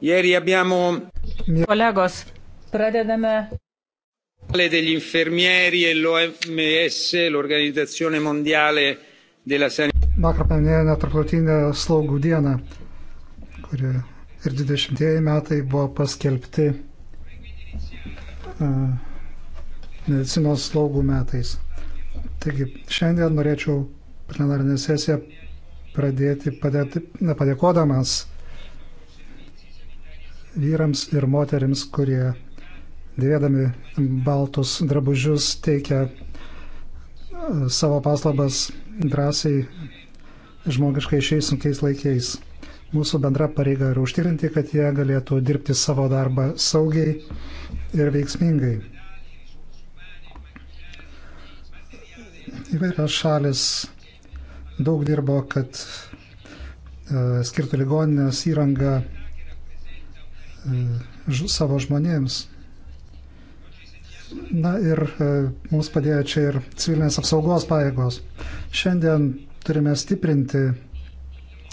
Ieri abbiamo... Kolegos, pradedame. ...degli infermieri e l'OMS, l'Organizzazione Mondiale della Sanità. Vakar paminėjome tarptautinę slaugų dieną, kuri ir 20-ieji metai buvo paskelbti uh, medicinos slaugų metais. Taigi šiandien norėčiau plenarinę sesiją pradėti padėti, padėkodamas vyrams ir moteriams, kurie dėdami baltus drabužius teikia e, savo paslabas drąsiai žmogiškai šiais sunkiais laikais. Mūsų bendra pareiga yra užtikrinti, kad jie galėtų dirbti savo darbą saugiai ir veiksmingai. Įvairios šalis daug dirbo, kad e, skirtų ligoninės įrangą Mm, savo žmonėms. Na ir e, mums padėjo čia ir civilinės apsaugos pajėgos. Šiandien turime stiprinti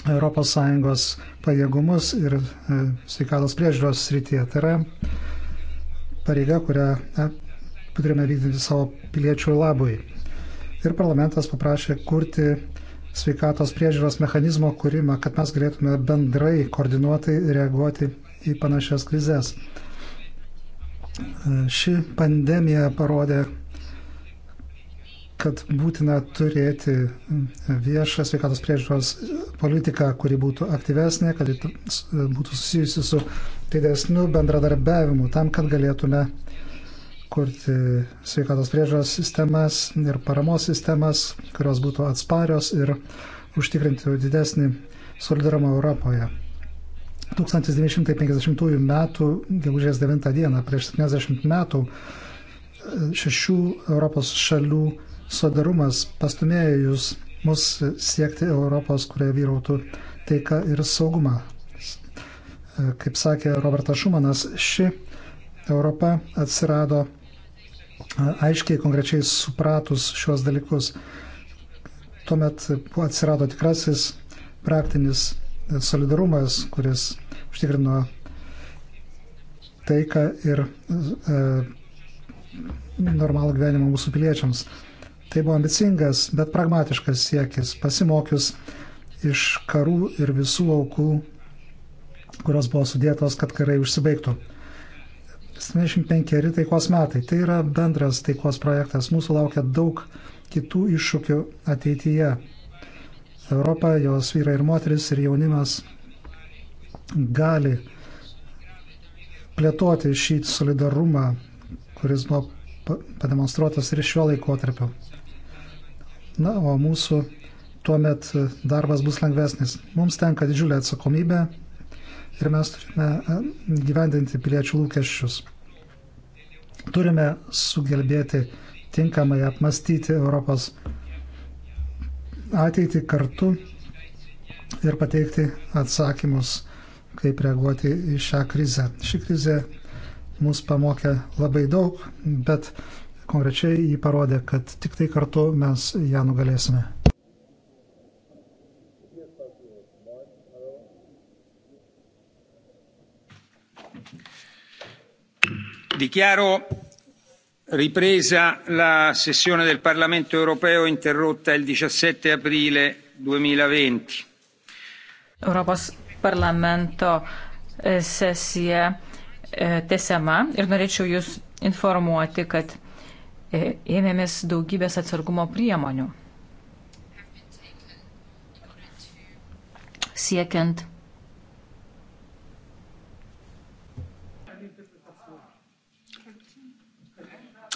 ES pajėgumus ir e, sveikatos priežiūros srityje. Tai yra pareiga, kurią na, turime vykdyti savo piliečių labui. Ir parlamentas paprašė kurti sveikatos priežiūros mechanizmo kūrimą, kad mes galėtume bendrai koordinuotai reaguoti į panašias krizės. Ši pandemija parodė, kad būtina turėti viešą sveikatos priežiūros politiką, kuri būtų aktyvesnė, kad būtų susijusi su didesniu bendradarbiavimu tam, kad galėtume kurti sveikatos priežiūros sistemas ir paramos sistemas, kurios būtų atsparios ir užtikrinti didesnį solidarumą Europoje. 1950 m. gegužės 9 d. prieš 70 metų e, šešių Europos šalių solidarumas pastumėjus mus siekti Europos, kurioje vyrautų taika ir saugumą. E, kaip sakė Robertas Šumanas, ši Europa atsirado e, aiškiai, konkrečiai supratus šios dalykus. Tuomet atsirado tikrasis praktinis solidarumas, kuris užtikrino taiką ir e, normalų gyvenimą mūsų piliečiams. Tai buvo ambicingas, bet pragmatiškas siekis, pasimokius iš karų ir visų aukų, kurios buvo sudėtos, kad karai užsibaigtų. 75 taikos metai. Tai yra bendras taikos projektas. Mūsų laukia daug kitų iššūkių ateityje. Europa, jos vyrai ir moteris ir jaunimas gali plėtoti šį solidarumą, kuris buvo pademonstruotas ir šiuo laikotarpiu. Na, o mūsų tuomet darbas bus lengvesnis. Mums tenka didžiulė atsakomybė ir mes turime e, gyvendinti piliečių lūkesčius. Turime sugelbėti tinkamai apmastyti Europos ateitį kartu ir pateikti atsakymus kaip reaguoti į šią krizę. Ši krizė mus pamokė labai daug, bet konkrečiai jį parodė, kad tik tai kartu mes ją nugalėsime. Dichiaro ripresa la sessione del Parlamento europeo interrotta il 17 aprile 2020. Europos parlamento e, sesija e, tesiama ir norėčiau Jūs informuoti, kad e, ėmėmės daugybės atsargumo priemonių. Siekiant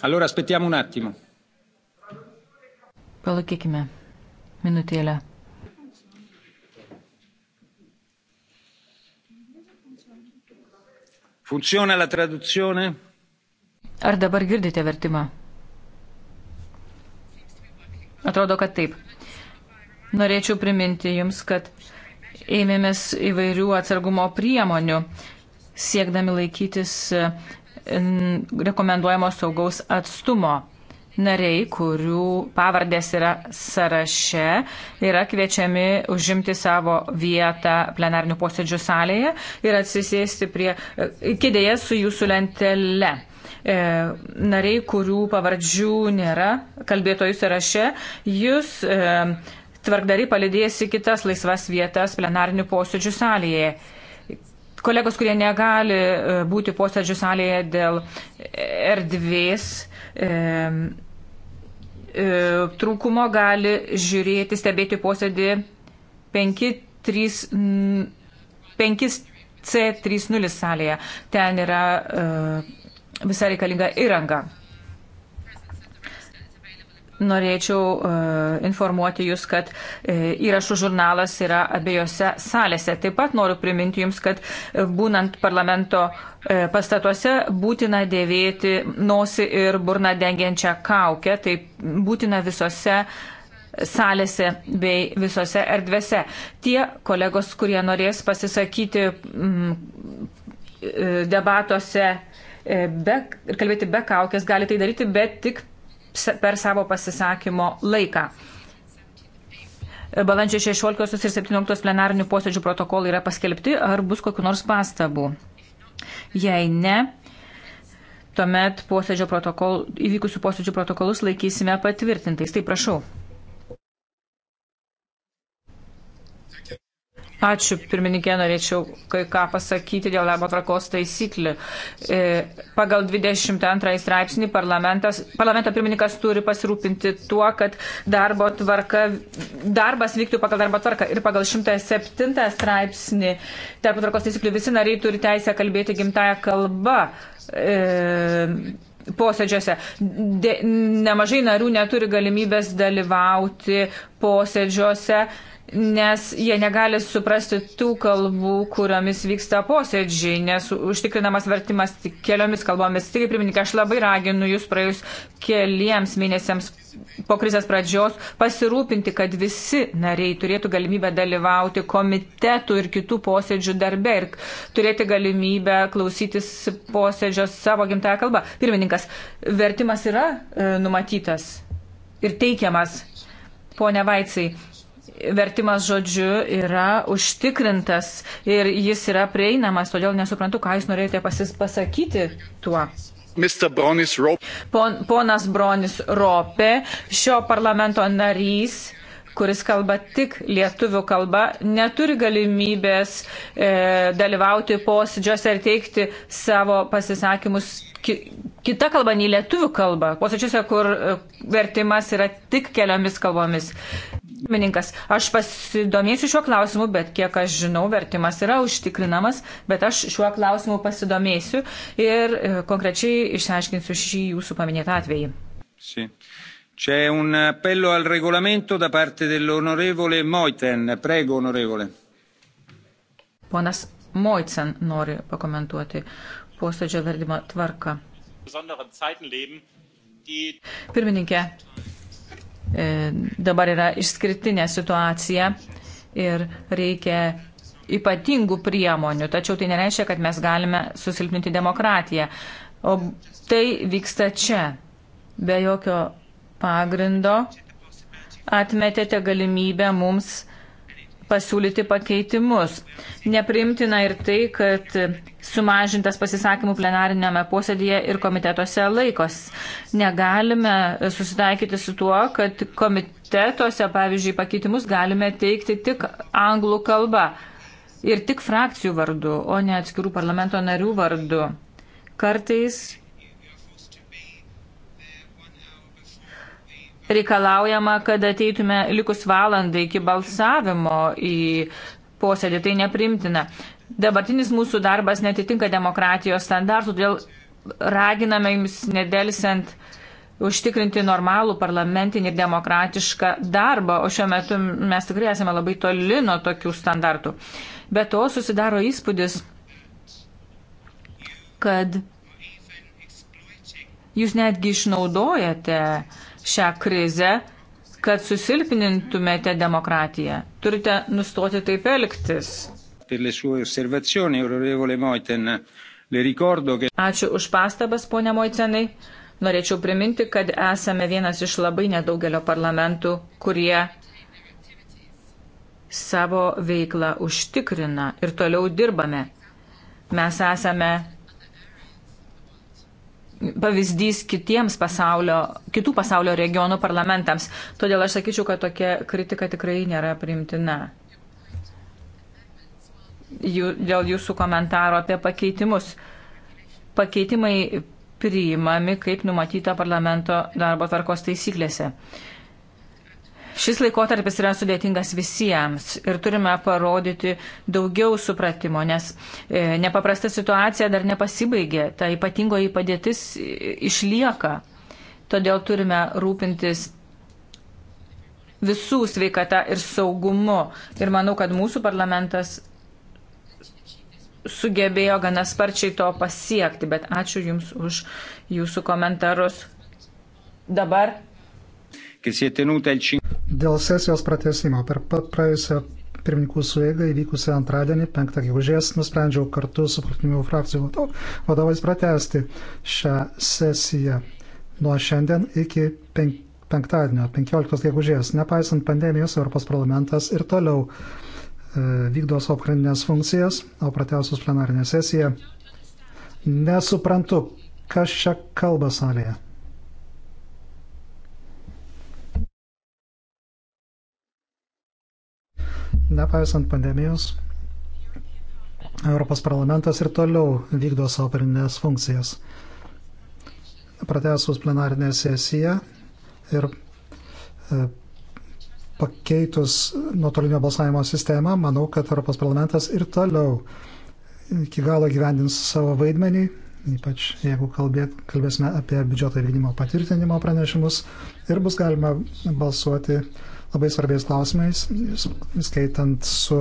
Allora aspettiamo un attimo. Palaukėkime minutėlę. Funziona la traduzione? Ar dabar girdite vertimą? Atrodo, kad taip. Norėčiau priminti Jums, kad ėmėmės įvairių atsargumo priemonių, siekdami laikytis rekomenduojamo saugaus atstumo nariai, kurių pavardės yra sąraše, yra kviečiami užimti savo vietą plenarnių posėdžių salėje ir atsisėsti prie e, kėdėje su jūsų lentele. E, nariai, kurių pavardžių nėra kalbėtojų sąraše, jūs e, tvarkdari palidės į kitas laisvas vietas plenarnių posėdžių salėje kolegos, kurie negali būti posėdžių salėje dėl erdvės, E, trūkumo gali žiūrėti, stebėti posėdį 5C30 salėje. Ten yra e, visa reikalinga įranga. Norėčiau uh, informuoti Jūs, kad uh, įrašų žurnalas yra abiejose salėse. Taip pat noriu priminti Jums, kad uh, būnant parlamento uh, pastatuose būtina dėvėti nosį ir burną dengiančią kaukę. Tai būtina visose salėse bei visose erdvėse. Tie kolegos, kurie norės pasisakyti mm, debatuose be, ir kalbėti be kaukės, gali tai daryti, bet tik per savo pasisakymo laiką. Balandžio 16 ir 17 plenarinių posėdžių protokolai yra paskelbti, ar bus kokiu nors pastabų. Jei ne, tuomet posėdžio protokol, įvykusių posėdžių protokolus laikysime patvirtintais. Tai prašau. Ačiū, pirmininkė, norėčiau kai ką pasakyti dėl darbo tvarkos taisyklių. E, pagal 22 straipsnį parlamento pirmininkas turi pasirūpinti tuo, kad darbo tvarka, darbas vyktų pagal darbo tvarką. Ir pagal 107 straipsnį darbo tvarkos taisyklių visi nariai turi teisę kalbėti gimtają kalbą. E, posėdžiuose. De, nemažai narių neturi galimybės dalyvauti posėdžiuose nes jie negali suprasti tų kalbų, kuriomis vyksta posėdžiai, nes užtikrinamas vertimas keliomis kalbomis. Taigi, pirmininkai, aš labai raginu jūs praėjus keliems mėnesiams po krizės pradžios pasirūpinti, kad visi nariai turėtų galimybę dalyvauti komitetų ir kitų posėdžių darbe ir turėti galimybę klausytis posėdžio savo gimtają kalbą. Pirmininkas, vertimas yra e, numatytas ir teikiamas. Pone Vaicai, vertimas žodžiu yra užtikrintas ir jis yra prieinamas, todėl nesuprantu, ką jūs norėjote pasis pasakyti tuo. Bronis Pon, ponas Bronis Ropė, šio parlamento narys, kuris kalba tik lietuvių kalba, neturi galimybės e, dalyvauti posėdžiuose ir teikti savo pasisakymus ki, kita kalba nei lietuvių kalba, posėdžiuose, kur e, vertimas yra tik keliomis kalbomis. Mininkas, aš pasidomėsiu šiuo klausimu, bet kiek aš žinau, vertimas yra užtikrinamas, bet aš šiuo klausimu pasidomėsiu ir e, konkrečiai išsiaiškinsiu šį jūsų paminėtą atvejį. Sí. C'è un appello al regolamento da parte dell'onorevole Moiten. Prego, onorevole. Ponas Moitsen nori pakomentuoti posėdžio vertimo tvarką. Pirmininkė, E, dabar yra išskirtinė situacija ir reikia ypatingų priemonių, tačiau tai nereiškia, kad mes galime susilpninti demokratiją. O tai vyksta čia, be jokio pagrindo atmetėte galimybę mums pasiūlyti pakeitimus. Nepriimtina ir tai, kad sumažintas pasisakymų plenarinėme posėdėje ir komitetuose laikos. Negalime susitaikyti su tuo, kad komitetuose, pavyzdžiui, pakeitimus galime teikti tik anglų kalba ir tik frakcijų vardu, o ne atskirų parlamento narių vardu. Kartais reikalaujama, kad ateitume likus valandai iki balsavimo į posėdį. Tai neprimtina. Dabartinis mūsų darbas netitinka demokratijos standartų, todėl raginame jums nedelsiant užtikrinti normalų parlamentinį ir demokratišką darbą, o šiuo metu mes tikrai esame labai toli nuo tokių standartų. Be to susidaro įspūdis, kad jūs netgi išnaudojate šią krizę, kad susilpnintumėte demokratiją. Turite nustoti taip elgtis. Ačiū už pastabas, ponė Moicenai. Norėčiau priminti, kad esame vienas iš labai nedaugelio parlamentų, kurie savo veiklą užtikrina ir toliau dirbame. Mes esame pavyzdys kitiems pasaulio, kitų pasaulio regionų parlamentams. Todėl aš sakyčiau, kad tokia kritika tikrai nėra primtina. Jų, dėl jūsų komentaro apie pakeitimus. Pakeitimai priimami, kaip numatyta parlamento darbo tvarkos taisyklėse. Uh, Šis laikotarpis yra sudėtingas visiems ir turime parodyti daugiau supratimo, nes e, nepaprasta situacija dar nepasibaigė, ta ypatingoji padėtis išlieka. Todėl turime rūpintis visų sveikata ir saugumu. Ir manau, kad mūsų parlamentas sugebėjo gana sparčiai to pasiekti, bet ačiū Jums už Jūsų komentarus. Dabar. Dėl sesijos pratesimo per pat praėjusią pirmininkų suėgą įvykusią antradienį, 5 gegužės, nusprendžiau kartu su politinių frakcijų vadovais pratesti šią sesiją nuo šiandien iki penk penktadienio, 15 gegužės. Nepaisant pandemijos, Europos parlamentas ir toliau e, vykdo savo pagrindinės funkcijas, o pratesus plenarinę sesiją. Nesuprantu, kas čia kalba salėje. Nepaisant pandemijos, Europos parlamentas ir toliau vykdo savo pagrindinės funkcijas. Pratesus plenarinę sesiją ir e, pakeitus nuotolinio balsavimo sistemą, manau, kad Europos parlamentas ir toliau iki galo gyvendins savo vaidmenį, ypač jeigu kalbėt, kalbėsime apie biudžeto įvykdymo patvirtinimo pranešimus ir bus galima balsuoti uh, labai svarbiais klausimais, skaitant su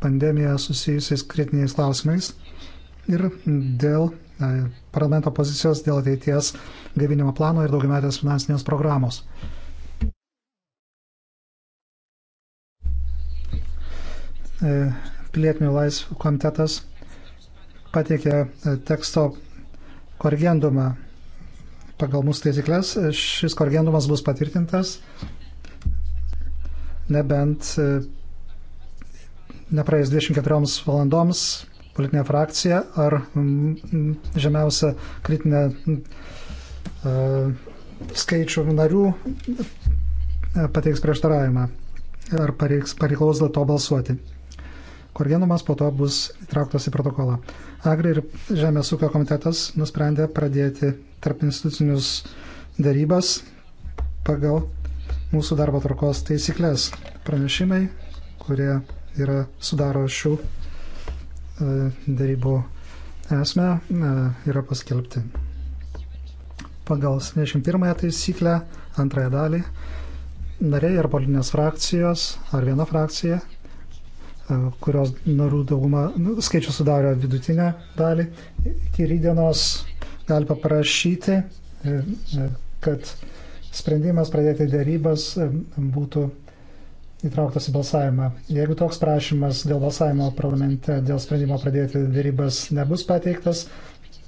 pandemija susijusiais kritiniais klausimais ir dėl e, parlamento pozicijos dėl ateities gaivinimo plano ir daugiametės finansinės programos. E, Pilietinių laisvų komitetas pateikė e, teksto korgendumą pagal mūsų taisyklės. Šis korgendumas bus patvirtintas nebent e, nepraėjus 24 valandoms politinė frakcija ar žemiausia kritinė e, skaičių narių e, pateiks prieštaravimą ar pareiks, pareikalaus dėl to balsuoti. Korgenumas po to bus įtrauktas į protokolą. Agri ir Žemės ūkio komitetas nusprendė pradėti tarp institucinius darybas pagal mūsų darbo tvarkos taisyklės. Pranešimai, kurie yra sudaro šių e, darybų esmę, e, yra paskelbti. Pagal 71 taisyklę, antrąją dalį, nariai ar politinės frakcijos ar viena frakcija, e, kurios narų dauguma nu, skaičių sudaro vidutinę dalį, iki rydienos gali paprašyti, kad sprendimas pradėti dėrybas būtų įtrauktas į balsavimą. Jeigu toks prašymas dėl balsavimo parlamente, dėl sprendimo pradėti dėrybas nebus pateiktas,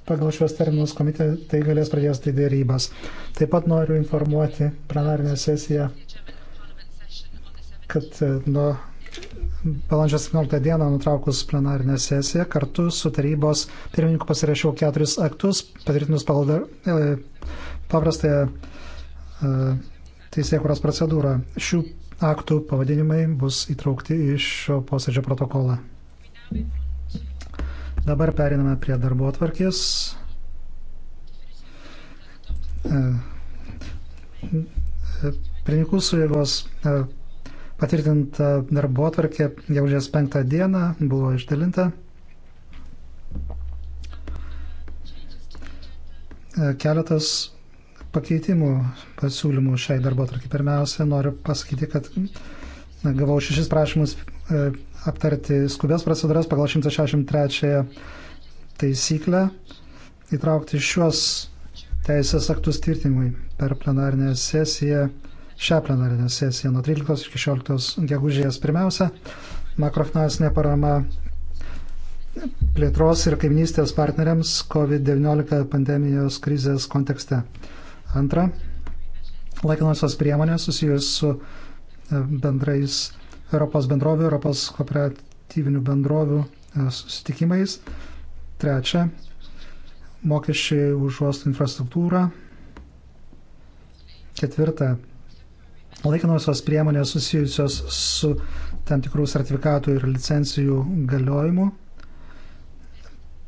pagal šios terminus komitetai galės pradėti dėrybas. Taip pat noriu informuoti plenarinę sesiją, kad e, nuo balandžio 17 dieną nutraukus plenarinę sesiją kartu su tarybos pirmininku pasirašiau keturis aktus patvirtinus pagal e, paprastąją E, teisėkuros procedūrą. Šių aktų pavadinimai bus įtraukti iš šio posėdžio protokolą. Dabar periname prie darbo atvarkės. E, e, Prinikų suėgos patvirtinta darbo atvarkė gegužės 5 dieną buvo išdalinta. Keletas pakeitimų pasiūlymų šiai darbo tarkiai. Pirmiausia, noriu pasakyti, kad na, gavau šešis prašymus e, aptarti skubės procedūras pagal 163 taisyklę, įtraukti šiuos teisės aktus tvirtinimui per plenarinę sesiją, šią plenarinę sesiją nuo 13 iki 16 gegužės. Pirmiausia, makrofinansinė parama plėtros ir kaimynystės partneriams COVID-19 pandemijos krizės kontekste. Antra, laikinosios priemonės susijęs su e, bendrais Europos bendrovių, Europos kooperatyvinių bendrovių e, susitikimais. Trečia, mokesčiai už uostų infrastruktūrą. Ketvirta, laikinosios priemonės susijusios su tam tikrų sertifikatų ir licencijų galiojimu.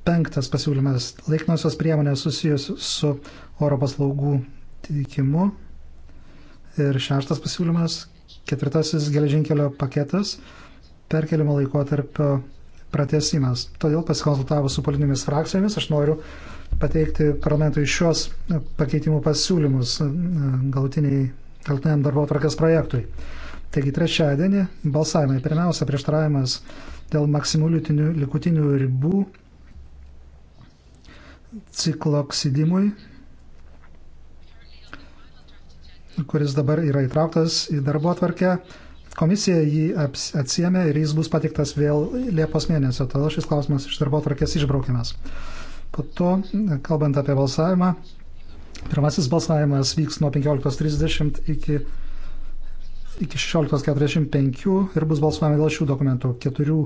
Penktas pasiūlymas, laikinosios priemonės susijusios su oro paslaugų teikimu. Ir šeštas pasiūlymas, ketvirtasis geležinkelio paketas, perkelimo laikotarpio pratesimas. Todėl pasikonsultavus su politinėmis frakcijomis aš noriu pateikti parlamentui šios pakeitimų pasiūlymus e, galutiniam darbo tvarkės projektui. Taigi trečiadienį balsavimai. Pirmiausia, prieštaravimas dėl maksimalių likutinių ribų ciklo oksidimui kuris dabar yra įtrauktas į darbo atvarkę. Komisija jį atsiemė ir jis bus patiktas vėl Liepos mėnesio, todėl šis klausimas iš darbo atvarkės išbraukiamas. Po to, kalbant apie balsavimą, pirmasis balsavimas vyks nuo 15.30 iki, iki 16.45 ir bus balsuojama dėl šių dokumentų keturių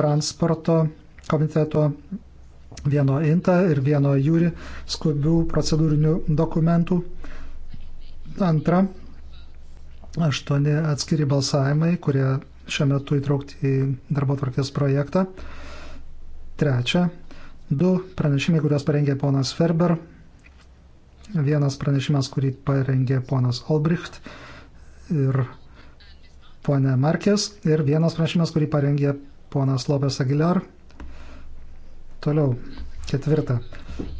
transporto komiteto vieno INTA ir vieno JURI skubių procedūrinių dokumentų. Antra, aštuoni atskiri balsavimai, kurie šiuo metu įtraukti į darbo tvarkės projektą. Trečia, du pranešimai, kuriuos parengė ponas Ferber. Vienas pranešimas, kurį parengė ponas Olbricht ir ponė Markės. Ir vienas pranešimas, kurį parengė ponas Lopes Aguilar Toliau, ketvirta.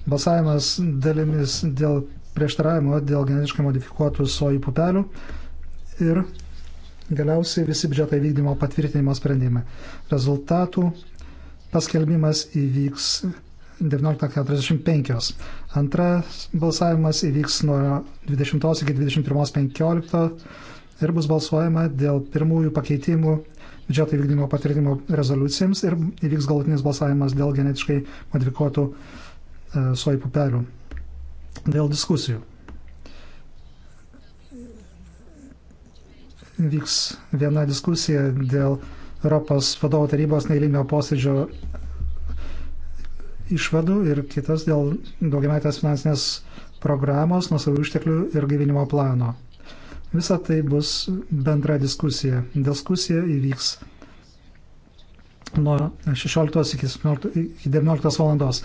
Balsavimas dalimis dėl prieštaravimo dėl genetiškai modifikuotų sojų pupelių ir galiausiai visi biudžeto įvykdymo patvirtinimo sprendimai. Rezultatų paskelbimas įvyks 19.45. Antras balsavimas įvyks nuo 20 iki 21.15 ir bus balsuojama dėl pirmųjų pakeitimų biudžeto įvykdymo patvirtinimo rezoliucijams ir įvyks galutinis balsavimas dėl genetiškai modifikuotų e, soj pupelių. Dėl diskusijų. Vyks viena diskusija dėl Europos vadovo tarybos neįlymio posėdžio išvadų ir kitas dėl daugiametės finansinės programos, nusavų išteklių ir gyvenimo plano. Visa tai bus bendra diskusija. Diskusija įvyks nuo 16 iki 19 valandos.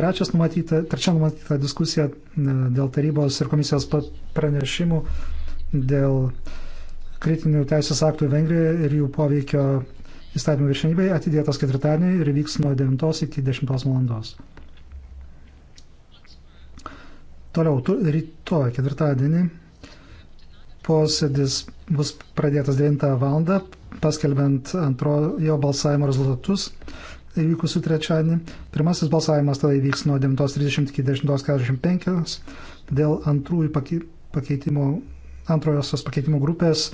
Trečias numatyta, trečia numatyta diskusija e, dėl tarybos ir komisijos pranešimų dėl kritinių teisės aktų Vengrijoje ir jų poveikio įstatymų viršinybei atidėtas ketvirtadienį ir vyks nuo 9 iki 10 valandos. Toliau, tu, rytoj, ketvirtadienį, Posėdis bus pradėtas 9 val. paskelbent antrojo balsavimo rezultatus įvykusių trečiadienį. Pirmasis balsavimas tada įvyks nuo 9.30 iki 10.45 dėl antrųjų pakeitimų, antrojosios pakeitimų grupės e,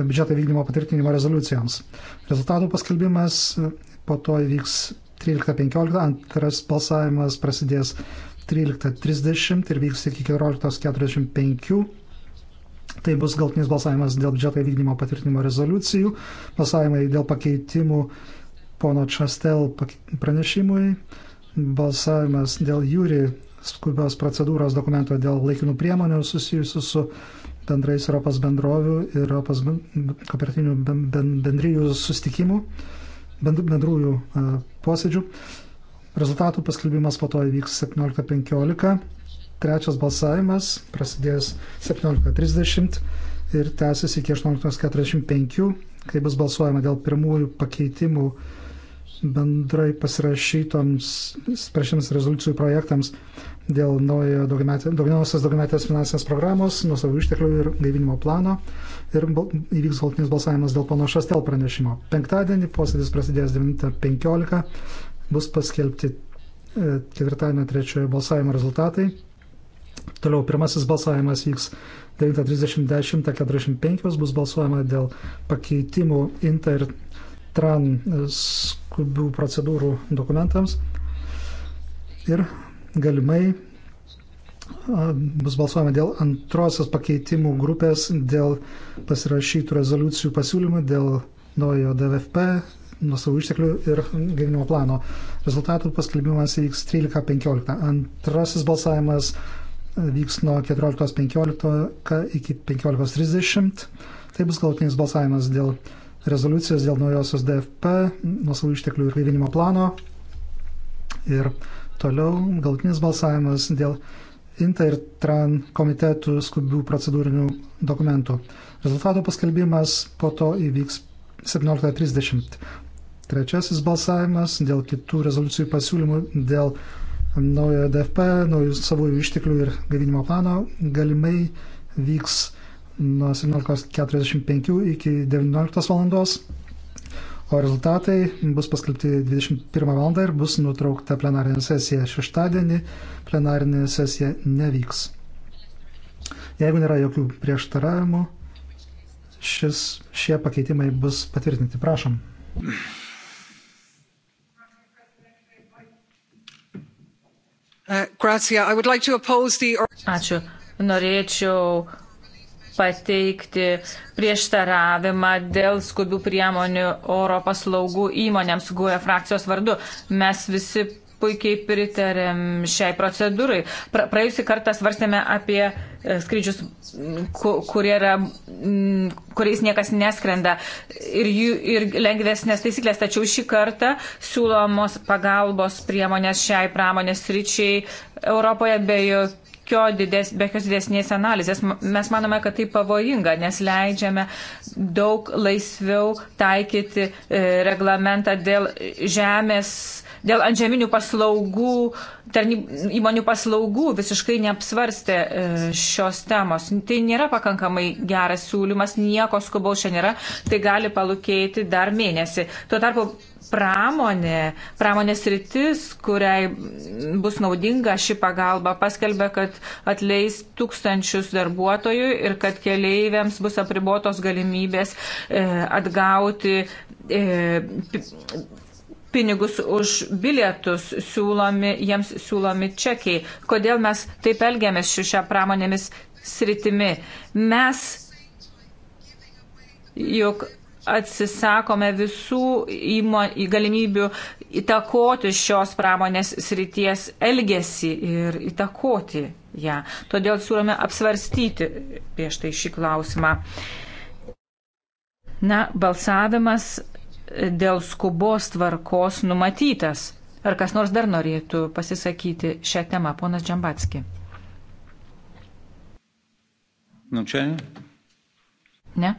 biudžeto vykdymo patvirtinimo rezoliucijoms. Rezultatų paskelbimas e, po to įvyks 13.15, antras balsavimas prasidės 13.30 ir vyks iki 14.45 Tai bus galtinis balsavimas dėl biudžeto įvykdymo patvirtinimo rezoliucijų, balsavimai dėl pakeitimų pono Častel pranešimui, balsavimas dėl jūri skubios procedūros dokumento dėl laikinų priemonių susijusių su bendrais Europos bendrovių ir Europos kooperatinių bendryjų sustikimų, bendrųjų e, posėdžių. Rezultatų paskelbimas po to įvyks 17.15 trečias balsavimas prasidės 17.30 ir tęsis iki 18.45, kai bus balsuojama dėl pirmųjų pakeitimų bendrai pasirašytoms prašyms rezoliucijų projektams dėl naujojo daugiausios daugiametės finansinės programos, nuosavų išteklių ir gaivinimo plano ir įvyks galtinis balsavimas dėl pono Šastel pranešimo. Penktadienį posėdis prasidės 9.15, bus paskelbti e, ketvirtadienio trečiojo balsavimo rezultatai. Toliau pirmasis balsavimas vyks 9.30.45 bus balsuojama dėl pakeitimų inter tran e, skubių procedūrų dokumentams ir galimai bus balsuojama dėl antrosios pakeitimų grupės, dėl pasirašytų rezoliucijų pasiūlymų, dėl naujo DVFP, nuosavų išteklių ir gyvenimo plano. Rezultatų paskelbimas įvyks 13.15. Antrasis balsavimas vyks nuo 14.15 iki 15.30. Tai bus galutinis balsavimas dėl rezoliucijos, dėl naujosios DFP, nuosavų išteklių ir gaivinimo plano. Ir toliau galutinis balsavimas dėl INTA ir TRAN komitetų skubių procedūrinių dokumentų. Rezultato paskelbimas po to įvyks 17.30. Trečiasis balsavimas dėl kitų rezoliucijų pasiūlymų dėl naujo DFP, naujų savųjų išteklių ir gaivinimo plano galimai vyks nuo 17.45 iki 19 valandos, o rezultatai bus paskelbti 21 valandą ir bus nutraukta plenarinė sesija šeštadienį, plenarinė sesija nevyks. Jeigu nėra jokių prieštaravimų, šis, šie pakeitimai bus patvirtinti. Prašom. Uh, Ačiū. Norėčiau pateikti prieštaravimą dėl skubių priemonių oro paslaugų įmonėms GUE frakcijos vardu. Mes visi puikiai pritarėm šiai procedūrai. Pra, praėjusį kartą svarstėme apie e, skrydžius, kurie yra, kuriais niekas neskrenda ir, jų, ir lengvesnės taisyklės, tačiau šį kartą siūlomos pagalbos priemonės šiai pramonės ryčiai Europoje be jokių jokio dides, be jokios didesnės analizės. Mes manome, kad tai pavojinga, nes leidžiame daug laisviau taikyti e, reglamentą dėl žemės dėl antžeminių paslaugų, tarnyb, įmonių paslaugų visiškai neapsvarstė e, šios temos. Tai nėra pakankamai geras siūlymas, nieko skubaus čia nėra, tai gali palūkėti dar mėnesį. Tuo tarpu pramonė, pramonės rytis, kuriai bus naudinga ši pagalba, paskelbė, kad atleis tūkstančius darbuotojų ir kad keleiviams bus apribotos galimybės e, atgauti e, pinigus už bilietus siūlomi, jiems siūlomi čekiai. Kodėl mes taip elgiamės su šią pramonėmis sritimi? Mes juk atsisakome visų įmo, galimybių įtakoti šios pramonės srities elgesį ir įtakoti ją. Todėl siūlome apsvarstyti prieš tai šį klausimą. Na, balsavimas dėl skubos tvarkos numatytas. Ar kas nors dar norėtų pasisakyti šią temą, ponas Džambatski? Nu čia? Ne.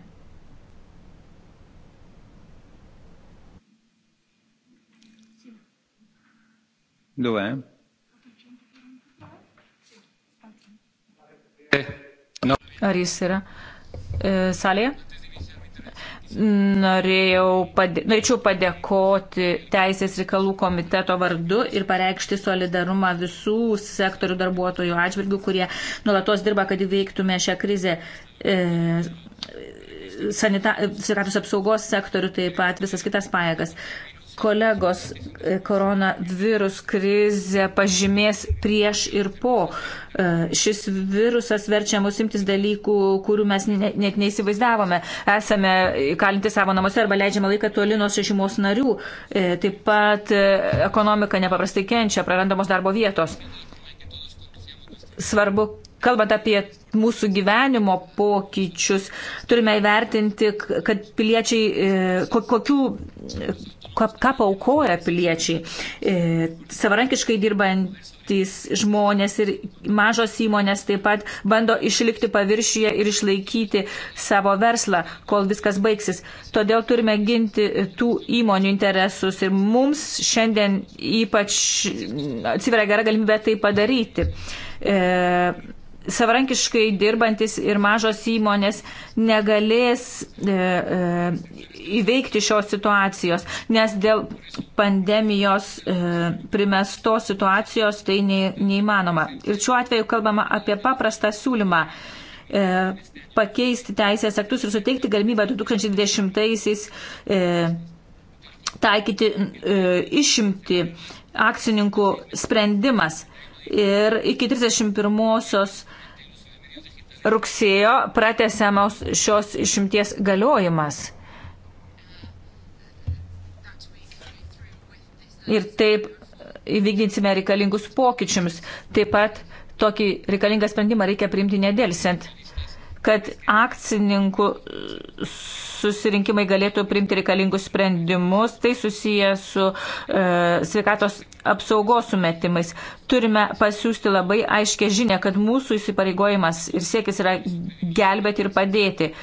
Dov'è? Eh, Ar jis yra e, salėje? norėjau padė, norėčiau padėkoti Teisės reikalų komiteto vardu ir pareikšti solidarumą visų sektorių darbuotojų atžvilgių, kurie nuolatos dirba, kad įveiktume šią krizę. E, Sveikatos apsaugos sektorių, taip pat visas kitas pajėgas. Kolegos, e, koronavirus krizė pažymės prieš ir po. E, šis virusas verčia mus imtis dalykų, kurių mes net neįsivaizdavome. Esame įkalinti savo namuose arba leidžiame laiką toli nuo šeimos narių. E, taip pat ekonomika nepaprastai kenčia, prarandamos darbo vietos. Svarbu, kalbant apie mūsų gyvenimo pokyčius, turime įvertinti, kad piliečiai, kokių ką, ką paukoja piliečiai. E, savarankiškai dirbantys žmonės ir mažos įmonės taip pat bando išlikti paviršyje ir išlaikyti savo verslą, kol viskas baigsis. Todėl turime ginti tų įmonių interesus ir mums šiandien ypač atsiveria gera galimybė tai padaryti. E, savarankiškai dirbantis ir mažos įmonės negalės e, e, įveikti šios situacijos, nes dėl pandemijos e, primestos situacijos tai ne, neįmanoma. Ir šiuo atveju kalbama apie paprastą siūlymą e, pakeisti teisės aktus ir suteikti galimybę 2020-aisiais e, taikyti e, išimti akcininkų sprendimas. Ir iki 31-osios rugsėjo pratesiamos šios išimties galiojimas. ir taip įvykdysime reikalingus pokyčius. Taip pat tokį reikalingą sprendimą reikia priimti nedėlsiant, kad akcininkų susirinkimai galėtų priimti reikalingus sprendimus, tai susiję su e, sveikatos apsaugos sumetimais. Turime pasiūsti labai aiškę žinę, kad mūsų įsipareigojimas ir siekis yra gelbėti ir padėti.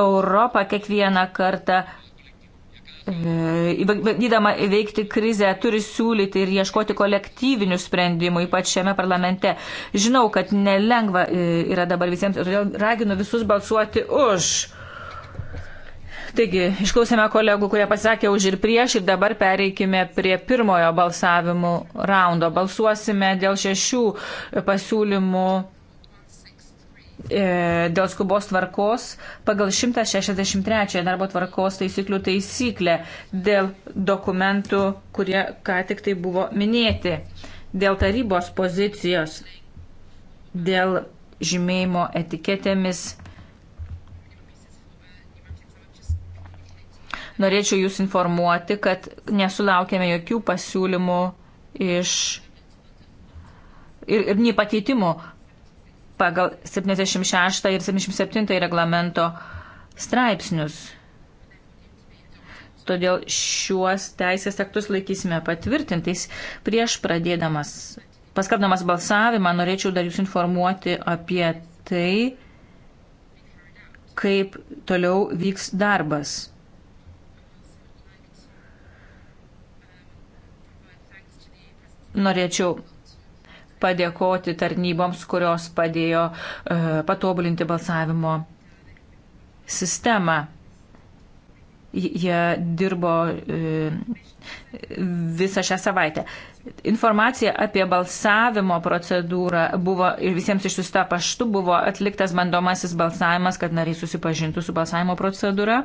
Europa kiekvieną kartą E, bandydama įveikti krizę, turi siūlyti ir ieškoti kolektyvinių sprendimų, ypač šiame parlamente. Žinau, kad nelengva e, yra dabar visiems, todėl raginu visus balsuoti už. Taigi, išklausėme kolegų, kurie pasakė už ir prieš ir dabar pereikime prie pirmojo balsavimų raundo. Balsuosime dėl šešių pasiūlymų E, dėl skubos tvarkos pagal 163 darbo tvarkos taisyklių taisyklę dėl dokumentų, kurie ką tik tai buvo minėti, dėl tarybos pozicijos, dėl žymėjimo etiketėmis. Norėčiau Jūs informuoti, kad nesulaukėme jokių pasiūlymų iš ir, ir nei pakeitimų pagal 76 ir 77 reglamento straipsnius. Todėl šiuos teisės aktus laikysime patvirtintais. Prieš pradėdamas, paskabdamas balsavimą, norėčiau dar jūs informuoti apie tai, kaip toliau vyks darbas. Norėčiau padėkoti tarnyboms, kurios padėjo e, patobulinti balsavimo sistemą. Jie dirbo e, visą šią savaitę. Informacija apie balsavimo procedūrą buvo ir visiems išsiusta paštu buvo atliktas bandomasis balsavimas, kad nariai susipažintų su balsavimo procedūra.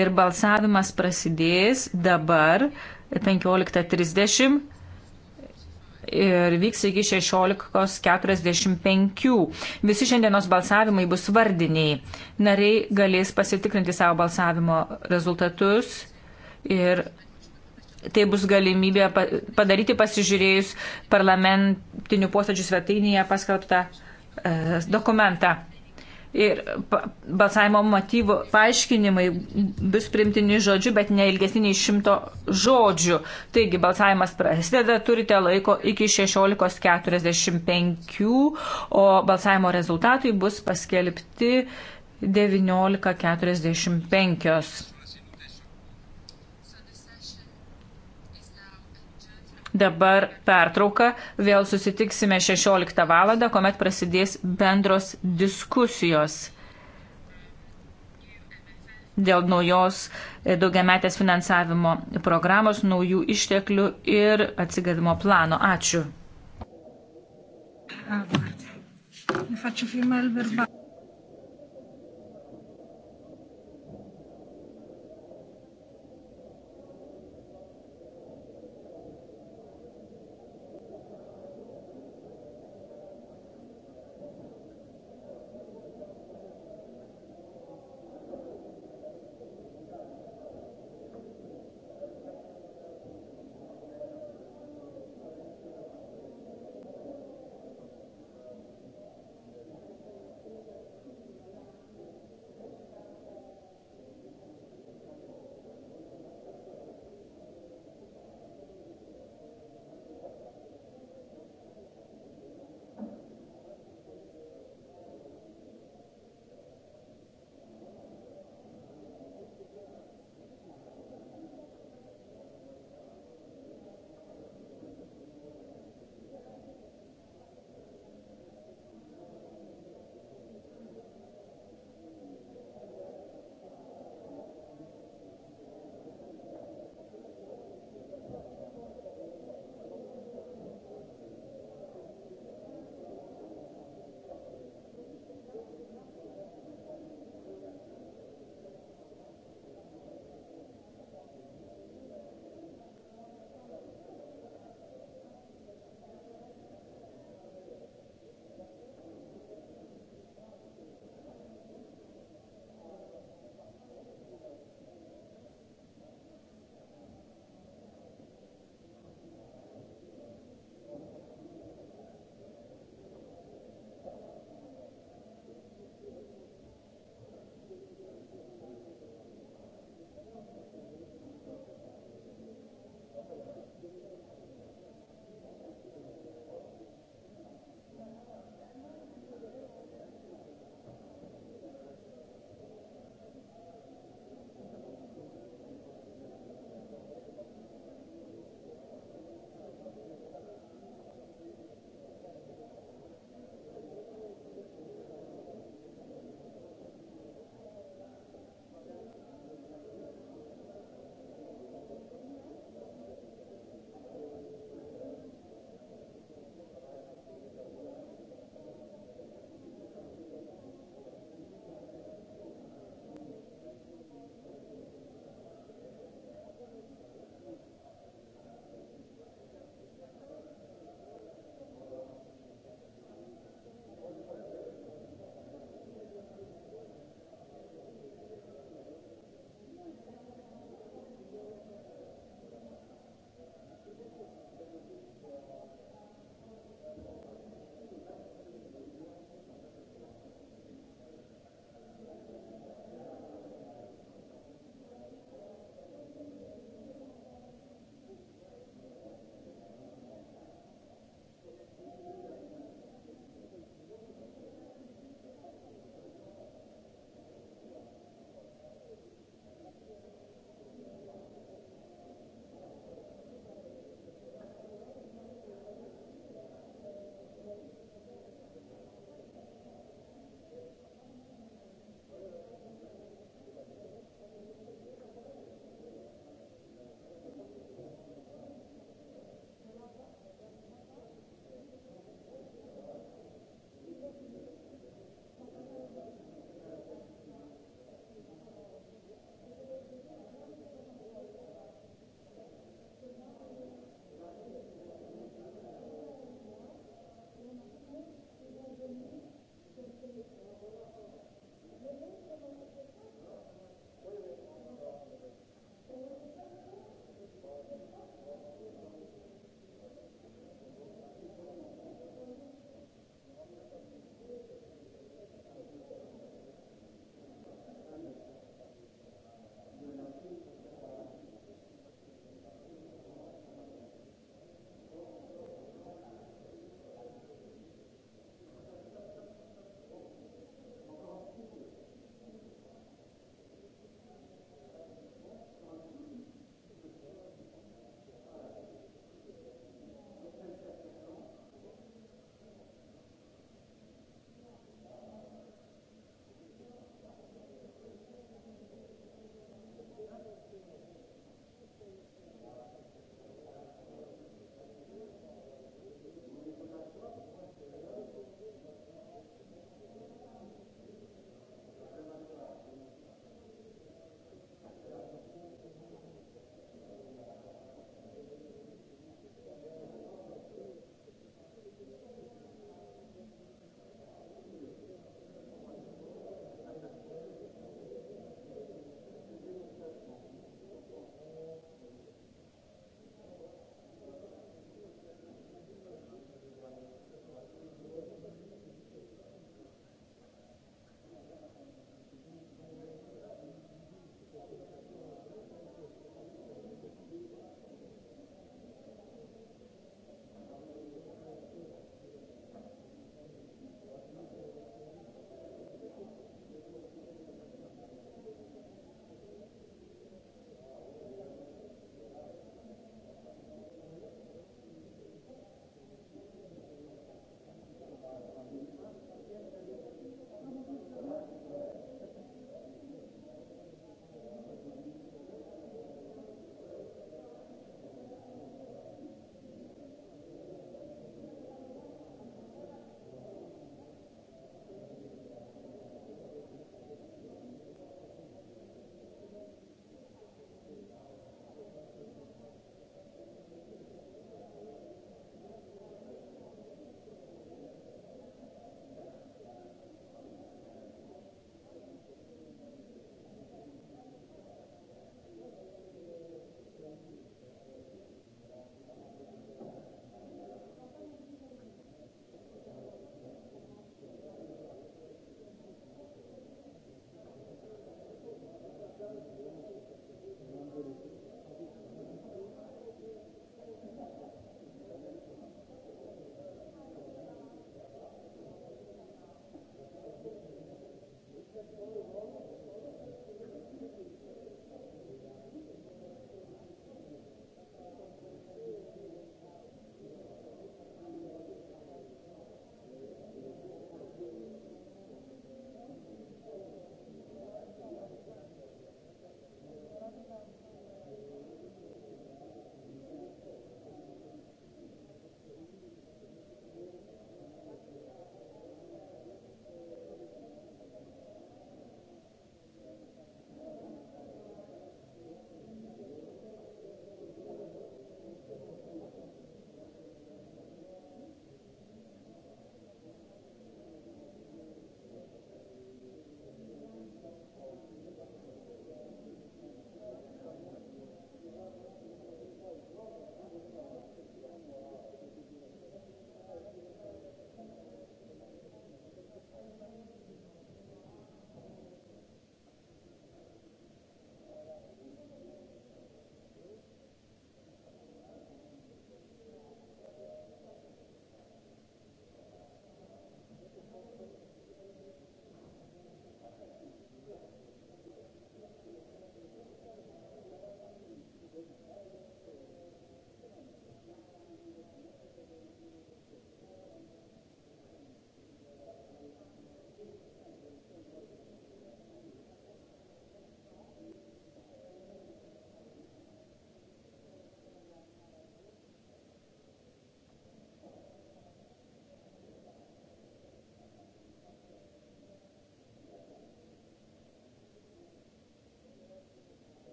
Ir balsavimas prasidės dabar 15.30 ir vyks iki 16.45. Visi šiandienos balsavimai bus vardiniai. Nariai galės pasitikrinti savo balsavimo rezultatus ir tai bus galimybė padaryti pasižiūrėjus parlamentinių posėdžių svetainėje paskelbtą e, dokumentą ir balsavimo motyvų paaiškinimai bus primtini žodžiu, bet ne ilgesni nei šimto žodžių. Taigi balsavimas prasideda, turite laiko iki 16.45, o balsavimo rezultatai bus paskelbti 19.45. Dabar pertrauka, vėl susitiksime 16 val., kuomet prasidės bendros diskusijos dėl naujos e, daugiametės finansavimo programos, naujų išteklių ir atsigavimo plano. Ačiū. Ah, faccio firmare il verbale.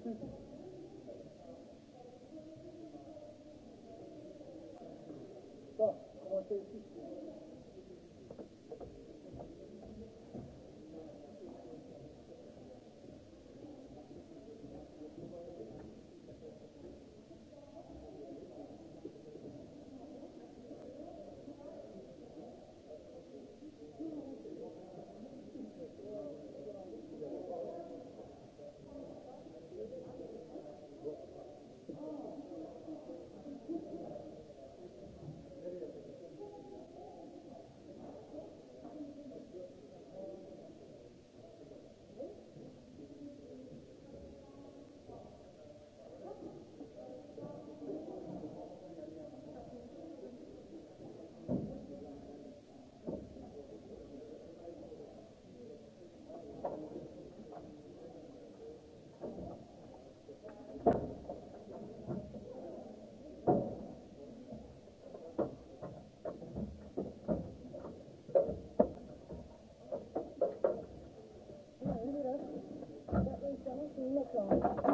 Stop. I want to look on.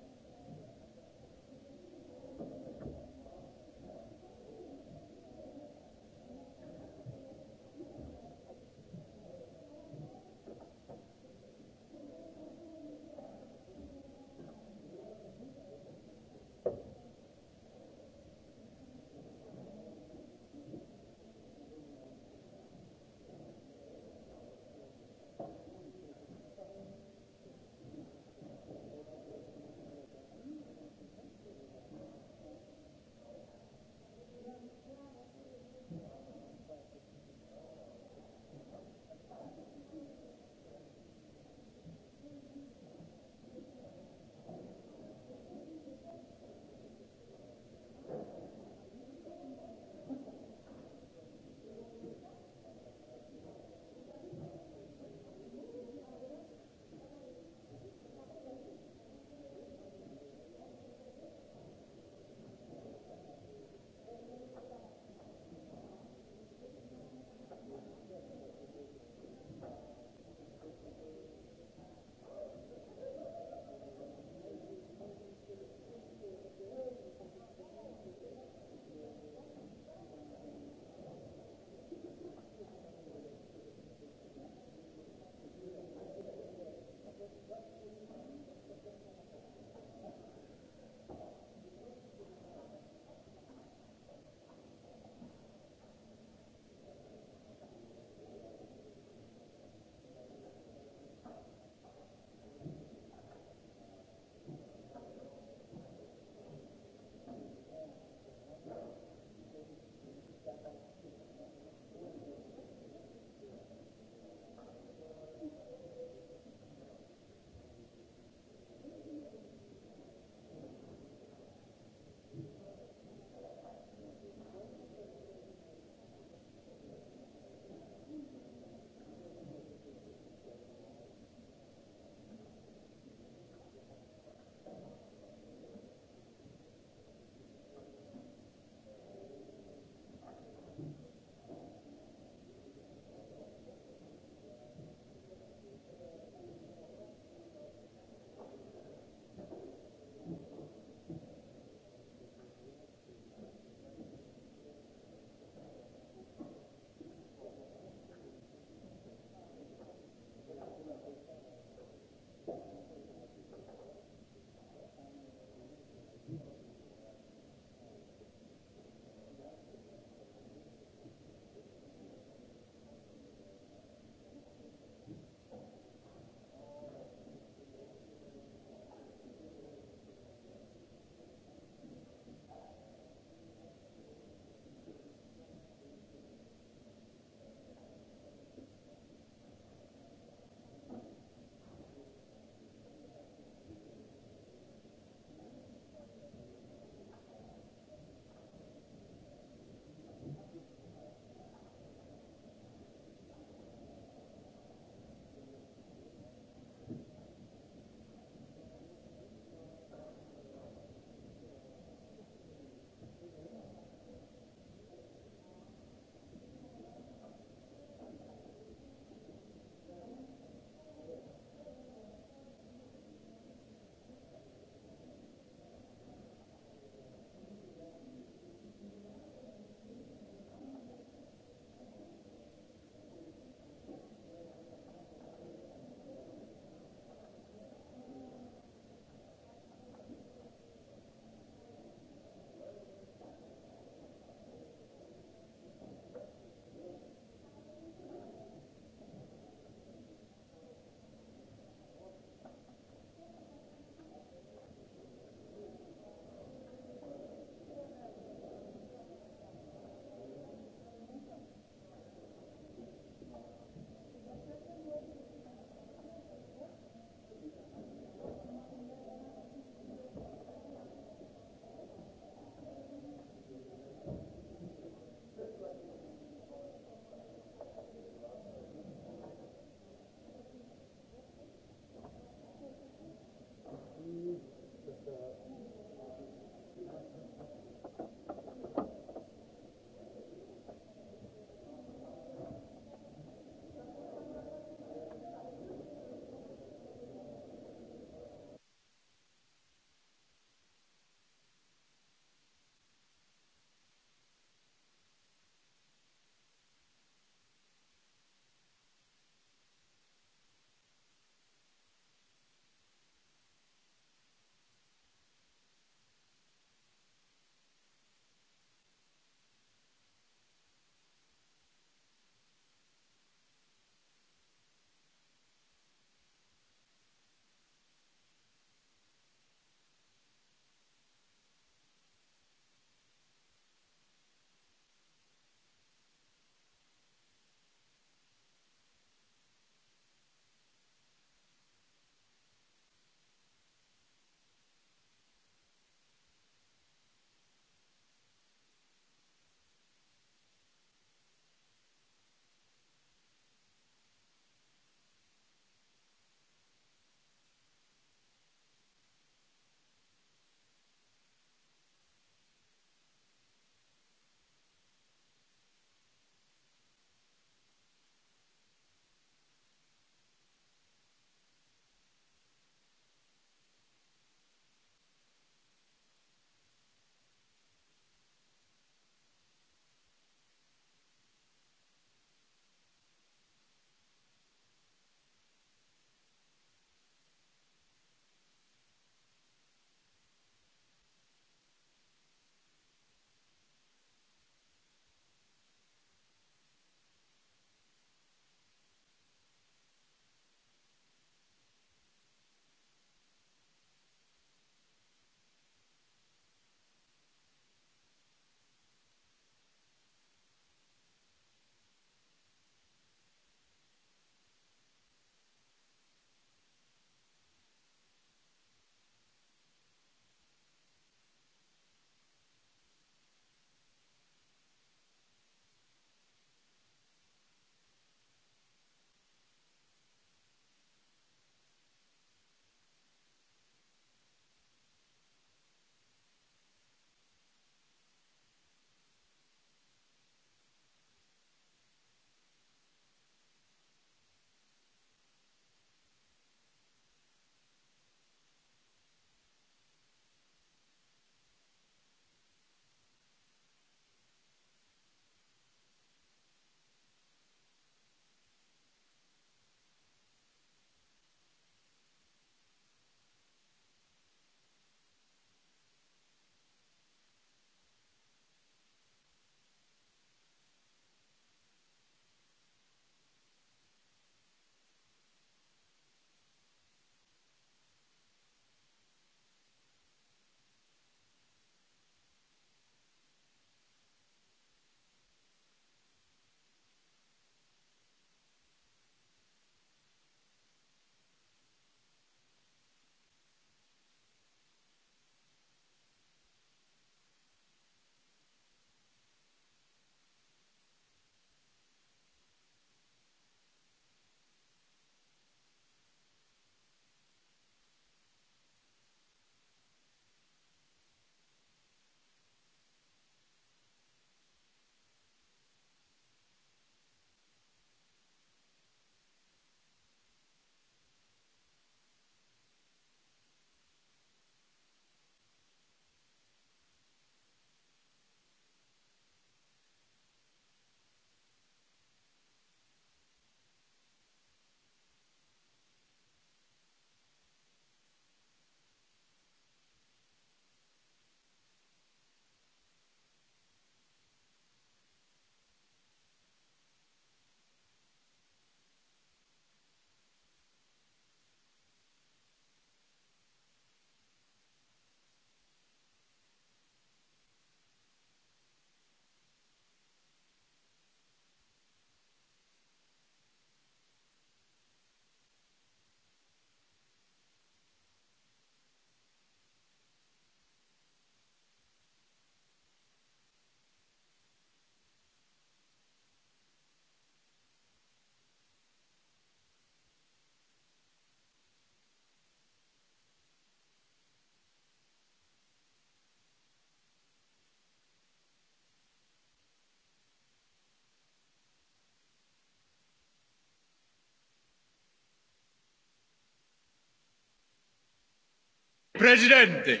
Presidente.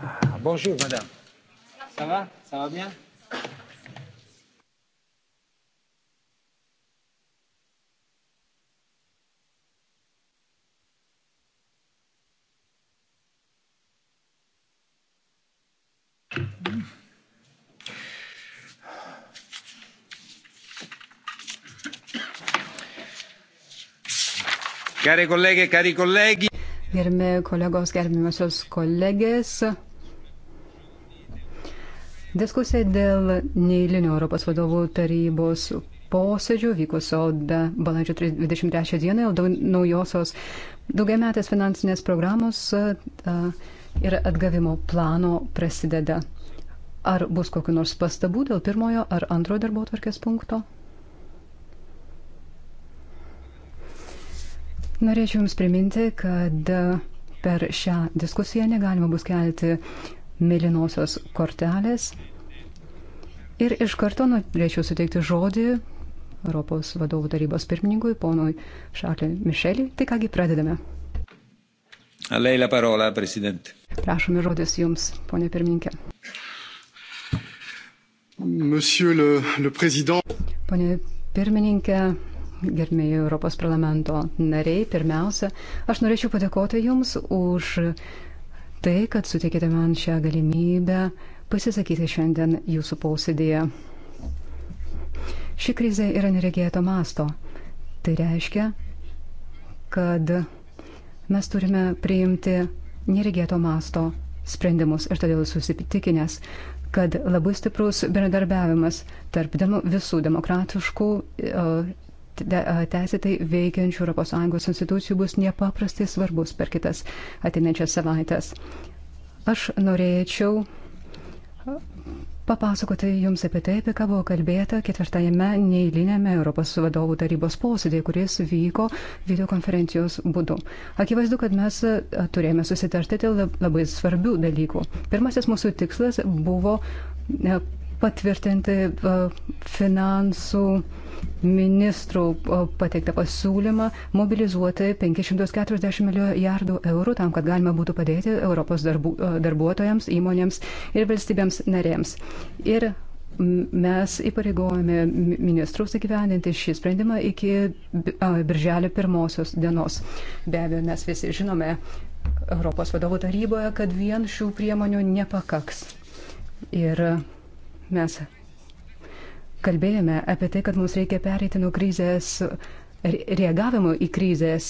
Ah, bonjour, madame. Ça va Ça va bien Care kolegė, cari kolegi. Gerbimi kolegos, gerbimiosios kolegės. Diskusija dėl neįlinio Europos vadovų tarybos posėdžio vykusio balandžio 23 dieną dėl naujosios daugiametės finansinės programos ir atgavimo plano prasideda. Ar bus kokiu nors pastabų dėl pirmojo ar antrojo darbo tvarkės punkto? Norėčiau Jums priminti, kad per šią diskusiją negalima bus kelti mėlynosios kortelės. Ir iš karto norėčiau suteikti žodį Europos vadovų tarybos pirmininkui, ponui Šarliui Mišeliui. Tai kągi pradedame. Lei la parola, prezidentė. Prašome žodis Jums, ponė pirmininkė. Monsieur le, le président. Pone pirmininkė, gerbėjai Europos parlamento nariai, pirmiausia, aš norėčiau padėkoti Jums už tai, kad sutikėte man šią galimybę pasisakyti šiandien Jūsų posėdėje. Ši krizė yra neregėto masto. Tai reiškia, kad mes turime priimti neregėto masto sprendimus ir todėl susitikinęs, kad labai stiprus bendradarbiavimas tarp demo, visų demokratiškų e, teisėtai veikiančių ES institucijų bus nepaprastai svarbus per kitas ateinančias savaitės. Aš norėčiau papasakoti Jums apie tai, apie ką buvo kalbėta ketvirtajame neįlinėme Europos vadovų tarybos posėdėje, kuris vyko videokonferencijos būdu. Akivaizdu, kad mes turėjome susitarti dėl labai svarbių dalykų. Pirmasis mūsų tikslas buvo patvirtinti e, finansų ministrų e, pateiktą pasiūlymą mobilizuoti 540 milijardų eurų tam, kad galima būtų padėti Europos darbu, e, darbuotojams, įmonėms ir valstybėms narėms. Ir mes įpareigojame ministrus įgyvendinti šį sprendimą iki birželio pirmosios dienos. Be abejo, mes visi žinome Europos vadovų taryboje, kad vien šių priemonių nepakaks. Ir mes kalbėjome apie tai, kad mums reikia pereiti nuo krizės reagavimo į krizės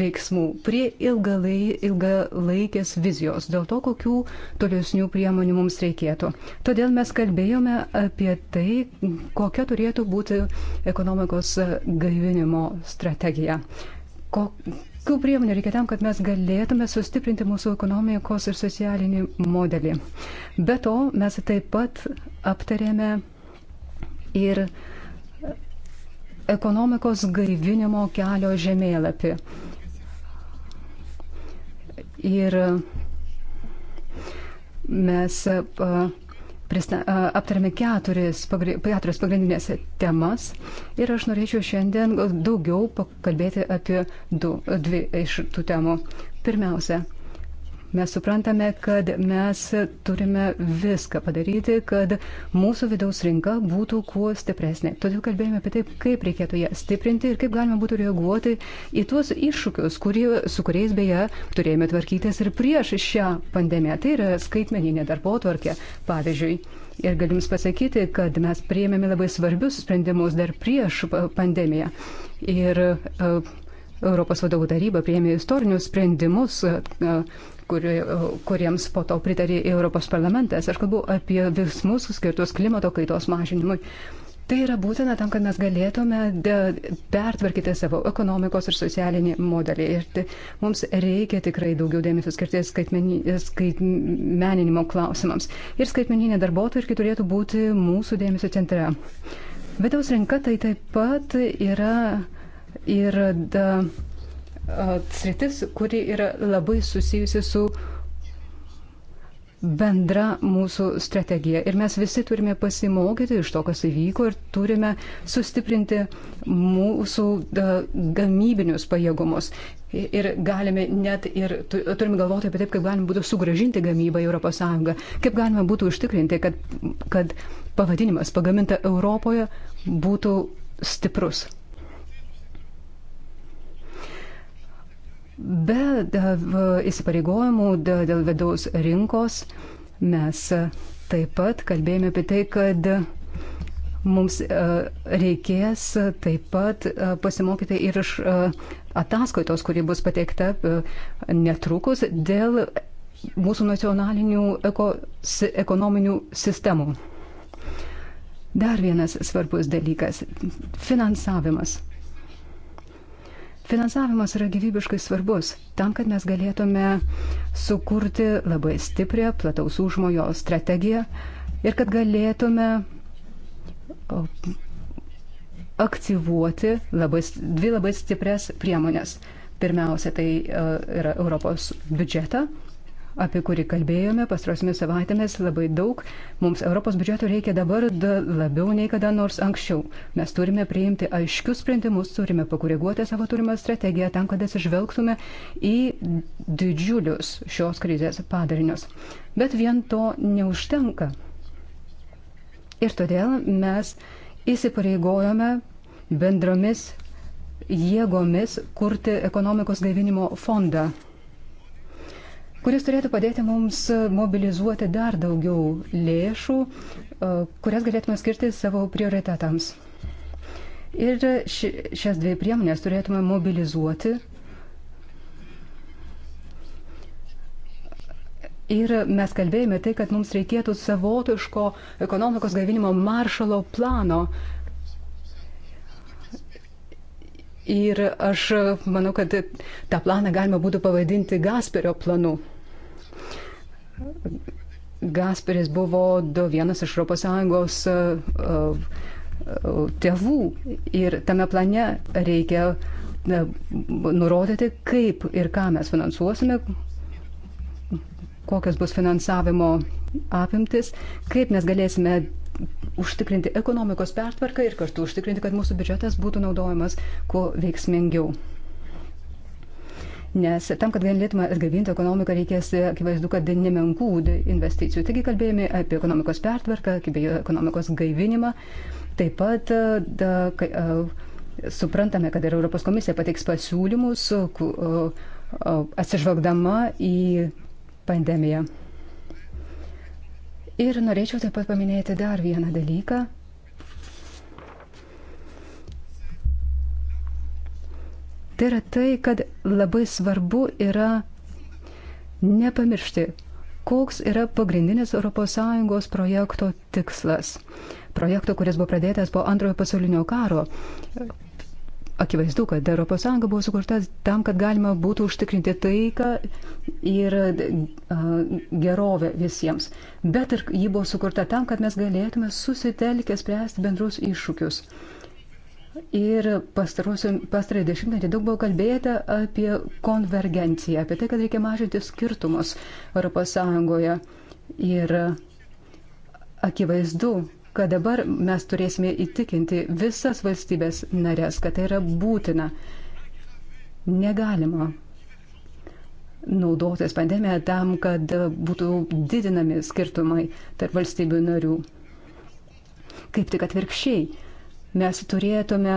veiksmų prie ilgalai, ilgalaikės vizijos, dėl to, kokių tolesnių priemonių mums reikėtų. Todėl mes kalbėjome apie tai, kokia turėtų būti ekonomikos gaivinimo strategija. Kokių priemonių reikia tam, kad mes galėtume sustiprinti mūsų ekonomikos ir socialinį modelį. Be to, mes taip pat aptarėme ir ekonomikos gaivinimo kelio žemėlapį. Ir mes aptarėme keturis, keturias pagrindinės temas ir aš norėčiau šiandien daugiau pakalbėti apie du, dvi iš tų temų. Pirmiausia, Mes suprantame, kad mes turime viską padaryti, kad mūsų vidaus rinka būtų kuo stipresnė. Todėl kalbėjome apie tai, kaip reikėtų ją stiprinti ir kaip galima būtų reaguoti į tuos iššūkius, kurie, su kuriais beje turėjome tvarkytis ir prieš šią pandemiją. Tai yra skaitmeninė darbo tvarkė, pavyzdžiui. Ir galim pasakyti, kad mes priėmėme labai svarbius sprendimus dar prieš pandemiją. Ir uh, Europos vadovų taryba priėmė istorinius sprendimus, e, kuri, kuriems po to pritarė Europos parlamentas. Aš kalbu apie veiksmus skirtus klimato kaitos mažinimui. Tai yra būtina tam, kad mes galėtume pertvarkyti savo ekonomikos ir socialinį modelį. Ir tai, mums reikia tikrai daugiau dėmesio skirti skaitmeninimo klausimams. Ir skaitmeninė darbotvarkė turėtų būti mūsų dėmesio centre. Vidaus rinka tai taip pat yra ir da, sritis, kuri yra labai susijusi su bendra mūsų strategija. Ir mes visi turime pasimokyti iš to, kas įvyko ir turime sustiprinti mūsų da, gamybinius pajėgumus. Ir galime net ir turime galvoti apie taip, kaip galima būtų sugražinti gamybą į ES, kaip galima būtų užtikrinti, kad, kad pavadinimas pagaminta Europoje būtų stiprus. Be įsipareigojimų dėl vidaus rinkos mes e, taip pat kalbėjome apie tai, kad mums e, reikės e, taip pat pasimokyti ir iš ataskaitos, kuri bus pateikta netrukus dėl mūsų nacionalinių eko, ekonominių sistemų. Dar vienas svarbus dalykas - finansavimas. Finansavimas yra gyvybiškai svarbus tam, kad mes galėtume sukurti labai stiprią plataus užmojo strategiją ir kad galėtume aktyvuoti labai, dvi labai stiprias priemonės. Pirmiausia, tai e, yra Europos biudžetą apie kurį kalbėjome pastarosiomis savaitėmis labai daug. Mums Europos biudžeto reikia dabar da, labiau nei kada nors anksčiau. Mes turime priimti aiškius sprendimus, turime pakoreguoti savo turimą strategiją tam, kad atsižvelgtume į didžiulius šios krizės padarinius. Bet vien to neužtenka. Ir todėl mes įsipareigojome bendromis jėgomis kurti ekonomikos gaivinimo fondą kuris turėtų padėti mums e, mobilizuoti dar daugiau lėšų, e, kurias galėtume skirti savo prioritetams. Ir ši, šias dvi priemonės turėtume mobilizuoti Ir mes kalbėjome tai, kad mums reikėtų savotiško ekonomikos gaivinimo maršalo plano. Ir aš manau, kad tą planą galima būtų pavadinti Gasperio planu. Gasperis buvo vienas iš ES e, e, tėvų ir tame plane reikia e, nurodyti, kaip ir ką mes finansuosime, kokios bus finansavimo apimtis, kaip mes galėsime užtikrinti ekonomikos pertvarką ir kartu užtikrinti, kad mūsų biudžetas būtų naudojamas kuo veiksmingiau nes tam, kad galėtume atgavinti ekonomiką, reikės e, akivaizdu, kad nemenkų investicijų. Taigi kalbėjome apie ekonomikos pertvarką, apie ekonomikos gaivinimą. Taip pat e, da, kai, a, e, suprantame, kad ir Europos komisija pateiks pasiūlymus, ku, a, a, atsižvelgdama į pandemiją. Ir norėčiau taip pat paminėti dar vieną dalyką. tai yra tai, kad labai svarbu yra nepamiršti, koks yra pagrindinis ES projekto tikslas. Projekto, kuris buvo pradėtas po antrojo pasaulinio karo. Akivaizdu, kad ES buvo sukurta tam, kad galima būtų užtikrinti taiką ir gerovę visiems. Bet ir ji buvo sukurta tam, kad mes galėtume susitelkę spręsti bendrus iššūkius. Ir pastarąjį dešimtmetį daug buvo kalbėta apie konvergenciją, apie tai, kad reikia mažinti skirtumus ES. Ir akivaizdu, kad dabar mes turėsime įtikinti visas valstybės narės, kad tai yra būtina. Negalima naudotis pandemiją tam, kad būtų didinami skirtumai tarp valstybių narių. Kaip tik atvirkščiai Mes turėtume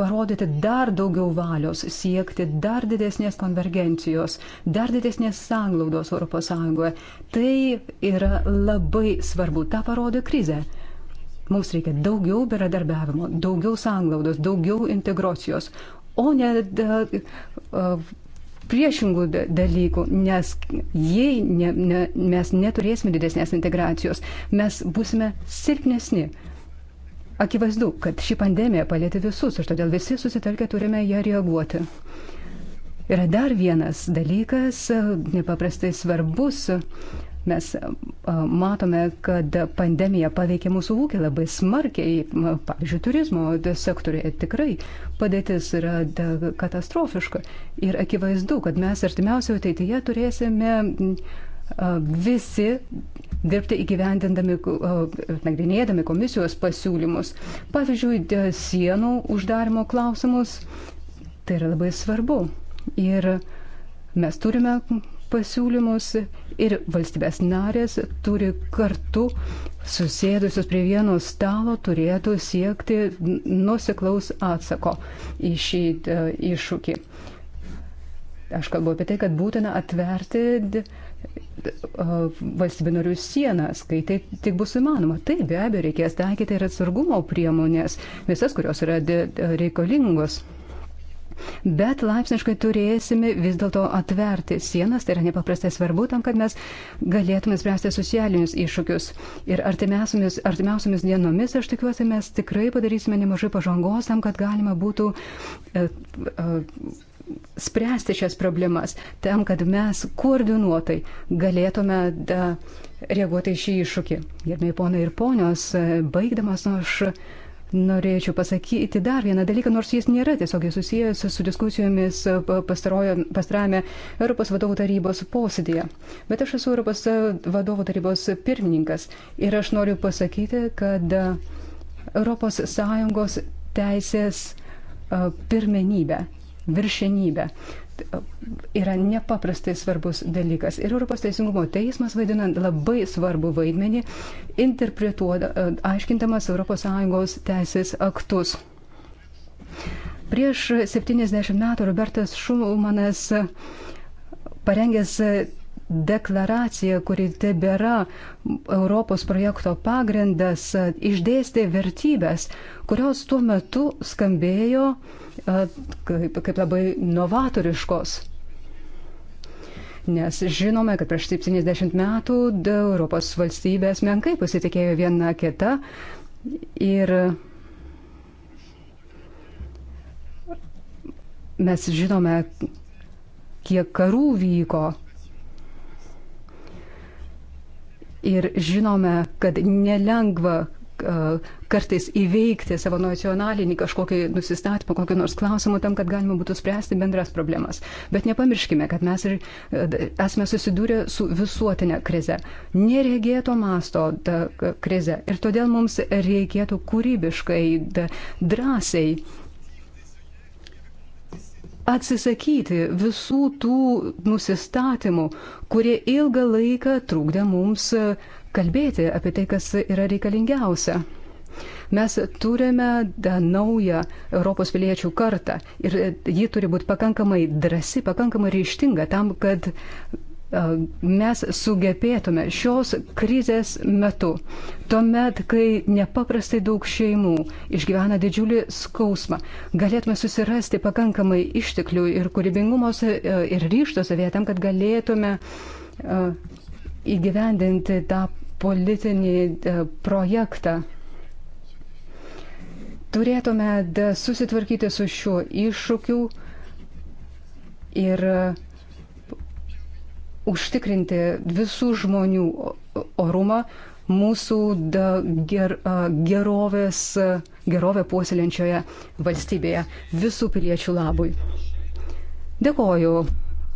parodyti dar daugiau valios, siekti dar didesnės konvergencijos, dar didesnės sanglaudos ES. Tai yra labai svarbu, tą parodė krizė. Mums reikia daugiau bendradarbiavimo, daugiau sanglaudos, daugiau integracijos, o ne da, priešingų dalykų, nes jei ne, ne, mes neturėsime didesnės integracijos, mes būsime silpnesni. Akivaizdu, kad ši pandemija palėtė visus ir todėl visi susitelkę turime ją reaguoti. Yra dar vienas dalykas, nepaprastai svarbus. Mes matome, kad pandemija paveikė mūsų ūkį labai smarkiai. Pavyzdžiui, turizmo sektorėje tikrai padėtis yra katastrofiška. Ir akivaizdu, kad mes artimiausioje ateityje turėsime visi dirbti įgyvendindami, nagrinėdami komisijos pasiūlymus. Pavyzdžiui, sienų uždarimo klausimus. Tai yra labai svarbu. Ir mes turime pasiūlymus ir valstybės narės turi kartu susėdusios prie vieno stalo turėtų siekti nusiklaus atsako į šį iššūkį. Aš kalbu apie tai, kad būtina atverti valstybių narių sienas, kai tai tik bus įmanoma. Taip, be abejo, reikės taikyti ir atsargumo priemonės, visas, kurios yra reikalingos. Bet laipsniškai turėsime vis dėlto atverti sienas, tai yra nepaprastai svarbu tam, kad mes galėtume spręsti socialinius iššūkius. Ir artimiausiamis, artimiausiamis dienomis, aš tikiuosi, mes tikrai padarysime nemažai pažangos tam, kad galima būtų. Uh, uh, spręsti šias problemas, tam, kad mes koordinuotai galėtume da, reaguoti į šį iššūkį. Gerbėjai ponai ir ponios, baigdamas nu aš. Norėčiau pasakyti dar vieną dalyką, nors jis nėra tiesiogiai susijęs su diskusijomis pastarajame Europos vadovų tarybos posėdėje. Bet aš esu Europos e, vadovų tarybos pirmininkas ir aš noriu pasakyti, kad e, Europos Sąjungos teisės e, pirmenybę viršenybę yra nepaprastai svarbus dalykas. Ir Europos Teisingumo teismas vaidina labai svarbu vaidmenį, aiškintamas ES teisės aktus. Prieš 70 metų Robertas Šumanas parengęs deklaracija, kuri tebėra Europos projekto pagrindas, išdėstė vertybės, kurios tuo metu skambėjo uh, kaip, kaip labai novatoriškos. Nes žinome, kad prieš 70 metų Europos valstybės menkai pasitikėjo viena kita ir mes žinome, kiek karų vyko. Ir žinome, kad nelengva kartais įveikti savo nacionalinį kažkokį nusistatymą, kokį nors klausimą tam, kad galima būtų spręsti bendras problemas. Bet nepamirškime, kad mes ir esame susidūrę su visuotinė krize, neregėto masto krize. Ir todėl mums reikėtų kūrybiškai, drąsiai atsisakyti visų tų nusistatymų, kurie ilgą laiką trukdė mums kalbėti apie tai, kas yra reikalingiausia. Mes turime naują Europos piliečių kartą ir ji turi būti pakankamai drasi, pakankamai ryštinga tam, kad mes sugebėtume šios krizės metu, tuomet, kai nepaprastai daug šeimų išgyvena didžiulį skausmą, galėtume susirasti pakankamai išteklių ir kūrybingumos e, ir ryšto savietam, kad galėtume įgyvendinti tą politinį e, projektą. Turėtume susitvarkyti su šiuo iššūkiu ir e, užtikrinti visų žmonių orumą, mūsų ger, e, gerovės, gerovę puoselinčioje valstybėje, visų piliečių labui. Dėkoju.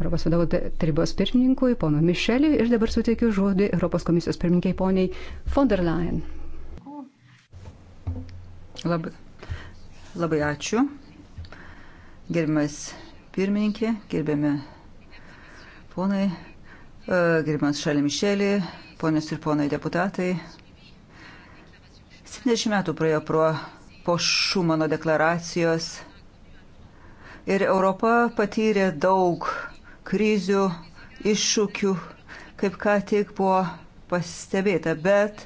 Europos vadovų tarybos pirmininkui, pono Mišeliui, ir dabar suteikiu žodį Europos komisijos pirmininkiai poniai von der Leyen. Labai, labai ačiū. Gerbiamas pirmininkė, gerbiami ponai, e, gerbiamas Šalė Mišelį, ponės ir ponai deputatai. 70 metų praėjo pro, po Šumano deklaracijos ir Europa patyrė daug krizių, iššūkių, kaip ką tik buvo pastebėta, bet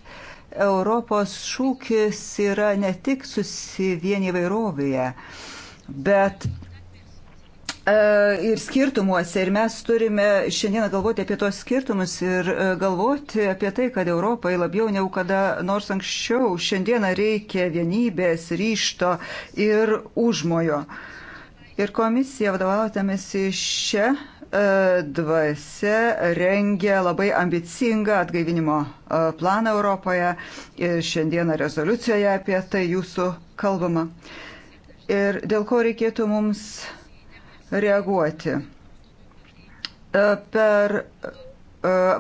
Europos šūkis yra ne tik susivienį vairovėje, bet e, ir skirtumuose. Ir mes turime šiandieną galvoti apie tos skirtumus ir e, galvoti apie tai, kad Europai labiau negu kada nors anksčiau šiandieną reikia vienybės, ryšto ir užmojo. Ir komisija vadovautamėsi šią dvasia rengia labai ambicingą atgaivinimo e, planą Europoje ir šiandieną rezoliucijoje apie tai jūsų kalbama. Ir dėl ko reikėtų mums reaguoti. E, per e,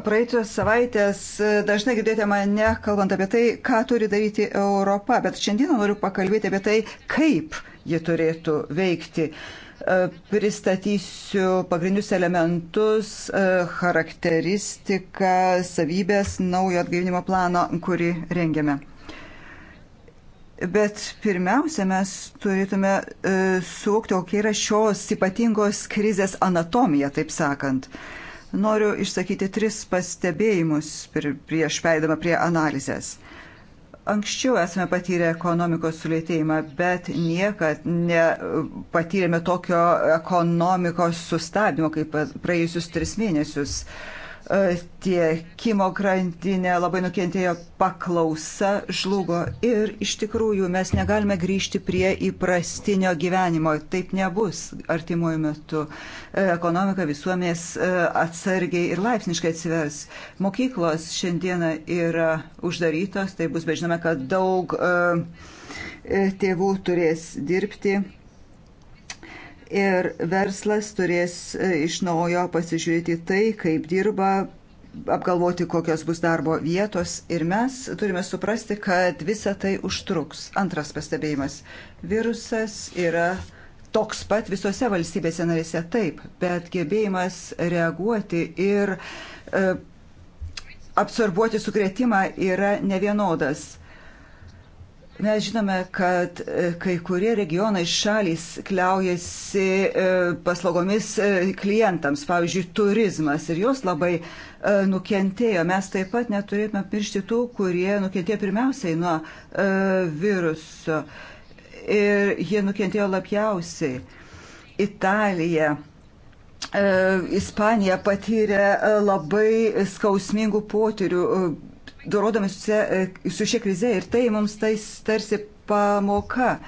praeitos savaitės dažnai girdėjote mane kalbant apie tai, ką turi daryti Europa, bet šiandieną noriu pakalbėti apie tai, kaip ji turėtų veikti. Uh, E, pristatysiu pagrindinius elementus, e, charakteristiką, savybės naujo atgaivinimo plano, kurį rengiame. Bet pirmiausia, mes turėtume e, suvokti, kokia yra šios ypatingos krizės anatomija, taip sakant. Noriu išsakyti tris pastebėjimus prieš peidama prie analizės. Anksčiau esame patyrę ekonomikos sulėtėjimą, bet niekad nepatyrėme tokio ekonomikos sustabdymo kaip praėjusius tris mėnesius. Uh, tiekimo krantinė labai nukentėjo paklausa, žlugo ir iš tikrųjų mes negalime grįžti prie įprastinio gyvenimo. Taip nebus artimuoju metu. E, ekonomika visuomės e, atsargiai ir laipsniškai atsivers. Mokyklos šiandieną yra uždarytos, tai bus, bet žinome, kad daug e, tėvų turės dirbti ir verslas turės e, iš naujo pasižiūrėti tai, kaip dirba apgalvoti, kokios bus darbo vietos ir mes turime suprasti, kad visa tai užtruks. Antras pastebėjimas. Virusas yra toks pat visose valstybėse narėse taip, bet gebėjimas reaguoti ir e, absorbuoti sukretimą yra nevienodas. Mes žinome, kad e, kai kurie regionai šalys kliaujasi e, paslaugomis e, klientams, pavyzdžiui, turizmas ir jos labai nukentėjo. Mes taip pat neturėtume piršti tų, kurie nukentėjo pirmiausiai nuo viruso ir jie nukentėjo labiausiai. Italija. Ispanija patyrė labai skausmingų potyrių dorodami e, su šia krize ir tai mums tai tarsi pamoka.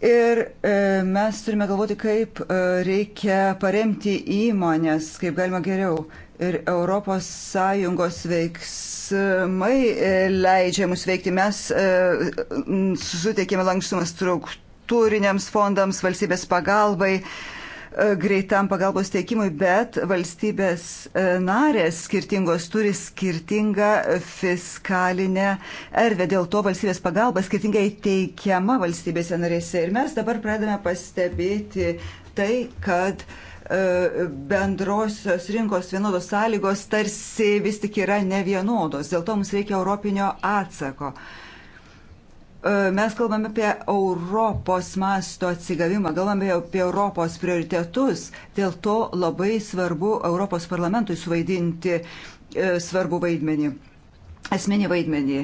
Ir e, mes turime galvoti, kaip e, reikia paremti įmonės, kaip galima geriau. Ir ES veiksmai e, leidžia mus veikti. Mes e, suteikėme lankstumą struktūriniams fondams, valstybės pagalbai. E, E, greitam pagalbos teikimui, bet valstybės e, narės skirtingos turi skirtingą e, fiskalinę erdvę. Dėl to valstybės pagalba skirtingai teikiama valstybėse narėse. Ir mes dabar pradame pastebėti tai, kad bendrosios rinkos vienodos sąlygos tarsi vis tik yra nevienodos. Dėl to mums reikia europinio atsako. Uh, E, mes kalbame apie Europos masto atsigavimą, kalbame apie Europos prioritetus. Dėl to labai svarbu Europos parlamentui suvaidinti e, svarbu vaidmenį, asmenį vaidmenį.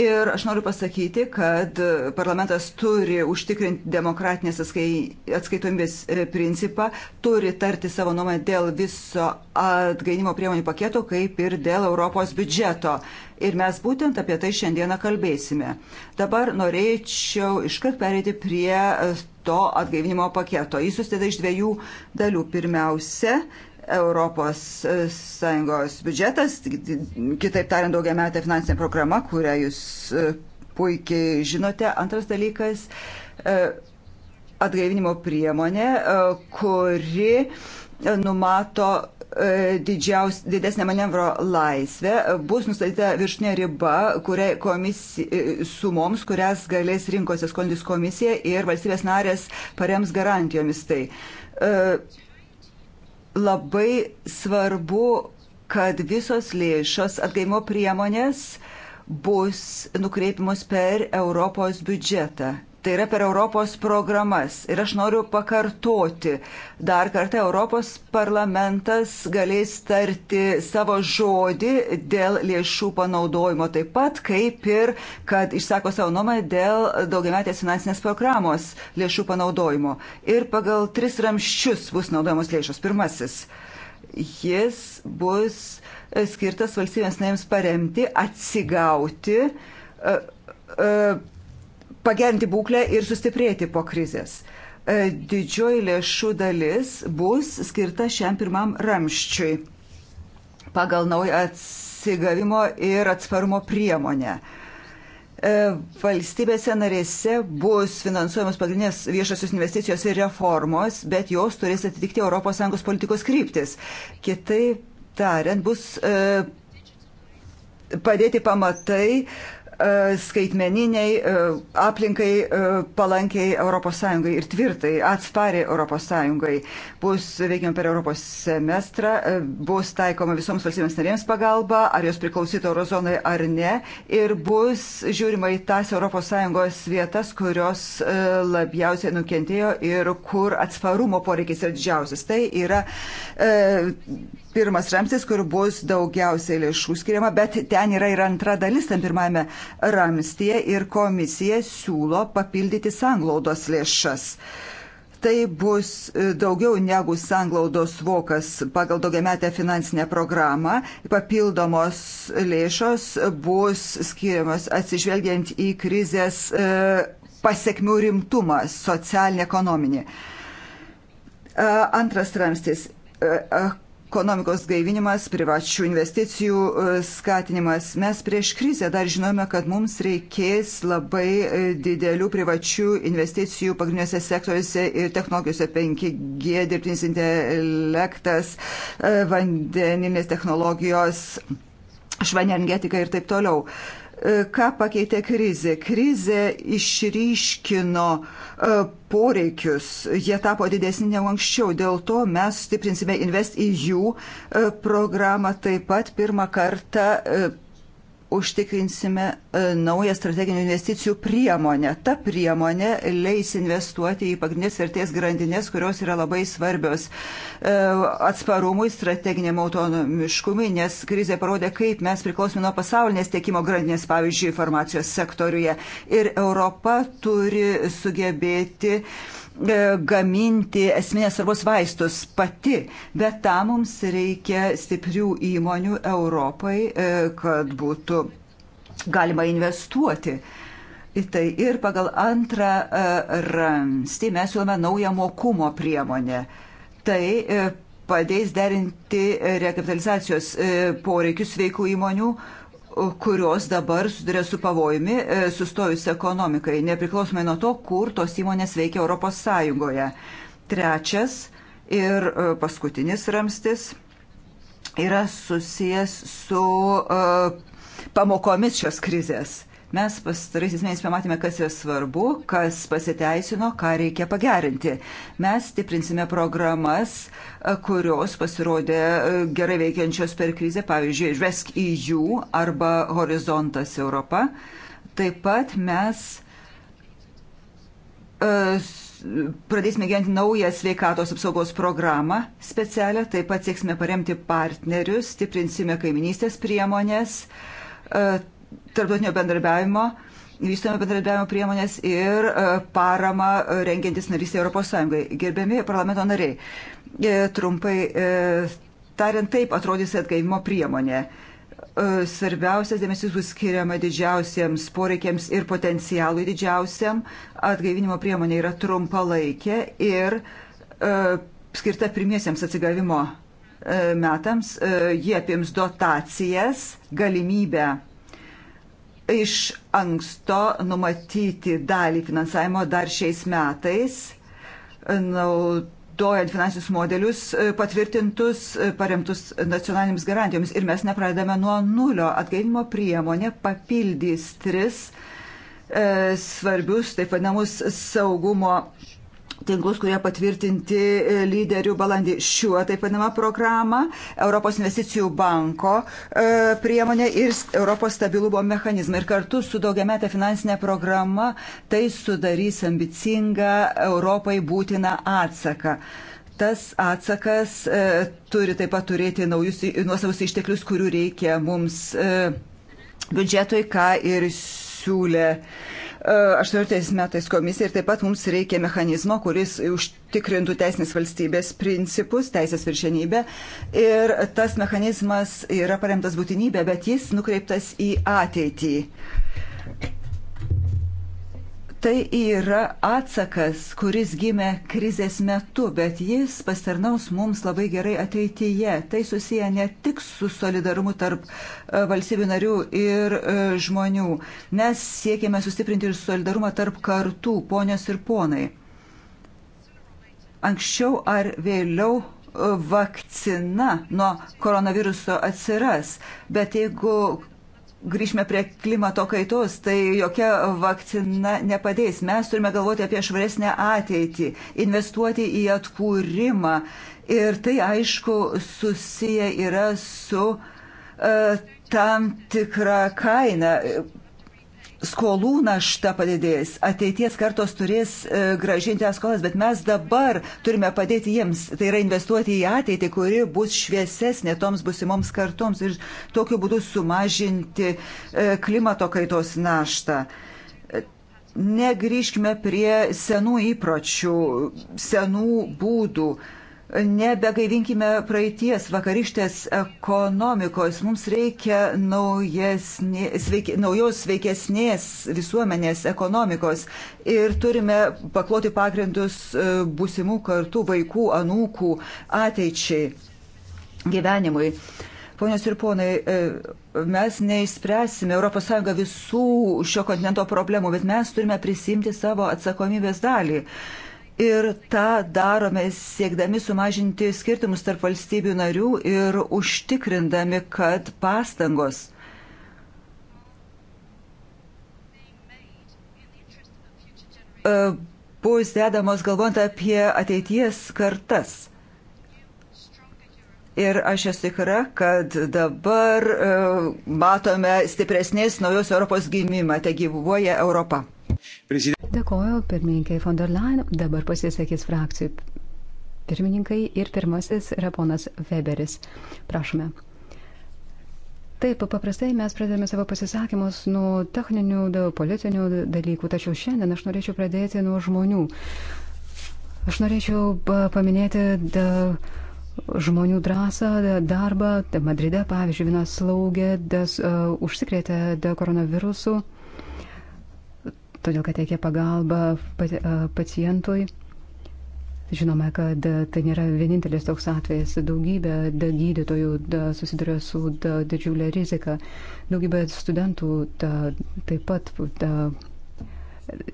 Ir aš noriu pasakyti, kad parlamentas turi užtikrinti demokratinės atskaitomybės e, principą, turi tarti savo nuomonę dėl viso atgainimo priemonių paketo, kaip ir dėl Europos biudžeto. Ir mes būtent apie tai šiandieną kalbėsime. Dabar norėčiau iškart pereiti prie to atgaivinimo paketo. Jis susideda iš dviejų dalių. Pirmiausia, ES e, biudžetas, kitaip tariant, daugia metė finansinė programa, kurią jūs e, puikiai žinote. Antras dalykas e, - atgaivinimo priemonė, kuri numato didžiaus, didesnė manevro laisvė, bus nustatyta viršutinė riba kuriai komisija, sumoms, kurias galės rinkose skondys komisija ir valstybės narės parems garantijomis. Tai labai svarbu, kad visos lėšos atgaimo priemonės bus nukreipimus per Europos biudžetą tai yra per Europos programas. Ir aš noriu pakartoti, dar kartą Europos parlamentas galės tarti savo žodį dėl lėšų panaudojimo, taip pat kaip ir, kad išsako savo nuomonę dėl daugiametės finansinės programos lėšų panaudojimo. Ir pagal tris ramščius bus naudojamos lėšos. Pirmasis, jis bus e, skirtas valstybės naims paremti, atsigauti e, e, pagerinti būklę ir sustiprėti po krizės. E, didžioji lėšų dalis bus skirta šiam pirmam ramščiui pagal naują atsigavimo ir atsparumo priemonę e, valstybėse narėse bus finansuojamos pagrindinės viešosios investicijos ir reformos, bet jos turės atitikti ES politikos kryptis. Kitaip tariant, bus e, padėti pamatai E, skaitmeniniai e, aplinkai e, palankiai ES ir tvirtai atspariai ES. Bus veikiama per Europos semestrą, bus taikoma visoms valstybėms narėms pagalba, ar jos priklausytų eurozonai ar ne, ir bus žiūrima į tas ES vietas, kurios labiausiai nukentėjo ir kur atsparumo poreikis yra didžiausias. Tai yra e, pirmas ramstis, kur bus daugiausiai lėšų skiriama, bet ten yra ir antra dalis, tam pirmame ramstie ir komisija siūlo papildyti sanglaudos lėšas. Tai bus e, daugiau negu sanglaudos vokas pagal daugiametę finansinę programą. Papildomos lėšos bus skiriamos atsižvelgiant į krizės e, pasiekmių rimtumą socialinį, ekonominį. E, antras ramstis ekonomikos gaivinimas, privačių investicijų e, skatinimas. Mes prieš krizę dar žinome, kad mums reikės labai e, didelių privačių investicijų pagrindiniuose sektoriuose ir technologijose 5G, dirbtinis intelektas, e, vandeninės technologijos, švani energetika ir taip toliau. E, ką pakeitė krizė. Krizė išryškino e, poreikius, jie tapo didesni negu anksčiau, dėl to mes stiprinsime Invest EU e, programą, taip pat pirmą kartą užtikrinsime e, naują strateginių investicijų priemonę. Ta priemonė leis investuoti į pagrindinės vertės grandinės, kurios yra labai svarbios e, atsparumui, strateginiam autonomiškumui, nes krizė parodė, kaip mes priklausome nuo pasaulinės tiekimo grandinės, pavyzdžiui, farmacijos sektoriuje. Ir Europa turi sugebėti E, gaminti esminės svarbos vaistus pati, bet tam mums reikia stiprių įmonių Europai, e, kad būtų galima investuoti. Į tai ir pagal antrą e, ramstį mes siūlome naują mokumo priemonę. Tai padės derinti rekapitalizacijos poreikius veikų įmonių kurios dabar suduria su pavojumi e, sustojus ekonomikai, nepriklausomai nuo to, kur tos įmonės veikia Europos Sąjungoje. Trečias ir e, paskutinis ramstis yra susijęs su uh, pamokomis šios krizės. Mes pastaraisiais mėnesiais pamatėme, kas yra svarbu, kas pasiteisino, ką reikia pagerinti. Mes stiprinsime programas, kurios pasirodė e, gerai veikiančios per krizę, pavyzdžiui, Žvesk į e jų arba Horizontas Europa. Taip pat mes e, pradėsime gyventi naują sveikatos apsaugos programą specialią, taip pat sieksime paremti partnerius, stiprinsime kaiminystės priemonės, tarptautinio bendradarbiavimo, vystome bendradarbiavimo priemonės ir e, parama e, rengiantis narystė Europos Sąjungai. Gerbiami parlamento nariai, e, trumpai tariant, taip atrodys atgaivimo priemonė. Svarbiausias dėmesys bus skiriama didžiausiems poreikiams ir potencialui didžiausiam. Atgaivinimo priemonė yra trumpalaikė ir skirta pirmiesiems atsigavimo metams. Jie apims dotacijas, galimybę iš anksto numatyti dalį finansavimo dar šiais metais, naudojant finansinius modelius e, patvirtintus, e, paremtus nacionalinėmis garantijomis. Ir mes nepradedame nuo nulio. Atgaivinimo priemonė papildys tris e, svarbius, taip vadinamus, saugumo tinklus, kurie patvirtinti e, lyderių balandį šiuo taip vadinamą programą, Europos investicijų banko e, priemonę ir Europos stabilumo mechanizmą. Ir kartu su daugiametė finansinė programa tai sudarys ambicingą Europai būtiną atsaką. Tas atsakas e, turi taip pat turėti naujus nuosavus išteklius, kurių reikia mums e, biudžetui, ką ir siūlė e, 18 metais komisija ir taip pat mums reikia mechanizmo, kuris užtikrintų teisinės valstybės principus, teisės viršenybę. Ir tas mechanizmas yra paremtas būtinybė, bet jis nukreiptas į ateitį. Tai yra atsakas, kuris gimė krizės metu, bet jis pastarnaus mums labai gerai ateityje. Tai susiję ne tik su solidarumu tarp e, valstybių narių ir e, žmonių. Mes siekėme sustiprinti ir solidarumą tarp kartų, ponios ir ponai. Anksčiau ar vėliau e, vakcina nuo koronaviruso atsiras, bet jeigu grįžime prie klimato kaitos, tai jokia vakcina nepadės. Mes turime galvoti apie švaresnę ateitį, investuoti į atkūrimą. Ir tai aišku susiję yra su uh, tam tikra kaina skolų našta padidės, ateities kartos turės e, gražinti tas skolas, bet mes dabar turime padėti jiems, tai yra investuoti į ateitį, kuri bus šviesesnė toms busimoms kartoms ir tokiu būdu sumažinti e, klimato kaitos naštą. E, negrįžkime prie senų įpročių, senų būdų Nebegaivinkime praeities vakarištės ekonomikos. Mums reikia naujesnė, sveiki, naujos sveikesnės visuomenės ekonomikos ir turime pakloti pagrindus e, būsimų kartų vaikų, anūkų ateičiai gyvenimui. Ponios ir ponai, e, mes neišspręsime ES visų šio kontinento problemų, bet mes turime prisimti savo atsakomybės dalį. Ir tą darome siekdami sumažinti skirtumus tarp valstybių narių ir užtikrindami, kad pastangos e, bus dedamos galvojant apie ateities kartas. Ir aš esu tikra, kad dabar e, matome stipresnės naujos Europos gimimą, taigi gyvuoja Europa. Dėkoju pirmininkai von der Leyen, dabar pasisakys frakcijų pirmininkai ir pirmasis yra ponas Weberis. Prašome. Taip, paprastai mes pradedame savo pasisakymus nuo techninių, politinių dalykų, tačiau šiandien aš norėčiau pradėti nuo žmonių. Aš norėčiau paminėti da, žmonių drąsą, da, darbą. Da, Madride, pavyzdžiui, viena slaugė da, uh, užsikrėtė da, koronavirusu. Uh, todėl kad teikia pagalbą pacientui. Žinome, kad tai nėra vienintelis toks atvejas. Daugybė da, gydytojų da, susiduria su da, didžiulė rizika. Daugybė studentų da, taip pat da,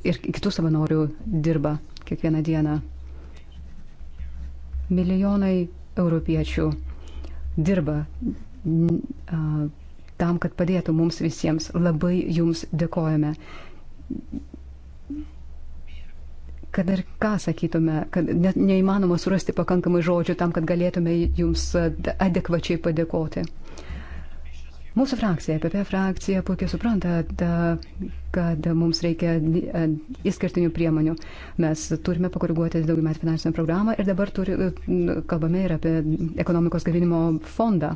ir kitų savanorių dirba kiekvieną dieną. Milijonai europiečių dirba a, tam, kad padėtų mums visiems. Labai jums dėkojame kad ir ką sakytume, kad net neįmanoma surasti pakankamai žodžių tam, kad galėtume jums e, adekvačiai padėkoti. Mūsų frakcija, PP e frakcija, puikiai supranta, kad mums reikia įskirtinių e, priemonių. Mes turime pakoreguoti daugiametį finansinę programą ir dabar turi, kalbame ir apie ekonomikos gavinimo fondą.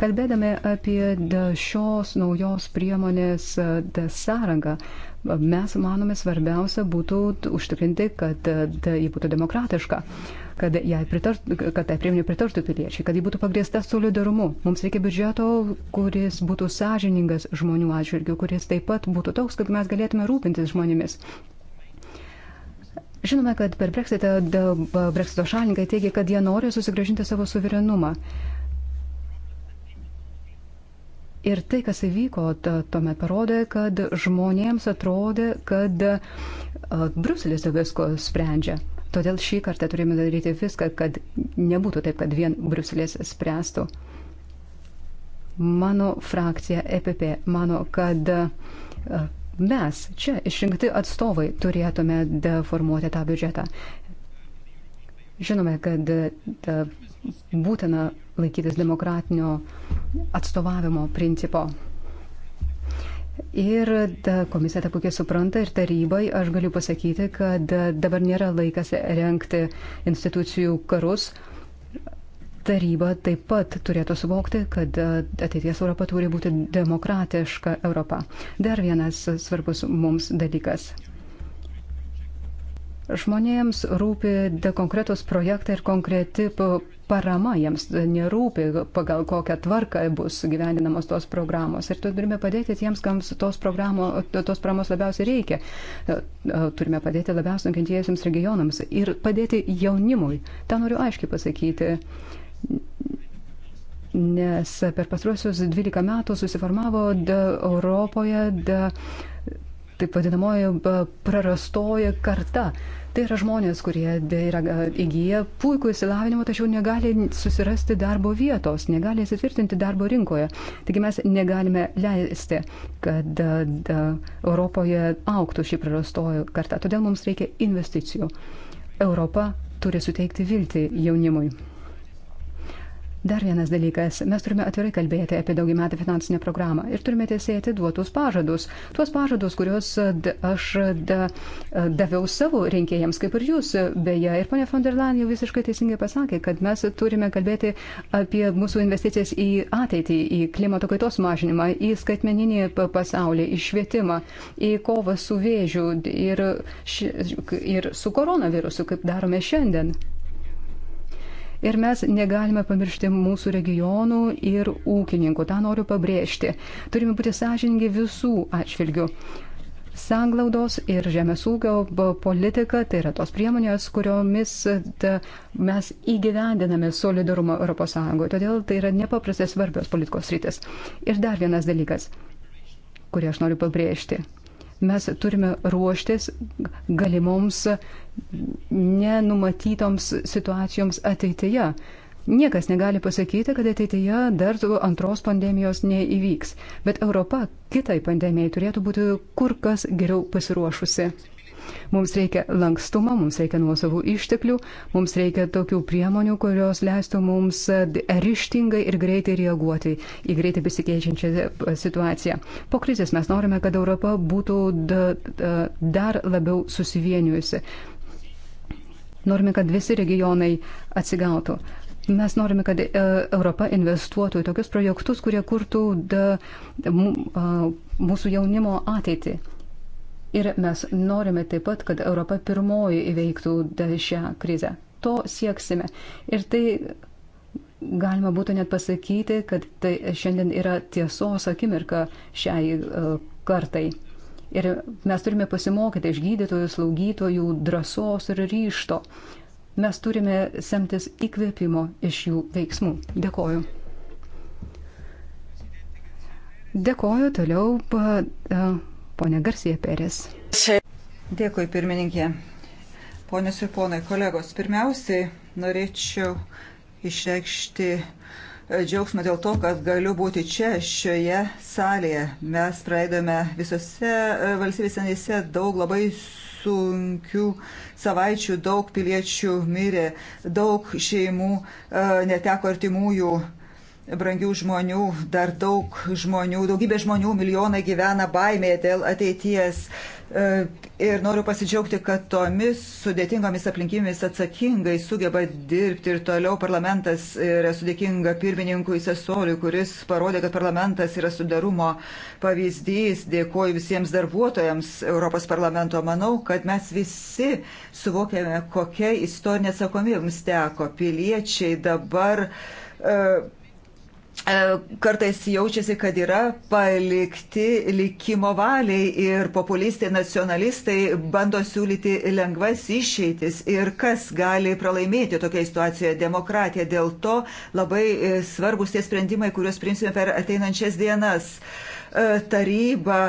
Kalbėdami apie šios naujos priemonės sąrangą, Mes manome svarbiausia būtų užtikrinti, kad ji būtų demokratiška kad jai pritartų, kad tai priemonė pritartų piliečiai, kad ji būtų pagrėsta solidarumu. Mums reikia biudžeto, kuris būtų sąžiningas žmonių atžvilgių, kuris taip pat būtų toks, kad mes galėtume rūpintis žmonėmis. Žinome, kad per Brexitą Brexito šalininkai teigia, kad jie nori susigražinti savo suverenumą. Ir tai, kas įvyko tuomet parodė, kad žmonėms atrodė, kad Bruselis visko sprendžia. Todėl šį kartą turime daryti viską, kad nebūtų taip, kad vien Bruselis spręstų. Mano frakcija EPP mano, kad mes čia išrinkti atstovai turėtume deformuoti tą biudžetą. Žinome, kad būtina laikytis demokratinio atstovavimo principo. Ir komisija tą puikiai supranta ir tarybai aš galiu pasakyti, kad dabar nėra laikas renkti institucijų karus. Taryba taip pat turėtų suvokti, kad ateities Europa turi būti demokratiška Europa. Dar vienas svarbus mums dalykas. Žmonėms rūpi konkretus projektai ir konkreti parama, jiems nerūpi pagal kokią tvarką bus gyvendinamos tos programos. Ir turime padėti tiems, kam tos, programo, tos programos labiausiai reikia. E, e, turime padėti labiausiai nukentėjusiems regionams ir padėti jaunimui. Ta noriu aiškiai pasakyti nes per pastruosius 12 metų susiformavo de Europoje de taip vadinamoji prarastoji karta. Tai yra žmonės, kurie yra įgyję puikų įsilavinimą, tačiau negali susirasti darbo vietos, negali įsitvirtinti darbo rinkoje. Taigi mes negalime leisti, kad da, da, Europoje auktų šį prarastoji kartą. Todėl mums reikia investicijų. Europa turi suteikti viltį jaunimui. Dar vienas dalykas. Mes turime atvirai kalbėti apie daugiametę finansinę programą ir turime tiesėti duotus pažadus. Tuos pažadus, kuriuos e, aš e, daviau savo rinkėjams, kaip ir jūs, beje. Ir ponia von der Leyen jau visiškai teisingai pasakė, kad mes turime kalbėti apie mūsų investicijas į ateitį, į klimato kaitos mažinimą, į skaitmeninį pasaulį, į švietimą, į kovą su vėžiu ir, ir su koronavirusu, kaip darome šiandien. Ir mes negalime pamiršti mūsų regionų ir ūkininkų. Ta noriu pabrėžti. Turime būti sąžiningi visų atšvilgių. Sanglaudos ir žemės ūkio politika tai yra tos priemonės, kuriomis mes įgyvendiname solidarumą ES. Todėl tai yra nepaprastai svarbios politikos rytis. Ir dar vienas dalykas, kurį aš noriu pabrėžti mes turime ruoštis galimoms nenumatytoms situacijoms ateityje. Niekas negali pasakyti, kad ateityje dar antros pandemijos neįvyks, bet Europa kitai pandemijai turėtų būti kur kas geriau pasiruošusi. Mums reikia lankstumo, mums reikia nuosavų išteklių, mums reikia tokių priemonių, kurios leistų mums e, ryštingai ir greitai reaguoti į greitai besikeičiančią e, situaciją. Po krizės mes norime, kad Europa būtų dar labiau susivienijusi. Norime, kad visi regionai atsigautų. Mes norime, kad e, Europa investuotų į tokius projektus, kurie kurtų da, mūsų jaunimo ateitį. Ir mes norime taip pat, kad Europa pirmoji įveiktų šią krizę. To sieksime. Ir tai galima būtų net pasakyti, kad tai šiandien yra tiesos akimirka šiai e, kartai. Ir mes turime pasimokyti iš gydytojų, slaugytojų, drąsos ir ryšto. Mes turime semtis įkvėpimo iš jų veiksmų. Dėkoju. Dėkoju toliau. Pa, uh, Pone Garsija Peres. Dėkui, pirmininkė. Ponės ir ponai, kolegos, pirmiausiai norėčiau išreikšti e, džiaugsmą dėl to, kad galiu būti čia, šioje salėje. Mes praeidome visose e, valstybėse nese daug labai sunkių savaičių, daug piliečių mirė, daug šeimų e, neteko artimųjų brangių žmonių, dar daug žmonių, daugybė žmonių, milijonai gyvena baimėje dėl ateities. E, ir noriu pasidžiaugti, kad tomis sudėtingomis aplinkybėmis atsakingai sugeba dirbti ir toliau parlamentas yra sudėkinga pirmininkui Sesoliui, kuris parodė, kad parlamentas yra sudarumo pavyzdys. Dėkoju visiems darbuotojams Europos parlamento. Manau, kad mes visi suvokėme, kokia istorinė atsakomybė mums teko. Piliečiai dabar. Uh, E, kartais jaučiasi, kad yra palikti likimo valiai ir populistai, nacionalistai bando siūlyti lengvas išeitis ir kas gali pralaimėti tokia situacija demokratija. Dėl to labai e, svarbus tie sprendimai, kuriuos priimsime per ateinančias dienas. E, taryba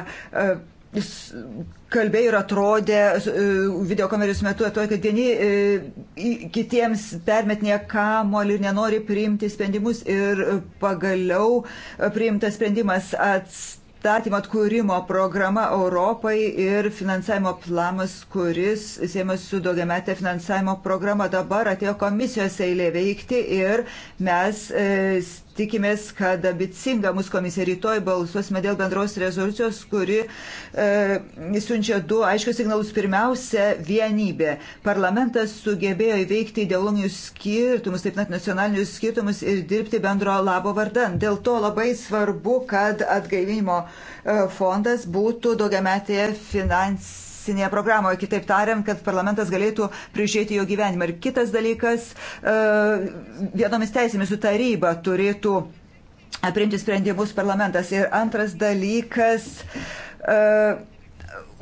kalbėjo ir atrodė e, videokameros metu, atrodė, kad vieni e, kitiems permetinė kamolį ir nenori priimti sprendimus ir pagaliau e, priimtas sprendimas atstatymo atkūrimo programa Europai ir finansavimo planas, kuris siemas su daugiametė finansavimo programa. Dabar atėjo komisijos eilė veikti ir mes. E, tikimės, kad abicinga mūsų komisija rytoj balsuosime dėl bendros rezoliucijos, kuri e, siunčia du aiškius signalus. Pirmiausia, vienybė. Parlamentas sugebėjo įveikti ideologinius skirtumus, taip pat nacionalinius skirtumus ir dirbti bendro labo vardan. Dėl to labai svarbu, kad atgaivinimo e, fondas būtų daugiametėje finansinėje finansinėje programoje, kitaip tariant, kad parlamentas galėtų prižiūrėti jo gyvenimą. Ir kitas dalykas, e, vienomis teisėmis su taryba turėtų e, priimti sprendimus parlamentas. Ir antras dalykas, e,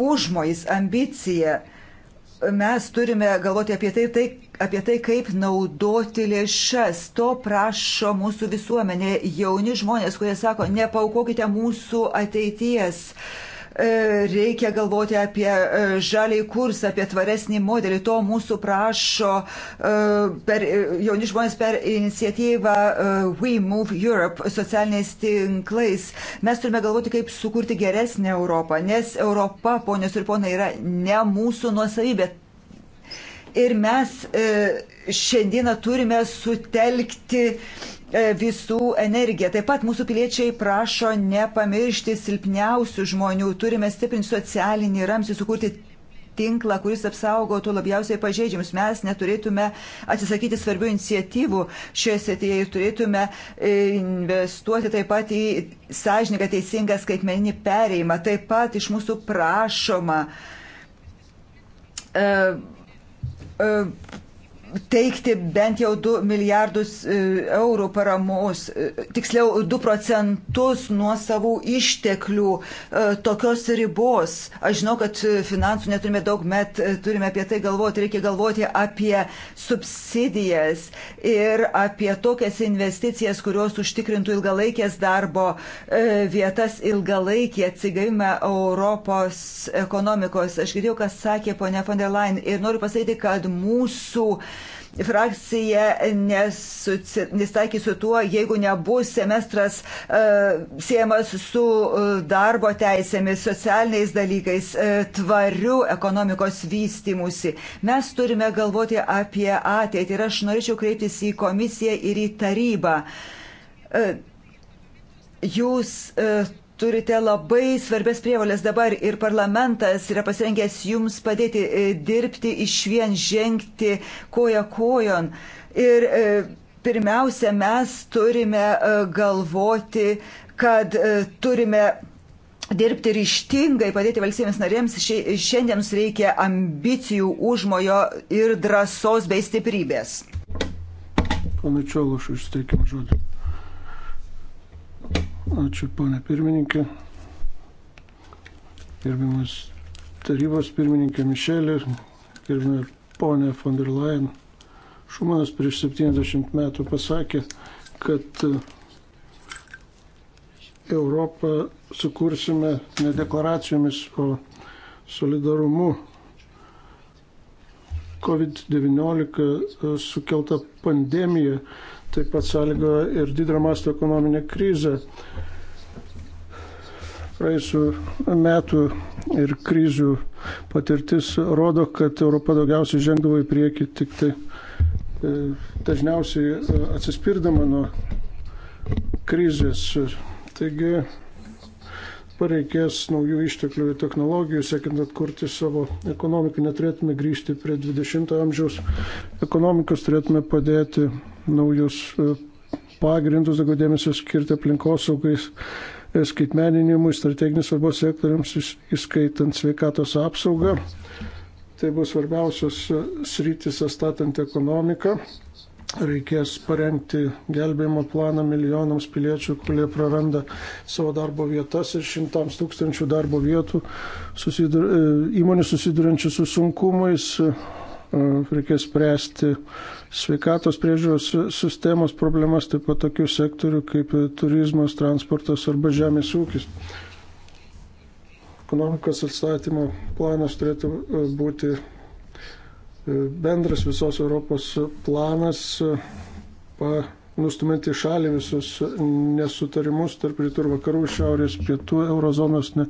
užmojais, ambicija. Mes turime galvoti apie tai, tai, apie tai, kaip naudoti lėšas. To prašo mūsų visuomenė, jauni žmonės, kurie sako, nepaukokite mūsų ateities. Uh, E, reikia galvoti apie e, žalį kursą, apie tvaresnį modelį. To mūsų prašo e, per, jauni žmonės per iniciatyvą We Move Europe socialiniais tinklais. Mes turime galvoti, kaip sukurti geresnę Europą, nes Europa, ponios ir ponai, yra ne mūsų nuosavybė. Ir mes šiandieną turime sutelkti uh, E, visų energiją. Taip pat mūsų piliečiai prašo nepamiršti silpniausių žmonių. Turime stiprinti socialinį ramsį, sukurti tinklą, kuris apsaugotų labiausiai pažeidžiamus. Mes neturėtume atsisakyti svarbių iniciatyvų šioje srityje ir turėtume e, investuoti taip pat į sąžininką teisingą skaitmeninį pereimą. Taip pat iš mūsų prašoma. Uh, uh, teikti bent jau 2 milijardus e, eurų paramos, e, tiksliau 2 procentus nuo savų išteklių e, tokios ribos. Aš žinau, kad finansų neturime daug, bet turime apie tai galvoti, reikia galvoti apie subsidijas ir apie tokias investicijas, kurios užtikrintų ilgalaikės darbo vietas, ilgalaikį atsigavimą Europos ekonomikos. Aš girdėjau, kas sakė ponia von der Leyen ir noriu pasakyti, kad mūsų uh, frakcija nesitaikys su tuo, jeigu nebus semestras e, siejamas su e, darbo teisėmis, socialiniais dalykais, e, tvariu ekonomikos vystimusi. Mes turime galvoti apie ateitį ir aš norėčiau kreiptis į komisiją ir į tarybą. Jūs turite labai svarbės prievalės dabar ir parlamentas yra pasirengęs jums padėti e, dirbti iš vien žengti koja kojon. Ir e, pirmiausia, mes turime e, galvoti, kad turime dirbti ryštingai, padėti valstybėms narėms. Šiandien mums reikia ambicijų, užmojo ir drąsos bei stiprybės. Pana Čiološui, suteikim žodį. Ačiū, ponė pirmininkė. Gerbiamas tarybos pirmininkė Mišelė, gerbiamas ponė von der Leyen. Šumanas prieš 70 metų pasakė, kad e, Europą sukursime ne deklaracijomis, o solidarumu. COVID-19 e, sukelta pandemija taip pat sąlygoja ir didelio masto ekonominė krizė. Praėjusių metų ir krizių patirtis rodo, kad Europa daugiausiai žengdavo į priekį tik tai e, dažniausiai e, atsispirdama nuo krizės. Taigi pareikės naujų išteklių ir technologijų, siekiant atkurti savo ekonomiką, neturėtume grįžti prie 20-ojo amžiaus ekonomikos, turėtume padėti naujus e, pagrindus, daugiau dėmesio skirti aplinkosaugai, e, skaitmeninimui, strateginis svarbos sektoriams, įskaitant sveikatos apsaugą. Tai bus svarbiausios e, sritis atstatant ekonomiką. Reikės parengti gelbėjimo planą milijonams piliečių, kurie praranda savo darbo vietas ir šimtams tūkstančių darbo vietų susidur, įmonių susidurančių su sunkumais. Reikės spręsti sveikatos priežiūros sistemos problemas, taip pat tokių sektorių kaip turizmas, transportas arba žemės ūkis. Ekonomikos atstatymo planas turėtų e, būti e, bendras visos Europos planas, e, pa, nustumėti šalį visus nesutarimus tarp rytų ir vakarų, šiaurės, pietų, eurozonos, ne,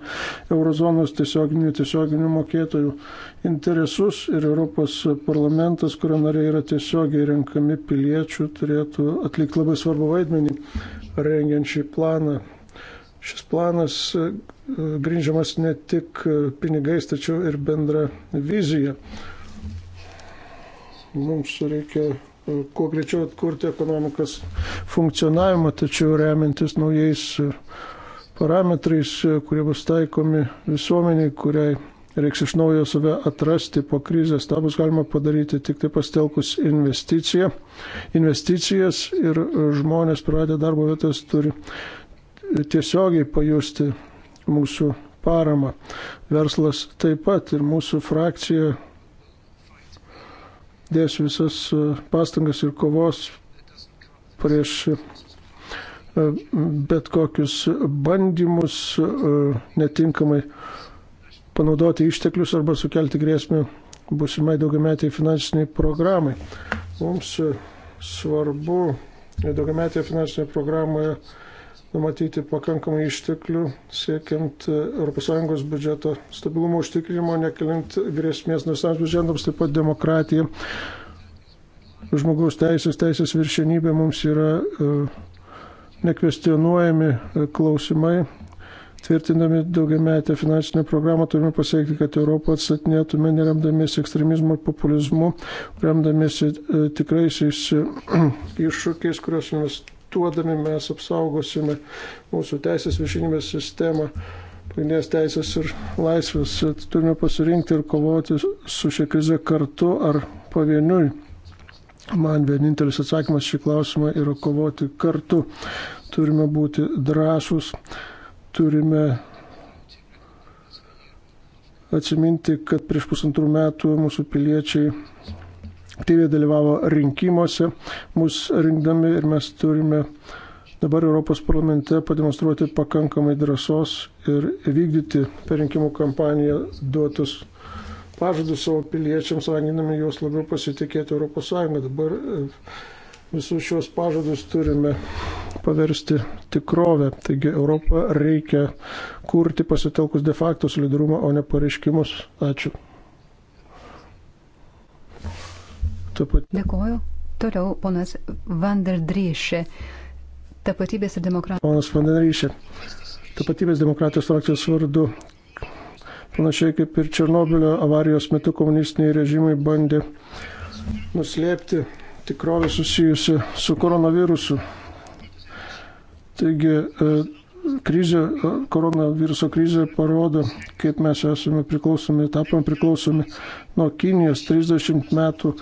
eurozonos tiesioginių, tiesioginių mokėtojų interesus ir Europos parlamentas, kurio nariai yra tiesiogiai renkami piliečių, turėtų atlikti labai svarbu vaidmenį rengiant šį planą. Šis planas e, grindžiamas ne tik pinigais, tačiau ir bendra vizija. Mums reikia kuo greičiau atkurti ekonomikos funkcionavimą, tačiau remiantis naujais parametrais, kurie bus taikomi visuomeniai, kuriai reiks iš naujo save atrasti po krizės. Ta bus galima padaryti tik tai pastelkus investiciją. investicijas ir žmonės praradę darbo vietas turi tiesiogiai pajusti mūsų paramą. Verslas taip pat ir mūsų frakcija dės visas e, pastangas ir kovos prieš e, bet kokius bandymus e, netinkamai panaudoti išteklius arba sukelti grėsmę būsimai daugiametiai finansiniai programai. Mums svarbu daugiametėje finansinėje programoje numatyti pakankamai išteklių siekiant e, ES biudžeto stabilumo užtikrinimo, nekeliant grėsmės nusams biudžetams, taip pat demokratija. Žmogaus teisės, teisės viršenybė mums yra e, nekvestionuojami e, klausimai. Tvirtindami daugiametę finansinę programą turime pasiekti, kad Europą atstatinėtume neremdamiesi ekstremizmu ir populizmu, remdamiesi tikraisiais iššūkiais, kuriuos mes diskutuodami mes apsaugosime mūsų teisės viršinimės sistemą, pagrindinės teisės ir laisvės. Turime pasirinkti ir kovoti su šia krize kartu ar pavieniui. Man vienintelis atsakymas šį klausimą yra kovoti kartu. Turime būti drąsūs, turime atsiminti, kad prieš pusantrų metų mūsų piliečiai aktyviai dalyvavo rinkimuose, mūsų rinkdami ir mes turime dabar Europos parlamente pademonstruoti pakankamai drąsos ir vykdyti per rinkimų kampaniją duotus pažadus savo piliečiams, raginami juos labiau pasitikėti ES. Dabar e, visus šios pažadus turime paversti tikrovę. Taigi Europą reikia kurti pasitelkus de facto solidarumą, o ne pareiškimus. Ačiū. Pat... Dėkoju. Toliau ponas Vanderdryšė, tapatybės ir demokratijos. Ponas Vanderdryšė, tapatybės demokratijos frakcijos vardu. Panašiai kaip ir Černobilio avarijos metu komunistiniai režimai bandė nuslėpti tikrovę susijusią su koronavirusu. Taigi e, krizė, e, koronaviruso krizė parodo, kaip mes esame priklausomi, tapome priklausomi nuo Kinijos 30 metų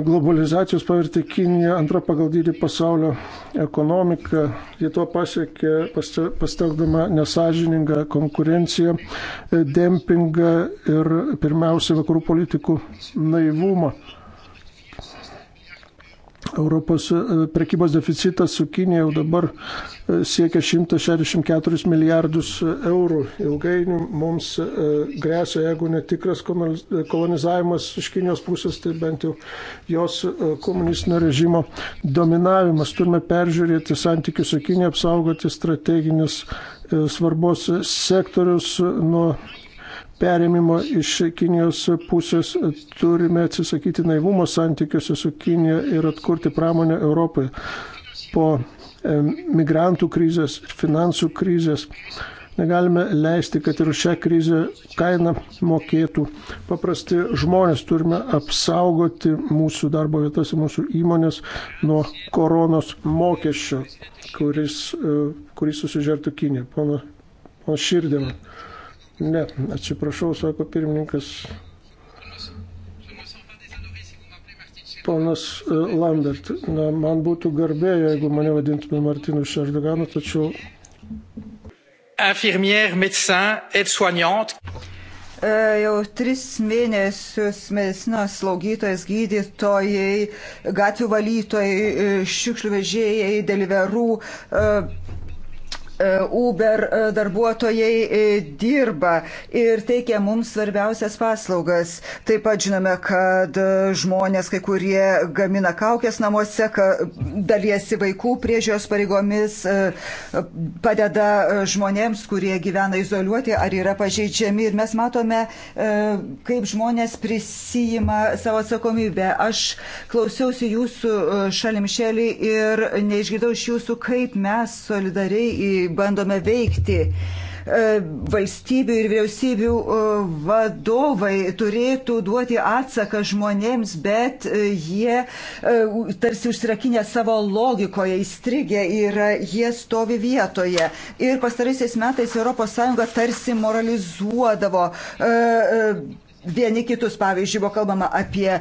globalizacijos pavertė Kiniją antrą pagal dydį pasaulio ekonomiką. Jie to pasiekė pastelgdama nesažiningą konkurenciją, e, dempingą ir pirmiausia vakarų politikų naivumą. Europos e, prekybos deficitas su Kinija jau dabar siekia 164 milijardus eurų. Ilgainiui mums e, grėsia, jeigu netikras kolonizavimas iš Kinijos pusės, tai bent jau jos e, komunistinio režimo dominavimas. Turime peržiūrėti santykius su Kinija, apsaugoti strateginius e, svarbos sektorius nuo perėmimo iš Kinijos pusės turime atsisakyti naivumo santykiuose su Kinija ir atkurti pramonę Europai. Po migrantų krizės ir finansų krizės. Negalime leisti, kad ir šią krizę kainą mokėtų paprasti žmonės. Turime apsaugoti mūsų darbo vietas ir mūsų įmonės nuo koronos mokesčio, kuris, e, kuris susižertų Kinė. Pono, pono Širdėm. Ne, atsiprašau, sako pirmininkas, Ponas e, Lambert, na, man būtų garbė, jeigu mane vadintume Martinu Šerdoganu, tačiau. Infirmière, médecin, aide-soignante e, jau tris mėnesius medicinos slaugytojas, gydytojai, gatvių valytojai, e, šiukšlių vežėjai, deliverų E, Uber e, darbuotojai e, dirba ir teikia mums svarbiausias paslaugas. Taip pat žinome, kad žmonės, kai kurie gamina kaukės namuose, dalyjasi vaikų priežios pareigomis, padeda žmonėms, kurie gyvena izoliuoti ar yra pažeidžiami. Ir mes matome, kaip žmonės prisijima savo atsakomybę. Aš klausiausi jūsų šalimšelį ir neišgirdau iš jūsų, kaip mes solidariai bandome veikti. E, valstybių ir vyriausybių e, vadovai turėtų duoti atsaką žmonėms, bet e, jie tarsi užsirakinę savo logikoje įstrigę ir jie stovi vietoje. Ir pastaraisiais metais ES tarsi moralizuodavo vieni kitus, pavyzdžiui, buvo kalbama apie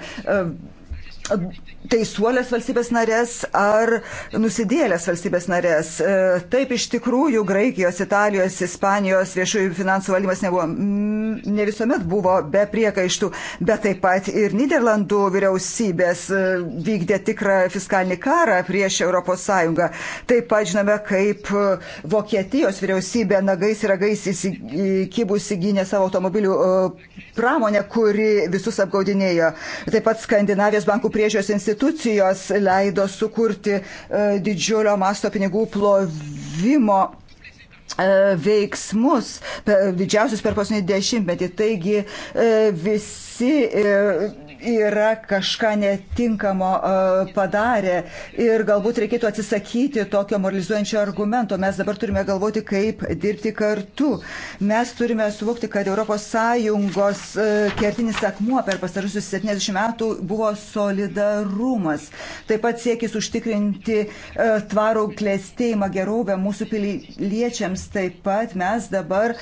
teisuolės valstybės narės ar nusidėlės valstybės narės. E, taip iš tikrųjų Graikijos, Italijos, Ispanijos viešųjų finansų valdymas nebuvo, mm, ne visuomet buvo be priekaištų, bet taip pat ir Niderlandų vyriausybės e, vykdė tikrą fiskalinį karą prieš ES. Taip pat žinome, kaip e, Vokietijos vyriausybė nagais ir ragais įkibusi gynė savo automobilių pramonę, kuri visus apgaudinėjo. Taip pat Skandinavijos bankų priežios institucijos institucijos leido sukurti e, didžiulio masto pinigų plovimo e, veiksmus, didžiausius per paskutinį dešimtmetį. Taigi e, visi yra kažką netinkamo e, padarę ir galbūt reikėtų atsisakyti tokio moralizuojančio argumento. Mes dabar turime galvoti, kaip dirbti kartu. Mes turime suvokti, kad ES e, kertinis akmuo per pastarusius 70 metų buvo solidarumas. Taip pat siekis užtikrinti e, tvarų klėstėjimą gerovę mūsų piliečiams. Taip pat mes dabar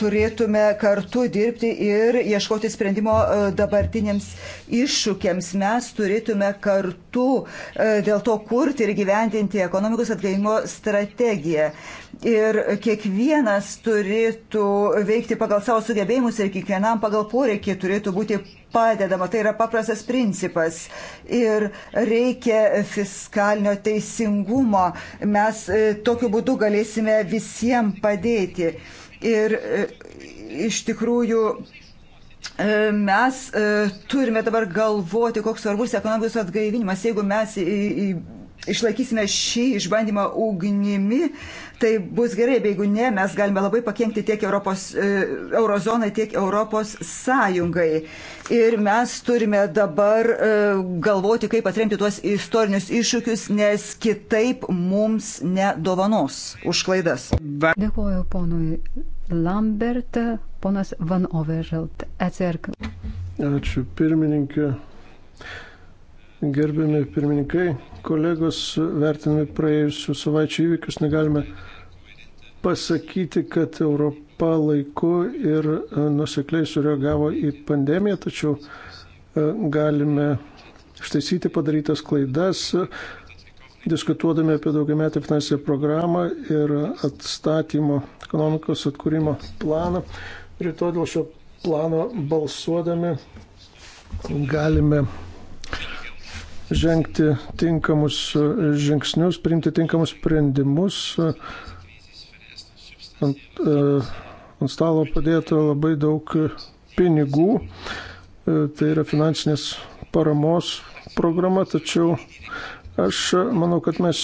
turėtume kartu dirbti ir ieškoti sprendimo dabartinėms iššūkiams mes turėtume kartu e, dėl to kurti ir gyventinti ekonomikos atgaimo strategiją. Ir kiekvienas turėtų veikti pagal savo sugebėjimus ir kiekvienam pagal poreikį turėtų būti padedama. Tai yra paprastas principas. Ir reikia fiskalinio teisingumo. Mes e, tokiu būdu galėsime visiems padėti. Ir e, iš tikrųjų E, mes e, turime dabar galvoti, koks svarbus ekonomikos atgaivinimas. Jeigu mes į, į, išlaikysime šį išbandymą ugnimi, tai bus gerai, bet jeigu ne, mes galime labai pakengti tiek Europos, e, eurozonai, tiek Europos sąjungai. Ir mes turime dabar galvoti, kaip atremti tuos istorinius iššūkius, nes kitaip mums nedovanos už klaidas. Dėkuoju ponui Lambert, ponas Van Overželt, ECRK. Ačiū pirmininkė. Gerbiami pirmininkai, kolegos, vertinami praėjusių savaičių įvykius, negalime pasakyti, kad Europa laiku ir e, nusekliai sureagavo į pandemiją, tačiau e, galime ištaisyti padarytas klaidas, diskutuodami apie daugiametę finansinę programą ir atstatymo ekonomikos atkūrimo planą. Rytoj dėl šio plano balsuodami galime žengti tinkamus žingsnius, priimti tinkamus sprendimus. Ant, e, ant stalo padėta labai daug pinigų, e, tai yra finansinės paramos programa, tačiau Aš manau, kad mes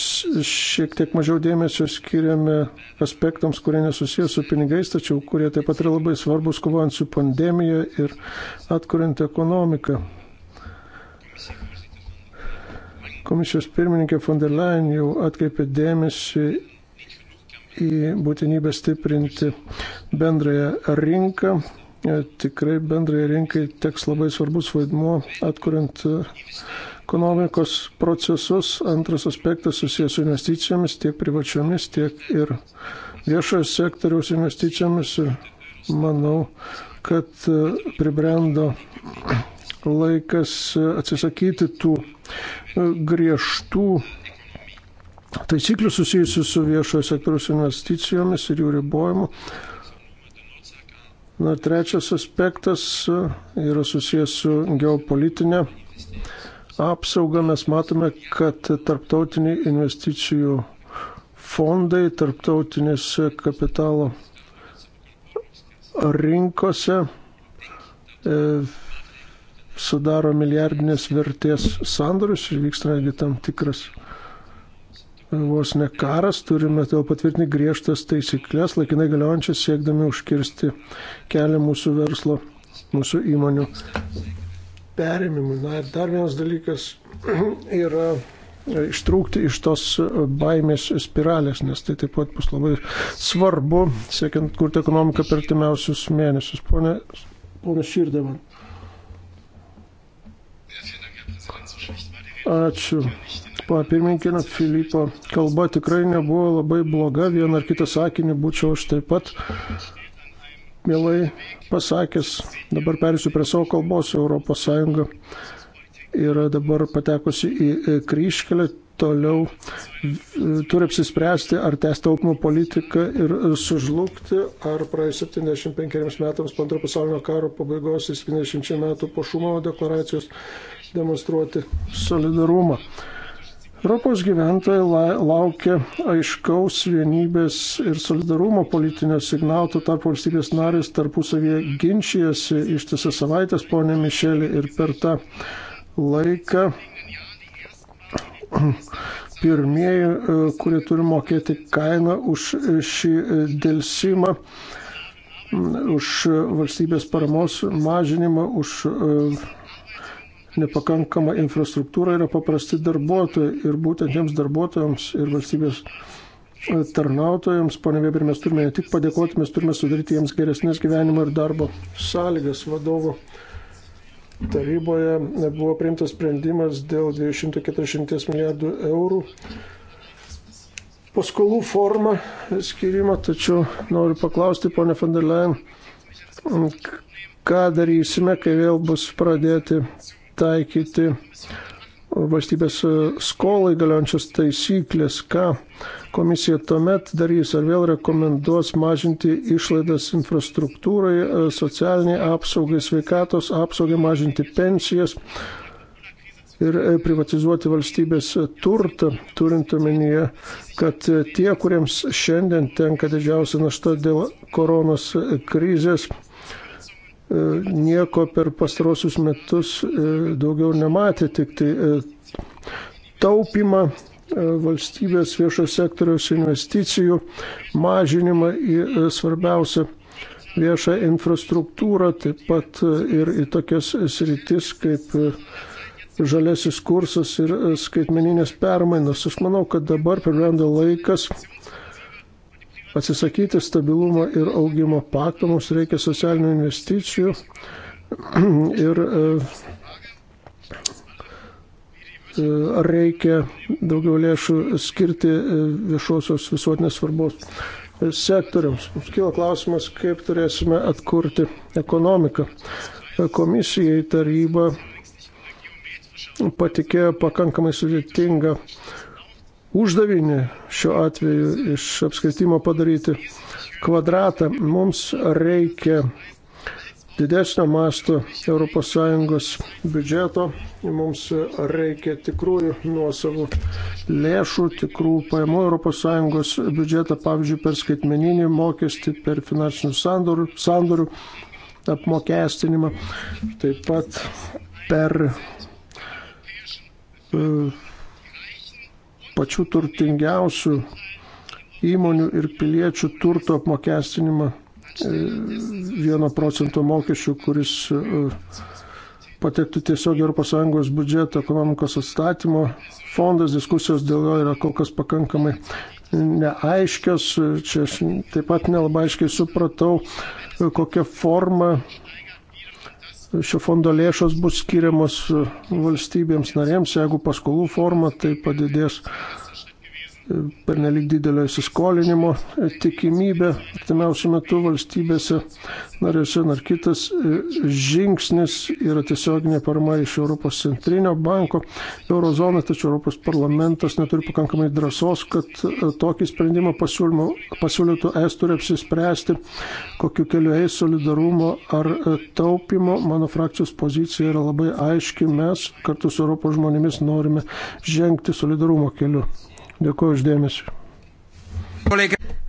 šiek tiek mažiau dėmesio skiriame aspektams, kurie nesusijęs su pinigais, tačiau kurie taip pat yra labai svarbus kovojant su pandemija ir atkuriant ekonomiką. Komisijos pirmininkė von der Leyen jau atkreipė dėmesį į būtinybę stiprinti bendrąją rinką. Tikrai bendrąją rinkai teks labai svarbus vaidmuo atkuriant ekonomikos procesus. Antras aspektas susijęs su investicijomis, tiek privačiomis, tiek ir viešojo sektoriaus investicijomis. Ir manau, kad e, pribrendo laikas e, atsisakyti tų e, griežtų taisyklių susijusių su viešojo sektoriaus investicijomis ir jų ribojimu. Na, trečias aspektas yra susijęs su geopolitinė apsaugą, mes matome, kad tarptautiniai investicijų fondai, tarptautinės kapitalo rinkose e, sudaro milijardinės vertės sandorius ir vyksta netgi tam tikras e, vos ne karas, turime todėl patvirtinti griežtas taisyklės, laikinai galiojančias siekdami užkirsti kelią mūsų verslo, mūsų įmonių perėmimu. Na ir dar vienas dalykas yra ištrūkti iš tos baimės spiralės, nes tai taip pat bus labai svarbu, siekiant kurti ekonomiką per timiausius mėnesius. Pone, pone Širdevan. Ačiū. Pana pirmininkina Filipo kalba tikrai nebuvo labai bloga, vieną ar kitą sakinį būčiau aš taip pat mielai pasakęs, dabar perėsiu prie savo kalbos, ES yra dabar patekusi į kryškelę, toliau turi apsispręsti, ar tęsti taupimo politiką ir sužlugti, ar praėjus 75 metams po antro pasaulinio karo pabaigos ir 70 metų po Šumovo deklaracijos demonstruoti solidarumą. Europos gyventojai laukia aiškaus vienybės ir solidarumo politinio signalo, tuo tarpu valstybės narės tarpusavėje ginčijasi ištisą savaitęs, ponė Mišelė, ir per tą laiką pirmieji, e, kurie turi mokėti kainą už šį e, dėlsimą, už valstybės paramos mažinimą, už e, nepakankama infrastruktūra, yra paprasti darbuotojai ir būtent jiems darbuotojams ir valstybės e, tarnautojams, ponė Weber, mes turime ne tik padėkoti, mes turime sudaryti jiems geresnės gyvenimo ir darbo sąlygas vadovo. Taryboje buvo priimtas sprendimas dėl 240 milijardų eurų paskolų formą skirimą, tačiau noriu paklausti, ponė von der Leyen, ką darysime, kai vėl bus pradėti taikyti valstybės skolai galiojančias taisyklės, ką komisija tuomet darys, ar vėl rekomenduos mažinti išlaidas infrastruktūrai, socialiniai apsaugai, sveikatos apsaugai, mažinti pensijas ir privatizuoti valstybės turtą, turint omenyje, kad tie, kuriems šiandien tenka didžiausia našta dėl koronos krizės, E, nieko per pastarosius metus e, daugiau nematė, tik tai e, taupimą valstybės viešo sektoriaus investicijų, mažinimą į svarbiausią viešą infrastruktūrą, taip pat ir į tokias sritis kaip žalesis kursas ir skaitmeninės permainos. Aš manau, kad dabar pribrendo laikas atsisakyti stabilumo ir augimo pakto, mums reikia socialinių investicijų ir e, e, reikia daugiau lėšų skirti e, viešosios visuotinės svarbos sektoriams. Mums kyla klausimas, kaip turėsime atkurti ekonomiką. Komisijai taryba patikėjo pakankamai sudėtingą uždavinį šiuo atveju iš apskritimo padaryti kvadratą. Mums reikia didesnio masto ES biudžeto, mums reikia tikrųjų nuosavų lėšų, tikrų pajamų ES biudžetą, pavyzdžiui, per skaitmeninį mokestį, per finansinių sandorių, sandorių apmokestinimą, taip pat per uh, pačių turtingiausių įmonių ir piliečių turto apmokestinimą 1 e, procento mokesčių, kuris e, patektų tiesiog ES biudžeto ekonomikos atstatymo fondas, diskusijos dėl jo yra kol kas pakankamai neaiškios, čia aš taip pat nelabai aiškiai supratau, kokią formą šio fondo lėšos bus skiriamos valstybėms narėms, jeigu paskolų forma, tai padidės pernelik didelio įsiskolinimo tikimybė artimiausių metų valstybėse narėse. Ar kitas e, žingsnis yra tiesioginė parama iš Europos centrinio banko eurozonai, tačiau Europos parlamentas neturi pakankamai drąsos, kad e, tokį sprendimą pasiūlytų es turi apsispręsti, kokiu keliu eis solidarumo ar e, taupimo. Mano frakcijos pozicija yra labai aiški, mes kartu su Europos žmonėmis norime žengti solidarumo keliu. Dėkuoju uždėmesi.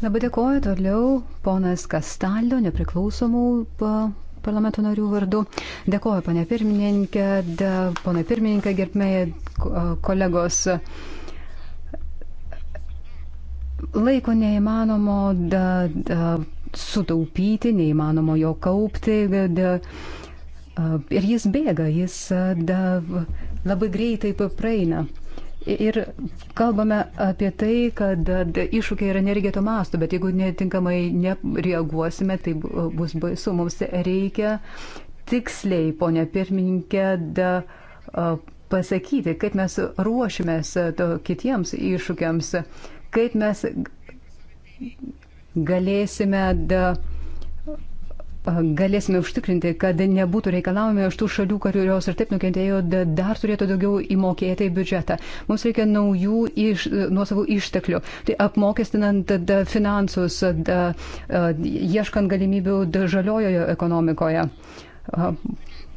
Labai dėkuoju toliau ponas Kastaldo, nepriklausomų parlamento narių vardu. Dėkuoju, ponė pirmininkė, ponė pirmininkė, gerbėjai kolegos. Laiko neįmanomo da, da, sutaupyti, neįmanomo jo kaupti. Da, ir jis bėga, jis da, labai greitai praeina. Ir kalbame apie tai, kad iššūkiai yra neregėto masto, bet jeigu netinkamai nereaguosime, tai bus baisu. Mums reikia tiksliai, ponia pirmininkė, da, pasakyti, kaip mes ruošimės kitiems iššūkiams, kaip mes galėsime da, galėsime užtikrinti, kad nebūtų reikalavome iš tų šalių, kurios ir taip nukentėjo, dar turėtų daugiau įmokėti į biudžetą. Mums reikia naujų iš, nuosavų išteklių. Tai apmokestinant da, finansus, da, ieškant galimybių da, žaliojoje ekonomikoje.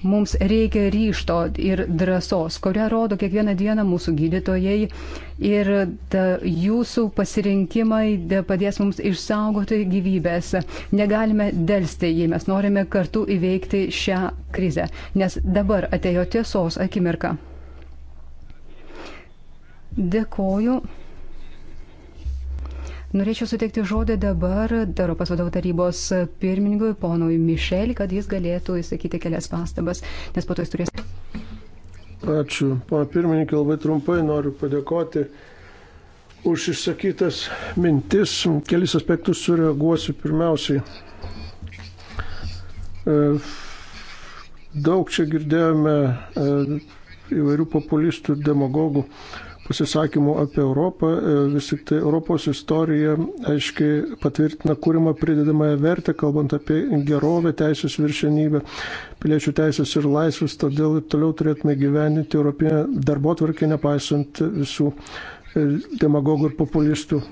Mums reikia ryšto ir drąsos, kurią rodo kiekvieną dieną mūsų gydytojai. Ir ta, jūsų pasirinkimai padės mums išsaugoti gyvybės. Negalime dėlsti, jei mes norime kartu įveikti šią krizę. Nes dabar atėjo tiesos akimirka. Dėkoju. Norėčiau suteikti žodį dabar Europos vadovų tarybos pirmininkui, ponui Mišel, kad jis galėtų įsakyti kelias pastabas, nes po to jis turės. Ačiū. Pana pirmininkė, labai trumpai noriu padėkoti už išsakytas mintis. Kelis aspektus sureaguosiu pirmiausiai. E, daug čia girdėjome e, įvairių populistų, demagogų pasisakymų apie Europą, e, vis tik tai Europos istorija aiškiai patvirtina kūrimą pridedamąją vertę, kalbant apie gerovę, teisės viršenybę, piliečių teisės ir laisvės, todėl ir toliau turėtume gyveninti Europinę darbo tvarkę, nepaisant visų e, demagogų ir populistų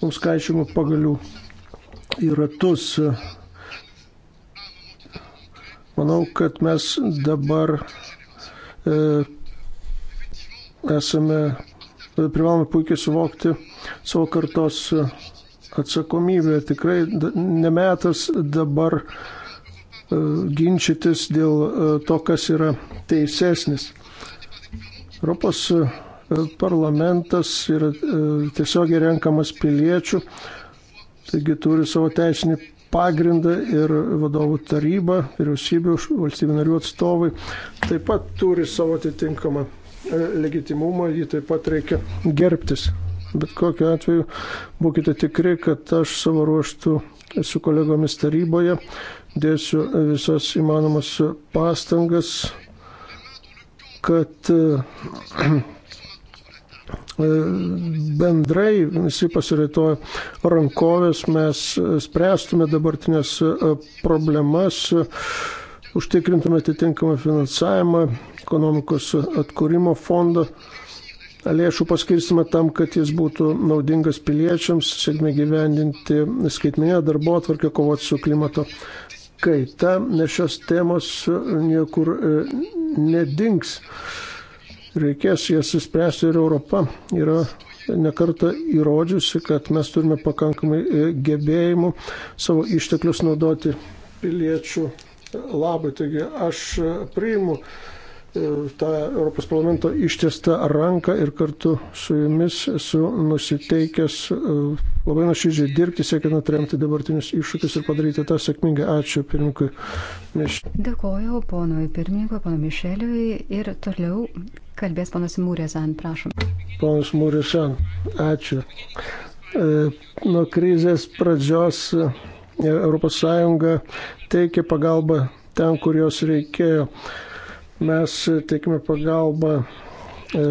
nuskaičiamų pagalių į ratus. Manau, kad mes dabar e, esame, privalome puikiai suvokti savo kartos atsakomybę. Tikrai nemetas dabar e, ginčytis dėl e, to, kas yra teisesnis. Europos e, parlamentas yra tiesiogiai renkamas piliečių, taigi turi savo teisinį pagrindą ir vadovų taryba, vyriausybių, valstybių narių atstovai taip pat turi savo atitinkamą legitimumą, jį taip pat reikia gerbtis. Bet kokiu atveju būkite tikri, kad aš savo ruoštų su kolegomis taryboje dėsiu visas įmanomas pastangas, kad e, e, bendrai visi pasiritojo rankovės, mes spręstume dabartinės e, problemas, užtikrintume atitinkamą finansavimą, ekonomikos atkūrimo fondo lėšų paskirstimą tam, kad jis būtų naudingas piliečiams, sėkmė gyvendinti skaitminę darbo atvarkę, kovoti su klimato kaita, nes šios temos niekur e, nedings. Reikės jas įspręsti ir Europa yra nekarta įrodžiusi, kad mes turime pakankamai e, gebėjimų savo išteklius naudoti piliečių labai. Taigi aš priimu E, tą Europos parlamento ištiestą ranką ir kartu su jumis esu nusiteikęs e, labai nuoširdžiai dirbti, siekiant atremti dabartinius iššūkius ir padaryti tą sėkmingą. Ačiū pirmininkui. Miš... Dėkoju ponui pirmininkui, ponui Mišeliui ir toliau kalbės ponas Mūrėzan, prašom. Ponas Mūrėzan, ačiū. E, nuo krizės pradžios ES teikia pagalbą ten, kur jos reikėjo. Mes teikime pagalbą e,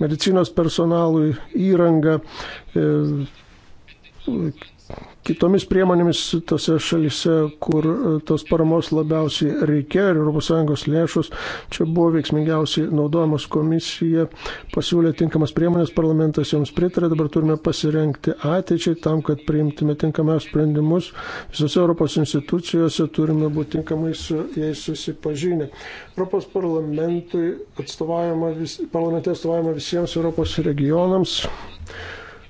medicinos personalui įrangą, e, kitomis priemonėmis tose šalise, kur e, tos paramos labiausiai reikėjo ir ES lėšos čia buvo veiksmingiausiai naudojamos komisija, pasiūlė tinkamas priemonės, parlamentas joms pritarė, dabar turime pasirenkti ateičiai tam, kad priimtume tinkamiausius sprendimus. Visose Europos institucijose turime būti tinkamai su jais susipažinę. Europos parlamentui atstovaujama, vis, parlamente atstovaujama visiems Europos regionams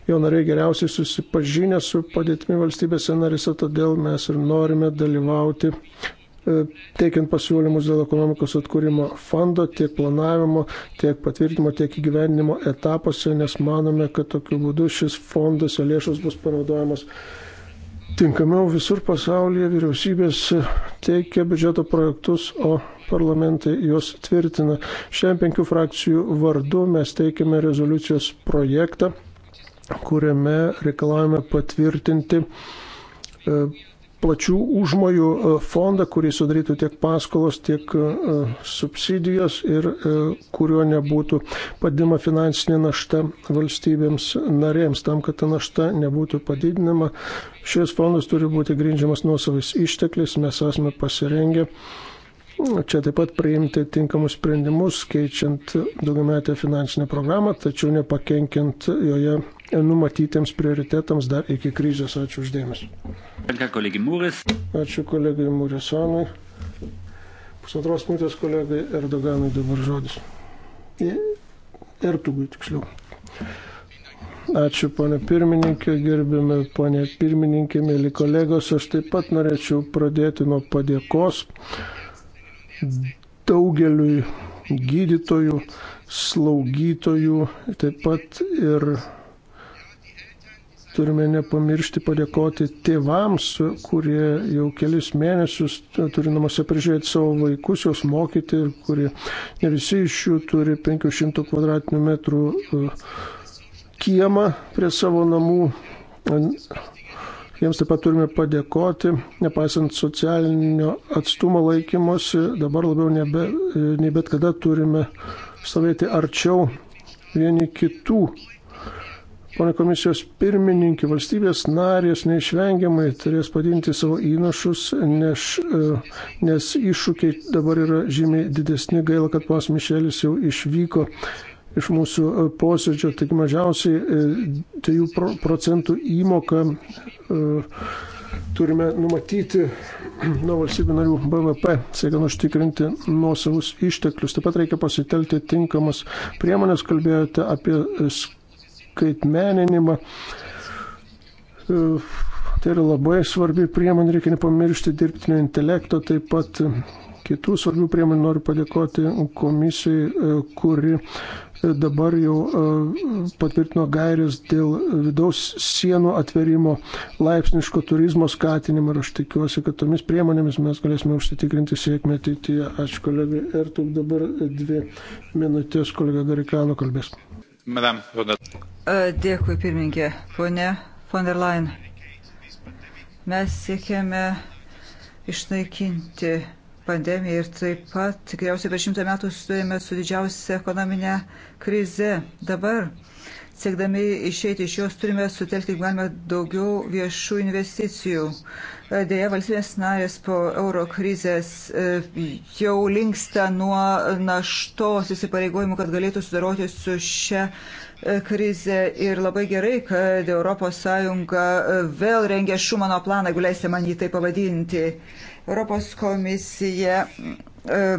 jo nariai geriausiai susipažinę su padėtimi valstybėse narise, todėl mes ir norime dalyvauti e, teikiant pasiūlymus dėl ekonomikos atkūrimo fondo, tiek planavimo, tiek patvirtinimo, tiek įgyvendinimo etapuose, nes manome, kad tokiu būdu šis fondas ir lėšos bus panaudojamos tinkamiau visur pasaulyje. Vyriausybės teikia biudžeto projektus, o parlamentai juos tvirtina. Šiandien penkių frakcijų vardu mes teikiame rezoliucijos projektą kuriame reikalavome patvirtinti e, plačių užmojų e, fondą, kurį sudarytų tiek paskolos, tiek e, subsidijos ir kuriuo nebūtų padima finansinė našta valstybėms narėms. Tam, kad ta našta nebūtų padidinama, šis fondas turi būti grindžiamas nuosavais ištekliais. Mes esame pasirengę čia taip pat priimti tinkamus sprendimus, keičiant daugiametę finansinę programą, tačiau nepakenkiant joje numatytiems prioritetams dar iki krizės. Ačiū uždėmesi. Ačiū kolegai Mūrėsonui. Pusantros minutės kolegai Erdoganui dabar žodis. Ertugui tiksliau. Ačiū, ponė pirmininkė, gerbėme ponė pirmininkė, mėly kolegos, aš taip pat norėčiau pradėti nuo padėkos daugeliui gydytojų, slaugytojų, taip pat ir turime nepamiršti padėkoti tėvams, kurie jau kelis mėnesius turi namuose prižiūrėti savo vaikus, juos mokyti ir kurie ne visi iš jų turi 500 kvadratinių metrų e, kiemą prie savo namų. Jiems taip pat turime padėkoti, nepaisant socialinio atstumo laikymosi, dabar labiau nebe, nei bet kada turime stovėti arčiau vieni kitų. Pone komisijos pirmininkė, valstybės narės neišvengiamai turės padinti savo įnašus, nes, e, nes iššūkiai dabar yra žymiai didesni. Gaila, kad pas Mišelis jau išvyko iš mūsų e, posėdžio, tik mažiausiai 2 e, procentų įmoką e, turime numatyti nuo valstybių narių BVP, siekiant užtikrinti nuosavus išteklius. Taip pat reikia pasitelti tinkamas priemonės, kalbėjote apie skaitmeninimą. Tai yra labai svarbi priemonė, reikia nepamiršti dirbtinio intelekto, taip pat kitų svarbių priemonių noriu padėkoti komisijai, kuri dabar jau e, patvirtino gairias dėl vidaus sienų atverimo laipsniško turizmo skatinimo ir aš tikiuosi, kad tomis priemonėmis mes galėsime užsitikrinti sėkmę ateityje. Ačiū kolegai Ertuk, dabar dvi minutės kolega Garikano kalbės. E, dėkui pirmininkė, ponė von der Leyen. Mes siekėme išnaikinti pandemiją ir taip pat tikriausiai per šimtą metų susidurėme su didžiausia ekonominė krize. Dabar, siekdami išeiti iš jos, turime sutelkti, galime, daugiau viešų investicijų. Deja, valstybės narės po euro krizės e, jau linksta nuo naštos įsipareigojimų, kad galėtų sudaroti su šia e, krizė ir labai gerai, kad ES e, vėl rengia Šumano planą, jeigu leisite man jį tai pavadinti. Europos komisija e,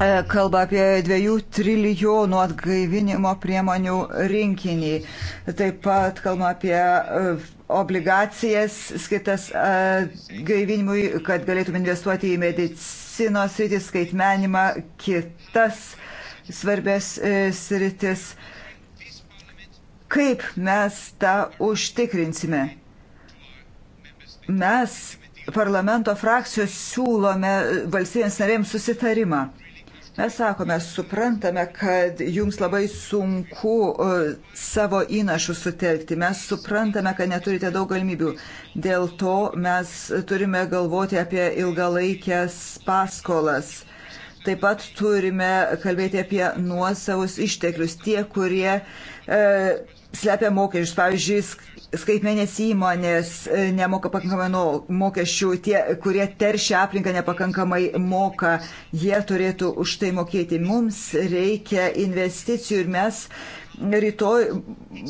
e, kalba apie dviejų trilijonų atgaivinimo priemonių rinkinį. Taip pat kalba apie e, obligacijas skirtas atgaivinimui, kad galėtume investuoti į medicinos sritį, skaitmenimą, kitas svarbės sritis. Kaip mes tą užtikrinsime? Mes parlamento frakcijos siūlome valstybėms narėms susitarimą. Mes sakome, suprantame, kad jums labai sunku e, savo įnašus sutelkti. Mes suprantame, kad neturite daug galimybių. Dėl to mes turime galvoti apie ilgalaikės paskolas. Taip pat turime kalbėti apie nuosavus išteklius, tie, kurie e, slepia mokesčius, pavyzdžiui, skaitmenės įmonės e, nemoka pakankamai mokesčių, tie, kurie teršia aplinką nepakankamai moka, jie turėtų už tai mokėti. Mums reikia investicijų ir mes rytoj,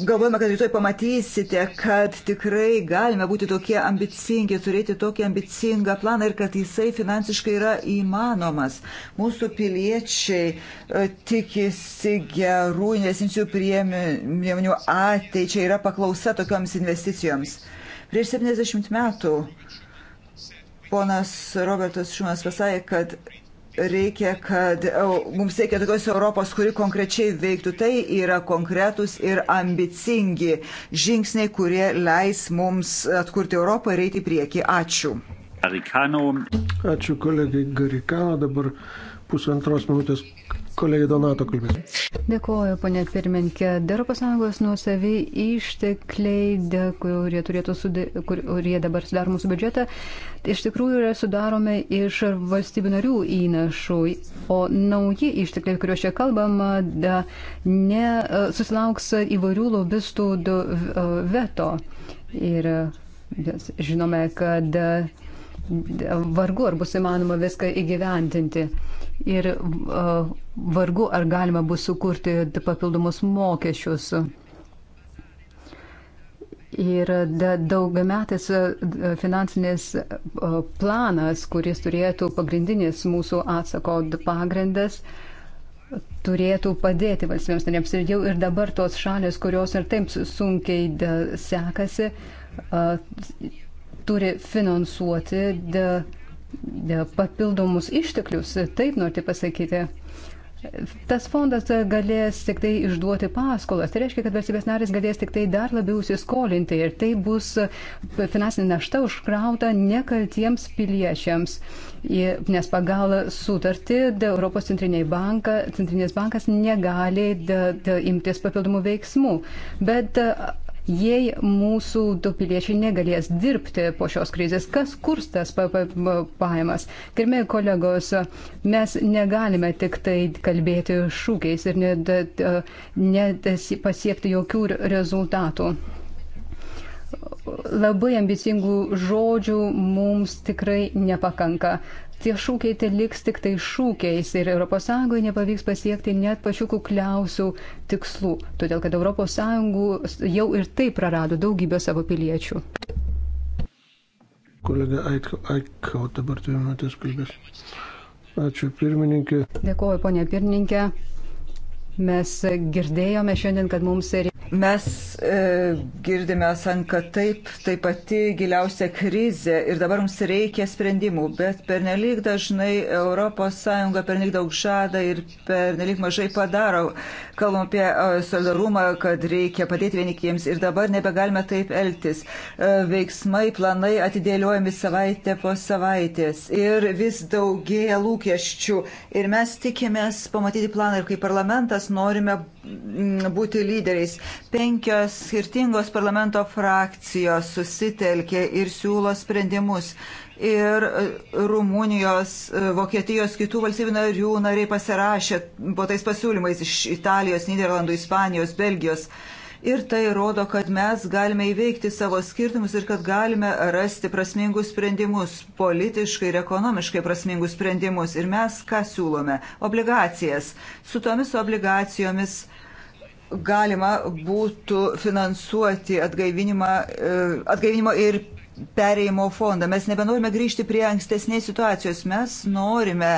galvojame, kad rytoj pamatysite, kad tikrai galime būti tokie ambicingi, turėti tokį ambicingą planą ir kad jisai finansiškai yra įmanomas. Mūsų piliečiai e, tikisi gerų investicijų priemonių ateičiai, yra paklausa tokioms investicijoms. Prieš 70 metų ponas Robertas Šumas pasakė, kad reikia, kad mums reikia tokios Europos, kuri konkrečiai veiktų. Tai yra konkretus ir ambicingi žingsniai, kurie leis mums atkurti Europą ir eiti į priekį. Ačiū. Ačiū kolegai Garikano, dabar pusantros minutės kolegė Donato kalbės. Dėkuoju, ponė pirmininkė. Europos Sąjungos nuosavį ištekliai, kurie, sudė, kurie dabar sudaro mūsų biudžetą, iš tikrųjų yra sudaromi iš valstybių narių įnašų, o nauji ištekliai, kuriuos čia kalbama, da, ne, e, susilauks įvairių lobistų e, veto. Ir e, žinome, kad vargu ar bus įmanoma viską įgyvendinti. Ir vargu ar galima bus sukurti papildomus mokesčius. Ir daugiametis e, finansinis e, planas, kuris turėtų pagrindinis mūsų atsako pagrindas, turėtų padėti valstybėms narėms. Ir jau ir dabar tos šalis, kurios ir taip sunkiai da, sekasi, a, turi finansuoti da, da, papildomus išteklius. Taip norite pasakyti. Tas fondas galės tik tai išduoti paskolas. Tai reiškia, kad valstybės narės galės tik tai dar labiau įsiskolinti ir tai bus finansinė našta užkrauta nekaltiems piliečiams. Nes pagal sutartį Europos banka, centrinės bankas negali da, da, imtis papildomų veiksmų. Bet Jei mūsų du piliečiai negalės dirbti po šios krizės, kas kurs tas pajamas? Kirmiai kolegos, mes negalime tik tai kalbėti šūkiais ir nepasiekti jokių rezultatų labai ambicingų žodžių mums tikrai nepakanka tie šūkiai tai liks tik tai šūkiais ir ES nepavyks pasiekti net pačių kukliausių tikslų, todėl kad ES jau ir tai prarado daugybę savo piliečių. Kolega Aikau, dabar turime metus kalbės. Ačiū pirmininkė. Dėkuoju, ponė pirmininkė. Mes girdėjome šiandien, kad mums reikia. Mes e, girdime sanką taip, tai pati giliausia krizė ir dabar mums reikia sprendimų, bet pernelyg dažnai ES pernelyg daug žada ir pernelyg mažai padaro kalbam apie solidarumą, kad reikia padėti vienikiems ir dabar nebegalime taip elgtis. Veiksmai, planai atidėliojami savaitę po savaitės ir vis daugėja lūkesčių. Ir mes tikimės pamatyti planą ir kaip parlamentas norime mm, būti lyderiais. Penkios skirtingos parlamento frakcijos susitelkė ir siūlo sprendimus ir e, Rumunijos, e, Vokietijos, kitų valstybių narių nariai pasirašė po tais pasiūlymais iš Italijos, Niderlandų, Ispanijos, Belgijos. Ir tai rodo, kad mes galime įveikti savo skirtumus ir kad galime rasti prasmingus sprendimus, politiškai ir ekonomiškai prasmingus sprendimus. Ir mes ką siūlome? Obligacijas. Su tomis obligacijomis galima būtų finansuoti e, atgaivinimo ir perėjimo fondą. Mes nebenorime grįžti prie ankstesnės situacijos. Mes norime,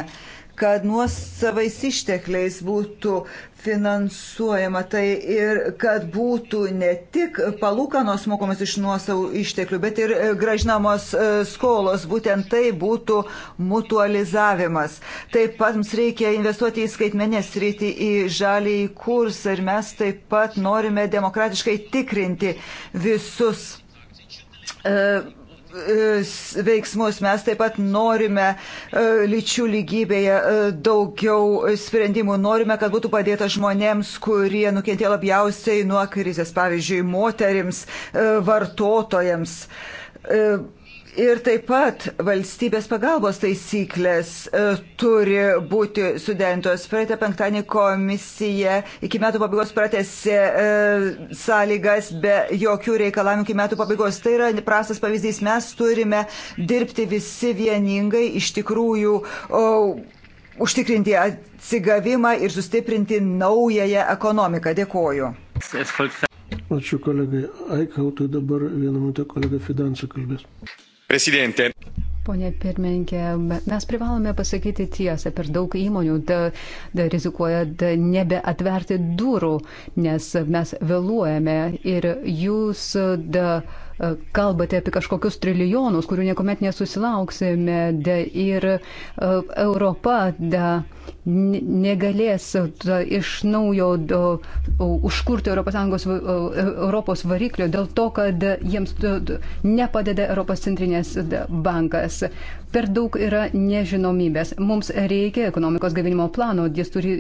kad nuosavais ištekliais būtų finansuojama tai ir kad būtų ne tik palūkanos mokomas iš nuosavų išteklių, bet ir e, gražinamos e, skolos. Būtent tai būtų mutualizavimas. Taip pat mums reikia investuoti į skaitmenės rytį, į žalį į kursą ir mes taip pat norime demokratiškai tikrinti visus E, e, veiksmus. Mes taip pat norime e, lyčių lygybėje daugiau sprendimų. Norime, kad būtų padėta žmonėms, kurie nukentėjo labiausiai nuo krizės, pavyzdžiui, moterims, vartotojams Ir taip pat valstybės pagalbos taisyklės e, turi būti sudentos. Praeitą penktadienį komisija iki metų pabaigos pratėsi e, sąlygas be jokių reikalavimų iki metų pabaigos. Tai yra prastas pavyzdys. Mes turime dirbti visi vieningai, iš tikrųjų o, užtikrinti atsigavimą ir sustiprinti naująją ekonomiką. Dėkoju. Ačiū kolegai Aikautui, dabar vieną minutę kolega Fidansą kalbės. Presidente. Pone pirmininkė, mes privalome pasakyti tiesą, per daug įmonių da, da, rizikuoja da, nebeatverti durų, nes mes vėluojame ir jūs da, kalbate apie kažkokius trilijonus, kurių niekuomet nesusilauksime de, ir e, Europa de, negalės de, iš naujo de, užkurti ES, e, e, Europos variklio dėl to, kad jiems nepadeda Europos centrinės bankas. Per daug yra nežinomybės. Mums reikia ekonomikos gavinimo plano, jis turi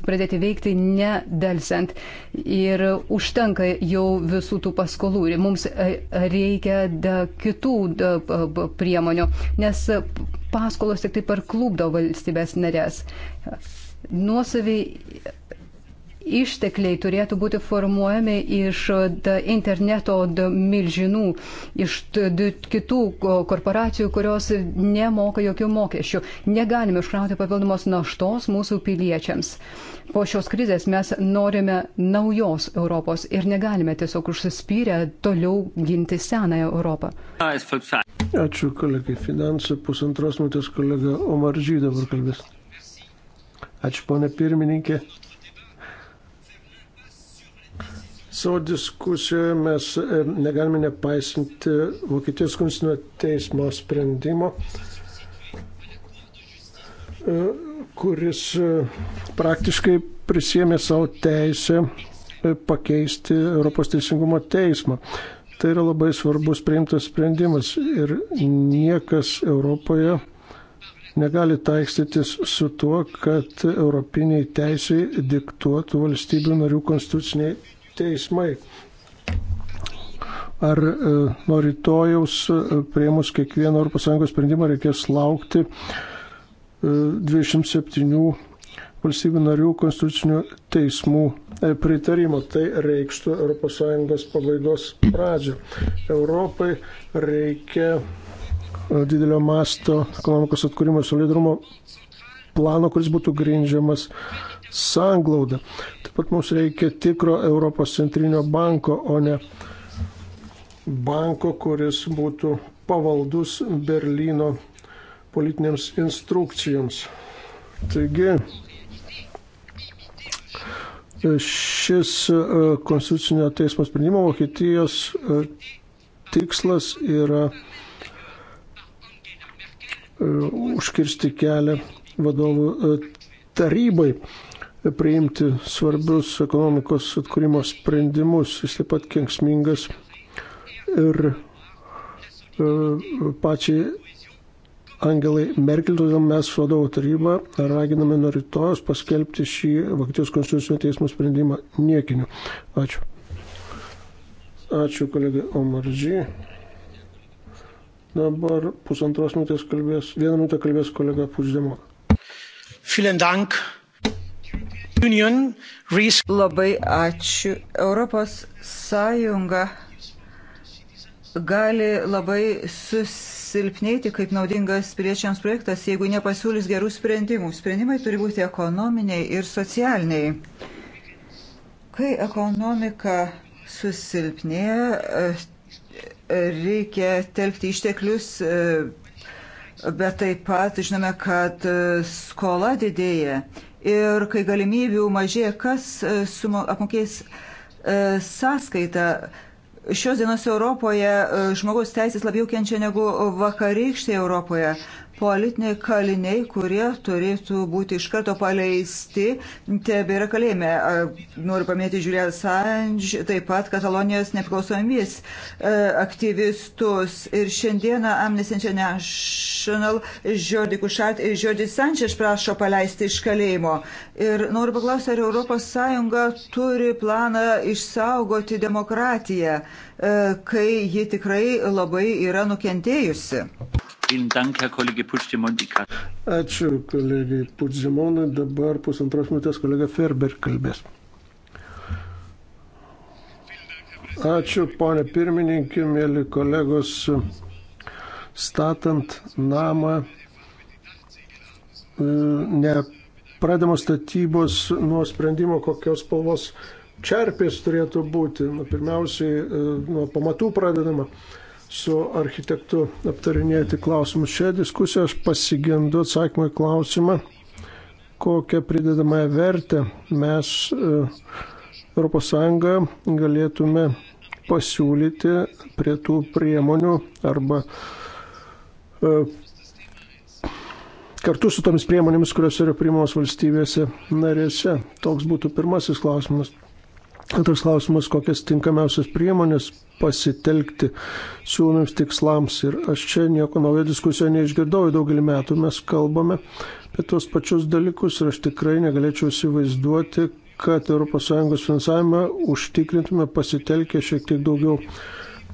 pradėti veikti nedelsiant. Ir užtenka jau visų tų paskolų. Ir mums reikia kitų priemonių, nes paskolos tik taip ir klubdo valstybės narės. Nuosaviai ištekliai turėtų būti formuojami iš e, interneto milžinų, iš kitų korporacijų, kurios nemoka jokių mokesčių. Negalime užkrauti papildomos naštos mūsų piliečiams. Po šios krizės mes norime naujos Europos ir negalime tiesiog užsispyrę toliau ginti senąją Europą. Ačiū kolegai finansų, pusantros minutės kolega Omaržy dabar kalbės. Ačiū ponė pirmininkė. Savo diskusijoje mes e, negalime nepaisinti Vokietijos konstitucinio teismo sprendimo, e, kuris e, praktiškai prisėmė savo teisę pakeisti Europos teisingumo teismą. Tai yra labai svarbus priimtas sprendimas ir niekas Europoje negali taikstytis su tuo, kad europiniai teisai diktuotų valstybių narių konstituciniai teismai. Ar e, nuo rytojaus e, prie mus kiekvieno ES sprendimo reikės laukti e, 27 valstybių narių konstitucinių teismų e, pritarimo. Tai reikštų ES pabaigos pradžią. Europai reikia e, didelio masto ekonomikos atkūrimo solidarumo plano, kuris būtų grindžiamas sanglaudą. Taip pat mums reikia tikro Europos centrinio banko, o ne banko, kuris būtų pavaldus Berlyno politinėms instrukcijoms. Taigi, šis e, konstitucinio teismo sprendimo Vokietijos e, tikslas yra e, užkirsti kelią vadovų tarybai priimti svarbius ekonomikos atkūrimo sprendimus. Jis taip pat kengsmingas ir e, pačiai Angelai Merkel, todėl mes vadovų tarybą raginame nuo rytojus paskelbti šį Vokietijos konstitucinio teismo sprendimą niekiniu. Ačiū. Ačiū kolegai Omaržiai. Dabar pusantros minutės kalbės, vieną minutę kalbės kolega Puždemo. Vielen Dank. Union... Labai ačiū. Europos Sąjunga gali labai susilpnėti kaip naudingas piliečiams projektas, jeigu nepasiūlys gerų sprendimų. Sprendimai turi būti ekonominiai ir socialiniai. Kai ekonomika susilpnėja, e, reikia telkti išteklius, e, bet taip pat žinome, kad e, skola didėja ir kai galimybių mažėja, kas e, apmokės e, sąskaitą. Šios dienos Europoje e, žmogaus teisės labiau kenčia negu vakarykštėje Europoje politiniai kaliniai, kurie turėtų būti iš karto paleisti, tebėra kalėjime. Noriu paminėti Žiūrė Assange, taip pat Katalonijos nepriklausomybės e, aktyvistus. Ir šiandieną Amnesty International Jordi Kušat ir Jordi Sančeš prašo paleisti iš kalėjimo. Ir noriu paklausti, ar ES turi planą išsaugoti demokratiją. E, kai ji tikrai labai yra nukentėjusi. Ačiū kolegai Pudzimonui, dabar pusantros minutės kolega Ferber kalbės. Ačiū, ponė pirmininkė, mėly kolegos, statant namą, e, nepradamos statybos nuo sprendimo, kokios spalvos čerpės turėtų būti. Nu, pirmiausiai e, nuo pamatų pradedama su architektu aptarinėti klausimus. Šią diskusiją aš pasigendu atsakymą į klausimą, kokią pridedamąją vertę mes ES galėtume pasiūlyti prie tų priemonių arba e, kartu su tomis priemonėmis, kurios yra priimamos valstybėse narėse. Toks būtų pirmasis klausimas. Antras klausimas, kokias tinkamiausias priemonės pasitelkti siūlomiams tikslams. Ir aš čia nieko naujo diskusijoje neišgirdau, daugelį metų mes kalbame apie tuos pačius dalykus ir aš tikrai negalėčiau įsivaizduoti, kad ES finansavimą užtikrintume pasitelkę šiek tiek daugiau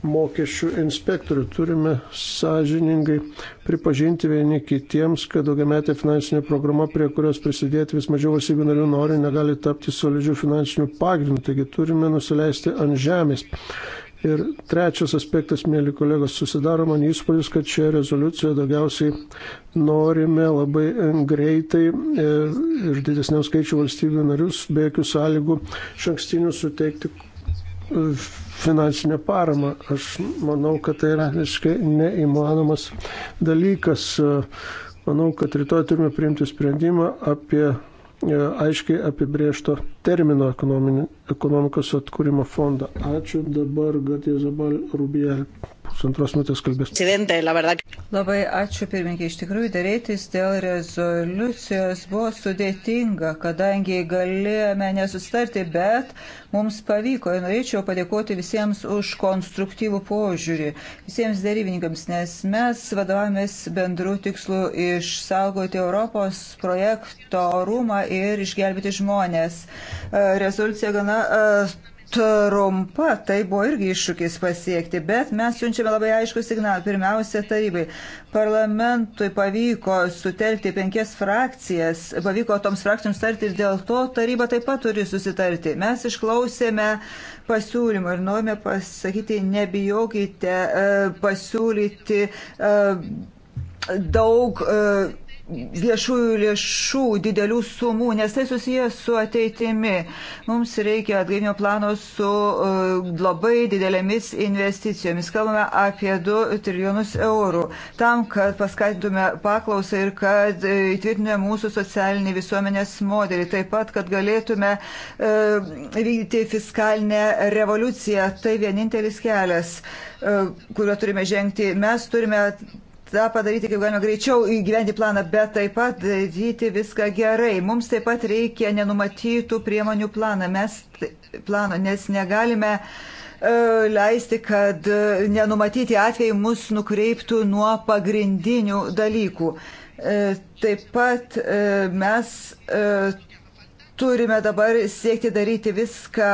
mokesčių inspektorių. Turime sąžiningai pripažinti vieni kitiems, kad daugiametė finansinė programa, prie kurios prisidėti vis mažiau valstybių narių nori, negali tapti solidžių finansinių pagrindų. Taigi turime nusileisti ant žemės. Ir trečias aspektas, mėly kolegos, susidaro man įspūdis, kad šioje rezoliucijoje daugiausiai norime labai greitai e, ir didesniam skaičiu valstybių narius be jokių sąlygų šankstinių suteikti finansinę paramą. Aš manau, kad tai yra visiškai neįmanomas dalykas. Manau, kad rytoj turime priimti sprendimą apie e, aiškiai apibriešto termino ekonomikos atkūrimo fondą. Ačiū dabar Gatė Zabal Rubiel pusantros minutės kalbės. Labai ačiū pirmininkai. Iš tikrųjų, dėrėtis dėl rezoliucijos buvo sudėtinga, kadangi galėjome nesustarti, bet mums pavyko. Ir norėčiau padėkoti visiems už konstruktyvų požiūrį, visiems dėrybininkams, nes mes vadovavomės bendrų tikslų išsaugoti Europos projekto orumą ir išgelbėti žmonės. E, rezoliucija gana. Uh, trumpa, tai buvo irgi iššūkis pasiekti, bet mes siunčiame labai aišku signalą. Pirmiausia, tarybai. Parlamentui pavyko sutelkti penkias frakcijas, pavyko toms frakcijoms tarti ir dėl to taryba taip pat turi susitarti. Mes išklausėme pasiūlymą ir norime pasakyti, nebijokite e, pasiūlyti e, daug e, viešųjų lėšų, didelių sumų, nes tai susijęs su ateitimi. Mums reikia atgaivinio plano su e, labai didelėmis investicijomis. Kalbame apie 2 trilijonus eurų. Tam, kad paskatintume paklausą ir kad e, įtvirtintume mūsų socialinį visuomenės modelį. Taip pat, kad galėtume e, vykdyti fiskalinę revoliuciją. Tai vienintelis kelias, kuriuo turime žengti. Mes turime tą padaryti kaip galima greičiau, įgyventi planą, bet taip pat daryti viską gerai. Mums taip pat reikia nenumatytų priemonių planą, mes, plano, nes negalime e, leisti, kad e, nenumatyti atvejai mus nukreiptų nuo pagrindinių dalykų. E, taip pat mes turime dabar siekti daryti viską,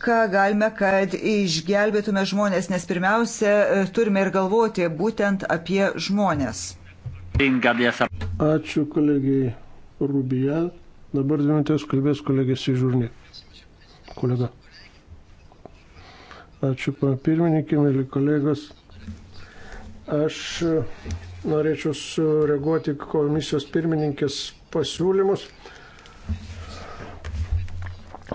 ką galime, kad išgelbėtume žmonės, nes pirmiausia, e, turime ir galvoti būtent apie žmonės. Ačiū kolegijai Rubija. Dabar dvi minutės kalbės kolegės Ižurnė. Kolega. Ačiū, pana pirmininkė, mėly kolegos. Aš e, norėčiau sureaguoti komisijos pirmininkės pasiūlymus.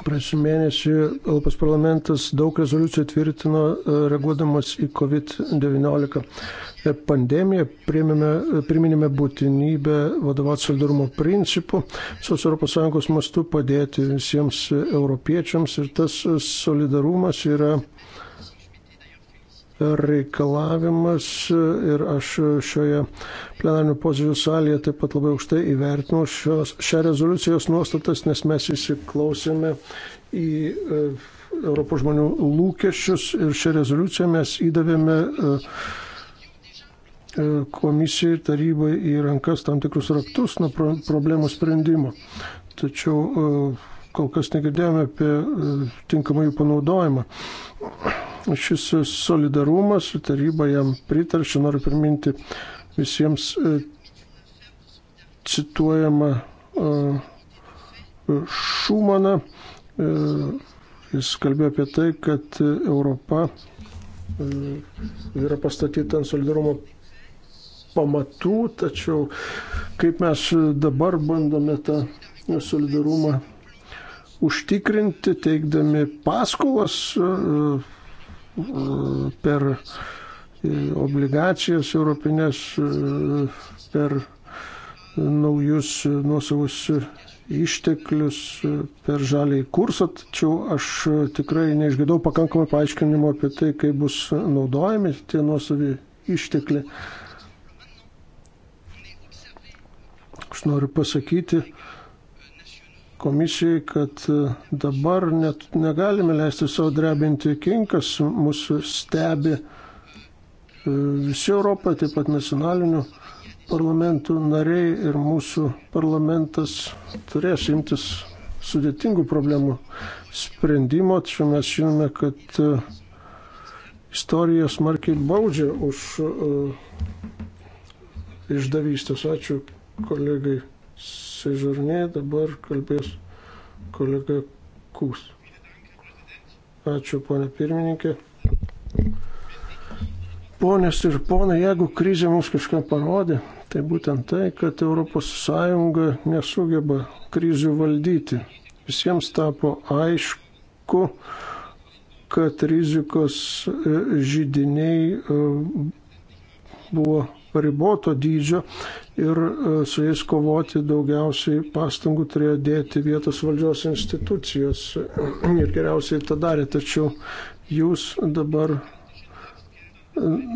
Praėjusiu mėnesiu Europos parlamentas daug rezoliucijų tvirtino e, reaguodamas į COVID-19 e, pandemiją. Priminėme, e, priminėme būtinybę vadovauti solidarumo principu, visos ES mastu padėti visiems europiečiams ir tas solidarumas yra reikalavimas ir aš šioje plenarnių posėdžių salėje taip pat labai aukštai įvertinau šios, šią rezoliucijos nuostatas, nes mes įsiklausėme į e, Europos žmonių lūkesčius ir šią rezoliuciją mes įdavėme e, e, komisijai ir tarybai į rankas tam tikrus raktus nuo problemų sprendimo. Tačiau kol kas negirdėjome apie e, tinkamą jų panaudojimą. Šis solidarumas, taryba jam pritaršė, noriu priminti visiems e, cituojama e, Šumaną. Jis kalbėjo apie tai, kad Europa yra pastatyta ant solidarumo pamatų, tačiau kaip mes dabar bandome tą solidarumą užtikrinti, teikdami paskolas e, e, per e, obligacijas europinės, per naujus nuosavus išteklius, per žalį kursą, tačiau aš tikrai neišgirdau pakankamai paaiškinimo apie tai, kaip bus naudojami tie nuosavi ištekliai. Aš noriu pasakyti, komisijai, kad e, dabar net negalime leisti savo drebinti kinkas, mūsų stebi e, visi Europoje, taip pat nacionalinių parlamentų nariai ir mūsų parlamentas turės imtis sudėtingų problemų sprendimo, tačiau mes žinome, kad e, istorija smarkiai baudžia už išdavystės. Ačiū kolegai Sežurnė, dabar kalbės kolega Kūs. Ačiū, ponė pirmininkė. Ponės ir ponai, jeigu krizė mums kažką parodė, tai būtent tai, kad ES nesugeba krizių valdyti. Visiems tapo aišku, kad rizikos e, žydiniai e, buvo pariboto dydžio ir e, su jais kovoti daugiausiai pastangų turėjo dėti vietos valdžios institucijos ir geriausiai tą darė. Tačiau jūs dabar e,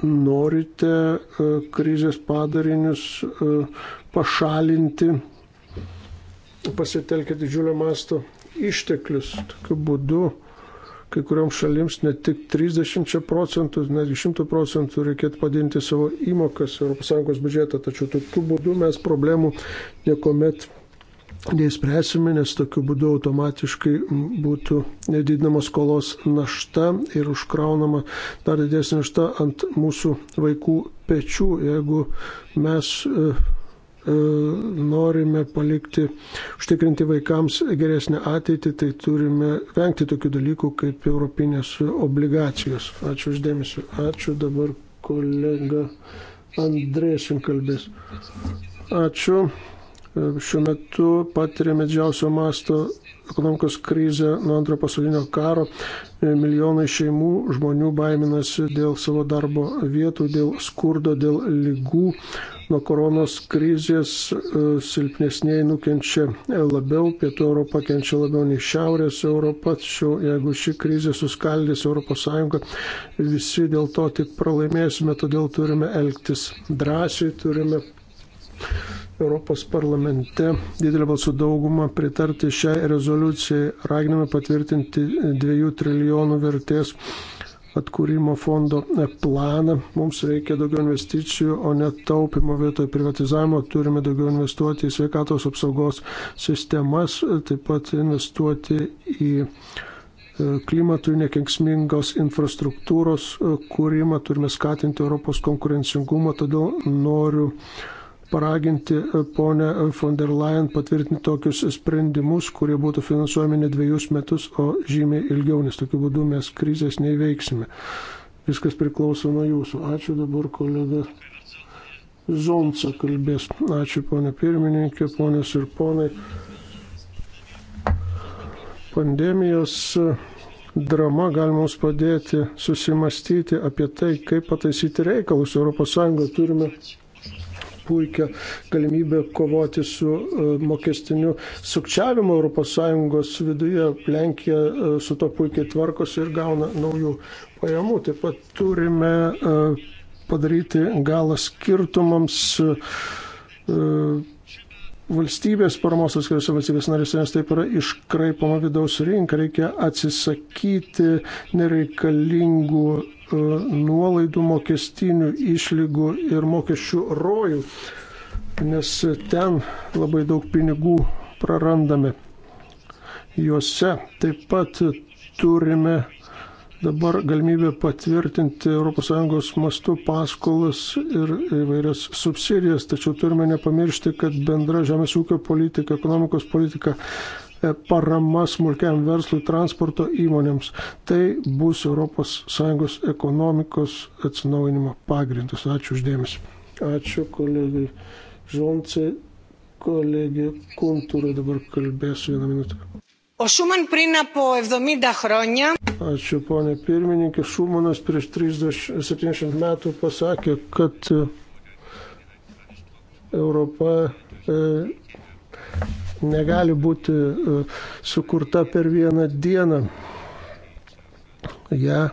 norite e, krizės padarinius pašalinti, pasitelkę didžiulio masto išteklius. Tokiu būdu kai kurioms šalims net tik 30 procentų, netgi 100 procentų reikėtų padinti savo įmokas ES biudžetą, tačiau tokiu būdu mes problemų niekuomet neįspręsime, nes tokiu būdu automatiškai būtų nedidinama skolos našta ir užkraunama dar didesnė našta ant mūsų vaikų pečių, jeigu mes e, E, norime palikti, užtikrinti vaikams geresnę ateitį, tai turime vengti tokių dalykų kaip europinės obligacijos. Ačiū uždėmesiu. Ačiū dabar kolega Andrėšin kalbės. Ačiū. E, šiuo metu patiriame didžiausio masto ekonomikos krizę nuo antro pasaulinio karo. E, milijonai šeimų žmonių baiminasi dėl savo darbo vietų, dėl skurdo, dėl lygų nuo koronos krizės e, silpnesniai nukenčia e, labiau, pietų Europa kenčia labiau nei šiaurės Europa, tačiau jeigu ši krizė suskaldys ES, visi dėl to tik pralaimėsime, todėl turime elgtis drąsiai, turime Europos parlamente didelį balsų daugumą pritarti šiai rezoliucijai, raginame patvirtinti 2 trilijonų vertės atkūrimo fondo planą. Mums reikia daugiau investicijų, o ne taupimo vietoje privatizavimo. Turime daugiau investuoti į sveikatos apsaugos sistemas, taip pat investuoti į e, klimatui nekenksmingos infrastruktūros e, kūrimą. Turime skatinti Europos konkurencingumą, todėl noriu paraginti e, ponę von der Leyen patvirtinti tokius sprendimus, kurie būtų finansuojami ne dviejus metus, o žymiai ilgiau, nes tokiu būdu mes krizės neįveiksime. Viskas priklauso nuo jūsų. Ačiū dabar kolega Zonca kalbės. Ačiū ponė pirmininkė, ponės ir ponai. Pandemijos e, drama gali mums padėti susimastyti apie tai, kaip pataisyti reikalus. ES turime puikią galimybę kovoti su e, mokestiniu sukčiavimu ES viduje. Lenkija e, su to puikiai tvarkosi ir gauna naujų pajamų. Taip pat turime e, padaryti galą skirtumams valstybės paramos atskiriuose valstybės narėse, nes taip yra iškraipama vidaus rinka, reikia atsisakyti nereikalingų nuolaidų mokestinių išlygų ir mokesčių rojų, nes ten labai daug pinigų prarandame. Juose taip pat turime dabar galimybę patvirtinti ES mastų paskolas ir įvairias subsidijas, tačiau turime nepamiršti, kad bendra žemės ūkio politika, ekonomikos politika E, parama smulkiam verslui, transporto įmonėms. Tai bus ES ekonomikos atsinaujinimo pagrindas. Ačiū uždėmesi. Ačiū kolegai Žonce, kolegė Kuntūra dabar kalbėsiu vieną minutę. O Šuman πριν από 70 χρόνια. Ačiū, ponė pirmininkė. Šumanas prieš 30, 70 metų pasakė, kad Europa e, negali būti e, sukurta per vieną dieną. Ja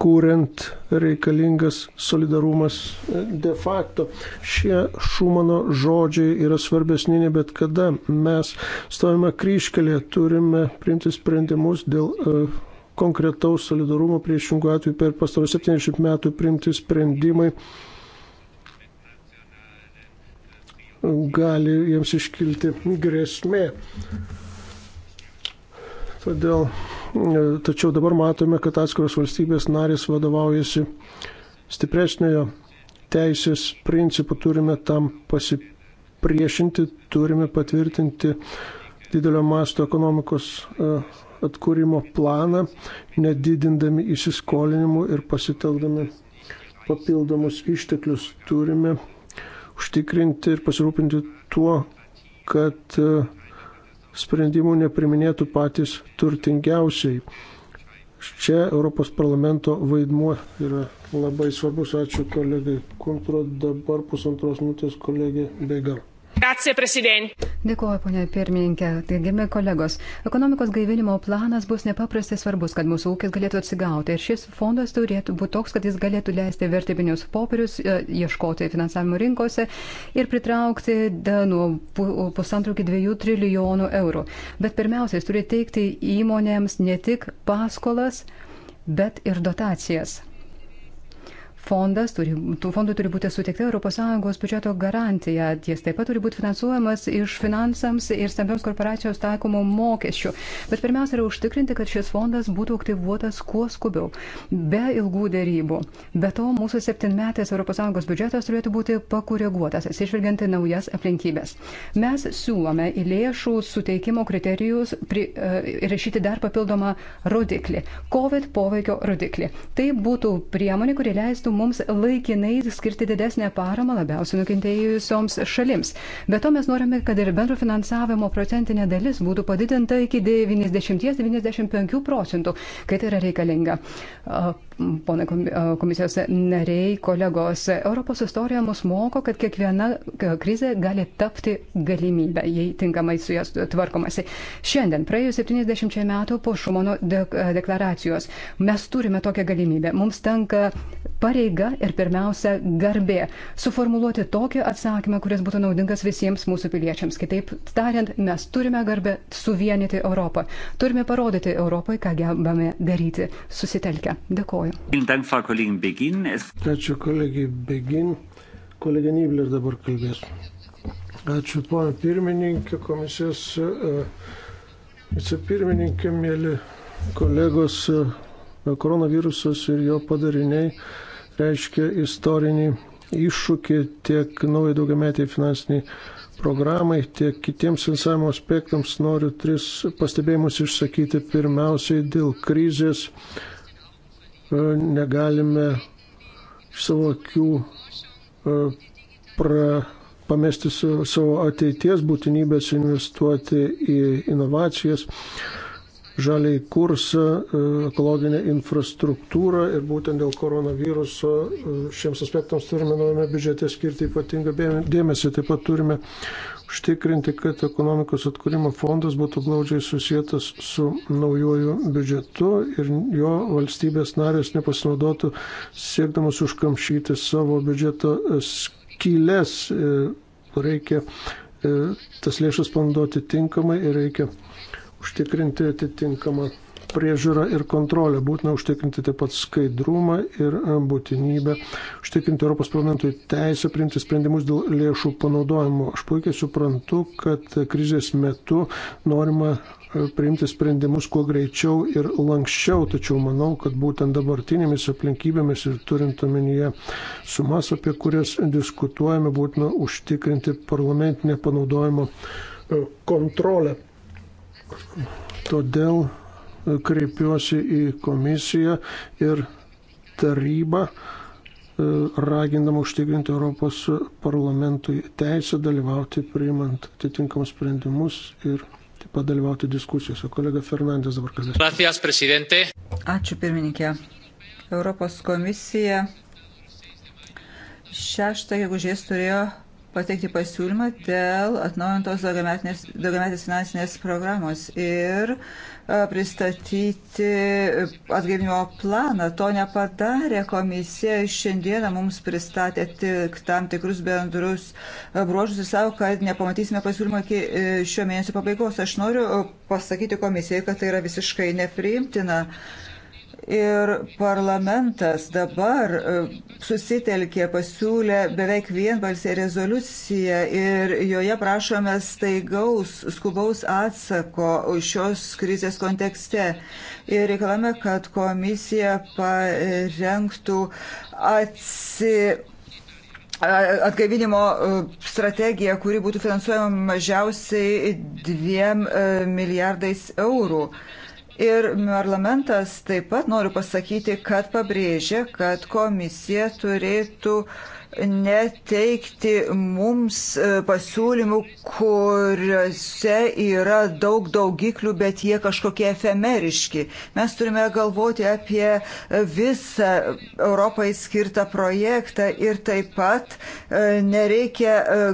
kūrent reikalingas solidarumas e, de facto. Šie Šumano žodžiai yra svarbesni nei bet kada. Mes stovime kryškelėje, turime priimti sprendimus dėl uh, konkretaus solidarumo priešingų atveju per pastarus 70 metų priimti sprendimai uh, gali jiems iškilti grėsmė. Todėl, e, tačiau dabar matome, kad atskiros valstybės narės vadovaujasi stipresniojo teisės principų, turime tam pasipriešinti, turime patvirtinti didelio masto ekonomikos e, atkūrimo planą, nedidindami įsiskolinimų ir pasitelkdami papildomus išteklius turime užtikrinti ir pasirūpinti tuo, kad e, sprendimų nepriminėtų patys turtingiausiai. Čia Europos parlamento vaidmuo yra labai svarbus. Ačiū kolegai Kumpro. Dabar pusantros minutės kolegė Begal. Dėkuoju, ponia pirmininkė. Taigimi kolegos, ekonomikos gaivinimo planas bus nepaprastai svarbus, kad mūsų ūkis galėtų atsigauti. Ir šis fondas turėtų būti toks, kad jis galėtų leisti vertybinius popierius, e, ieškoti finansavimo rinkose ir pritraukti nuo pusantrų iki dviejų trilijonų eurų. Bet pirmiausia, jis turi teikti įmonėms ne tik paskolas, bet ir dotacijas fondas, turi, tų fondų turi būti suteikta ES biudžeto garantija. Jis taip pat turi būti finansuojamas iš finansams ir stambioms korporacijos taikomų mokesčių. Bet pirmiausia yra užtikrinti, kad šis fondas būtų aktyvuotas kuo skubiau, be ilgų dėrybų. Be to, mūsų septynmetės ES biudžetas turėtų būti pakoreguotas, atsižvelgiant į naujas aplinkybės. Mes siūlome į lėšų suteikimo kriterijus pri, e, rašyti dar papildomą rodiklį - COVID poveikio rodiklį. Tai būtų priemonė, kuri leistų mums laikinai skirti didesnę paramą labiausiai nukentėjusioms šalims. Be to mes norime, kad ir bendro finansavimo procentinė dalis būtų padidinta iki 90-95 procentų, kai tai yra reikalinga. Pone komisijos nariai, kolegos, Europos istorija mus moko, kad kiekviena krizė gali tapti galimybę, jei tinkamai su jas tvarkomasi. Šiandien, praėjus 70 metų po Šumono deklaracijos, mes turime tokią galimybę. Mums tenka pareiga ir pirmiausia garbė suformuluoti tokį atsakymą, kuris būtų naudingas visiems mūsų piliečiams. Kitaip tariant, mes turime garbę suvienyti Europą. Turime parodyti Europai, ką gebame daryti susitelkę. Dėkoju. Ačiū kolegijai Begin. Kolegė Nybler dabar kalbės. Ačiū pono pirmininkė, komisijos e, vicepirmininkė, mėly kolegos, e, koronavirusas ir jo padariniai reiškia istorinį iššūkį tiek naujai daugiametiai finansiniai programai, tiek kitiems finansavimo aspektams noriu tris pastebėjimus išsakyti. Pirmiausiai, dėl krizės e, negalime iš savo akių e, pra, pamesti savo ateities būtinybės investuoti į inovacijas žaliai kursą, e, ekologinę infrastruktūrą ir būtent dėl koronaviruso e, šiems aspektams turime naujame biudžete skirti ypatingą dėmesį. Taip pat turime užtikrinti, kad ekonomikos atkūrimo fondas būtų glaudžiai susijęs su naujoju biudžetu ir jo valstybės narės nepasinaudotų siekdamas užkamšyti savo biudžeto e, skylės. Reikia tas lėšas panaudoti tinkamai ir reikia užtikrinti atitinkamą priežiūrą ir kontrolę. Būtina užtikrinti taip pat skaidrumą ir e, būtinybę užtikrinti Europos parlamentui teisę priimti sprendimus dėl lėšų panaudojimo. Aš puikiai suprantu, kad krizės metu norima e, priimti sprendimus kuo greičiau ir lankščiau, tačiau manau, kad būtent dabartinėmis aplinkybėmis ir turint omenyje sumas, apie kurias diskutuojame, būtina užtikrinti parlamentinę panaudojimo e, kontrolę Todėl e, kreipiuosi į komisiją ir tarybą, e, ragindama užtikrinti Europos parlamentui teisę dalyvauti priimant atitinkamus sprendimus ir taip pat dalyvauti diskusijose. Kolega Fernandės dabar kalbės. Gracias, prezidente. Ačiū, pirmininkė. Europos komisija 6 gegužės turėjo pateikti pasiūlymą dėl atnaujintos daugiametės finansinės programos ir e, pristatyti atgaivinimo planą. To nepadarė komisija. Šiandieną mums pristatė tik tam tikrus bendrus e, bruožus ir savo, kad nepamatysime pasiūlymą iki e, šio mėnesio pabaigos. Aš noriu pasakyti komisijai, kad tai yra visiškai nepriimtina ir parlamentas dabar e, susitelkė, pasiūlė beveik vienbalsę rezoliuciją ir joje prašome staigaus, skubaus atsako šios krizės kontekste. Ir reikalame, kad komisija parengtų atsitikti atgaivinimo e, strategija, kuri būtų finansuojama mažiausiai dviem e, milijardais eurų. Ir parlamentas taip pat noriu pasakyti, kad pabrėžia, kad komisija turėtų neteikti mums e, pasiūlymų, kuriuose yra daug daugiklių, bet jie kažkokie efemeriški. Mes turime galvoti apie visą Europai skirtą projektą ir taip pat e, nereikia e,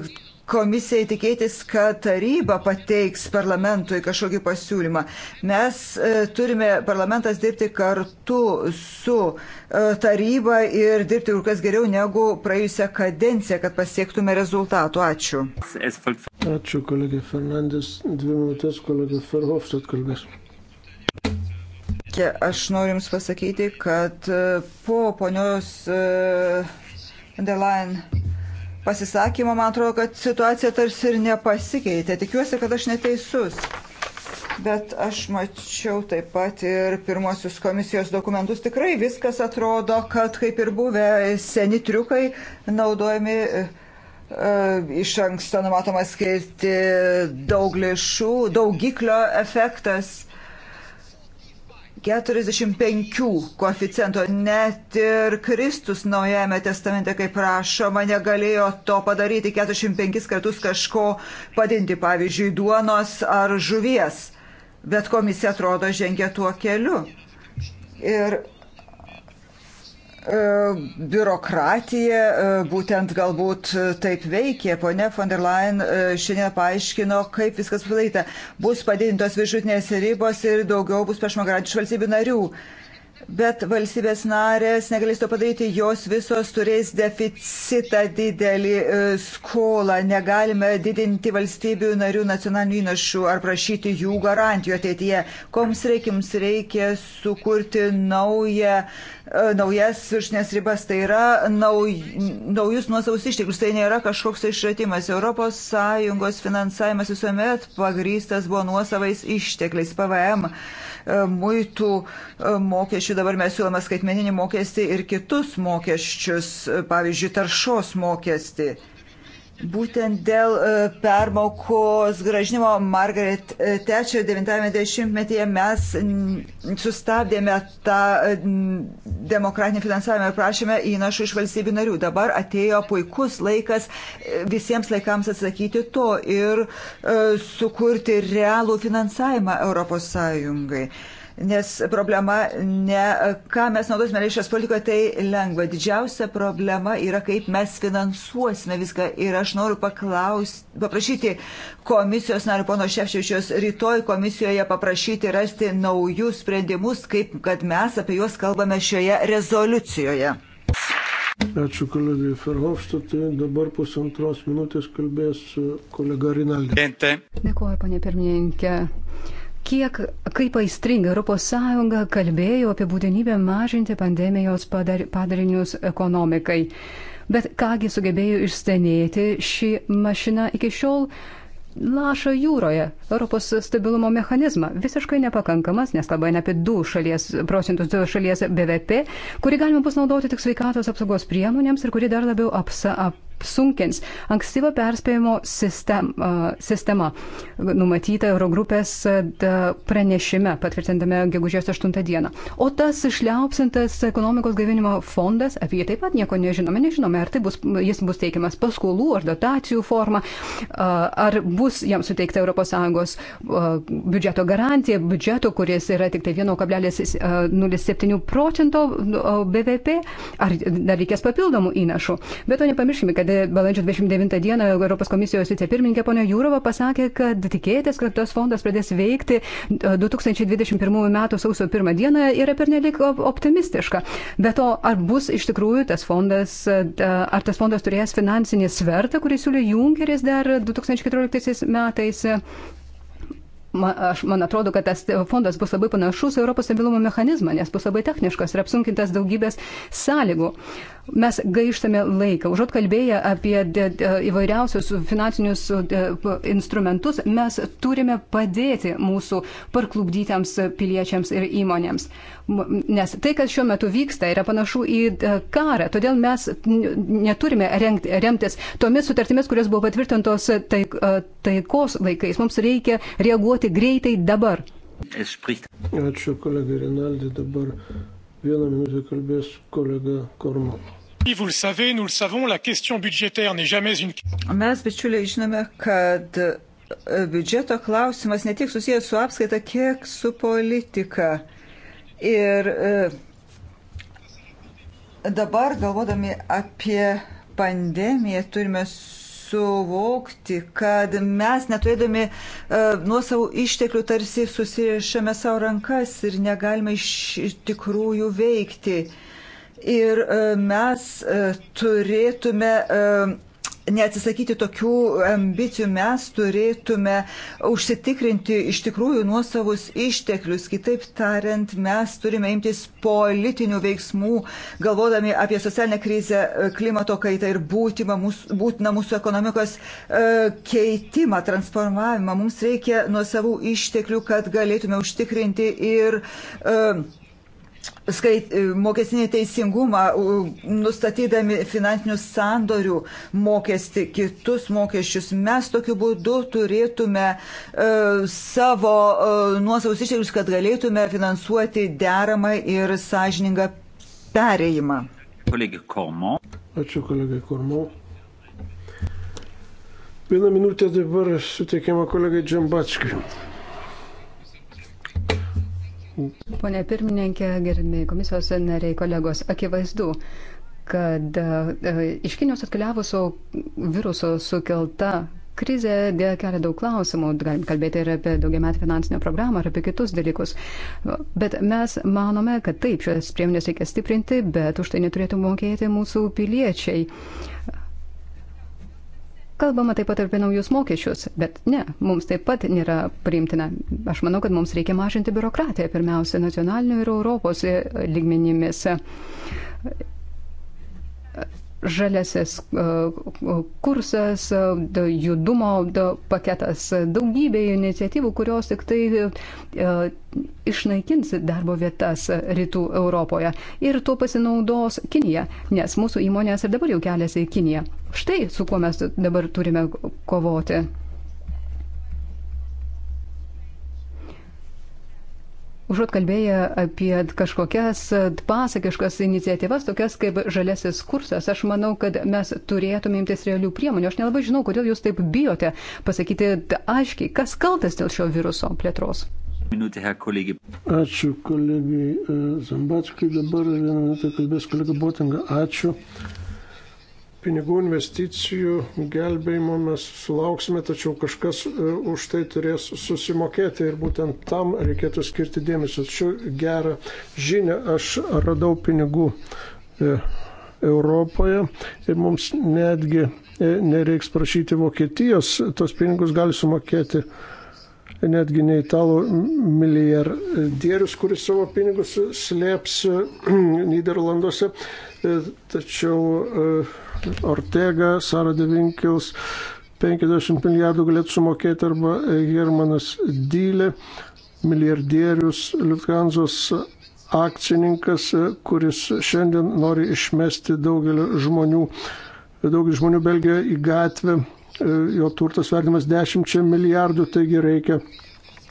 komisijai tikėtis, kad taryba pateiks parlamentui kažkokį pasiūlymą. Mes e, turime parlamentas dirbti kartu su e, taryba ir dirbti kur kas geriau negu praėjusią kadenciją, kad pasiektume rezultatų. Ačiū. Ačiū, kolegė Fernandės. Dvi minutės kolegė Ferhofstadt kalbės. Aš noriu Jums pasakyti, kad e, po ponios uh, Delain uh, pasisakymo, man atrodo, kad situacija tarsi ir nepasikeitė. Tikiuosi, kad aš neteisus. Bet aš mačiau taip pat ir pirmosius komisijos dokumentus. Tikrai viskas atrodo, kad kaip ir buvę seni triukai naudojami e, e iš anksto numatoma skirti daug lėšų, daugiklio efektas. 45 koeficiento. Net ir Kristus Naujajame testamente, kaip prašoma, negalėjo to padaryti 45 kartus kažko padinti, pavyzdžiui, duonos ar žuvies. Bet komisija atrodo žengia tuo keliu. Ir E, biurokratija e, būtent galbūt taip veikė. Pone von der Leyen e, šiandien paaiškino, kaip viskas padaryta. Bus padidintos viršutinės ribos ir daugiau bus pešmagrančių valstybių narių bet valstybės narės negalės to padaryti, jos visos turės deficitą didelį e, skolą, negalime didinti valstybių narių nacionalinių įnašų ar prašyti jų garantijų ateityje. Ko mums reikia? Mums reikia sukurti naują, e, naujas viršnės ribas, tai yra nauj, naujus nuosavus išteklius, tai nėra kažkoks išratimas. ES finansavimas visuomet pagrystas buvo nuosavais ištekliais PVM E, muitų e, mokesčių, dabar mes siūlome skaitmeninį mokestį ir kitus mokesčius, e, pavyzdžiui, taršos mokestį. Būtent dėl e, permokos gražinimo Margaret e, Thatcher 90-metyje mes sustabdėme tą e, demokratinį finansavimą ir prašėme įnašų iš valstybių narių. Dabar atėjo puikus laikas visiems laikams atsakyti to ir sukurti realų finansavimą Europos Sąjungai nes problema ne, ką mes naudosime reiškias politikoje, tai lengva. Didžiausia problema yra, kaip mes finansuosime viską. Ir aš noriu paklausti, paprašyti komisijos nario pono Šefčiovičios rytoj komisijoje paprašyti rasti naujus sprendimus, kaip kad mes apie juos kalbame šioje rezoliucijoje. Ačiū kolegai Ferhofstatui. Dabar pusantros minutės kalbės kolega Rinaldė. Dėkuoju, panė pirmininkė kiek, kaip aistringai ES kalbėjo apie būtinybę mažinti pandemijos padar, padarinius ekonomikai. Bet kągi sugebėjo išstenėti šį mašiną iki šiol laša jūroje Europos stabilumo mechanizmą. Visiškai nepakankamas, nes kalba eina apie 2 šalies, procentus šalies BVP, kurį galima bus naudoti tik sveikatos apsaugos priemonėms ir kuri dar labiau apsa, ap, apsunkins ankstyvo perspėjimo sistem, sistema numatyta Eurogrupės pranešime patvirtintame gegužės 8 dieną. O tas išliaupsintas ekonomikos gavinimo fondas, apie jį taip pat nieko nežinome, nežinome, ar tai bus, jis bus teikiamas paskolų ar dotacijų forma, ar bus jam suteikta ES biudžeto garantija, biudžeto, kuris yra tik tai 1,07 procento BVP, ar dar reikės papildomų įnašų. Bet to nepamirškime, kad balandžio 29 dieną Europos komisijos vicepirmininkė ponia Jūrova pasakė, kad tikėtis, kad tos fondas pradės veikti 2021 e, m. sausio 1 dieną yra pernelik optimistiška. Be to, ar bus iš tikrųjų tas fondas, e, ar tas fondas turės finansinį svertą, kurį siūlė Junkeris dar 2014 metais? man, aš, man atrodo, kad tas fondas bus labai panašus Europos stabilumo mechanizmą, nes bus labai techniškas ir apsunkintas daugybės sąlygų. Uh, mes gaištame laiką. Užuot kalbėję apie įvairiausius finansinius instrumentus, mes turime padėti mūsų parklubdytams piliečiams ir įmonėms. Nes tai, kas šiuo metu vyksta, yra panašu į karą. Todėl mes neturime rengti, remtis tomis sutartimis, kurios buvo patvirtintos taik, taikos laikais. Mums reikia reaguoti greitai dabar. Ačiū, kolega Rinaldi, dabar Vieną minutę kalbės kolega Kormo. Mes, bičiuliai, žinome, kad e, biudžeto klausimas ne tiek susijęs su apskaita, kiek su politika. Ir e, dabar, galvodami apie pandemiją, turime suvokti, kad mes neturėdami e, nuo savo išteklių tarsi susirišame savo rankas ir negalime iš tikrųjų veikti. Ir e, mes e, turėtume neatsisakyti tokių ambicijų, mes turėtume užsitikrinti iš tikrųjų nuosavus išteklius. Kitaip tariant, mes turime imtis politinių veiksmų, galvodami apie socialinę krizę, klimato kaitą ir būtimą, mūsų, būtiną mūsų ekonomikos e, keitimą, transformavimą. Mums reikia nuosavų išteklių, kad galėtume užtikrinti ir uh, skait, e, mokestinį teisingumą, nustatydami finansinių sandorių mokestį, kitus mokesčius, mes tokiu būdu turėtume e, savo e, nuosavus išteklius, kad galėtume finansuoti deramą ir sąžiningą perėjimą. Kolegė Kormo. Ačiū kolegai Kormo. Vieną minutę dabar suteikiama kolegai Džambačkiui. Pone pirmininkė, gerbimi komisijos nariai, kolegos, akivaizdu, kad e, iš Kinijos atkeliavusio viruso sukelta krizė kelia daug klausimų. Galim kalbėti ir apie daugiametį finansinę programą, ir apie kitus dalykus. Bet mes manome, kad taip, šias priemonės reikia stiprinti, bet už tai neturėtų mokėti mūsų piliečiai. Kalbama taip pat apie naujus mokesčius, bet ne, mums taip pat nėra priimtina. Aš manau, kad mums reikia mažinti biurokratiją, pirmiausia, nacionalinių ir Europos e, lygmenimis žaliasis e, kursas, e, judumo paketas, daugybė iniciatyvų, kurios tik tai e, išnaikins darbo vietas rytų Europoje. Ir tuo pasinaudos Kinija, nes mūsų įmonės ir dabar jau keliasi į Kiniją. Štai su kuo mes dabar turime kovoti. užuot kalbėję apie kažkokias pasakiškas iniciatyvas, tokias kaip žalesis kursas, aš manau, kad mes turėtume imtis realių priemonių. Aš nelabai žinau, kodėl jūs taip bijote pasakyti aiškiai, kas kaltas dėl šio viruso plėtros. Minutė, kolegė. Ačiū kolegai e, Zambatskiai, dabar vieną minutę kalbės kolega Botinga. Ačiū pinigų investicijų gelbėjimo mes sulauksime, tačiau kažkas e, už tai turės susimokėti ir būtent tam reikėtų skirti dėmesio. Tačiau gerą žinę aš radau pinigų e, Europoje ir mums netgi e, nereiks prašyti Vokietijos, tos pinigus gali sumokėti netgi ne italų milijardierius, kuris savo pinigus slėps Niderlanduose, tačiau Ortega, Sara Devinkils 50 milijardų galėtų sumokėti arba Hermanas Dylė, milijardierius Lufthansa's akcininkas, kuris šiandien nori išmesti daugelį žmonių, daugelį žmonių Belgijoje į gatvę, e, jo turtas vertimas 10 milijardų, taigi reikia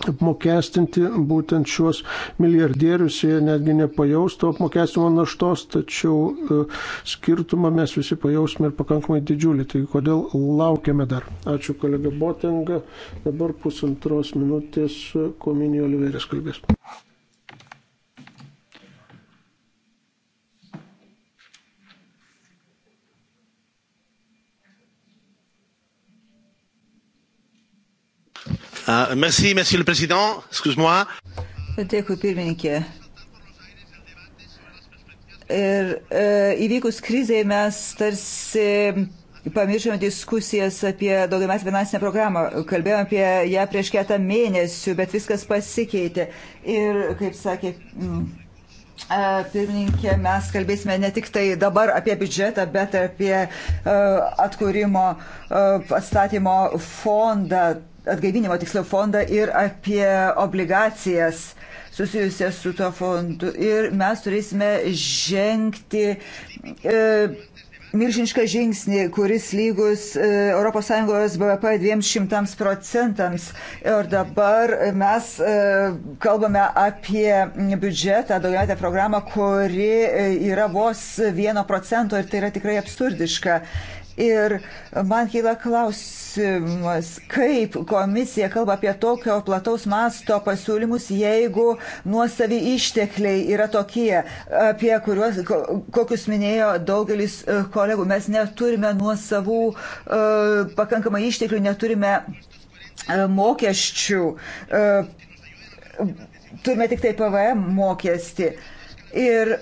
apmokestinti būtent šiuos milijardierius, jie netgi nepajaustų apmokestinimo naštos, tačiau e, skirtumą mes visi pajausime ir pakankamai didžiulį. Taigi kodėl laukiame dar? Ačiū kolega Botinga. Dabar pusantros minutės e, kominio Oliverės kalbės. Uh, merci, merci le président. Excuse-moi. Dėkui, pirmininkė. Ir e, įvykus kriziai mes tarsi Pamiršome diskusijas apie daugiametį finansinę programą. Kalbėjome apie ją prieš keletą mėnesių, bet viskas pasikeitė. Ir, kaip sakė e, pirmininkė, mes kalbėsime ne tik tai dabar apie biudžetą, bet apie e, atkūrimo e, atstatymo fondą atgaivinimo tiksliau fondą ir apie obligacijas susijusias su tuo fondu. Ir mes turėsime žengti. E, milžinišką žingsnį, kuris lygus e, ES BVP 200 procentams. Ir dabar mes e, kalbame apie biudžetą, daugiametę programą, kuri e, yra vos 1 procento ir tai yra tikrai absurdiška. Ir man kyla klaus, klausimas, kaip komisija kalba apie tokio plataus masto pasiūlymus, jeigu nuosavi ištekliai yra tokie, apie kuriuos, kokius minėjo daugelis e, kolegų. Mes neturime nuosavų e, pakankamai išteklių, neturime e, mokesčių, turime tik tai PVM mokestį. Ir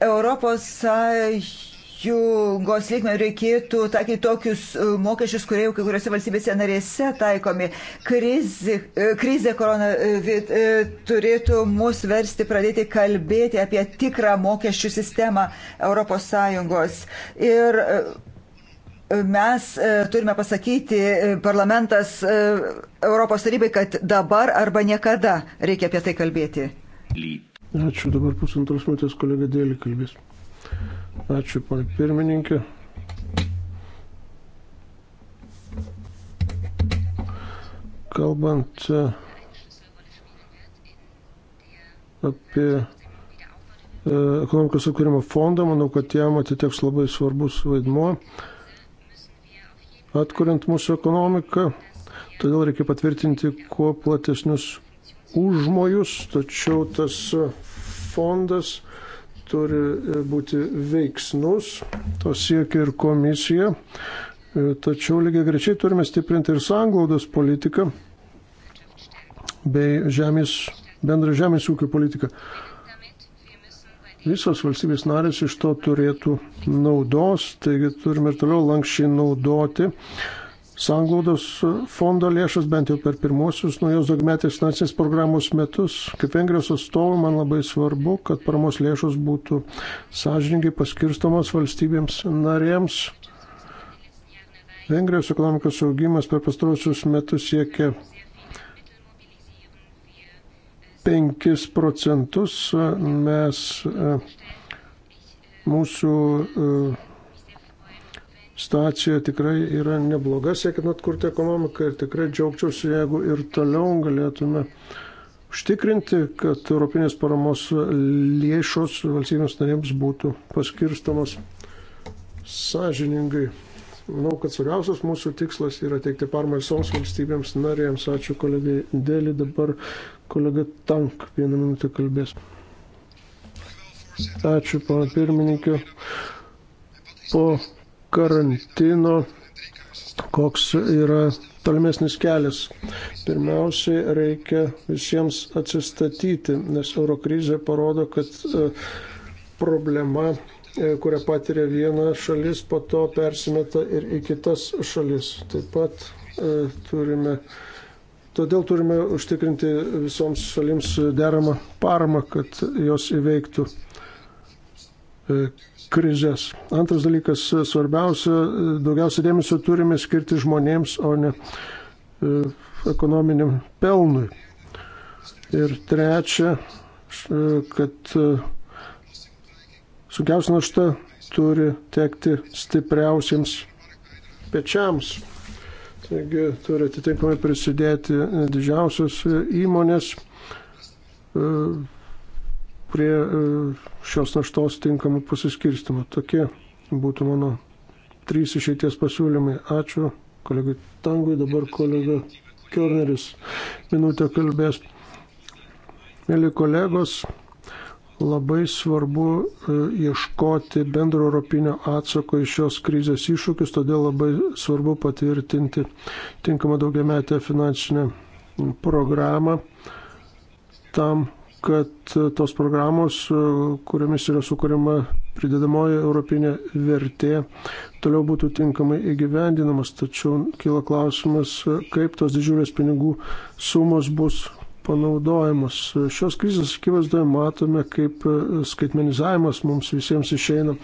Europos sąjungos sąjungos lygmenį reikėtų taikyti tokius e, mokesčius, kurie jau kai kuriuose valstybėse narėse taikomi. Krizi, e, krizė korona e, turėtų mus versti pradėti kalbėti apie tikrą mokesčių sistemą Europos Sąjungos. Ir mes turime pasakyti parlamentas Europos tarybai, kad dabar arba niekada reikia apie tai kalbėti. Ačiū, dabar pusantros minutės kolega Dėlį kalbės. Ačiū, pan pirmininkė. Kalbant e, apie e, ekonomikos sukūrimo fondą, manau, kad jam atiteks labai svarbus vaidmuo, atkuriant mūsų ekonomiką. Todėl reikia patvirtinti kuo platesnius užmojus, tačiau tas fondas turi e, būti veiksnus, to siekia ir komisija. E, tačiau lygiai grečiai turime stiprinti ir sanglaudos politiką bei žemės, bendrą žemės ūkio politiką. Visos valstybės narės iš to turėtų naudos, taigi turime ir toliau lankščiai naudoti uh, Sanglaudos fondo lėšas bent jau per pirmosius naujos dogmetės finansinės programos metus. Kaip Vengrijos atstovų man labai svarbu, kad paramos lėšos būtų sąžininkai paskirstamos valstybėms narėms. Vengrijos ekonomikos augimas per pastarosius metus siekia 5 procentus mes e, mūsų e, situacija tikrai yra nebloga, siekiant atkurti ekonomiką ir tikrai džiaugčiausi, jeigu ir toliau galėtume užtikrinti, kad Europinės paramos lėšos valstybėms narėms būtų paskirstamos sąžiningai. Manau, kad svarbiausias mūsų tikslas yra teikti parmą visoms valstybėms narėms. Ačiū kolegai Dėlį, dabar kolega Tank vieną minutę kalbės. Ačiū, pana pirmininkė. Po karantino, koks yra tolimesnis kelias. Pirmiausiai reikia visiems atsistatyti, nes eurokrizė parodo, kad e, problema, e, kurią patiria viena šalis, po to persimeta ir į kitas šalis. Taip pat e, turime. Todėl turime užtikrinti visoms šalims deramą paramą, kad jos įveiktų E, krizės. Antras dalykas, e, svarbiausia, e, daugiausia dėmesio turime skirti žmonėms, o ne ekonominiam pelnui. Ir trečia, kad sunkiausia našta turi tekti stipriausiems pečiams. Taigi turi atitinkamai prisidėti didžiausios įmonės prie šios naštos tinkamą pasiskirstimą. Tokie būtų mano trys išeities pasiūlymai. Ačiū kolegai Tangui, dabar kolega Kjorneris minutę kalbės. Mėly kolegos, labai svarbu e, ieškoti bendro europinio atsako į šios krizės iššūkius, todėl labai svarbu patvirtinti tinkamą daugiametę finansinę programą tam, kad tos programos, kuriamis yra sukūriama pridedamoji europinė vertė, toliau būtų tinkamai įgyvendinamas. Tačiau kyla klausimas, kaip tos didžiulės pinigų sumos bus panaudojamos. Šios krizės akivaizdoje matome, kaip skaitmenizavimas mums visiems išeina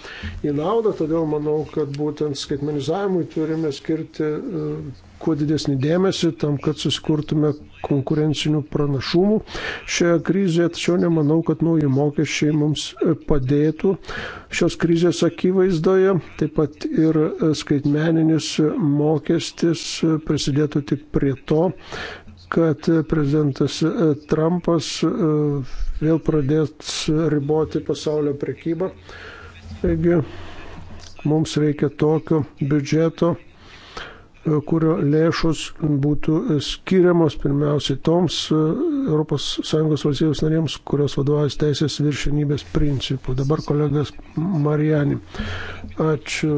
į naudą, todėl manau, kad būtent skaitmenizavimui turime skirti kuo didesnį dėmesį tam, kad susikurtume konkurencinių pranašumų šioje krizėje, tačiau nemanau, kad nauji mokesčiai mums e, padėtų šios krizės akivaizdoje. Taip pat ir e, skaitmeninis mokestis e, prisidėtų tik prie to, kad prezidentas Trumpas vėl pradės riboti pasaulio prekybą. Taigi mums reikia tokio biudžeto, E, kurio lėšos būtų skiriamos pirmiausiai toms ES valstybės narėms, kurios vadovaujas teisės viršenybės principų. Dabar kolegas Marijani. Ačiū.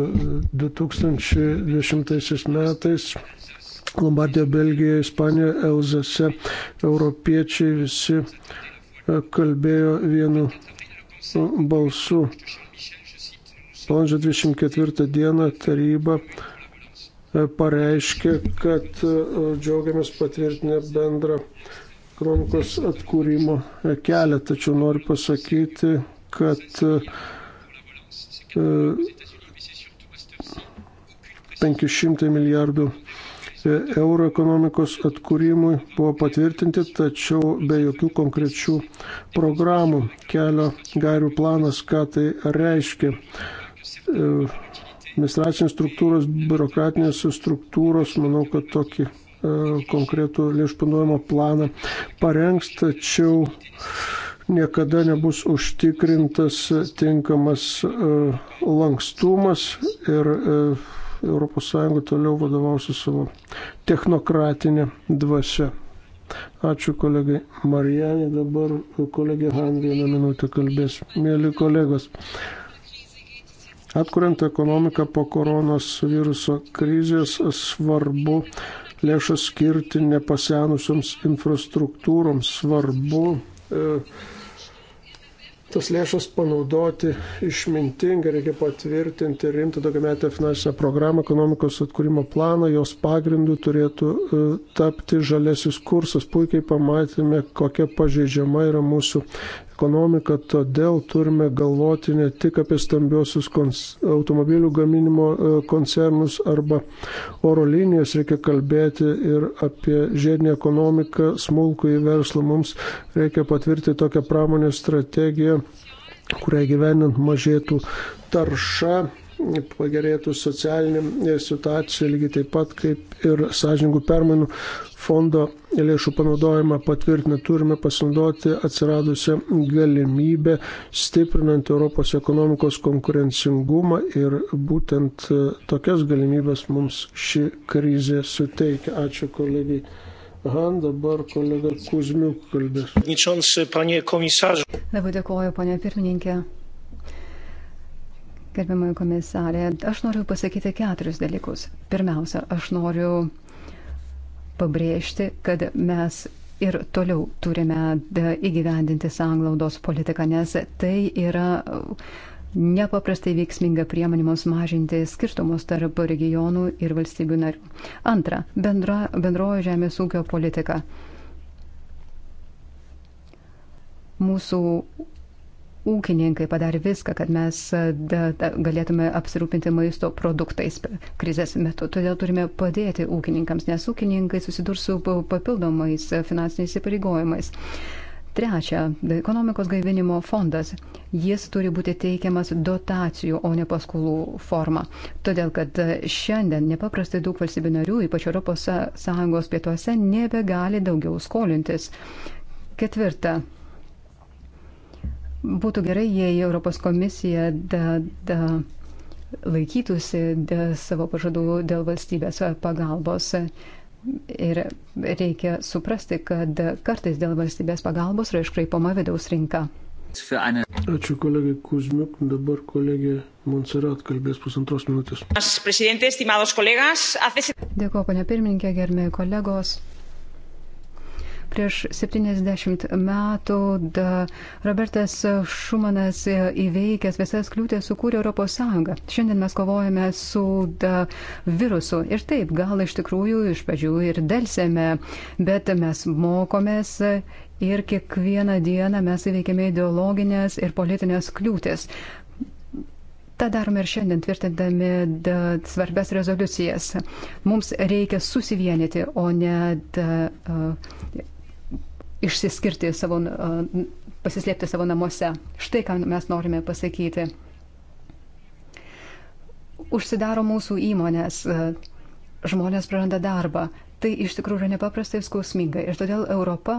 2020 metais Lombardijoje, Belgijoje, Ispanijoje, Elzase europiečiai visi e, kalbėjo vienu balsu. Balandžio 24 dieną taryba pareiškė, kad e, džiaugiamės patvirtinę bendrą ekonomikos atkūrimo kelią. Tačiau noriu pasakyti, kad e, 500 milijardų e, eurų ekonomikos atkūrimui buvo patvirtinti, tačiau be jokių konkrečių programų kelio gairių planas, ką tai reiškia. E, administracinės struktūros, biurokratinės struktūros, manau, kad tokį e, konkretų lėšų panaudojimo planą parengs, tačiau niekada nebus užtikrintas tinkamas e, lankstumas ir ES toliau vadovausi savo technokratinė dvasia. Ačiū kolegai Marijanė, dabar kolegė Han vieną minutę kalbės. Mėly kolegos, Atkuriant ekonomiką po koronos viruso krizės svarbu lėšas skirti nepasenusioms infrastruktūroms, svarbu e, tas lėšas panaudoti išmintingai, reikia patvirtinti rimtą daugiametę finansinę programą, ekonomikos atkūrimo planą, jos pagrindų turėtų e, tapti žalesis kursas. Puikiai pamatėme, kokia pažeidžiama yra mūsų ekonomika, todėl turime galvoti ne tik apie stambiosius automobilių gaminimo e, koncernus arba oro linijas, reikia kalbėti ir apie žiedinį ekonomiką, smulkų į verslą. Mums reikia patvirti tokią pramonės strategiją, kurią gyvenant mažėtų tarša, pagerėtų socialinė situacija, lygiai taip pat kaip ir sąžingų permainų fondo lėšų panaudojimą patvirtinę turime pasinaudoti atsiradusią galimybę stiprinant Europos ekonomikos konkurencingumą ir būtent tokias galimybės mums ši krizė suteikia. Ačiū kolegijai. Han, dabar kolega Kuzmiuk kalbės. Labai dėkoju, ponė pirmininkė. Gerbiamoji komisarė, aš noriu pasakyti keturis dalykus. Pirmiausia, aš noriu pabrėžti, kad mes ir toliau turime įgyvendinti sanglaudos politiką, nes tai yra nepaprastai veiksminga priemonė mums mažinti skirtumus tarp regionų ir valstybių narių. Antra, bendra, bendrojo žemės ūkio politika. Mūsų ūkininkai padarė viską, kad mes da, da, galėtume apsirūpinti maisto produktais krizės metu. Todėl turime padėti ūkininkams, nes ūkininkai susidurs su papildomais finansiniais įpareigojimais. Trečia, ekonomikos gaivinimo fondas. Jis turi būti teikiamas dotacijų, o ne paskolų forma. Todėl, kad šiandien nepaprastai daug valstybių narių, ypač ES pietuose, nebegali daugiau skolintis. Ketvirta. Būtų gerai, jei Europos komisija da, da, laikytųsi dėl savo pažadų dėl valstybės pagalbos. Ir reikia suprasti, kad kartais dėl valstybės pagalbos yra iškraipoma vidaus rinka. Ačiū kolegai Kuzmiuk, dabar kolegė Monserrat kalbės pusantros minutės. Dėkuoju, ponia pirmininkė, gerbėjai kolegos. Prieš 70 metų da, Robertas Šumanas įveikęs visas kliūtės sukūrė Europos Sąjungą. Šiandien mes kovojame su da, virusu. Ir taip, gal iš tikrųjų iš pradžių ir dėlsėme, bet mes mokomės ir kiekvieną dieną mes įveikėme ideologinės ir politinės kliūtės. Ta darome ir šiandien, tvirtindami svarbes rezoliucijas. Mums reikia susivienyti, o ne da, uh, išsiskirti savo, pasislėpti savo namuose. Štai ką mes norime pasakyti. Užsidaro mūsų įmonės, žmonės praranda darbą. Tai iš tikrųjų yra nepaprastai skausminga ir todėl Europa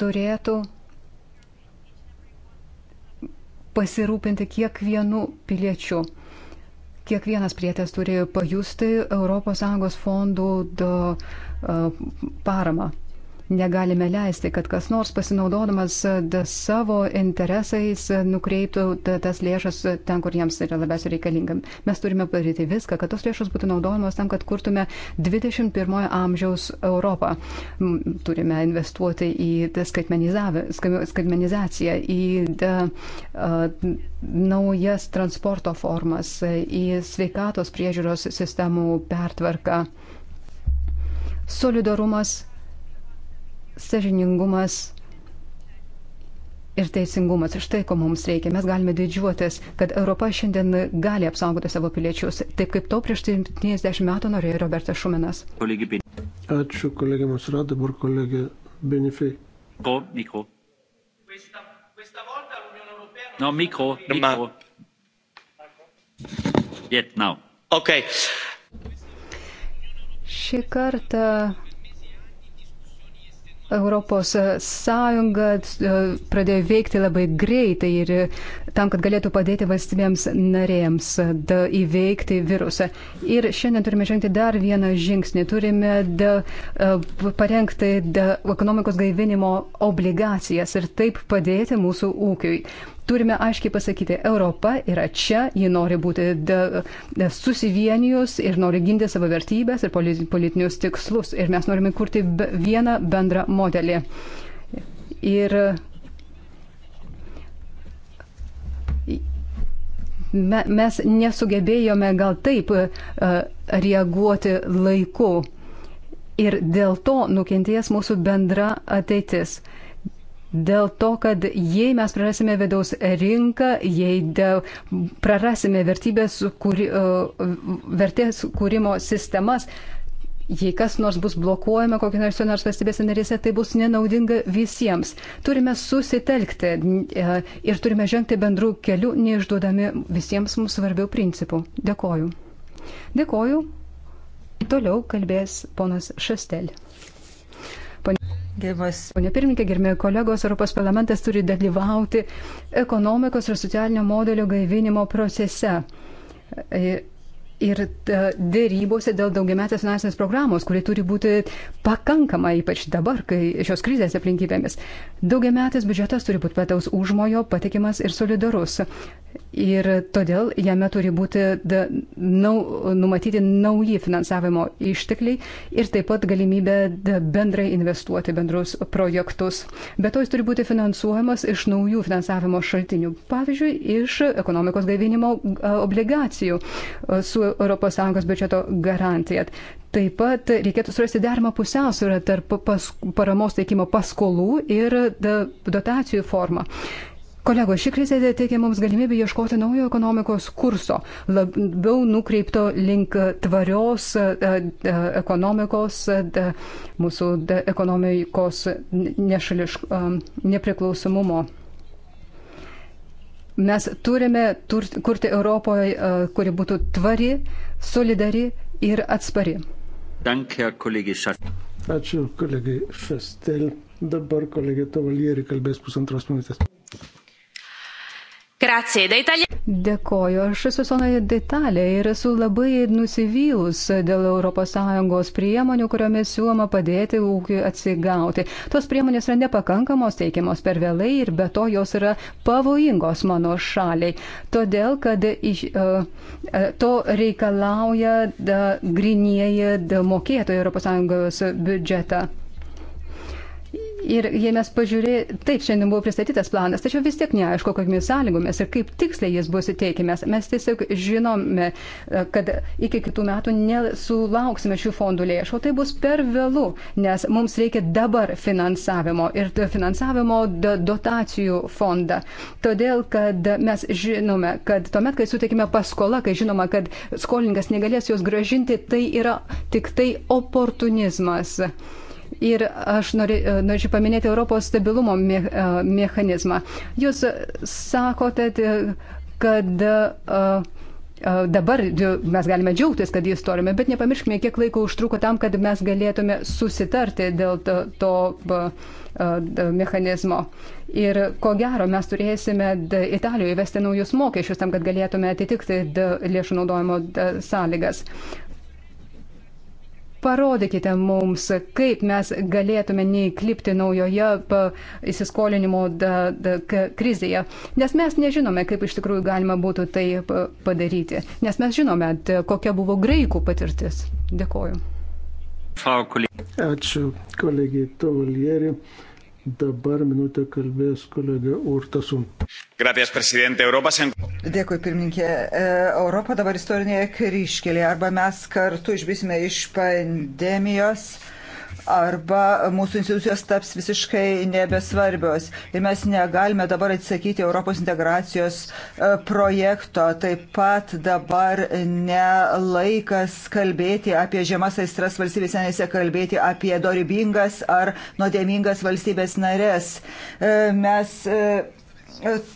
turėtų pasirūpinti kiekvienu piliečiu. Kiekvienas prietės turi pajusti ES fondų do, uh, paramą. Negalime leisti, kad kas nors pasinaudodamas e, savo interesais e, nukreiptų tas lėšas ten, kur jiems yra labiausiai reikalingam. Mes turime padaryti viską, kad tos lėšos būtų naudojamos tam, kad kurtume 21 amžiaus Europą. Turime investuoti į skaitmenizaciją, į da, uh, e, naujas transporto formas, į sveikatos priežiūros sistemų pertvarką. Solidarumas sažiningumas ir teisingumas. Štai ko mums reikia. Mes galime didžiuotis, kad Europa šiandien gali apsaugoti savo piliečius, taip kaip to prieš 70 metų norėjo Robertas Šuminas. Ačiū kolegė Masra, dabar kolegė Benefei. Mikro, mikro. No, mikro, mikro. Yet now. Okay. Šį kartą Europos Sąjunga e, pradėjo veikti labai greitai ir e, tam, kad galėtų padėti valstybėms narėms e, da, įveikti virusą. Ir šiandien turime žengti dar vieną žingsnį. Turime da, parengti da, ekonomikos gaivinimo obligacijas ir taip padėti mūsų ūkiui turime aiškiai pasakyti, Europa yra čia, ji nori būti de, de susivienijus ir nori ginti savo vertybės ir politinius tikslus. Ir mes norime kurti vieną bendrą modelį. Ir me, mes nesugebėjome gal taip uh, reaguoti laiku. Ir dėl to nukentės mūsų bendra ateitis. Uh, dėl to, kad jei mes prarasime vidaus rinką, jei prarasime vertybės, kuri, e, vertės kūrimo sistemas, Jei kas nors bus blokuojama kokio nors nors valstybės narėse, tai bus nenaudinga visiems. Turime susitelkti e, ir turime žengti bendrų kelių, neišduodami visiems mums svarbių principų. Dėkoju. Dėkoju. Toliau kalbės ponas Šastel. Pane... Gerbiamas. Pone pirmininkė, gerbėjai kolegos, Europos parlamentas turi dalyvauti ekonomikos ir socialinio modelio gaivinimo procese. E, Ir e, dėrybose dėl daugiametės finansinės programos, kuri turi būti pakankama, ypač dabar, kai šios krizės aplinkybėmis. Daugiametės biudžetas turi būti plataus užmojo, patikimas ir solidarus. Ir todėl jame turi būti da, nau, numatyti nauji finansavimo ištekliai ir taip pat galimybė da, bendrai investuoti bendrus projektus. Bet to jis turi būti finansuojamas iš naujų finansavimo šaltinių, pavyzdžiui, iš ekonomikos gaivinimo obligacijų su ES biudžeto garantiją. Taip pat reikėtų surasti deramą pusiausvyrą tarp pas, paramos teikimo paskolų ir dotacijų formą. Kolego, ši krizė teikia mums galimybę ieškoti naujo ekonomikos kurso, labiau nukreipto link tvarios ekonomikos, mūsų ekonomikos nešališk, nepriklausomumo Mes turime tur, kurti Europoje, e, kuri būtų tvari, solidari ir atspari. Dankia, Ačiū kolegai Šastel. Dabar kolegė Tavalieri kalbės pusantros minutės. Dėkoju, aš esu Sonai Detalė ir esu labai nusivylus dėl ES priemonių, kuriomis siūloma padėti ūkiui atsigauti. Tos priemonės yra nepakankamos, teikiamos per vėlai ir be to jos yra pavojingos mano šaliai. Todėl, kad iš, uh, to reikalauja da, grinieji da, mokėtojai ES biudžetą. Ir jei mes pažiūrėjome, taip, šiandien buvo pristatytas planas, tačiau vis tiek neaišku, kokiamis sąlygomis ir kaip tiksliai jis bus įteikiamas. Mes tiesiog žinome, e, kad iki kitų metų nesulauksime šių fondų lėšų, tai bus per vėlų, nes mums reikia dabar finansavimo ir finansavimo dotacijų fondą. Todėl, kad mes žinome, kad tuomet, kai suteikime paskolą, kai žinoma, kad skolininkas negalės jos gražinti, tai yra tik tai oportunizmas. Yes. Ir aš e, norėčiau nori, paminėti Europos stabilumo me, e, mechanizmą. Jūs sakote, kad e, dabar mes galime džiaugtis, kad jis turime, bet nepamirškime, kiek laiko užtruko tam, kad mes galėtume susitarti dėl to, to mechanizmo. Ir ko gero mes turėsime Italijoje įvesti naujus mokesčius tam, kad galėtume atitikti lėšų naudojimo sąlygas. Parodykite mums, kaip mes galėtume neįklipti naujoje įsiskolinimo da, da, krizėje, nes mes nežinome, kaip iš tikrųjų galima būtų tai padaryti, nes mes žinome, kokia buvo graikų patirtis. Dėkoju. Ačiū kolegijai Tovalieriui. Dabar minutę kalbės kolega Urtasun. Gracias, prezidente. Europas. Dėkui, pirmininkė. E, Europa dabar istorinėje kryškelėje. Arba mes kartu išbrisime iš pandemijos arba mūsų institucijos taps visiškai nebesvarbios. Ir mes negalime dabar atsakyti Europos integracijos e, projekto. Taip pat dabar nelaikas kalbėti apie žemas aistras valstybės senėse, kalbėti apie dorybingas ar nuodėmingas valstybės narės. E, mes e,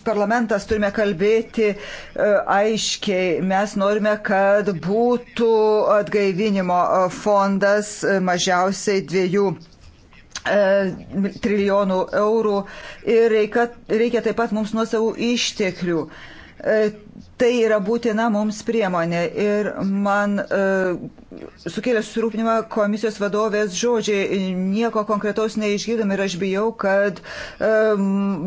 parlamentas turime kalbėti e, aiškiai. Mes norime, kad būtų atgaivinimo e, fondas e, mažiausiai dviejų trilijonų eurų ir reikia, reikia taip pat mums nuosavų išteklių tai yra būtina mums priemonė. Ir man e, sukėlė surūpnimą komisijos vadovės žodžiai, nieko konkretaus neišgirdom ir aš bijau, kad e,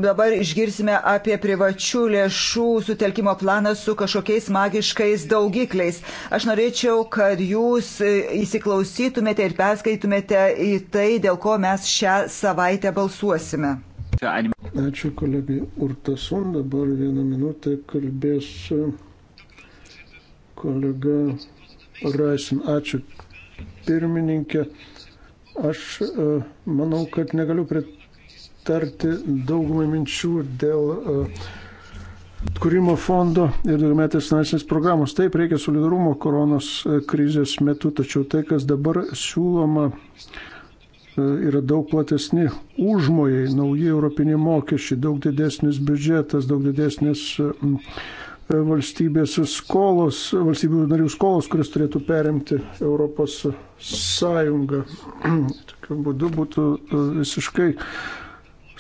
dabar išgirsime apie privačių lėšų sutelkimo planą su kažkokiais magiškais daugikliais. Aš norėčiau, kad jūs e, įsiklausytumėte ir perskaitumėte į tai, dėl ko mes šią savaitę balsuosime. Ačiū kolegai Urtasun, dabar vieną minutę kalbės e, kolega Raisin. Ačiū pirmininkė. Aš e, manau, kad negaliu pritarti daugumai minčių dėl atkūrimo e, fondo ir daugiametės finansinės programos. Taip, reikia solidarumo koronos krizės metu, tačiau tai, kas dabar siūloma, E, yra daug platesni užmojai, nauji europiniai mokesčiai, daug didesnis biudžetas, daug didesnis e, e, valstybės skolos, valstybių narių skolos, kuris turėtų perimti Europos Sąjungą. Tokiu būdu būtų visiškai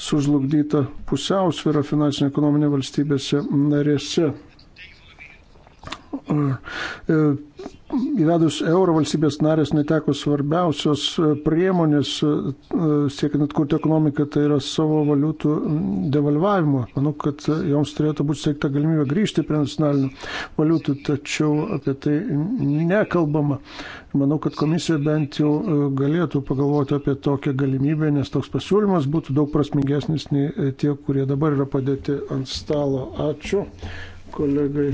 sužlugdyta pusiausvėra finansinė ekonominė valstybėse narėse. E, įvedus euro valstybės narės neteko svarbiausios e, priemonės e, siekiant atkurti ekonomiką, tai yra savo valiutų devalvavimo. Manau, kad joms turėtų būti siekta galimybė grįžti prie nacionalinių valiutų, tačiau apie tai nekalbama. Manau, kad komisija bent jau galėtų pagalvoti apie tokią galimybę, nes toks pasiūlymas būtų daug prasmingesnis nei tie, kurie dabar yra padėti ant stalo. Ačiū kolegai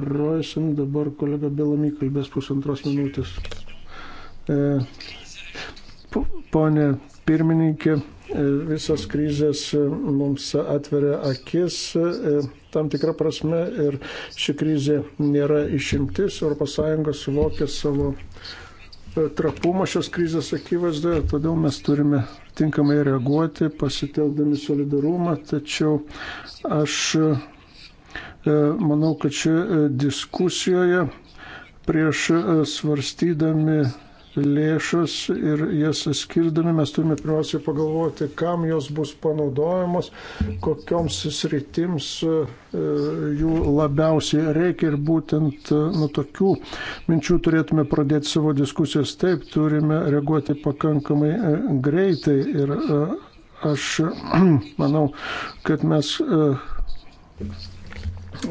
Roisin, dabar kolega Belami kalbės pusantros minutės. E, Pone pirmininkė, e, visos krizės e, mums atveria akis tam tikrą prasme ir ši krizė nėra išimtis. ES suvokia savo trapumą šios krizės akivaizdoje, todėl mes turime tinkamai reaguoti, pasitelkdami solidarumą, tačiau aš E, manau, kad čia e, diskusijoje prieš e, svarstydami lėšas ir jas skirdami mes turime pirmiausiai pagalvoti, kam jos bus panaudojamos, kokioms sritims jų labiausiai reikia ir būtent nuo tokių minčių turėtume pradėti savo diskusijas. Taip, turime reaguoti pakankamai greitai ir aš manau, kad mes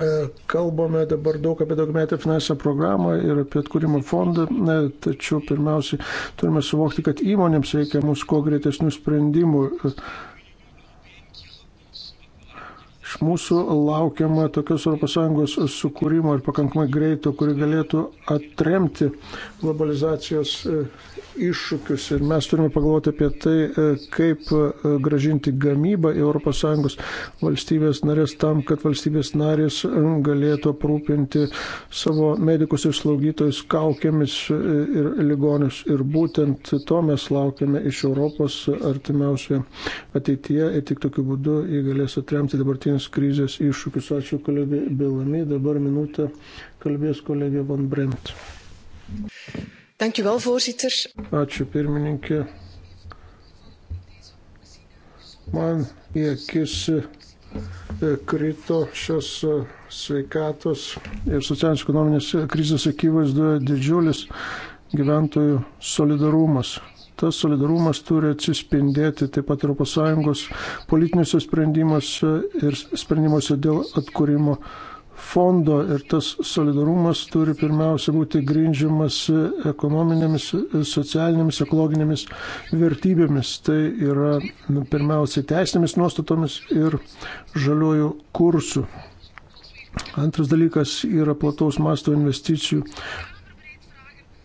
E, kalbame dabar daug apie daugmetę finansinę programą ir apie atkūrimo fondą, e, tačiau pirmiausiai turime suvokti, kad įmonėms reikia mūsų kuo greitesnių sprendimų e, Iš mūsų laukiama tokios ES sukūrimo ir pakankamai greito, kuri galėtų atremti globalizacijos e, iššūkius. Ir mes turime pagalvoti apie tai, e, kaip e, gražinti gamybą į ES valstybės narės tam, kad valstybės narės galėtų aprūpinti savo medikus ir slaugytojus kaukėmis ir ligonius. Ir būtent to mes laukiame iš Europos artimiausioje ateityje ir tik tokiu būdu jį galės atremti dabartinį ekonominės krizės iššūkius. Ačiū kolegai Belami. Dabar minutę kalbės kolegė Van Bremt. Ačiū pirmininkė. Man į akis e, krito šios e, sveikatos ir socialinės ekonominės krizės akivaizdoje didžiulis gyventojų solidarumas tas solidarumas turi atsispindėti taip pat ES politiniuose sprendimuose ir sprendimuose dėl atkūrimo fondo ir tas solidarumas turi pirmiausia būti grindžiamas ekonominėmis, socialinėmis, ekologinėmis vertybėmis. Tai yra nu, pirmiausia teisinėmis nuostatomis ir žaliojų kursų. Antras dalykas yra plataus masto investicijų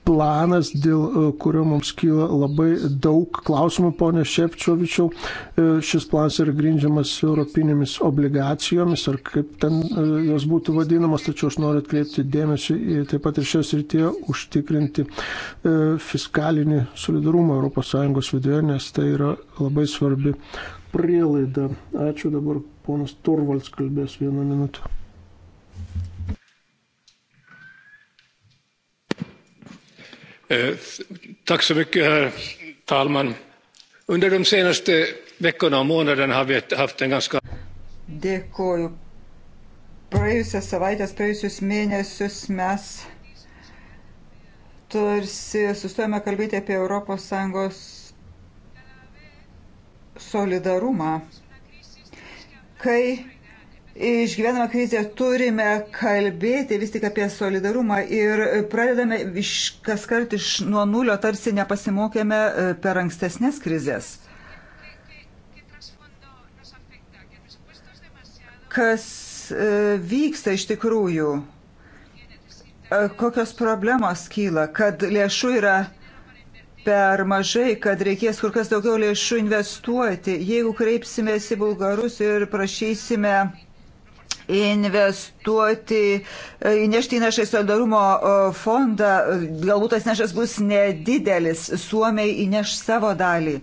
planas, dėl e, kurio mums kyla labai daug klausimų, ponė Šepčiovičiau. E, šis planas yra grindžiamas europinėmis obligacijomis, ar kaip ten e, jos būtų vadinamos, tačiau aš noriu atkreipti dėmesį į taip pat ir šios rytyje užtikrinti fiskalinį solidarumą ES viduje, nes tai yra labai svarbi prielaida. Ačiū dabar, ponas Turvalds kalbės vieną minutę. Eh, herr talman! under de senaste veckorna och månaderna har vi haft en ganska. dėkoju. praėjusias savaites praėjusius mėnesius mes tarsi sustojame kalbėti apie Europos Sąjungos solidarumą, kai išgyvename krizę, turime kalbėti vis tik apie solidarumą ir pradedame iš kas kart iš nuo nulio, tarsi nepasimokėme e, per ankstesnės krizės. Kas e, vyksta iš tikrųjų? E, kokios problemos kyla, kad lėšų yra per mažai, kad reikės kur kas daugiau lėšų investuoti. Jeigu kreipsimės į bulgarus ir prašysime investuoti, e, įnešti įnašą į solidarumo e, fondą, galbūt tas nešas bus nedidelis, Suomiai įneš savo dalį.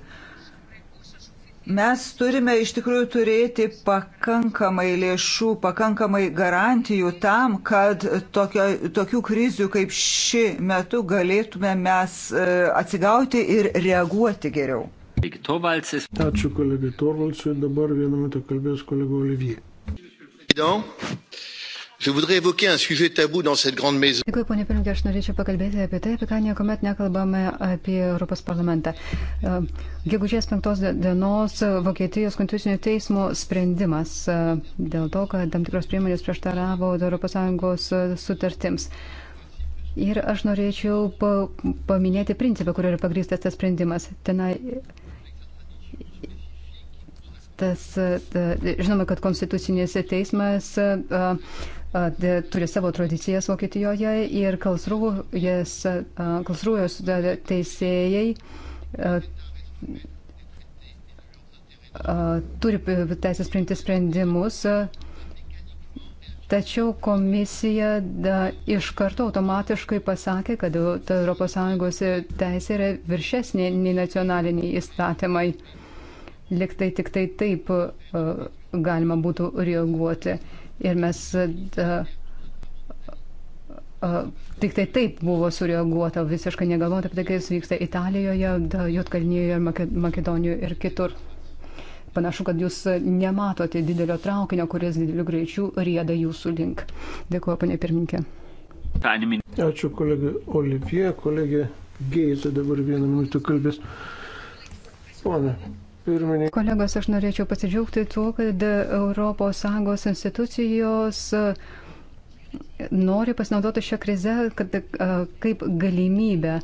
Mes turime iš tikrųjų turėti pakankamai lėšų, pakankamai garantijų tam, kad tokio, tokių krizių kaip ši metu galėtume mes e, atsigauti ir reaguoti geriau. Ačiū kolegai Torvaldsui, dabar vieną minutę kalbės kolega Olivijai. Dėkui, ponė Pirmininkė, aš norėčiau pakalbėti apie tai, apie ką niekuomet nekalbame apie Europos parlamentą. E, gegužės penktos dienos Vokietijos konstitucinio teismo sprendimas e, dėl to, kad tam tikros priemonės prieštaravo ES sutartims. Ir aš norėčiau paminėti principą, kurio yra pagrįstas tas sprendimas. Tenai tas, žinome, kad konstitucinės teismas turi savo tradicijas Vokietijoje ir Kalsrūjos teisėjai turi teisės priimti sprendimus, tačiau komisija da, iš karto automatiškai pasakė, kad ES teisė yra viršesnė nei nacionaliniai įstatymai liktai tik tai taip e, galima būtų reaguoti. Ir mes e, e, tik tai taip buvo sureaguota, visiškai negalvota apie tai, kas vyksta Italijoje, Jotkalnyje, Makedonijoje ir kitur. Panašu, kad jūs nematote didelio traukinio, kuris dideliu greičiu rieda jūsų link. Dėkuoju, panė pirminkė. Ačiū kolegai Olivier, kolegė Geisa dabar vieną minutę kalbės. Pone pirmininkė. Kolegos, aš norėčiau pasidžiaugti tuo, kad ES institucijos e, nori pasinaudoti šią krizę kad, e, kaip galimybę.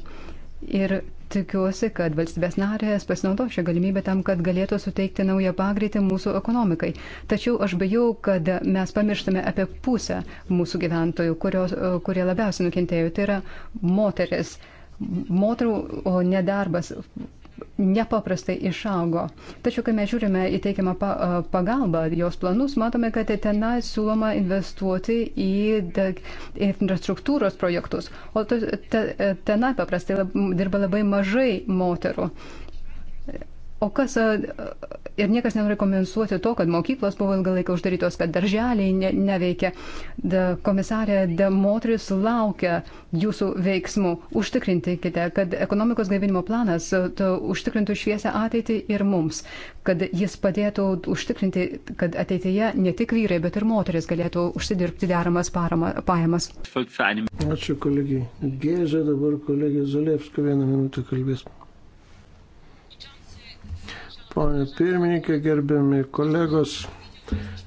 Ir tikiuosi, kad valstybės narės pasinaudo šią galimybę tam, kad galėtų suteikti naują pagreitį mūsų ekonomikai. Tačiau aš bejau, kad mes pamirštame apie pusę mūsų gyventojų, kurios, e, kurie labiausiai nukentėjo. Tai yra moteris. Moterų nedarbas nepaprastai išaugo. Tačiau, kai mes žiūrime į teikiamą pagalbą, jos planus, matome, kad tenai siūloma investuoti į infrastruktūros projektus, o tenai paprastai dirba labai mažai moterų. O kas, ir niekas nenori kompensuoti to, kad mokyklos buvo ilgą laiką uždarytos, kad darželiai ne, neveikia. Da, komisarė, da, moteris laukia jūsų veiksmų. Užtikrintikite, kad ekonomikos gaivinimo planas to, užtikrintų šviesę ateitį ir mums, kad jis padėtų užtikrinti, kad ateityje ne tik vyrai, bet ir moteris galėtų užsidirbti deramas parama, pajamas. Ačiū kolegijai. Gėžė dabar kolegija Zalievska vieną minutę kalbės. Pone pirmininkė, gerbiami kolegos,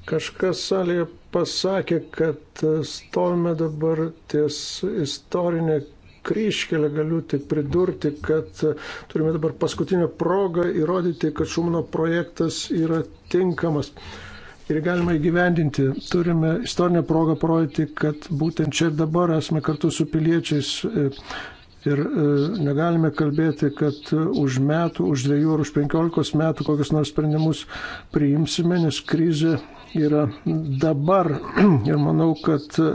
kažkas salėje pasakė, kad stovime dabar ties istorinė kryškelė, galiu tik pridurti, kad turime dabar paskutinę progą įrodyti, kad Šumano projektas yra tinkamas. Ir galima įgyvendinti. Turime istorinę progą parodyti, kad būtent čia ir dabar esame kartu su piliečiais Ir e, negalime kalbėti, kad už metų, už dviejų ar už penkiolikos metų kokius nors sprendimus priimsime, nes krizė yra dabar. Ir manau, kad e,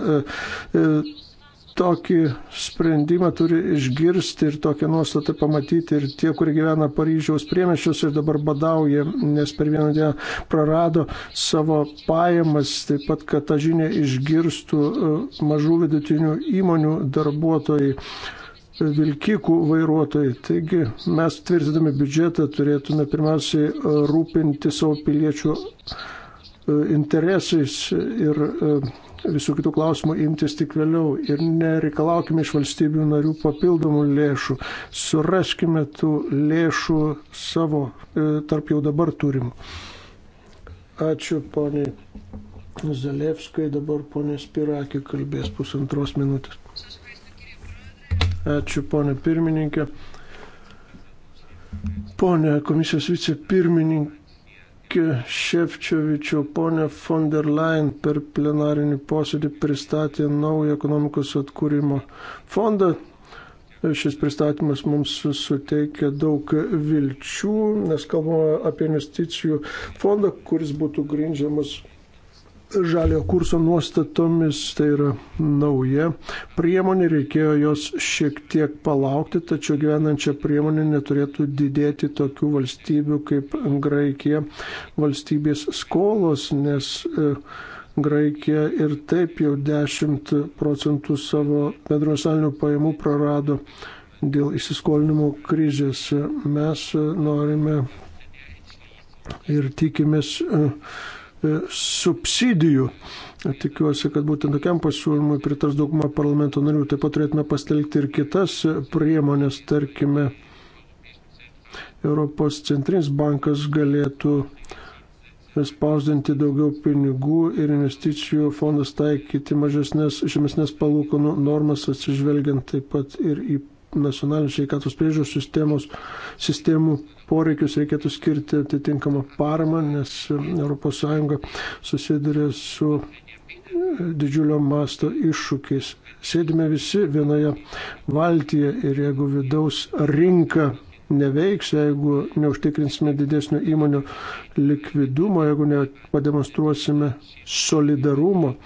e, tokį sprendimą turi išgirsti ir tokią nuostatą pamatyti ir tie, kurie gyvena Paryžiaus priemešius ir dabar badauja, nes per vieną dieną prarado savo pajamas, taip pat, kad tą žinią išgirstų mažų vidutinių įmonių darbuotojai vilkikų vairuotojai. Taigi mes tvirtindami biudžetą turėtume pirmiausiai e, rūpinti savo piliečių e, interesais ir e, visų kitų klausimų imtis tik vėliau ir nereikalaukime iš valstybių narių papildomų lėšų. Suraskime tų lėšų savo tarp jau dabar turimų. Ačiū poniai Zalevskai, dabar ponė Spirakė kalbės pusantros minutės. Ačiū, ponė pirmininkė. Pone komisijos vicepirmininkė Šefčiovičio, ponė von der Leyen per plenarinį posėdį pristatė naują ekonomikos atkūrimo fondą. Šis pristatymas mums suteikia daug vilčių, nes kalbame apie investicijų fondą, kuris būtų grindžiamas žalio kurso nuostatomis, tai yra nauja priemonė, reikėjo jos šiek tiek palaukti, tačiau gyvenančią priemonę neturėtų didėti tokių valstybių kaip Graikija valstybės skolos, nes e, Graikija ir taip jau 10 procentų savo bendrosalinių pajamų prarado dėl įsiskolinimo krizės. Mes norime ir tikimės uh, E, subsidijų. Tikiuosi, kad būtent tokiam pasiūlymui pritars dauguma parlamento narių. Taip pat turėtume pastelgti ir kitas priemonės, tarkime, Europos centrinis bankas galėtų spausdinti daugiau pinigų ir investicijų fondas taikyti mažesnės, žemesnės palūkanų normas, atsižvelgiant taip pat ir į nacionalinių sveikatos priežiūros sistemos sistemų poreikius reikėtų skirti atitinkamą paramą, nes ES susiduria su didžiulio masto iššūkiais. Sėdime visi vienoje valtyje ir jeigu vidaus rinka neveiks, jeigu neužtikrinsime didesnio įmonių likvidumo, jeigu nepademonstruosime solidarumo,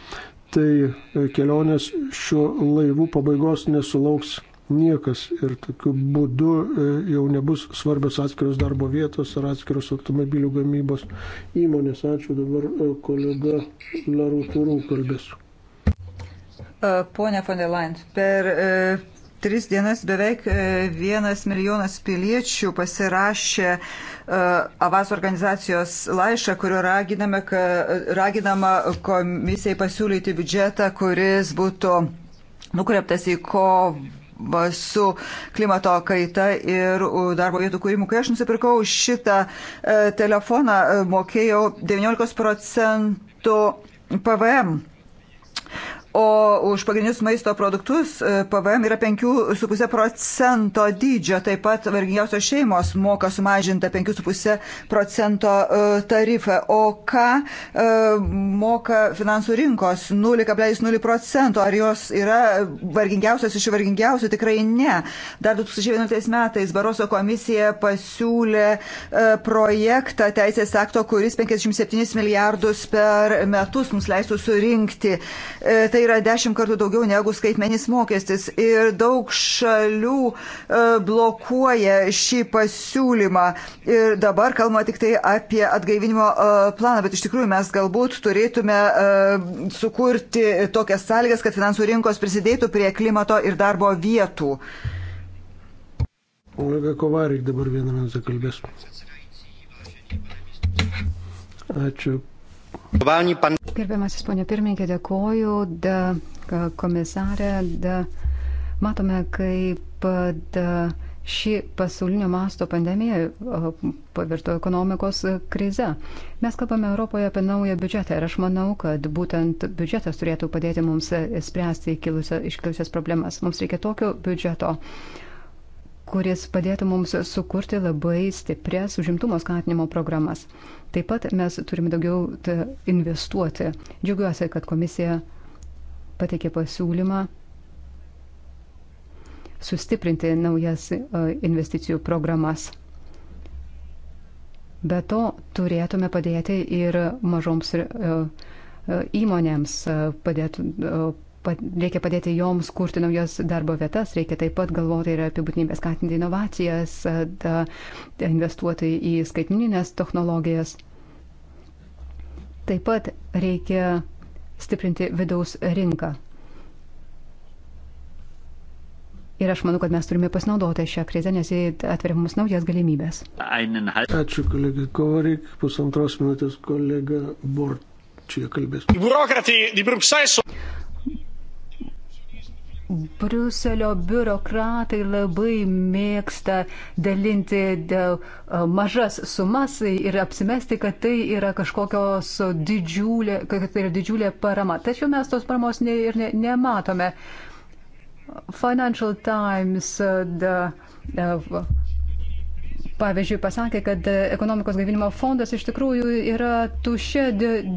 tai kelionės šiuo laivu pabaigos nesulauks niekas ir tokiu būdu e, jau nebus svarbios atskiros darbo vietos ar atskiros automobilių gamybos įmonės. Ačiū dabar e, kolega Larutūrų kalbės. E, Pone von der Leyen, per tris dienas beveik vienas milijonas piliečių pasirašė Avas organizacijos laišką, kuriuo raginame, raginama komisijai pasiūlyti biudžetą, kuris būtų nukreiptas į kovą su klimato kaita ir darbo vietų kūrimu. Kai aš nusipirkau šitą e, telefoną, e, mokėjau 19 procentų PVM o už pagrindinius maisto produktus e, PVM yra 5,5 procento dydžio. Taip pat vargingiausios šeimos moka sumažintą 5,5 procento e, tarifą. O ką e, moka finansų rinkos? 0,0 procento. Ar jos yra vargingiausios iš vargingiausių? Tikrai ne. Dar 2011 metais Baroso komisija pasiūlė projektą teisės akto, kuris 57 milijardus per metus mums leistų surinkti. Tai yra dešimt kartų daugiau negu skaitmenis mokestis ir daug šalių e, blokuoja šį pasiūlymą. Ir dabar kalbama tik tai apie atgaivinimo e, planą, bet iš tikrųjų mes galbūt turėtume e, sukurti tokias sąlygas, kad finansų rinkos prisidėtų prie klimato ir darbo vietų. Olga Kovarik dabar vieną minutę kalbės. Ačiū Gerbiamasis ponė pirmininkė, dėkoju, da, komisarė. Da, matome, kaip da, ši pasaulinio masto pandemija pavirto ekonomikos krize. Mes kalbame Europoje apie naują biudžetą ir aš manau, kad būtent biudžetas turėtų padėti mums spręsti iškilusias problemas. Mums reikia tokio biudžeto kuris padėtų mums sukurti labai stiprias užimtumo skatinimo programas. Taip pat mes turime daugiau investuoti. Džiaugiuosi, kad komisija pateikė pasiūlymą sustiprinti naujas e, investicijų programas. Be to turėtume padėti ir mažoms e, e, įmonėms, padėtų, reikia padėti joms kurti naujas darbo vietas, reikia taip pat galvoti ir apie būtinybę skatinti inovacijas, da, investuoti į skaitmininės technologijas. Taip pat reikia stiprinti vidaus rinką. Ir aš manau, kad mes turime pasinaudoti šią krizę, nes jį atveria mums naujas galimybės. Ačiū, kolega Kovarik. Pusantros minutės kolega Bort čia kalbės. Bruselio biurokratai labai mėgsta dalinti mažas sumas ir apsimesti, kad tai yra kažkokios didžiulė, kad tai yra didžiulė parama. Tačiau mes tos paramos ne, ir ne, nematome. Financial Times da, da, pavyzdžiui pasakė, kad ekonomikos gaivinimo fondas iš tikrųjų yra tuščia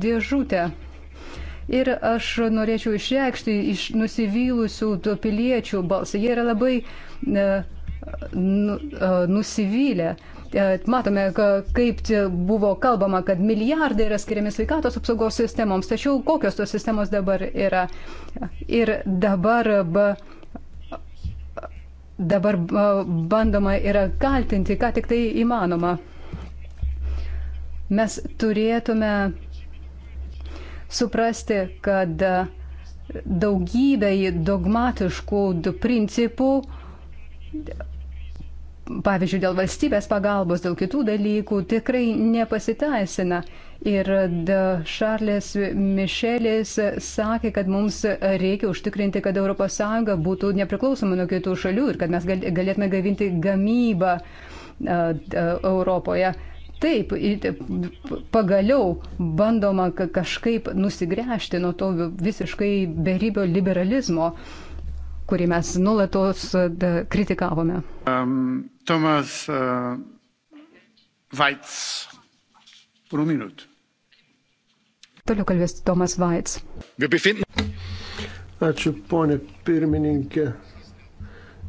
dėžutė. Di Ir aš norėčiau išreikšti iš nusivylusių piliečių balsą. Jie yra labai e, nu, e, nusivylę. E, matome, kaip buvo kalbama, kad milijardai yra skiriami sveikatos apsaugos sistemoms, tačiau kokios tos sistemos dabar yra. Ir dabar, dabar bandoma yra kaltinti, ką tik tai įmanoma. Mes turėtume suprasti, kad daugybė dogmatiškų principų, pavyzdžiui, dėl valstybės pagalbos, dėl kitų dalykų, tikrai nepasiteisina. Ir Šarlis Mišelis sakė, kad mums reikia užtikrinti, kad ES būtų nepriklausoma nuo kitų šalių ir kad mes galėtume gavinti gamybą Europoje. Taip, pagaliau bandoma kažkaip nusigręžti nuo to visiškai beribio liberalizmo, kurį mes nulatos e, kritikavome. Um, Tomas uh, e, Vaits, pūrų minutų. Toliau kalbės Tomas Vaits. Ačiū, ponė pirmininkė.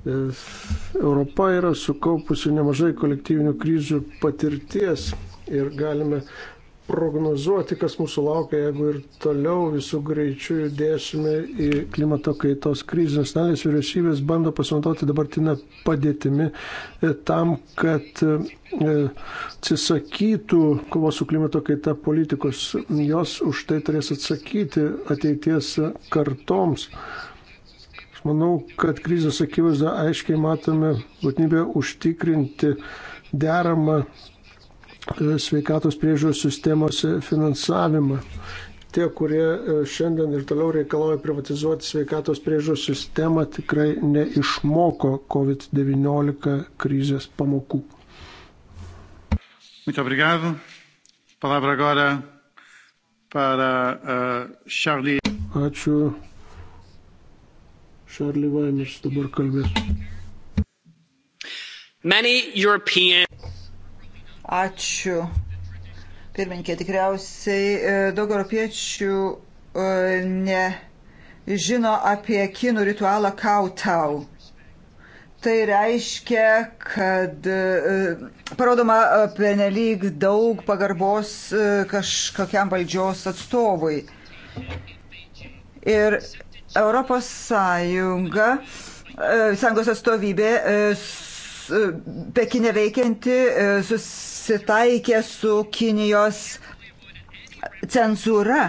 Europa yra sukaupusi nemažai kolektyvinių kryžių patirties ir galime prognozuoti, kas mūsų laukia, jeigu ir toliau visų greičių judėsime į klimato kaitos krizę. Nacionalinės vyriausybės bando pasinaudoti dabartinę padėtimi e, tam, kad e, atsisakytų kovos su klimato kaita politikos. Jos už tai turės atsakyti ateities kartoms. Manau, kad krizės akivaizda aiškiai matome būtinybę užtikrinti deramą e, sveikatos priežiūros sistemos e, finansavimą. Tie, kurie e, šiandien ir toliau reikalauja privatizuoti sveikatos priežiūros sistemą, tikrai neišmoko COVID-19 krizės pamokų. Muito obrigado. Palavra agora para uh, Charlie. Ačiū. Šarly Vainas dabar kalbės. European... Ačiū. Pirmininkė, tikriausiai e, daug europiečių e, nežino apie kinų ritualą kautau. Tai reiškia, kad e, parodoma penelyg daug pagarbos kažkokiam valdžios atstovui. Ir Europos Sąjunga, e, Sąjungos atstovybė e, e, Pekinė veikianti susitaikė su Kinijos cenzūra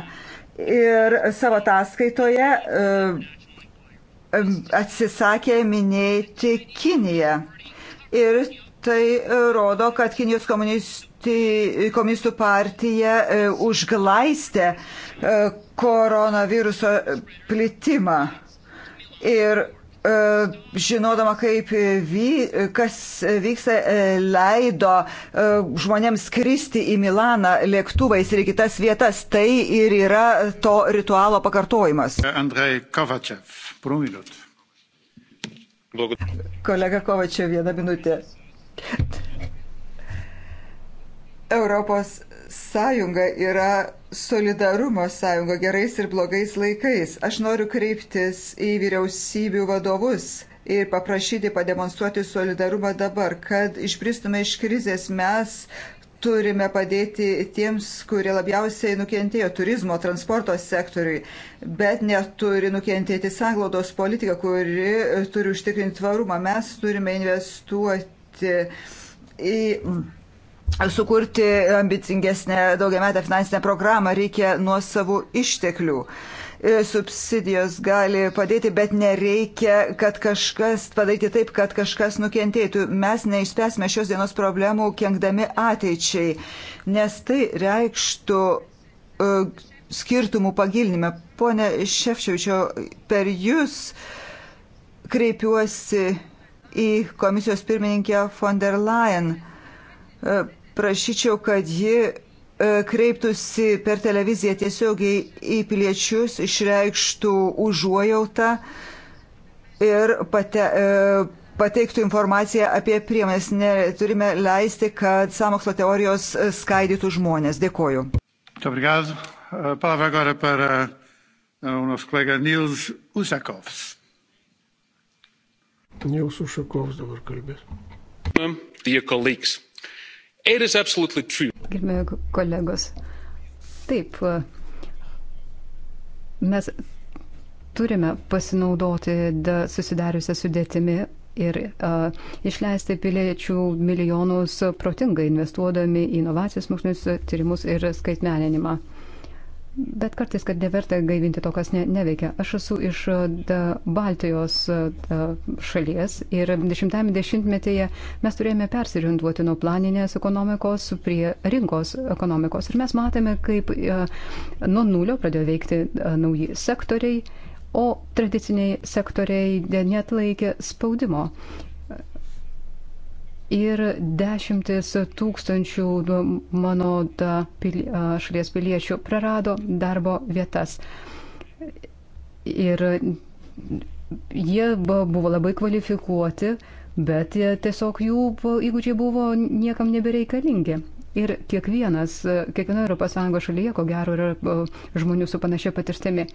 ir savo ataskaitoje atsisakė minėti Kiniją. Ir tai rodo, kad Kinijos komunistų partija užglaistė E, koronaviruso plitimą. Ir e, žinodama, kaip vy, kas vyksta, e, leido žmonėms skristi į Milaną lėktuvais ir į kitas vietas. Tai ir yra to ritualo pakartojimas. Andrei Kovačev, prūminut. Kolega Kovačev, vieną minutę. Europos Sąjunga yra solidarumo sąjunga gerais ir blogais laikais. Aš noriu kreiptis į vyriausybių vadovus ir paprašyti pademonstruoti solidarumą dabar, kad išbristume iš krizės mes. Turime padėti tiems, kurie labiausiai nukentėjo turizmo, transporto sektoriui, bet neturi nukentėti sanglaudos politika, kuri turi užtikrinti tvarumą. Mes turime investuoti į sukurti ambicingesnę daugiametę finansinę programą, reikia nuo savų išteklių. E, subsidijos gali padėti, bet nereikia, kad kažkas padaryti taip, kad kažkas nukentėtų. Mes neišspręsime šios dienos problemų, kenkdami ateičiai, nes tai reikštų uh, skirtumų pagilinimą. Pone Šefčiaučio, per jūs kreipiuosi į komisijos pirmininkę von der Leyen. Uh, prašyčiau, kad ji e, kreiptųsi per televiziją tiesiogiai į piliečius, išreikštų užuojautą ir pate, e, pateiktų informaciją apie priemonės. Turime leisti, kad samokslo teorijos skaidytų žmonės. Dėkoju. Obrigado. Palavra agora para eh, o nosso colega Nils Usakovs. Nils Usakovs dabar kalbės. Dear colleagues, Gerbėjai kolegos, taip, mes turime pasinaudoti susidariusią sudėtimi ir uh, išleisti piliečių milijonus protingai investuodami į inovacijas, mokslinius tyrimus ir skaitmeninimą. Bet kartais, kad neverta gaivinti to, kas ne, neveikia. Aš esu iš e, da, Baltijos e, da, šalies ir 10-ame dešimtmetyje mes turėjome persirinduoti nuo planinės ekonomikos prie rinkos ekonomikos. Ir mes matėme, kaip a, e, nuo nulio pradėjo veikti a, nauji sektoriai, o tradiciniai sektoriai net laikė spaudimo ir dešimtis tūkstančių mano pili, šalies piliečių prarado darbo vietas. Ir jie buvo labai kvalifikuoti, bet tiesiog jų įgūdžiai buvo niekam nebereikalingi. Ir kiekvienas, kiekviena ES šalyje, ko gero, yra žmonių su panašia patirtimi.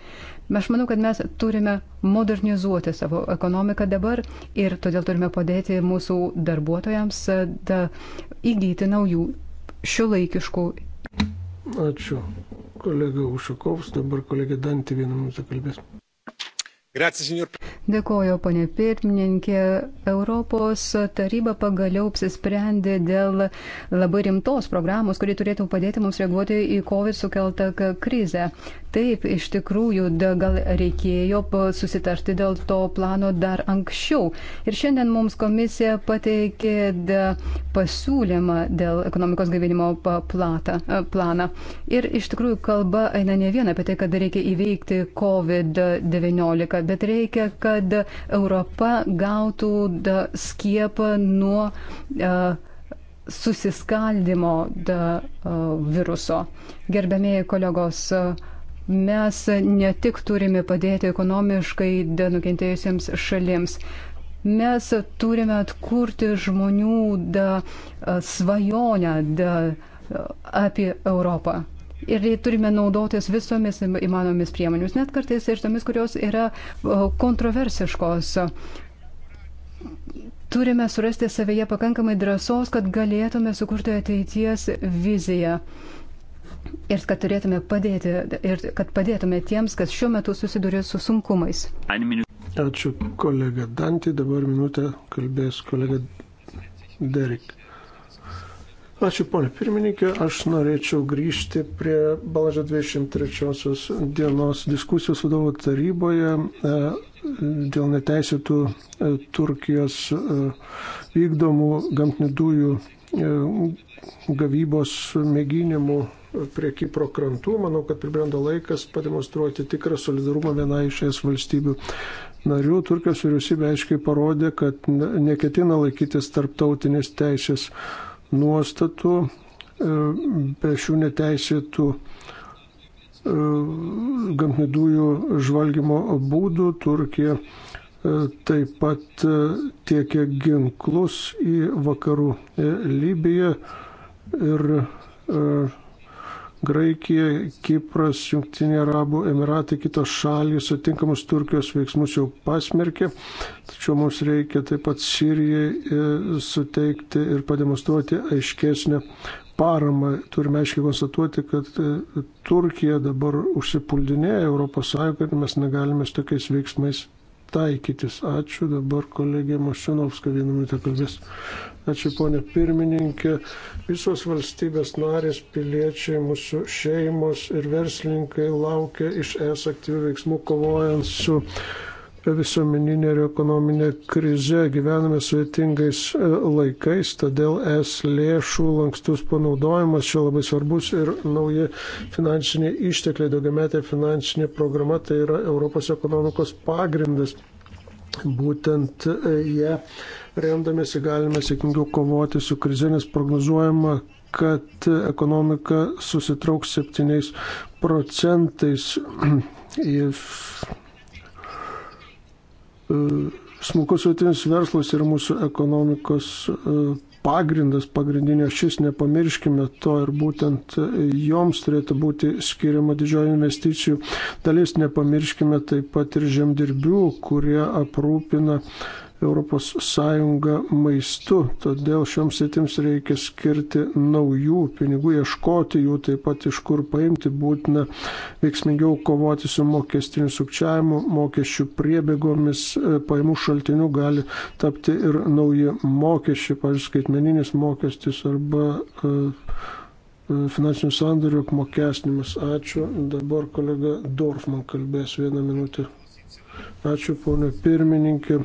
Aš manau, kad mes turime modernizuoti savo ekonomiką dabar ir todėl turime padėti mūsų darbuotojams e, da, įgyti naujų šiuolaikiškų. Ačiū, kolega Ušakovs. Dabar kolega Dantį vieną minutę kalbės. Grazie, signor. Dėkoju, ponė pirmininkė. Europos taryba pagaliau apsisprendė dėl labai rimtos programos, kuri turėtų padėti mums reaguoti į COVID sukeltą krizę. Taip, iš tikrųjų, da, gal reikėjo susitarti dėl to plano dar anksčiau. Ir šiandien mums komisija pateikė da, pasiūlymą dėl ekonomikos gaivinimo plata, planą. Ir iš tikrųjų kalba eina ne vien apie tai, kad reikia įveikti COVID-19, bet reikia, kad Europa gautų da, skiepą nuo. Da, susiskaldimo da, viruso. Gerbėmėjai kolegos, uh, Mes ne tik turime padėti ekonomiškai denukentėjusiems šalims, mes turime atkurti žmonių da, svajonę da, apie Europą. Ir turime naudotis visomis įmanomis priemonėmis, net kartais ir tomis, kurios yra kontroversiškos turime surasti savyje pakankamai drąsos, kad galėtume sukurti ateities viziją ir kad turėtume padėti, ir kad padėtume tiems, kas šiuo metu susiduria su sunkumais. Ačiū kolega Dantį, dabar minutę kalbės kolega Derek. Ačiū ponė pirmininkė, aš norėčiau grįžti prie balandžio 23 dienos diskusijos vadovų taryboje e, dėl neteisėtų e, Turkijos e, vykdomų gamtinių dujų gavybos mėginimų prie Kipro krantų. Manau, kad pribrendo laikas pademonstruoti tikrą solidarumą vienai iš es valstybių narių. Turkijos vyriausybė aiškiai parodė, kad neketina laikytis tarptautinės teisės nuostatų e, be šių neteisėtų e, gamtinių dujų žvalgymo būdų. Turkija e, taip pat tiekia ginklus į vakarų Libiją ir e, Graikija, Kipras, Junktinė Arabų Emiratai, kitos šalys sutinkamus Turkijos veiksmus jau pasmerkė, tačiau mums reikia taip pat Sirijai e, suteikti ir pademonstruoti aiškesnę paramą. Turime aiškiai konstatuoti, kad e, Turkija dabar užsipuldinėja ES ir mes negalime su tokiais veiksmais taikytis. Ačiū dabar kolegė Mašinovska vieną minutę kalbės. Ačiū ponė pirmininkė. Visos valstybės narės, piliečiai, mūsų šeimos ir verslininkai laukia iš es aktyvių veiksmų kovojant su visuomeninė ir ekonominė krize, gyvename sudėtingais e, laikais, todėl es lėšų lankstus panaudojimas čia labai svarbus ir nauji finansiniai ištekliai, daugiametė finansinė programa, tai yra Europos ekonomikos pagrindas. Būtent jie ja, remdamėsi galime sėkmingiau kovoti su krize, nes prognozuojama, kad ekonomika susitrauks 7 procentais. E, smulkus vietinis verslas yra mūsų ekonomikos e, pagrindas, pagrindinė šis, nepamirškime to ir būtent e, joms turėtų būti skiriama didžioji investicijų dalis, nepamirškime taip pat ir žemdirbių, kurie aprūpina uh, ES maistu, todėl šioms sritims reikia skirti naujų pinigų, ieškoti jų, taip pat iš kur paimti, būtina veiksmingiau kovoti su mokestiniu sukčiavimu, mokesčių priebėgomis, e, paimų šaltiniu gali tapti ir nauji mokesčiai, pavyzdžiui, skaitmeninis mokestis arba uh, finansinių sandorių apmokestinimas. Ačiū. Dabar kolega Dorfman kalbės vieną minutę. Ačiū, ponė pirmininkė.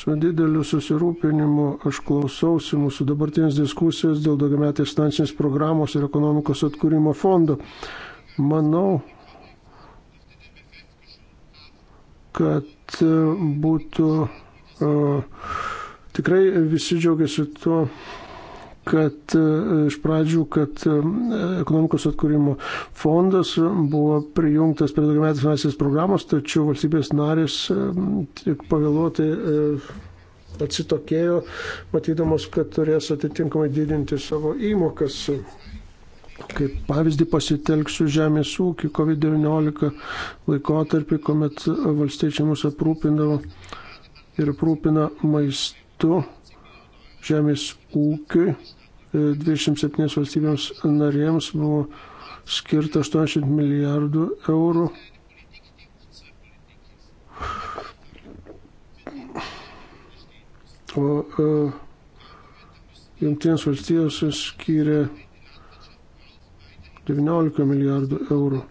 Su dideliu susirūpinimu aš klausausi mūsų dabartinės diskusijos dėl daugiametės finansinės programos ir ekonomikos atkūrimo fondo. Manau, kad e, būtų o, e, tikrai visi džiaugiasi tuo kad e, iš pradžių, kad e, ekonomikos atkūrimo fondas buvo prijungtas prie daugiametės finansinės programos, tačiau valstybės narės e, tik pavėluotai atsitokėjo, matydamos, kad turės atitinkamai didinti savo įmokas. Kaip pavyzdį pasitelksiu žemės ūkį COVID-19 laikotarpį, kuomet valstiečiai mus aprūpindavo ir aprūpina maistu žemės ūkiui 27 valstybėms narėms buvo skirta 80 milijardų eurų. O uh, e, Junktinės valstijos skyrė 19 milijardų eurų.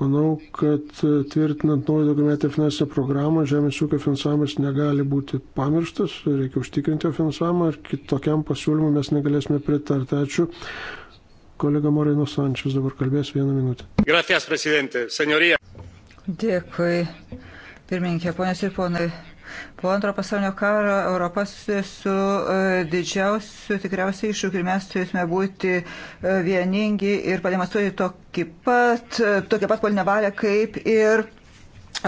Manau, kad e, tvirtinant naują daugiametę finansinę programą, žemės ūkio finansavimas negali būti pamirštas, reikia užtikrinti jo finansavimą ir kitokiam pasiūlymui mes negalėsime pritarti. Ačiū. Kolega Moreno Sančius dabar kalbės vieną minutę. Gracias, prezidente. Senorija. Dėkui, pirmininkė, ponės ir ponai. Po antro pasaulinio karo Europa susidė su e, didžiausiu tikriausiai iššūkiu ir mes turėsime būti e, vieningi ir pademonstruoti tokį pat, e, tokią pat politinę valią kaip ir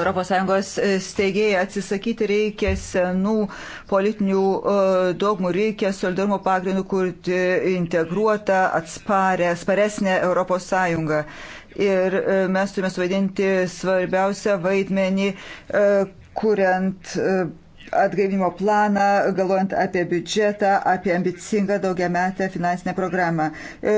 ES steigėjai atsisakyti reikia senų politinių dogmų, reikia solidarumo pagrindų kurti integruotą, atsparę, sparesnę ES. Ir mes turime suvaidinti svarbiausią vaidmenį kuriant e, atgaivinimo planą, galvojant apie biudžetą, apie ambicingą daugiametę finansinę programą. E,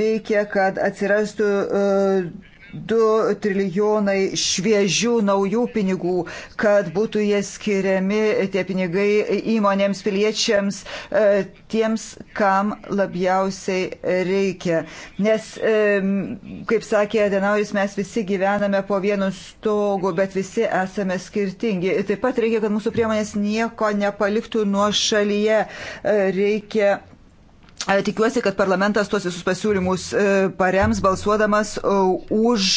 reikia, kad atsirastų e, 2 trilijonai šviežių naujų pinigų, kad būtų jie skiriami tie pinigai įmonėms, piliečiams, e, tiems, kam labiausiai reikia. Nes, e, kaip sakė Adenauris, mes visi gyvename po vienu stogu, bet visi esame skirtingi. Taip pat reikia, kad mūsų priemonės nieko nepaliktų nuo šalyje. E, reikia E, tikiuosi, kad parlamentas tuos visus pasiūlymus e, parems balsuodamas e, už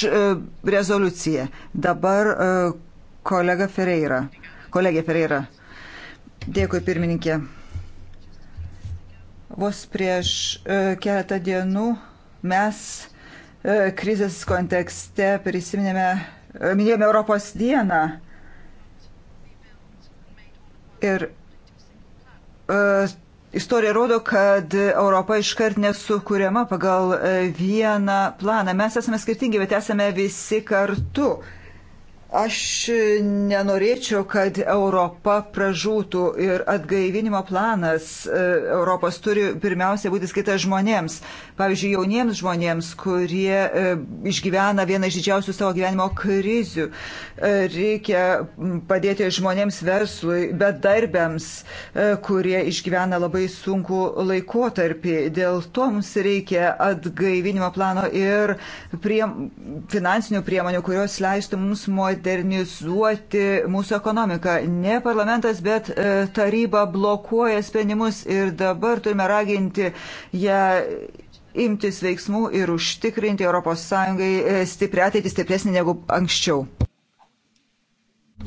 rezoliuciją. Dabar kolega Ferreira. Kolegė Ferreira. Dėkui, pirmininkė. Vos prieš keletą dienų mes krizės kontekste prisiminėme, minėjome Europos dieną. Ir Istorija rodo, kad Europa iškart nesukūriama pagal e, vieną planą. Mes esame skirtingi, bet esame visi kartu. Aš e, nenorėčiau, kad Europa pražūtų ir atgaivinimo planas e, Europos turi pirmiausia būti skaitas žmonėms pavyzdžiui, jauniems žmonėms, kurie e, išgyvena vieną iš didžiausių savo gyvenimo krizių. E, reikia padėti žmonėms verslui, bedarbiams, e, kurie išgyvena labai sunku laikotarpį. Dėl to mums reikia atgaivinimo plano ir prie, finansinių priemonių, kurios leistų mums modernizuoti mūsų ekonomiką. Ne parlamentas, bet taryba blokuoja sprendimus ir dabar turime raginti ją imtis veiksmų ir užtikrinti ES e, stiprią ateitį stipresnį negu anksčiau.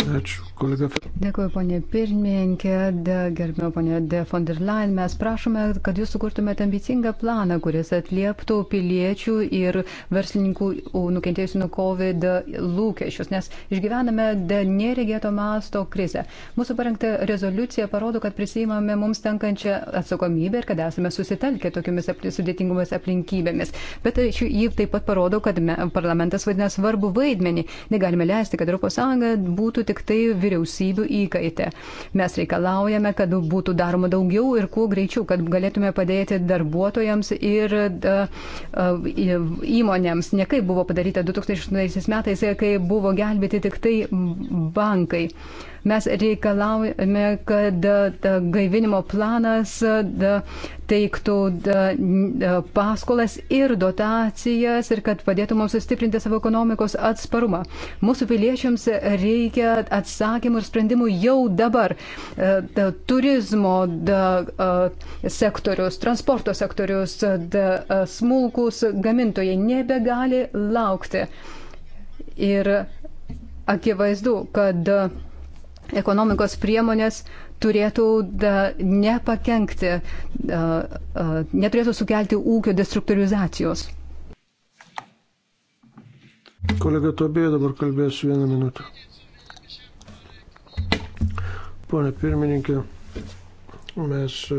Ačiū, kolega. Dėkuoju, ponė pirmininkė, gerbėjo ponė De von der Leyen. Mes prašome, kad jūs sukurtumėte ambicingą planą, kuris atlieptų piliečių ir verslininkų nukentėjusių nuo COVID lūkesčius, nes išgyvename neregėto masto krizę. Mūsų parengta rezoliucija parodo, kad prisimame mums tenkančią atsakomybę ir kad esame susitelkę tokiamis apli sudėtingomis aplinkybėmis. Bet tai ji taip pat parodo, kad me, parlamentas vadina svarbu vaidmenį. Negalime leisti, kad ES būtų tik tai vyriausybių įkaitė. Mes reikalaujame, kad būtų daroma daugiau ir kuo greičiau, kad galėtume padėti darbuotojams ir įmonėms, ne kaip buvo padaryta 2008 metais, kai buvo gelbėti tik tai bankai. Mes reikalaujame, kad e, gaivinimo planas e, teiktų e, paskolas ir dotacijas ir kad padėtų mums sustiprinti savo ekonomikos atsparumą. Mūsų piliečiams reikia atsakymų ir sprendimų jau dabar. Turizmo sektorius, transporto sektorius, smulkus gamintojai nebegali laukti. Ir akivaizdu, kad ekonomikos priemonės turėtų da, nepakenkti, da, a, neturėtų sukelti ūkio destruktūrizacijos. Kolega Tobėja dabar kalbėsiu vieną minutę. Pone pirmininkė, mes e,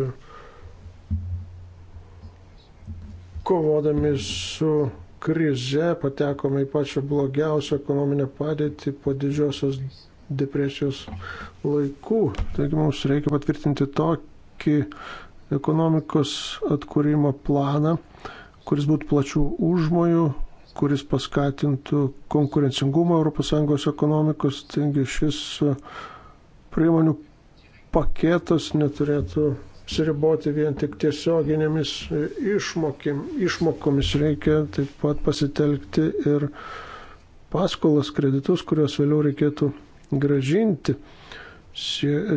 kovodami su krize patekome į pačią blogiausią ekonominę padėtį po didžiosios depresijos laikų. Taigi mums reikia patvirtinti tokį ekonomikos atkūrimo planą, kuris būtų plačių užmojų, kuris paskatintų konkurencingumą ES ekonomikos. Taigi šis priemonių paketas neturėtų apsiriboti vien tik tiesioginėmis išmokim, išmokomis. Reikia taip pat pasitelkti ir paskolas kreditus, kuriuos vėliau reikėtų gražinti,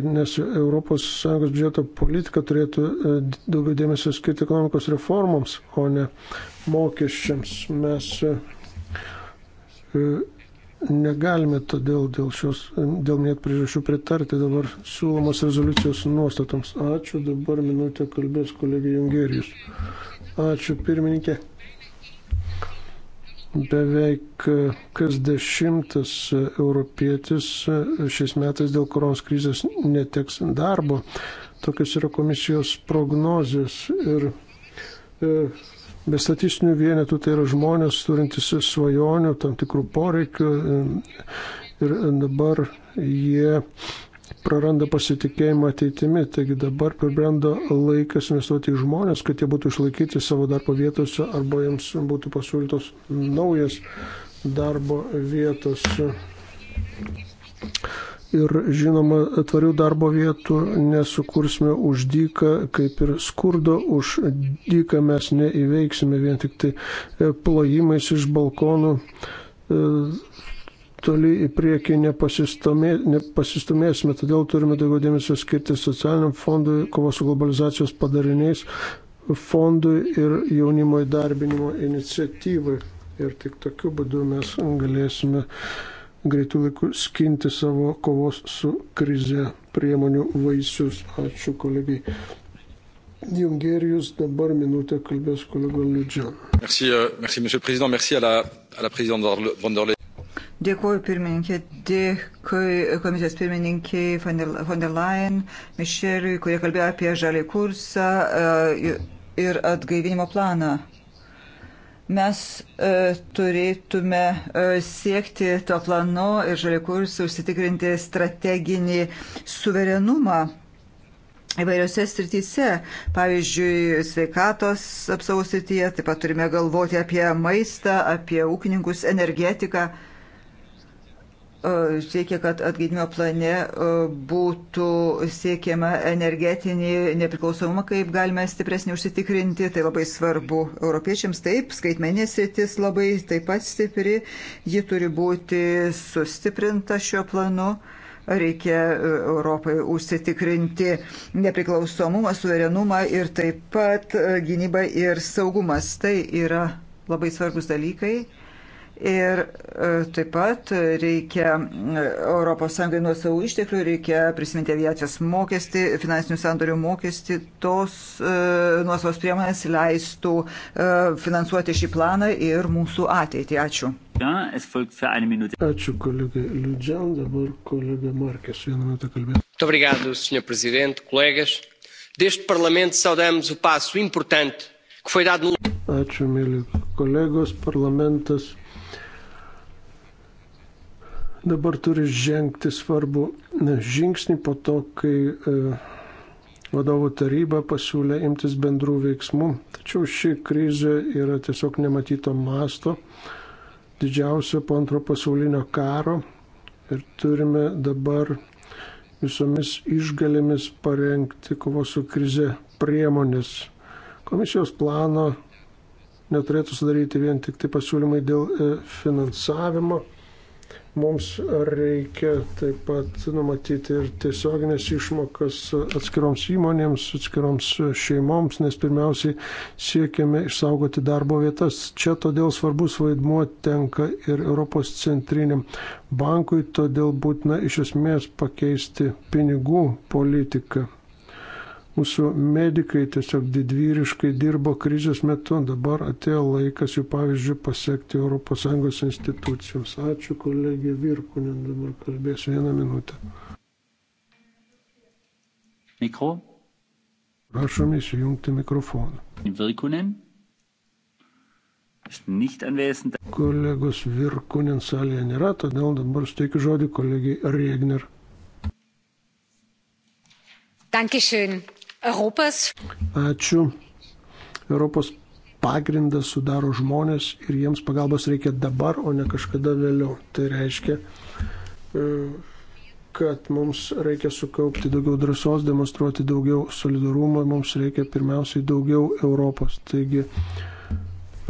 nes ES biudžeto politika turėtų e, daugiau dėmesio skirti ekonomikos reformoms, o ne mokesčiams. Mes e, e, negalime todėl dėl šios, dėl net priežasčių pritarti dabar siūlomos rezoliucijos nuostatoms. Ačiū, dabar minutę kalbės kolegė Jungerijus. Ačiū, pirmininkė. Beveik kas dešimtas europietis šiais metais dėl koronos krizės neteks darbo. Tokios yra komisijos prognozijos. Ir e, be statistinių vienetų tai yra žmonės turintys svajonių, tam tikrų poreikių. E, ir dabar jie praranda pasitikėjimą ateitimi. Taigi dabar pribrendo laikas investuoti į žmonės, kad jie būtų išlaikyti savo darbo vietose arba jiems būtų pasiūlytos naujas darbo vietos. Ir žinoma, tvarių darbo vietų nesukursime už dyką, kaip ir skurdo už dyką mes neįveiksime vien tik tai plojimais iš balkonų toli į priekį nepasistumė, nepasistumėsime, todėl turime daugiau dėmesio skirti socialiniam fondui, kovos su globalizacijos padariniais fondui ir jaunimo įdarbinimo iniciatyvai. Ir tik tokiu būdu mes galėsime greitų laikų skinti savo kovos su krize priemonių vaisius. Ačiū kolegai. Jungerijus dabar minutę kalbės kolega Liudžian. Merci, euh, merci, monsieur le président, merci à la, à la présidente von der Leyen. Dėkuoju pirmininkė, dėkui komisijos pirmininkiai von der Leyen, Mišeliui, kurie kalbėjo apie žalį kursą e, ir atgaivinimo planą. Mes e, turėtume e, siekti to plano ir žalį kursą užsitikrinti strateginį suverenumą įvairiose srityse, pavyzdžiui, sveikatos apsaugos srityje, taip pat turime galvoti apie maistą, apie ūkininkus, energetiką. E, siekia, kad atgaivinimo plane e, būtų siekiama energetinį nepriklausomumą, kaip galime stipresnį užsitikrinti. Tai labai svarbu europiečiams. Taip, skaitmenės sritis labai taip pat stipri. Ji turi būti sustiprinta šiuo planu. Reikia e, Europai užsitikrinti nepriklausomumą, suverenumą ir taip pat gynyba ir saugumas. Tai yra labai svarbus dalykai Ir e, taip pat reikia ES nuo savo išteklių, reikia prisiminti aviacijos mokestį, finansinių sandorių mokestį, tos e, nuosavos priemonės leistų e, finansuoti šį planą ir mūsų ateitį. Ačiū. Ačiū kolegai Liudžian, dabar kolegė Markės vieną minutę kalbėjo. Obrigado, senhor presidente, colegas. Deste parlamento saudamos o passo importante que foi dado no. Ačiū, mėly kolegos, parlamentas dabar turi žengti svarbu žingsnį po to, kai e, vadovų taryba pasiūlė imtis bendrų veiksmų. Tačiau ši krizė yra tiesiog nematyto masto, didžiausio po antro pasaulinio karo ir turime dabar visomis išgalėmis parengti kovos su krize priemonės. Komisijos plano neturėtų sudaryti vien tik tai pasiūlymai dėl e, finansavimo Mums reikia taip pat numatyti ir tiesioginės išmokas atskiroms įmonėms, atskiroms šeimoms, nes pirmiausiai siekiame išsaugoti darbo vietas. Čia todėl svarbus vaidmuo tenka ir Europos centriniam bankui, todėl būtina iš esmės pakeisti pinigų politiką. Mūsų medikai tiesiog didvyriškai dirbo krizės metu, dabar atėjo laikas jų pavyzdžių pasiekti ES institucijoms. Ačiū kolegė Virkunė, dabar kalbės vieną minutę. Mikro. Prašom įsijungti mikrofoną. Virkunen. Kolegos Virkunen salėje nėra, todėl dabar steikiu žodį kolegijai Regner. Dankeschön. Europas. Ačiū. Europos pagrindas sudaro žmonės ir jiems pagalbos reikia dabar, o ne kažkada vėliau. Tai reiškia, e, kad mums reikia sukaupti daugiau drąsos, demonstruoti daugiau solidarumo, mums reikia pirmiausiai daugiau Europos. Taigi,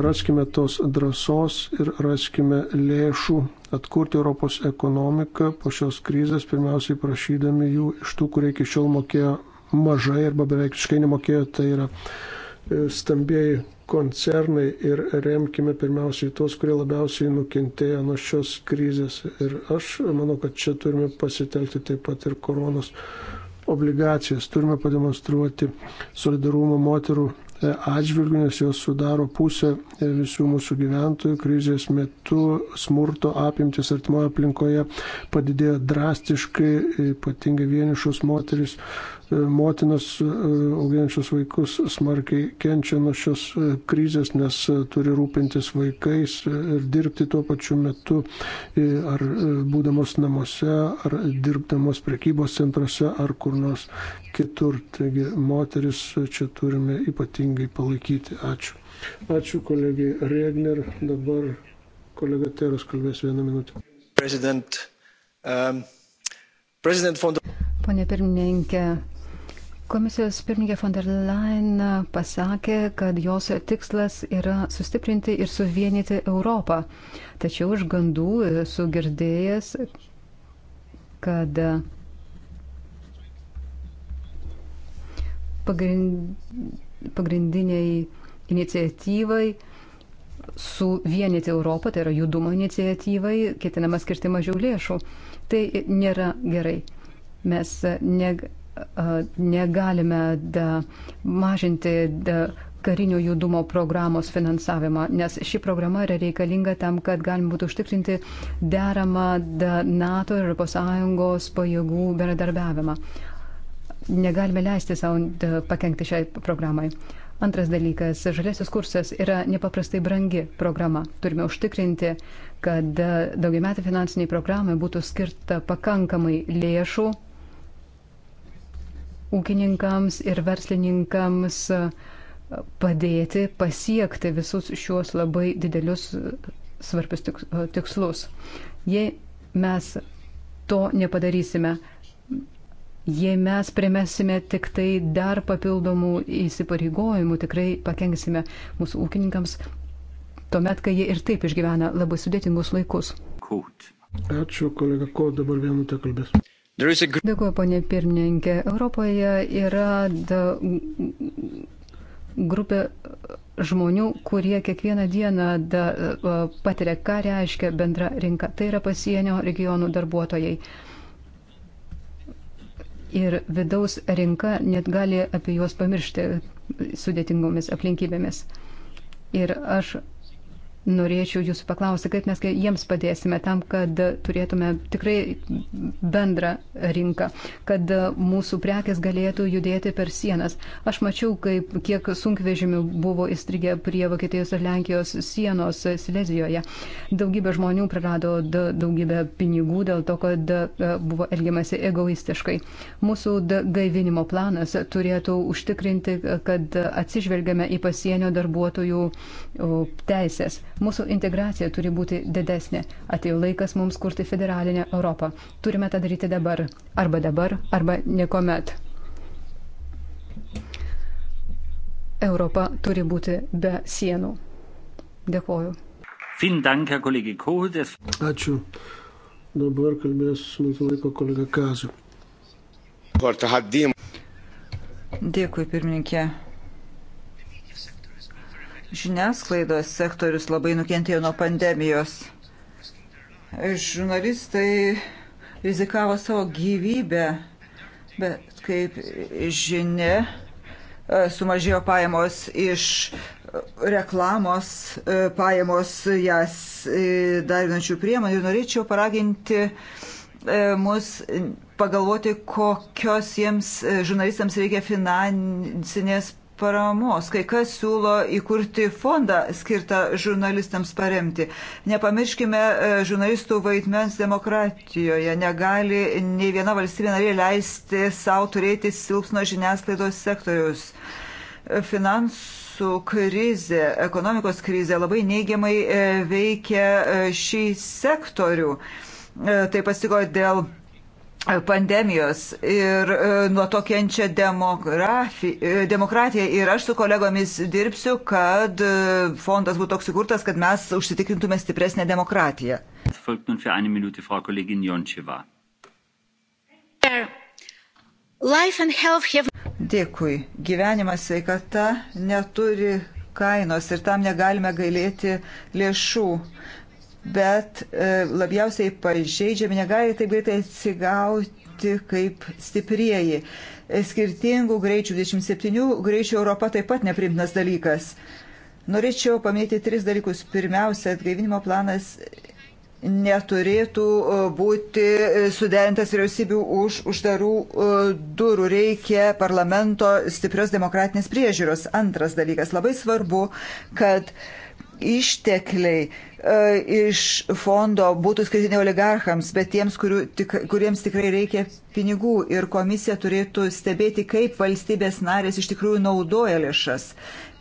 raskime tos drąsos ir raskime lėšų atkurti Europos ekonomiką po šios krizės, pirmiausiai prašydami jų iš tų, kurie iki šiol mokėjo mažai arba beveik visiškai nemokėjo, tai yra e, stambėjai koncernai ir remkime pirmiausiai tuos, kurie labiausiai nukentėjo nuo šios krizės. Ir aš manau, kad čia turime pasitelkti taip pat ir koronos obligacijas. Turime pademonstruoti solidarumą moterų e, atžvilgių, nes jos sudaro pusę e, visų mūsų gyventojų. Krizės metu smurto apimtis artimoje aplinkoje padidėjo drastiškai, ypatingai vienišos moteris motinos e, auginančios vaikus smarkiai kenčia nuo šios e, krizės, nes e, turi rūpintis vaikais ir dirbti tuo pačiu metu, ar būdamos namuose, ar dirbdamos prekybos centruose, ar kur nors kitur. Taigi moteris čia turime ypatingai palaikyti. Ačiū. Ačiū kolegijai Regner. Dabar kolega Teras kalbės vieną minutę. President, um, President Fondo... Pone pirmininkė, Komisijos pirmininkė von der Leyen pasakė, kad jos tikslas yra sustiprinti ir suvienyti Europą. Tačiau iš gandų esu girdėjęs, kad pagrindiniai iniciatyvai suvienyti Europą, tai yra judumo iniciatyvai, ketinama skirti mažiau lėšų. Tai nėra gerai. Mes ne, negalime da, mažinti da, karinio judumo programos finansavimą, nes ši programa yra reikalinga tam, kad galim būtų užtikrinti deramą da, NATO ir ES pajėgų bendradarbiavimą. Negalime leisti savo pakengti šiai programai. Antras dalykas - žaliasis kursas yra nepaprastai brangi programa. Turime užtikrinti, kad daugiametė finansiniai programai būtų skirta pakankamai lėšų ūkininkams ir verslininkams padėti pasiekti visus šios labai didelius svarbius tikslus. Jei mes to nepadarysime, jei mes primesime tik tai dar papildomų įsipareigojimų, tikrai pakenksime mūsų ūkininkams, tuomet, kai jie ir taip išgyvena labai sudėtingus laikus. Ačiū, kolega Ko, dabar vienu te kalbės. Dėkuoju, ponė pirmininkė. Europoje yra da, grupė žmonių, kurie kiekvieną dieną da, patiria, ką reiškia bendra rinka. Tai yra pasienio regionų darbuotojai. Ir vidaus rinka net gali apie juos pamiršti sudėtingomis aplinkybėmis. Ir aš Norėčiau jūsų paklausti, kaip mes jiems padėsime tam, kad turėtume tikrai bendrą rinką, kad mūsų prekes galėtų judėti per sienas. Aš mačiau, kaip, kiek sunkvežimių buvo įstrigę prie Vokietijos ir Lenkijos sienos Silezijoje. Daugybė žmonių prarado daugybę pinigų dėl to, kad e, buvo elgiamasi egoistiškai. Mūsų gaivinimo planas turėtų užtikrinti, kad atsižvelgiame į pasienio darbuotojų teisės Mūsų integracija turi būti didesnė. Atėjo laikas mums kurti federalinę Europą. Turime tą daryti dabar. Arba dabar, arba niekuomet. Europa turi būti be sienų. Dėkoju. Ačiū. Dabar kalbės mūsų laiko kolega Kazu. Dėkui, pirmininkė. Žiniasklaidos sektorius labai nukentėjo nuo pandemijos. Žurnalistai rizikavo savo gyvybę, bet kaip žinia, sumažėjo pajamos iš reklamos, pajamos jas darinančių priemonių. Norėčiau paraginti e, mus pagalvoti, kokios jiems žurnalistams reikia finansinės paramos. Kai kas siūlo įkurti fondą skirtą žurnalistams paremti. Nepamirškime e, žurnalistų vaidmens demokratijoje. Negali nei viena valstybė narė leisti savo turėti silpno žiniasklaidos sektorius. Finansų finansų krizė, ekonomikos krizė labai neigiamai e, veikia e, šį sektorių. Tai pasiko dėl pandemijos ir e, nuo to kenčia e, demokratija. Ir aš su kolegomis dirbsiu, kad e, fondas būtų toks įkurtas, kad mes užsitikrintume stipresnę demokratiją. Dėkui. Gyvenimas sveikata neturi kainos ir tam negalime gailėti lėšų bet e, labiausiai pažeidžiami negali taip greitai atsigauti kaip stiprieji. E, skirtingų greičių, 27 greičių Europa taip pat neprimtinas dalykas. Norėčiau paminėti tris dalykus. Pirmiausia, atgaivinimo planas neturėtų e, būti suderintas vyriausybių už uždarų durų. Reikia parlamento stiprios demokratinės priežiūros. Antras dalykas. Labai svarbu, kad ištekliai E, iš fondo būtų skirti ne oligarchams, bet tiems, kurių, tik, kuriems tikrai reikia pinigų ir komisija turėtų stebėti, kaip valstybės narės iš tikrųjų naudoja lėšas.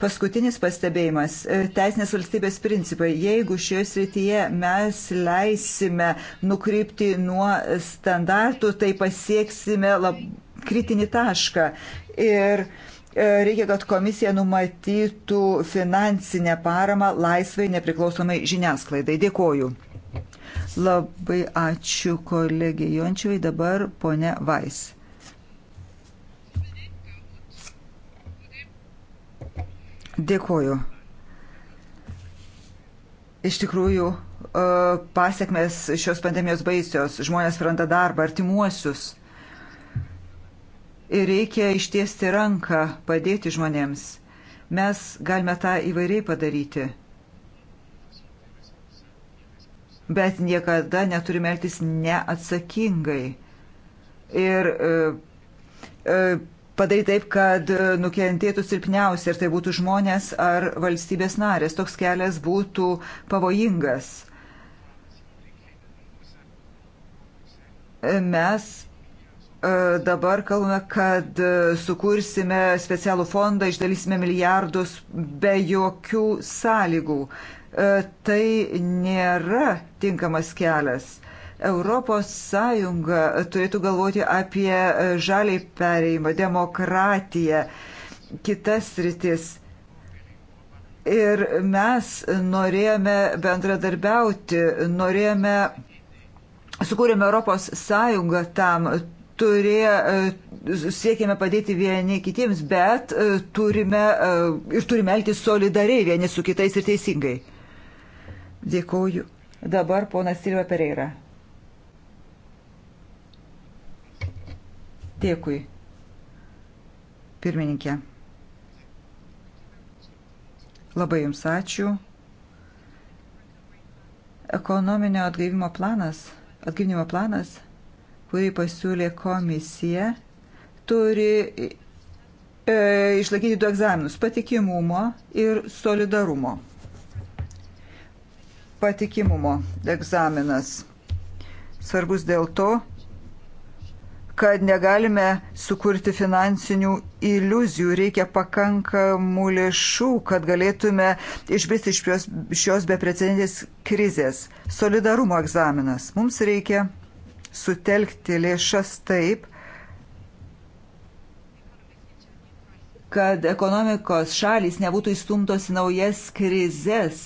Paskutinis pastebėjimas - e, teisinės valstybės principai. Jeigu šioje srityje mes leisime nukrypti nuo standartų, tai pasieksime lab... kritinį tašką. Ir uh, E, reikia, kad komisija numatytų finansinę paramą laisvai nepriklausomai žiniasklaidai. Dėkoju. Labai ačiū kolegė Jončiui, dabar ponia Vais. Dėkoju. Iš tikrųjų, e, pasiekmes šios pandemijos baisios. Žmonės praranda darbą, artimuosius ir reikia ištiesti ranką, padėti žmonėms. Mes galime tą įvairiai padaryti. Bet niekada neturime elgtis neatsakingai. Ir e, e, padaryti taip, kad e, nukentėtų silpniausi, ar tai būtų žmonės ar valstybės narės. Toks kelias būtų pavojingas. Mes E, dabar kalbame, kad e, sukursime specialų fondą, išdalysime milijardus be jokių sąlygų. E, tai nėra tinkamas kelias. Europos Sąjunga turėtų galvoti apie žaliai perėjimą, demokratiją, kitas rytis. Ir mes norėjome bendradarbiauti, norėjome, sukūrėme Europos Sąjungą tam, turėję, e, siekime padėti vieni kitiems, bet e, turime e, ir turime elgtis solidariai vieni su kitais ir teisingai. Dėkoju. Dabar ponas Silva Pereira. Dėkui. Pirmininkė. Labai Jums ačiū. Ekonominio atgaivimo planas, atgaivinimo planas kurį pasiūlė komisija, turi e, išlaikyti du egzaminus - patikimumo ir solidarumo. Patikimumo egzaminas svarbus dėl to, kad negalime sukurti finansinių iliuzijų, reikia pakankamų lėšų, kad galėtume išbristi iš šios, šios beprecedentės krizės. Solidarumo egzaminas. Mums reikia sutelkti lėšas taip, kad ekonomikos šalys nebūtų įstumtos į naujas krizės.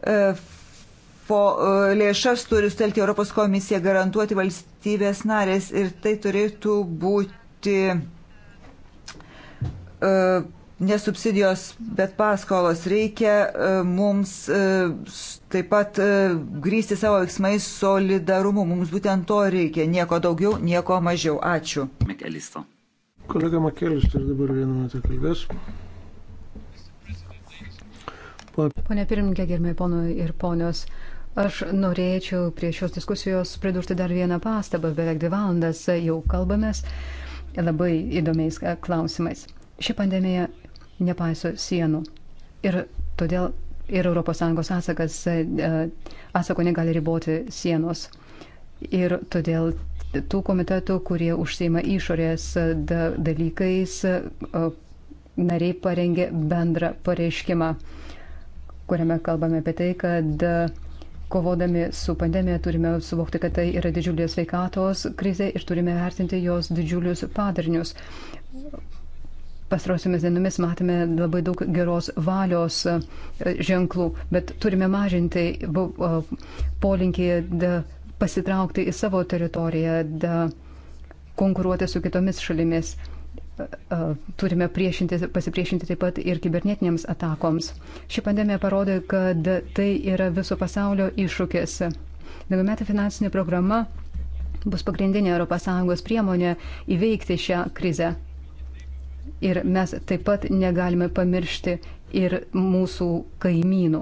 Po e, e, lėšas turi stelti Europos komisija garantuoti valstybės narės ir tai turėtų būti uh, ne subsidijos, bet paskolos. Reikia e, mums e, taip pat e, grįsti savo veiksmais solidarumu. Mums būtent to reikia. Nieko daugiau, nieko mažiau. Ačiū. Mikelisto. Kolega Makelis, tai dabar vieną minutę kalbės. Pone pirmininkė, gerbėjai ponai ir ponios. Aš norėčiau prie šios diskusijos pridurti dar vieną pastabą. Beveik dvi valandas jau kalbamės labai įdomiais klausimais. Ši pandemija nepaiso sienų. Ir todėl ir ES atsakas, e, atsako negali riboti sienos. Ir todėl tų komitetų, kurie užsieima išorės e, dalykais, e, nariai parengė bendrą pareiškimą, kuriame kalbame apie tai, kad kovodami su pandemija turime suvokti, kad tai yra didžiulė sveikatos krizė ir turime vertinti jos didžiulius padarinius pastrausiamis dienomis matome labai daug geros valios e, ženklų, bet turime mažinti e, polinkį pasitraukti į savo teritoriją, konkuruoti su kitomis šalimis. E, turime pasipriešinti taip pat ir kibernetinėms atakoms. Ši pandemija parodė, kad tai yra viso pasaulio iššūkis. Daugiametė finansinė programa bus pagrindinė ES priemonė įveikti šią krizę. Ir mes taip pat negalime pamiršti ir mūsų kaimynų.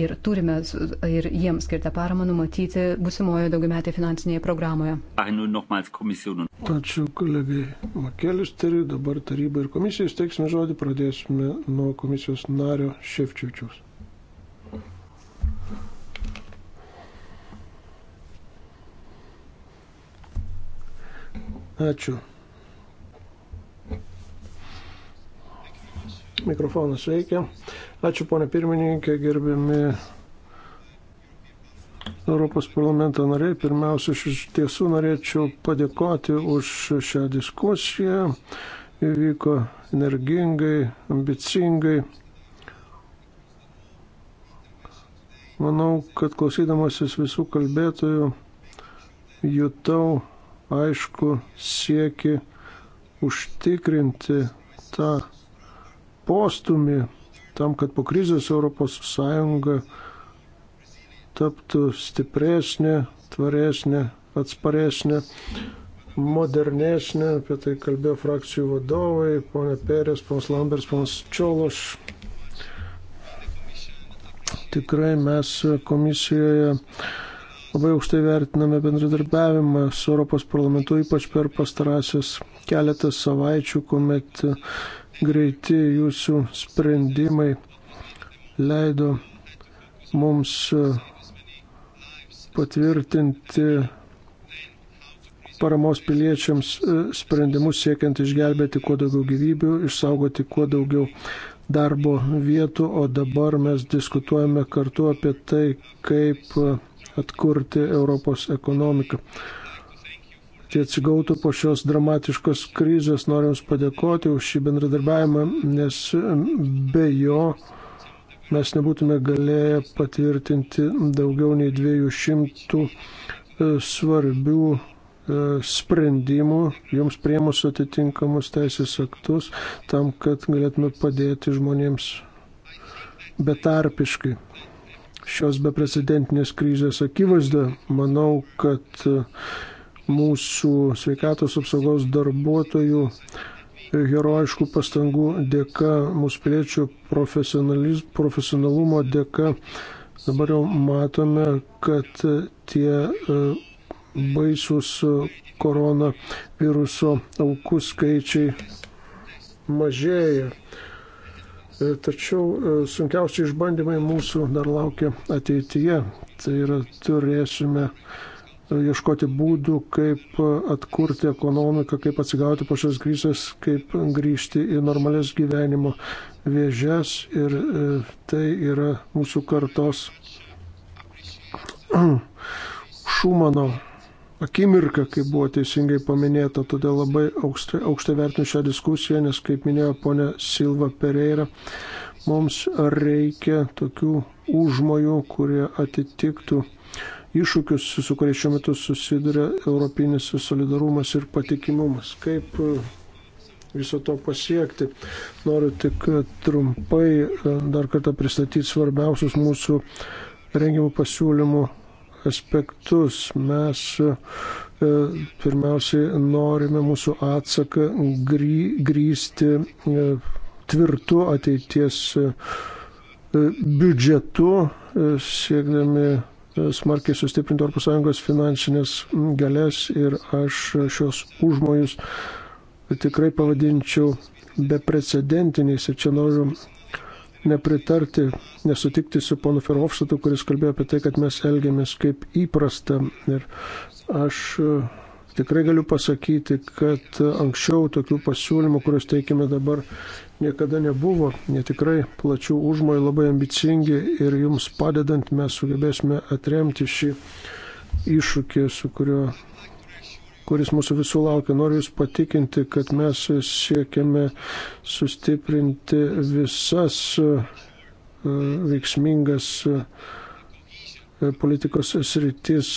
Ir turime ir jiems skirtą paramą numatyti busimojo daugiametėje finansinėje programoje. Ačiū kolegai Makelisteriui, dabar taryba ir komisija įsteigsime žodį, pradėsime nuo komisijos nario Ševčiučius. Ačiū. Mikrofonas veikia. Ačiū, ponė pirmininkė, gerbiami Europos parlamento nariai. Pirmiausia, aš iš tiesų norėčiau padėkoti už šią diskusiją. Įvyko energingai, ambicingai. Manau, kad klausydamasis visų kalbėtojų jutau aišku sieki užtikrinti tą postumį tam, kad po krizės ES taptų stipresnė, tvaresnė, atsparesnė, modernesnė, apie tai kalbėjo frakcijų vadovai, ponė Perės, ponas Lambers, ponas Čiološ. Tikrai mes komisijoje labai aukštai vertiname bendradarbiavimą su Europos parlamentu, ypač per pastarąsias keletą savaičių, kuomet greiti jūsų sprendimai leido mums e, patvirtinti paramos piliečiams e, sprendimus siekiant išgelbėti kuo daugiau gyvybių, išsaugoti kuo daugiau darbo vietų, o dabar mes diskutuojame kartu apie tai, kaip e, atkurti Europos ekonomiką tie atsigautų po šios dramatiškos krizės. Noriu Jums padėkoti už šį bendradarbiavimą, nes be jo mes nebūtume galėję patvirtinti daugiau nei 200 e, svarbių e, sprendimų, jums priemus atitinkamus teisės aktus, tam, kad galėtume padėti žmonėms betarpiškai. Šios beprecedentinės krizės akivaizda, manau, kad mūsų sveikatos apsaugos darbuotojų herojiškų pastangų dėka, mūsų piliečių profesionalumo dėka. Dabar jau matome, kad tie e, baisus koronaviruso aukų skaičiai mažėja. E, tačiau e, sunkiausi išbandymai mūsų dar laukia ateityje. Tai yra turėsime uh, ieškoti būdų, kaip atkurti ekonomiką, kaip atsigauti po šios krizės, kaip grįžti į normales gyvenimo vėžes. Ir e, tai yra mūsų kartos Šumano akimirka, kaip buvo teisingai paminėta. Todėl labai aukštai, aukštai vertinu šią diskusiją, nes, kaip minėjo ponė Silva Pereira, mums reikia tokių užmojų, kurie atitiktų iššūkius, su kuriais šiuo metu susiduria europinis solidarumas ir patikimumas. Kaip e, viso to pasiekti. Noriu tik e, trumpai e, dar kartą pristatyti svarbiausius mūsų rengimų pasiūlymų aspektus. Mes pirmiausiai norime mūsų atsaką gry, grįsti tvirtu ateities biudžetu, siekdami smarkiai sustiprinti ES finansinės galės ir aš šios užmojus tikrai pavadinčiau beprecedentiniais ir čia noriu nepritarti, nesutikti su ponu Ferovšatu, kuris kalbėjo apie tai, kad mes elgiamės kaip įprasta. Ir aš Tikrai galiu pasakyti, kad anksčiau tokių pasiūlymų, kuriuos teikime dabar, niekada nebuvo. Jie tikrai plačių užmojų labai ambicingi ir jums padedant mes sugebėsime atremti šį iššūkį, su kurio, kuris mūsų visų laukia. Noriu jūs patikinti, kad mes siekiame sustiprinti visas e, veiksmingas e, politikos sritis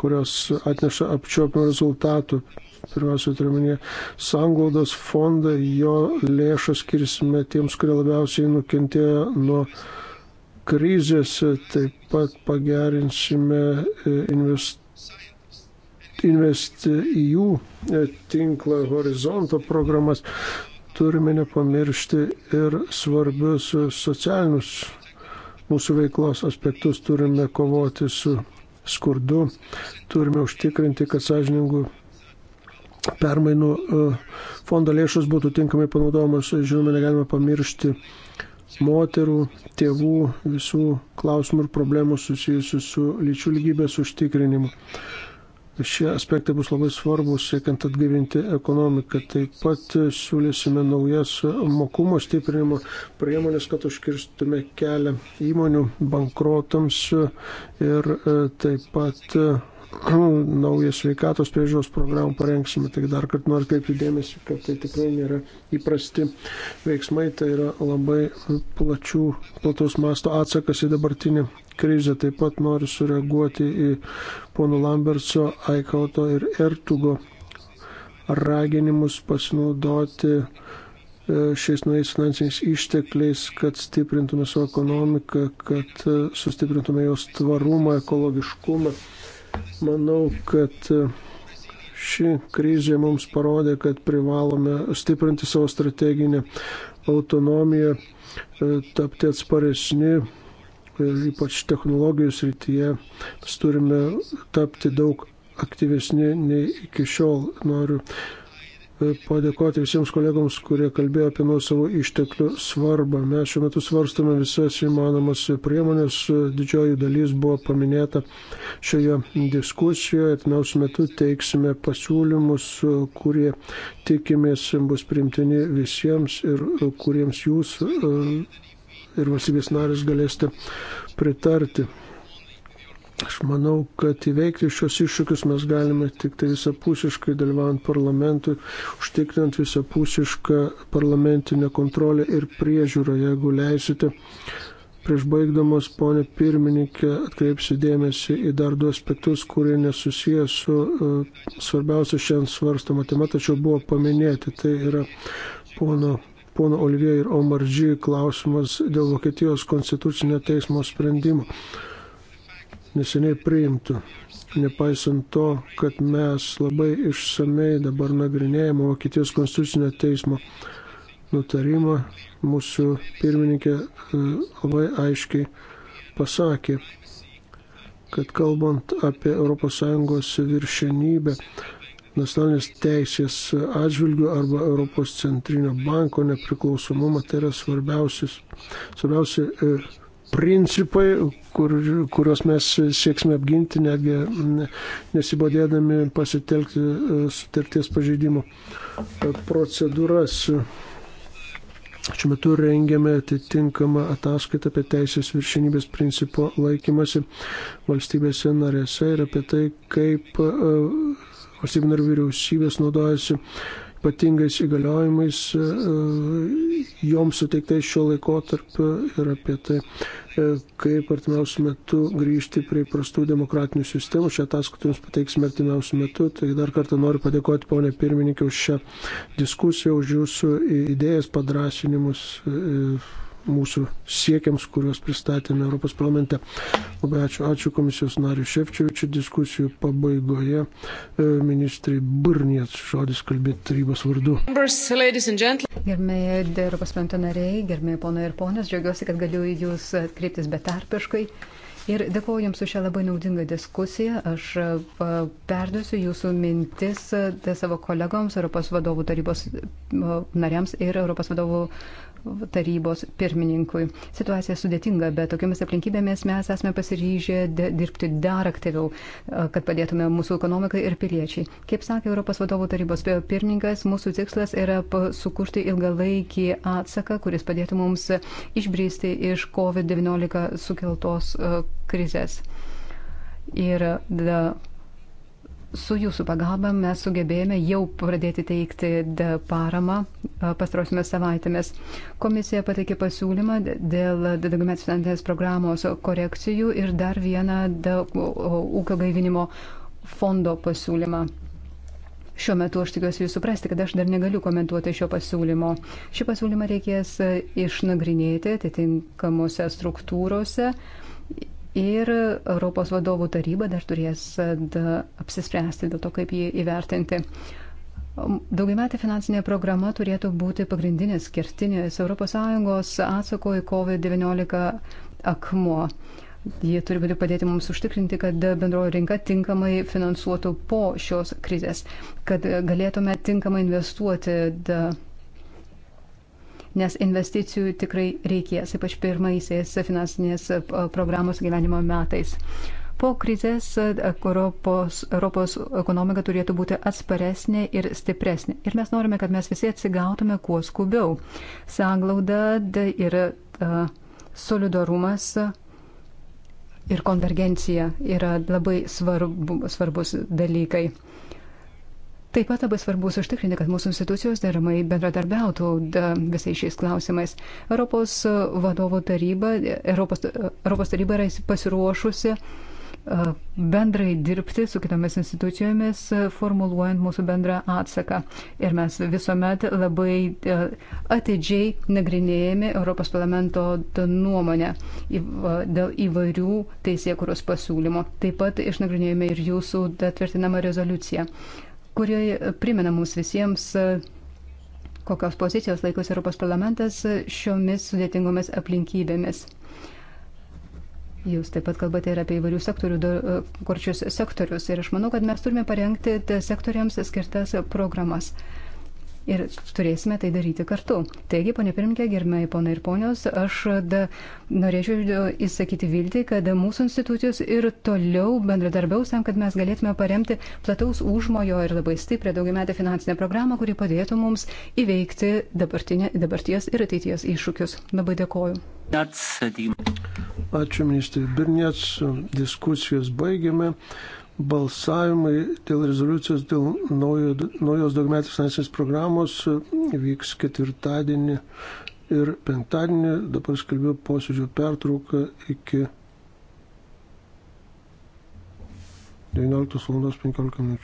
kurios atneša apčiopimo rezultatų. Pirmiausia, turiuomenė, sanglaudos fondą, jo lėšas skirsime tiems, kurie labiausiai nukentėjo nuo krizės, taip pat pagerinsime e, invest į jų e, tinklą horizonto programas. Turime nepamiršti ir svarbius socialinius mūsų veiklos aspektus turime kovoti su skurdu. Turime užtikrinti, kad sąžiningų permainų e, fondo lėšos būtų tinkamai panaudojamos. Žinoma, negalime pamiršti moterų, tėvų, visų klausimų ir problemų susijusių su lyčių lygybės užtikrinimu. Šie aspektai bus labai svarbus, siekiant atgyvinti ekonomiką. Taip pat siūlysime naujas mokumo stiprinimo priemonės, kad užkirstume kelią įmonių bankrotams ir e, taip pat e, naują sveikatos priežiūros programą parengsime. Tik dar kartą noriu kreipti dėmesį, kad tai tikrai nėra įprasti veiksmai, tai yra labai plačių, plataus masto atsakas į dabartinį krizę. Taip pat noriu sureaguoti į ponų Lambertso, Aikauto ir Ertugo raginimus pasinaudoti e, šiais naujais finansiniais ištekliais, kad stiprintume savo ekonomiką, kad e, sustiprintume jos tvarumą, ekologiškumą. Manau, kad e, ši krizė mums parodė, kad privalome stiprinti savo strateginę autonomiją, tapti atsparesni ypač technologijų srityje, mes turime tapti daug aktyvesni nei iki šiol. Noriu e, padėkoti visiems kolegoms, kurie kalbėjo apie nuosavų išteklių svarbą. Mes šiuo metu svarstame visas įmanomas priemonės, didžioji dalis buvo paminėta šioje diskusijoje. Atmiausiu metu teiksime pasiūlymus, kurie tikimės bus primtini visiems ir kuriems jūs e, ir valstybės narės galėsite pritarti. Aš manau, kad įveikti šios iššūkius mes galime tik tai visapusiškai dalyvaujant parlamentui, užtikrinant visapusišką parlamentinę kontrolę ir priežiūrą, jeigu leisite. Prieš baigdamas, ponė pirmininkė, atkreipsiu dėmesį į dar du aspektus, kurie nesusiję su uh, svarbiausia šiandien svarstama tema, tačiau buvo paminėti. Tai yra pono pono Olivie ir Omardži klausimas dėl Vokietijos konstitucinio teismo sprendimo neseniai priimtų. Nepaisant to, kad mes labai išsamei dabar nagrinėjame Vokietijos konstitucinio teismo nutarimą, mūsų pirmininkė e, labai aiškiai pasakė, kad kalbant apie ES viršenybę, nacionalinės teisės atžvilgių arba Europos centrinio banko nepriklausomumą. Tai yra svarbiausias, svarbiausia e, principai, kur, kuriuos mes sieksime apginti, netgi nesibodėdami pasitelkti e, sutarties pažeidimo e, procedūras. Šiuo metu rengiame atitinkamą ataskaitą apie teisės viršinybės principo laikymasi valstybėse narėse ir apie tai, kaip uh, valstybių narių vyriausybės naudojasi ypatingais įgaliojimais e, joms suteiktais šio laiko tarp ir apie tai, e, kaip artimiausių metų grįžti prie prastų demokratinių sistemų. Šią ataskaitą jums pateiksime artimiausių metų. Tai dar kartą noriu padėkoti ponė pirmininkė už šią diskusiją, už jūsų idėjas, padrasinimus. E, mūsų siekiams, kuriuos pristatėme Europos parlamente. Labai ačiū, ačiū komisijos nariu Šefčiovičiu. Diskusijų pabaigoje e, ministrai Burniec žodis kalbėti tarybos vardu. Gerbėjai Europos parlamento nariai, gerbėjai ponai ir ponės, džiaugiuosi, kad galiu jūs kreiptis betarpiškai. Ir dėkoju Jums už šią labai naudingą diskusiją. Aš e, perduosiu Jūsų mintis e, savo kolegoms, Europos vadovų tarybos nariams ir Europos vadovų tarybos pirmininkui. Situacija sudėtinga, bet tokiamis aplinkybėmis mes esame pasiryžę dirbti dar aktyviau, kad padėtume mūsų ekonomikai ir piliečiai. Kaip sakė Europos vadovų tarybos pirmininkas, mūsų tikslas yra sukurti ilgalaikį atsaką, kuris padėtų mums išbrysti iš COVID-19 sukeltos krizės. Ir da, su jūsų pagalba mes sugebėjome jau pradėti teikti paramą pastarosiomis savaitėmis. Komisija pateikė pasiūlymą dėl daugiametės finansinės programos korekcijų ir dar vieną ūkio gaivinimo fondo pasiūlymą. Šiuo metu aš tikiuosi jūs suprasti, kad aš dar negaliu komentuoti šio pasiūlymo. Šį pasiūlymą reikės išnagrinėti atitinkamuose struktūrose. Uh, Ir Europos vadovų taryba dar turės apsispręsti dėl to, kaip jį įvertinti. Daugiametė finansinė programa turėtų būti pagrindinis kertinis ES atsako į COVID-19 akmuo. Jie turi būti padėti mums užtikrinti, kad bendroji rinka tinkamai finansuotų po šios krizės, kad galėtume tinkamai investuoti. Da, nes investicijų tikrai reikės, ypač pirmaisiais finansinės e, programos gyvenimo metais. Po krizės e, Europos, Europos ekonomika turėtų būti atsparesnė ir stipresnė. Ir mes norime, kad mes visi atsigautume kuo skubiau. Sanglauda ir uh, solidarumas ir konvergencija yra labai svarbu, svarbus dalykai. Uh, Taip pat labai svarbus užtikrinti, kad mūsų institucijos deramai bendradarbiautų visais šiais klausimais. Europos e, vadovų taryba, Europos, e, Europos taryba yra pasiruošusi e, bendrai dirbti su kitomis institucijomis, formuluojant mūsų bendrą atsaką. Ir mes visuomet labai atidžiai nagrinėjame Europos parlamento nuomonę dėl įvairių teisėkuros pasiūlymų. Taip pat išnagrinėjame ir jūsų tvirtinamą rezoliuciją kurie primena mums visiems, e, kokios pozicijos laikosi Europos parlamentas šiomis sudėtingomis aplinkybėmis. Jūs taip pat kalbate ir apie įvairių sektorių, e, korčius sektorius. Ir aš manau, kad mes turime parengti sektoriams skirtas programas ir turėsime tai daryti kartu. Taigi, ponė pirmininkė, gerbėjai ponai ir ponios, aš da, norėčiau įsakyti viltį, kad mūsų institucijos ir toliau bendradarbiaus tam, kad mes galėtume paremti plataus užmojo ir labai stiprią daugiametę finansinę programą, kuri padėtų mums įveikti dabarties ir ateities iššūkius. Labai dėkoju. Ačiū, ministrė Birnėts. Diskusijos baigėme. Balsavimai dėl rezoliucijos dėl naujo, naujos daugmetės finansinės programos e, vyks ketvirtadienį ir penktadienį. Dabar skelbiu posėdžio pertrauką iki 19.15 min.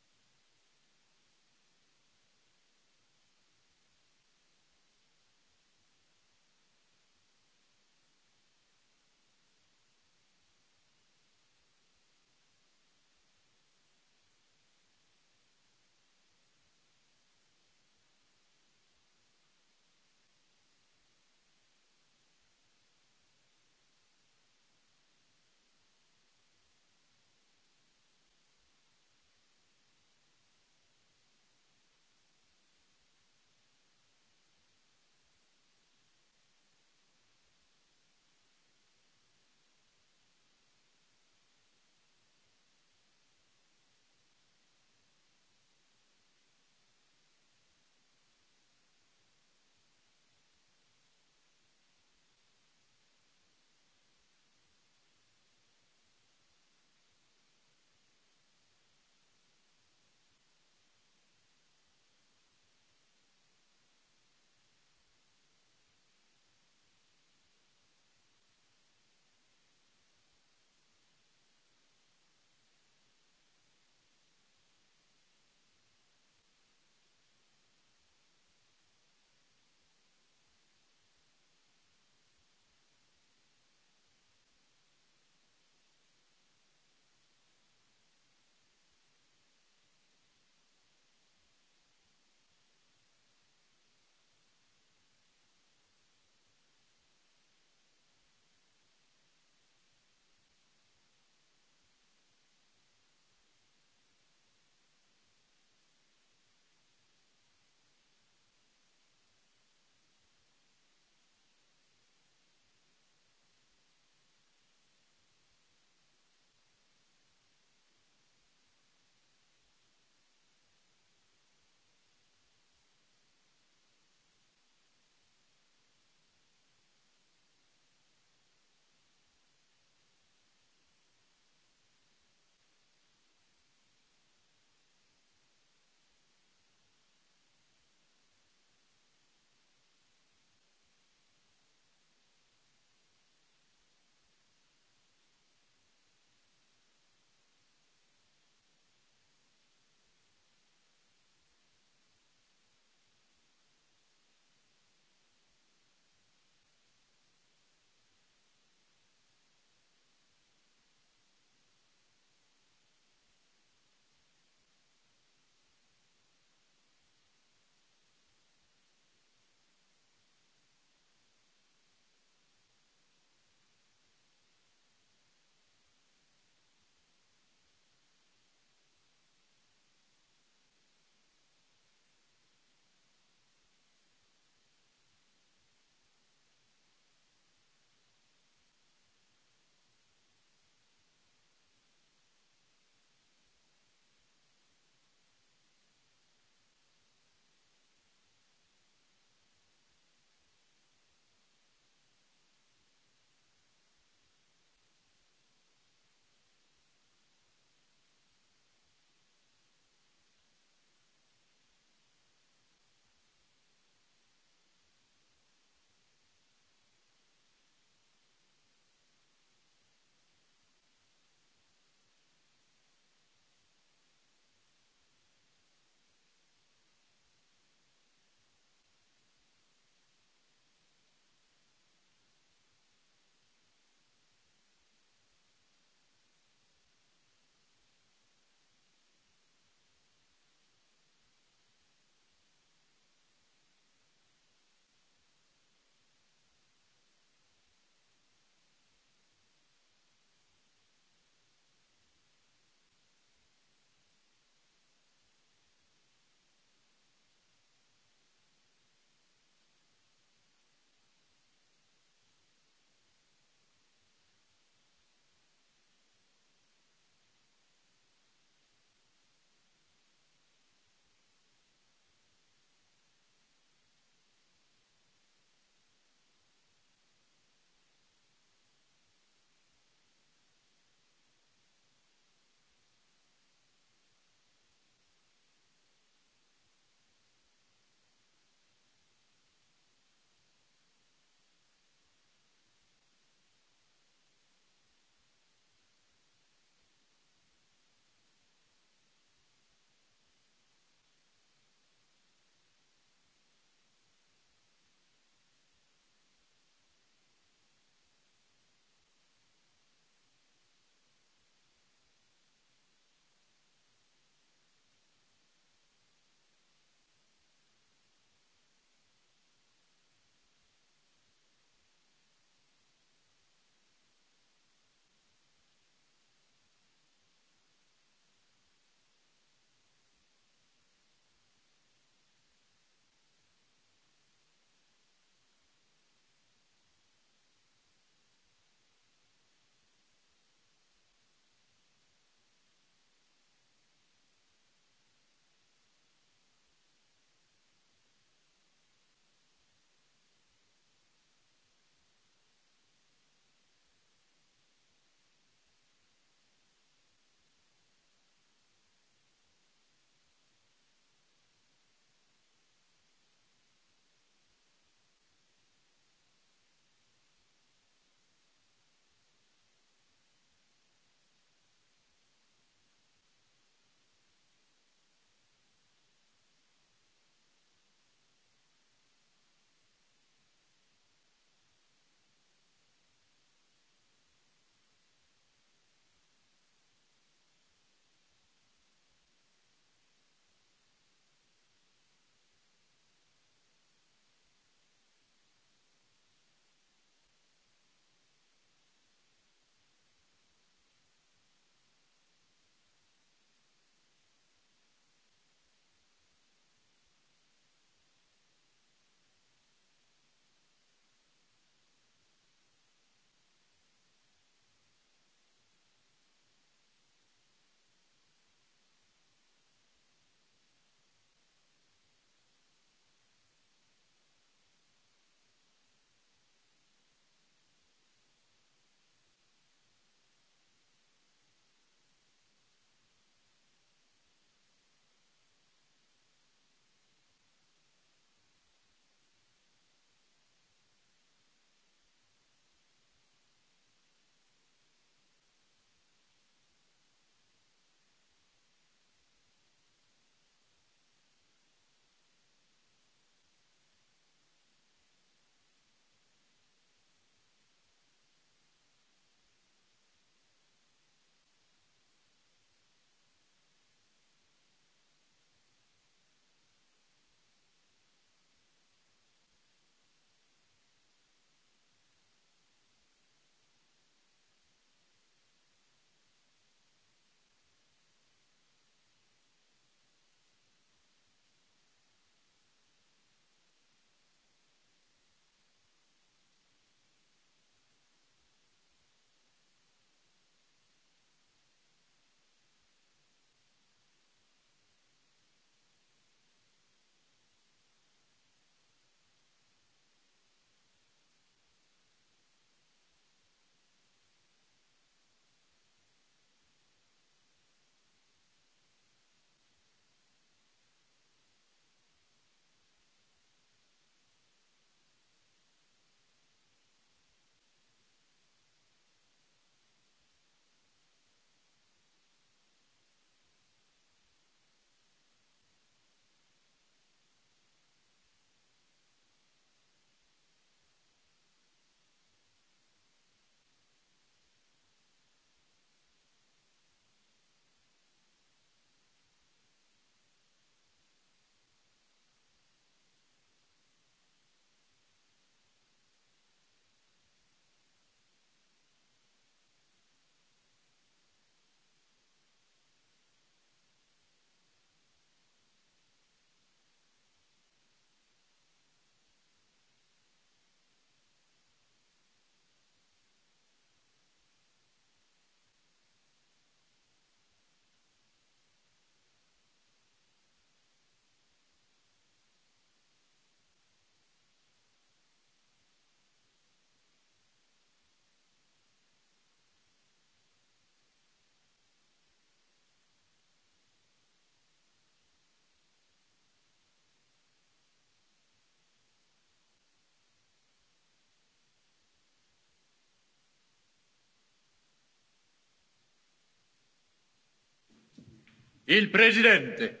Il Presidente.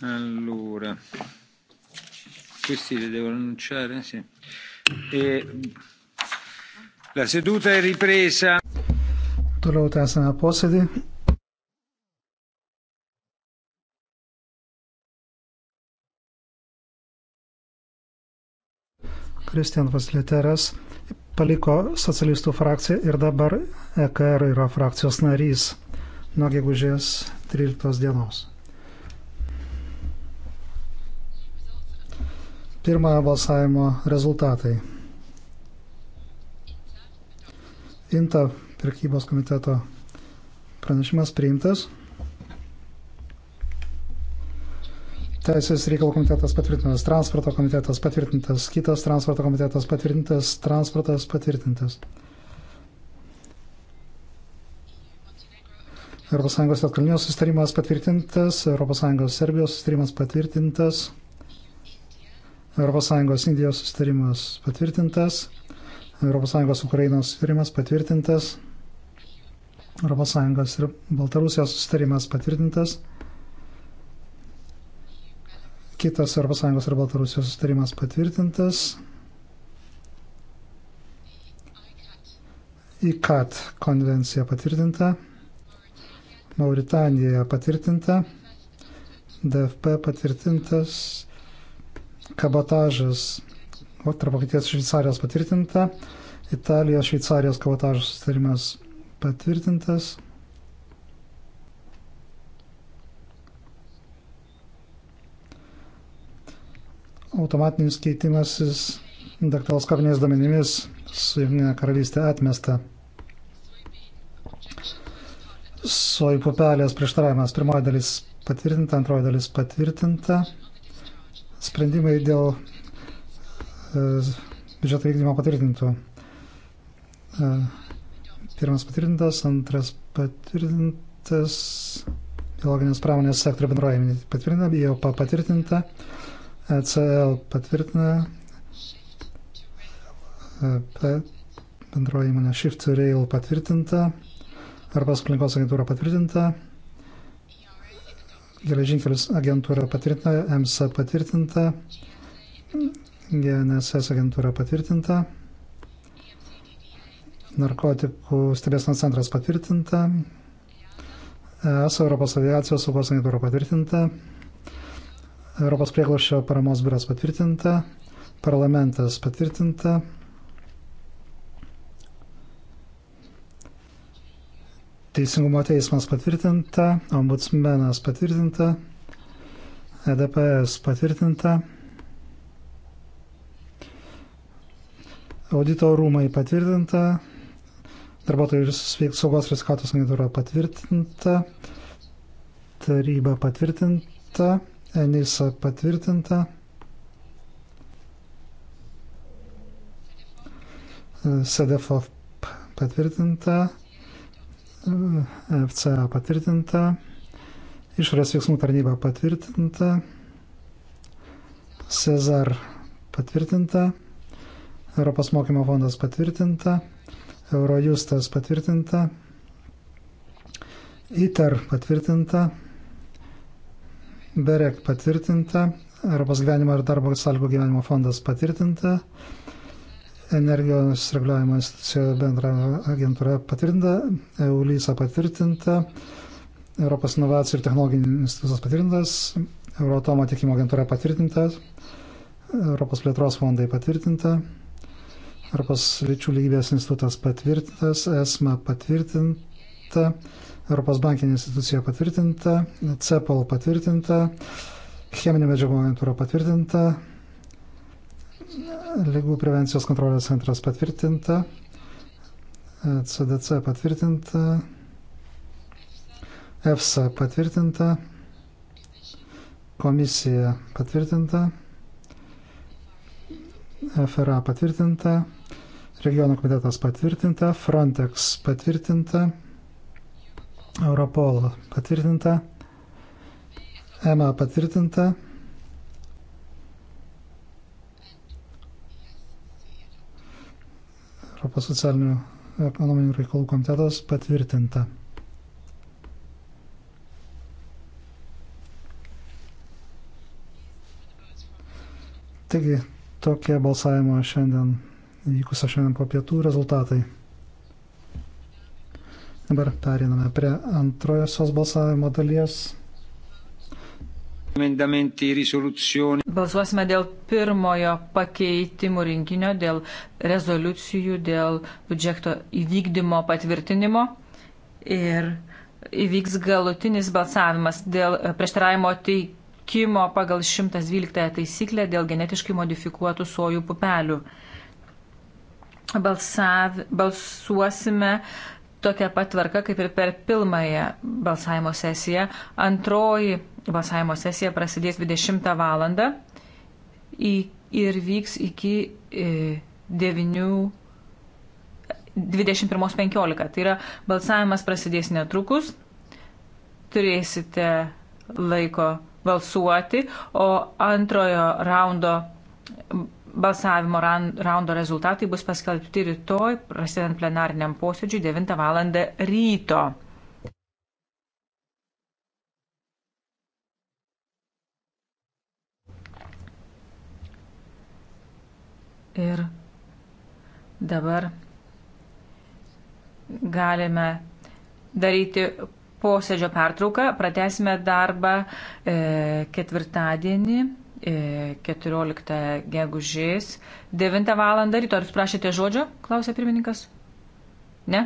Allora, questi li devo annunciare? Sì. E la seduta è ripresa. Toliau tęsame posėdį. Kristian Vasleteras paliko socialistų frakciją ir dabar EKR yra frakcijos narys nuo gegužės 13 dienos. Pirmojo balsavimo rezultatai. INTA pirkybos komiteto pranešimas priimtas. Teisės reikalų komitetas patvirtintas, transporto komitetas patvirtintas, kitas transporto komitetas patvirtintas, transportas patvirtintas. ES Jotkalnijos sustarimas patvirtintas, ES Serbijos sustarimas patvirtintas, ES Indijos sustarimas patvirtintas, ES Ukrainos sustarimas patvirtintas, ES ir Baltarusijos sustarimas patvirtintas, Kitas ES ir Baltarusijos sustarimas patvirtintas. ICAT konvencija patvirtinta. Mauritanija patvirtinta. DFP patvirtintas. Kabotažas. O tarp Vokietijos ir Šveicarijos patvirtinta. Italijos Šveicarijos kabotažo sustarimas patvirtintas. automatinis keitimasis daktiloskopiniais duomenimis su Junktinė karalystė atmesta. Soj pupelės prieštaravimas. Pirmoji dalis patvirtinta, antroji dalis patvirtinta. Sprendimai dėl e, biudžeto vykdymo patvirtintų. E, pirmas patvirtintas, antras patvirtintas, biologinės pramonės sektorio bendroji patvirtinta, jau patvirtinta. E, ECL patvirtina e bendroji įmonė Shift Rail patvirtinta, Arbos aplinkos agentūra patvirtinta, geležinkelius agentūra patvirtinta, EMSA patvirtinta, GNSS agentūra patvirtinta, narkotikų stebėsnos centras patvirtinta, ES Europos aviacijos saugos agentūra patvirtinta, Europos prieglošio paramos biuras patvirtinta, parlamentas patvirtinta. Teisingumo teismas patvirtinta, ombudsmenas patvirtinta, EDPS patvirtinta, audito rūmai patvirtinta, darbuotojų saugos ir sveikatos agentūra patvirtinta, taryba patvirtinta, Enisa patvirtinta. SEDEFO patvirtinta. FCA patvirtinta. Išorės veiksmų tarnyba patvirtinta. Cezar patvirtinta. Europos mokymo fondas patvirtinta. Eurojustas patvirtinta. ITER patvirtinta. BEREK patvirtinta, Europos gyvenimo ir darbo sąlygų gyvenimo fondas patvirtinta, energijos reguliavimo institucijų bendra agentūra patvirtinta, EULISA patvirtinta, Europos inovacijų ir technologijų institutas patvirtintas, Eurotomo tiekimo agentūra patvirtinta, Europos plėtros fondai patvirtinta, Europos lyčių lygybės institutas patvirtintas, ESMA patvirtinta, Europos bankinė institucija patvirtinta, CEPOL patvirtinta, cheminė medžiagų agentūra patvirtinta, lygų prevencijos kontrolės centras patvirtinta, CDC patvirtinta, EFSA patvirtinta, komisija patvirtinta, FRA patvirtinta, regionų komitetas patvirtinta, Frontex patvirtinta. Europol patvirtinta. EMA patvirtinta. Europos socialinių ekonominių reikalų komitetas patvirtinta. Taigi tokie balsavimo šiandien įvykusio šiandien po pietų rezultatai. Dabar periname prie antrojosios balsavimo dalies. Balsuosime dėl pirmojo pakeitimų rinkinio, dėl rezoliucijų, dėl biudžeto įvykdymo patvirtinimo ir įvyks galutinis balsavimas dėl prieštaravimo teikimo pagal 112 taisyklę dėl genetiškai modifikuotų sojų pupelių. Balsav, balsuosime tokia pat tvarka kaip ir per pirmąją balsavimo sesiją. Antroji balsavimo sesija prasidės 20 val. ir vyks iki 9. E, 21.15. Tai yra balsavimas prasidės netrukus, turėsite laiko balsuoti, o antrojo raundo Balsavimo raundo rezultatai bus paskelbti rytoj, prasidant plenariniam posėdžiui 9 val. ryto. Ir dabar galime daryti posėdžio pertrauką, pratesime darbą e, ketvirtadienį. 14 e, gegužės 9 val. ryto. Ar jūs prašėte žodžio? Klausė pirmininkas. Ne?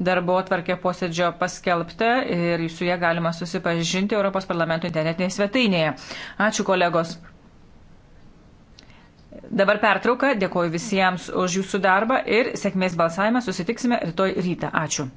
Darbo atvarkė posėdžio paskelbta ir su ją galima susipažinti Europos parlamento internetinėje svetainėje. Ačiū kolegos. Dabar pertrauka, dėkoju visiems už jūsų darbą ir sėkmės balsavimą susitiksime rytoj rytą. Ačiū.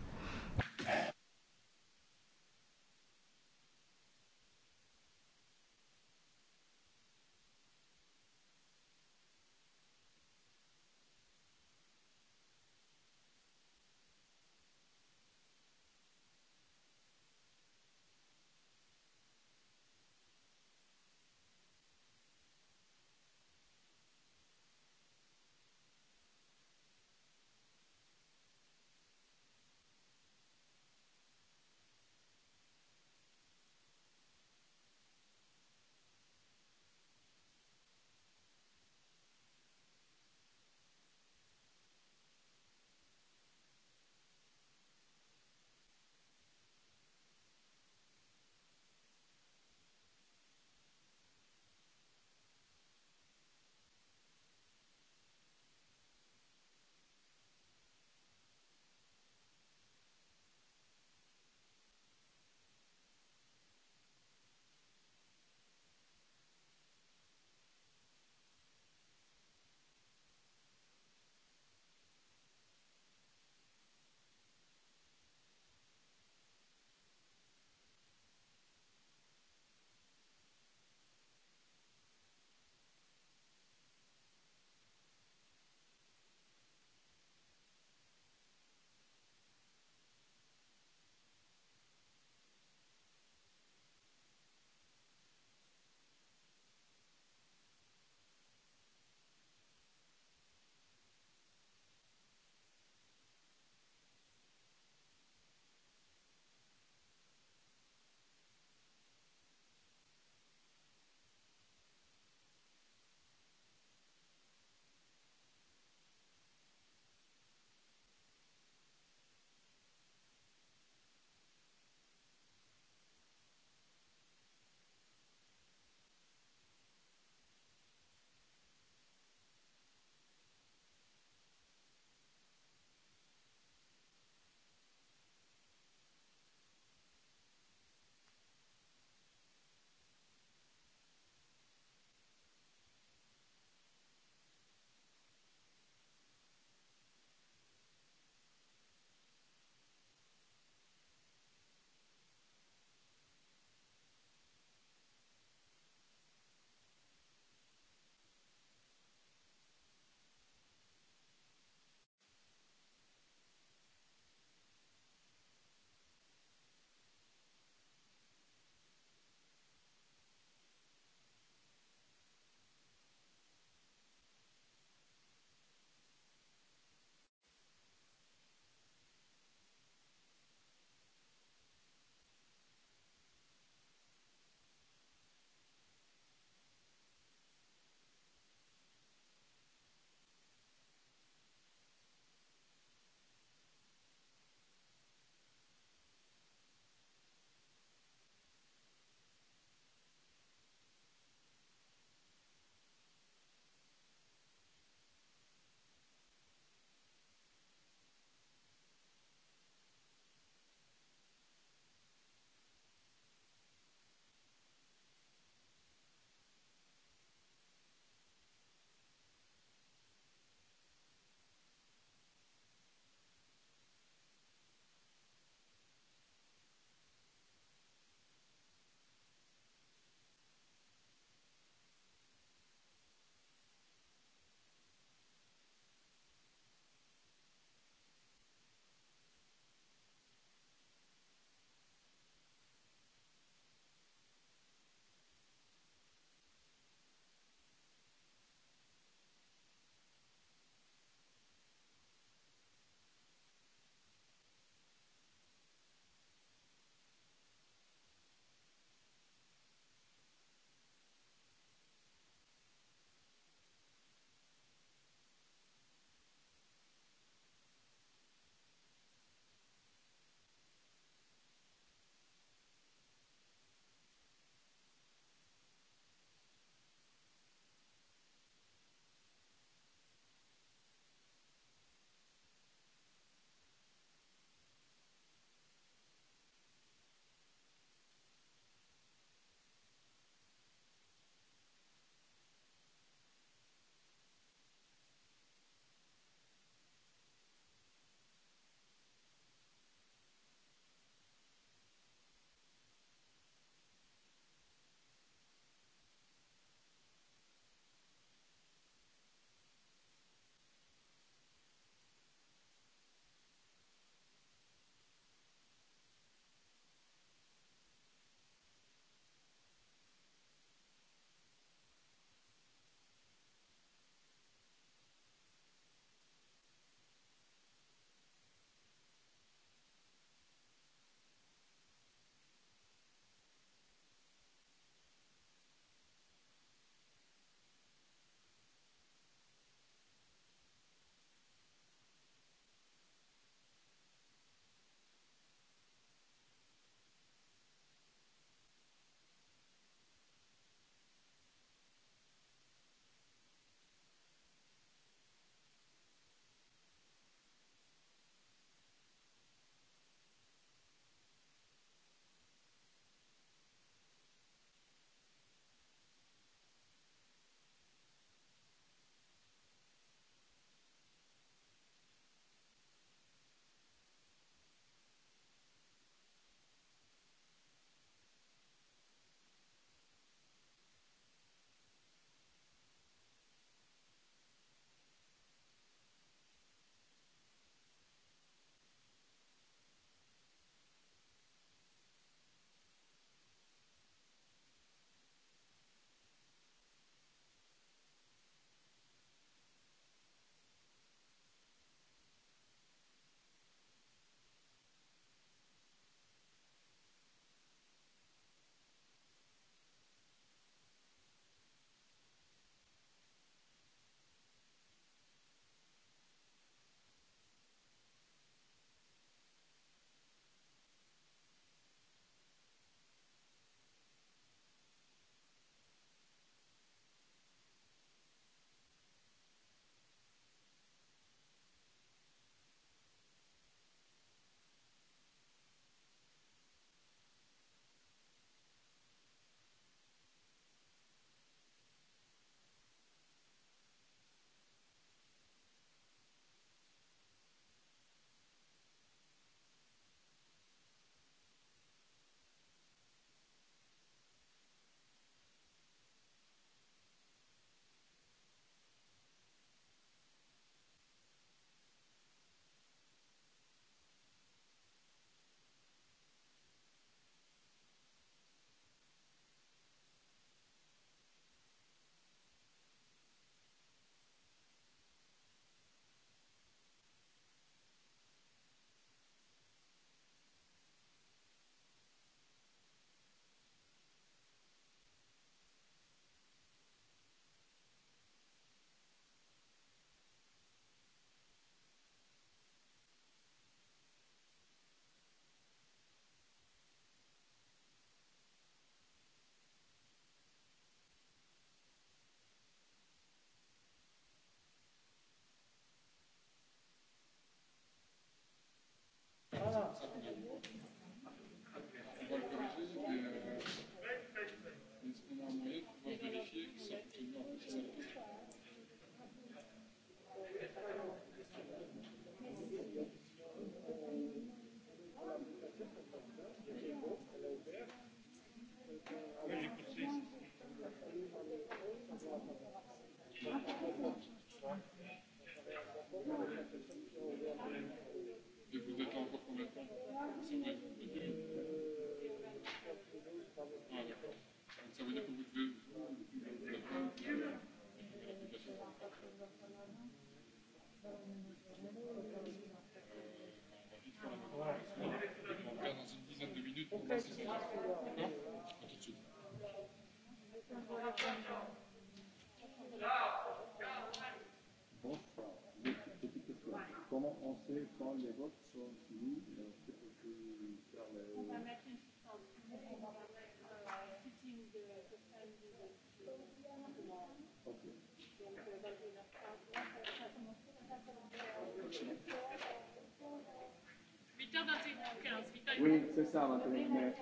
Oui, c'est ça, 21 mai.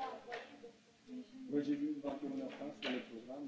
Moi, j'ai vu 21 h 30 sur le programme.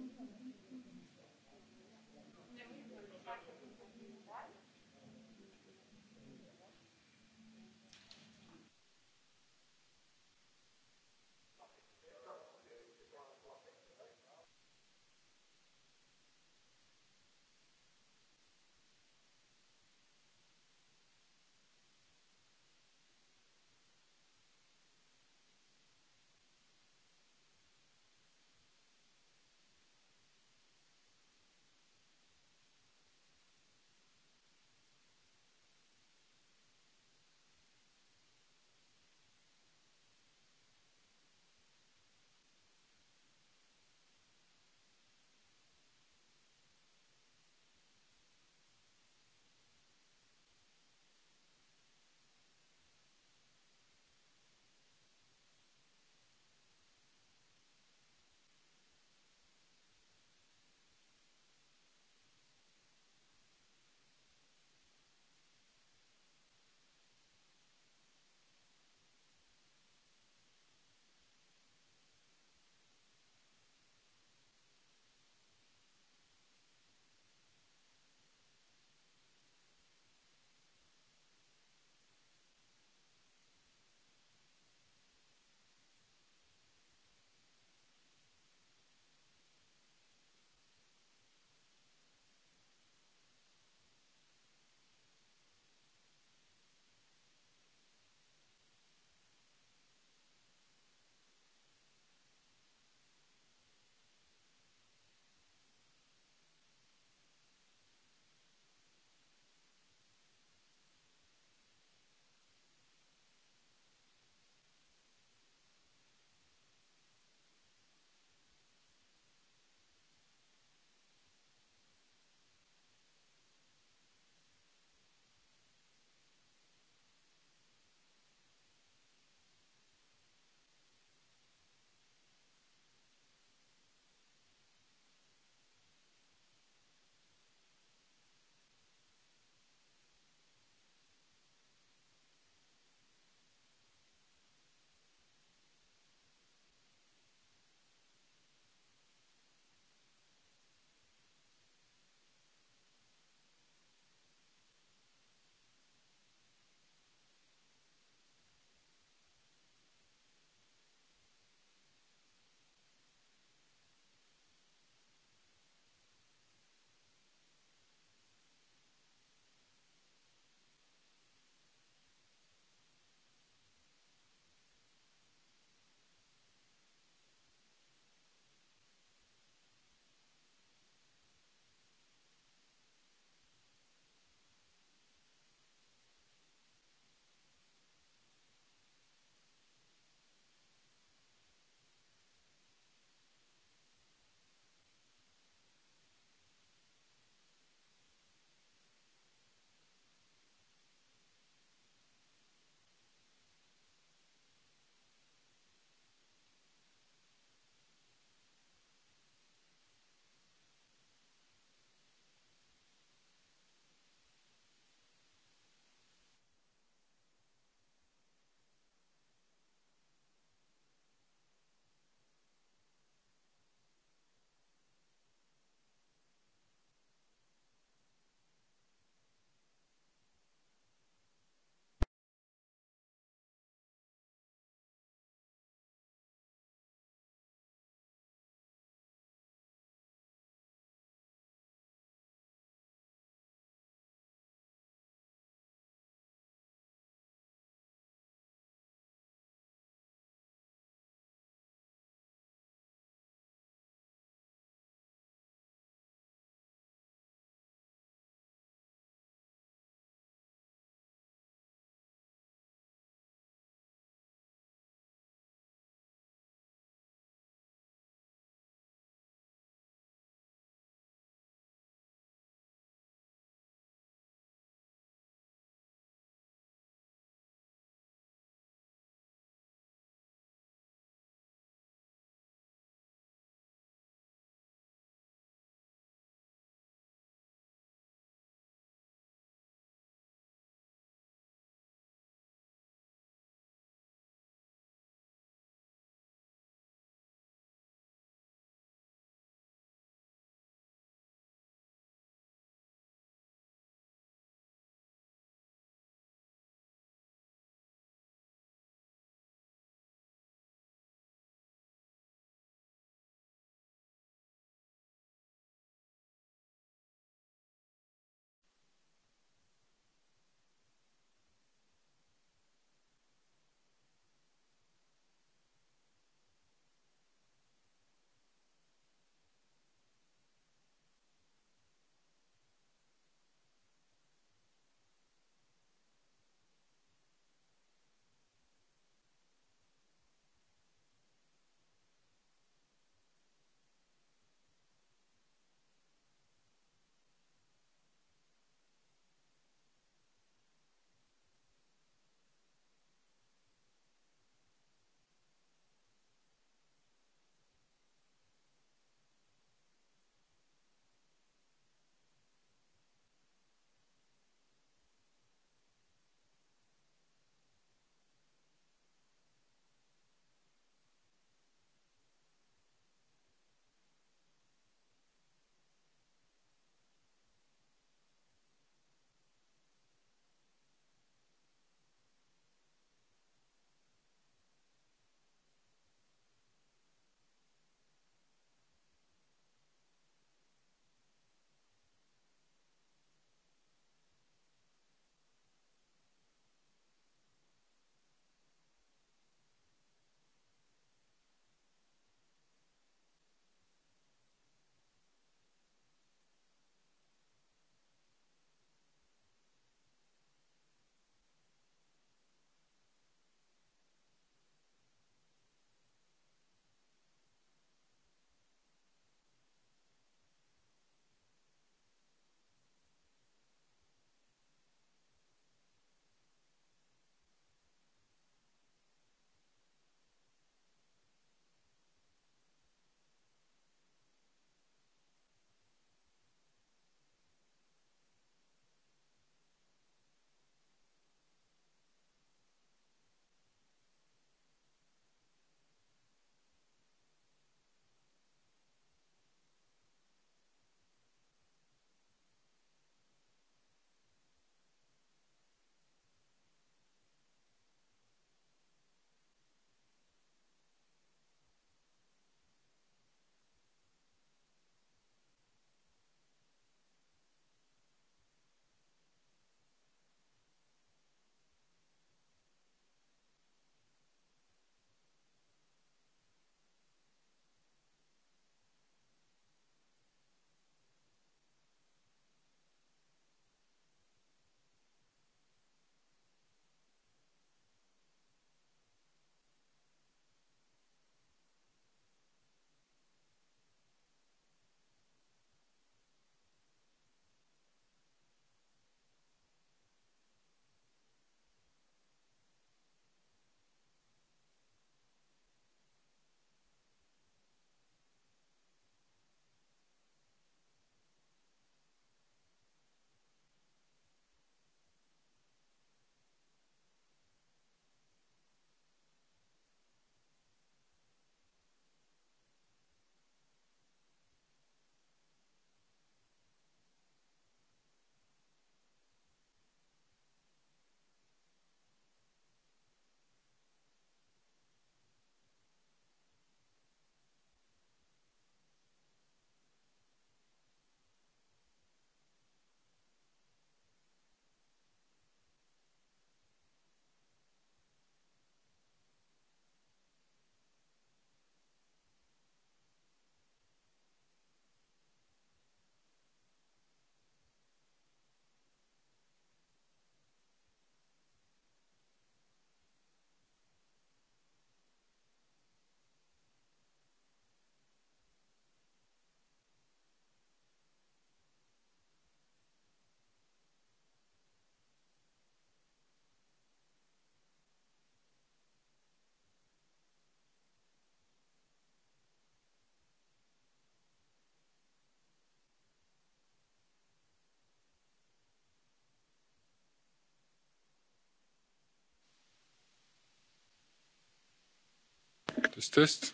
Test.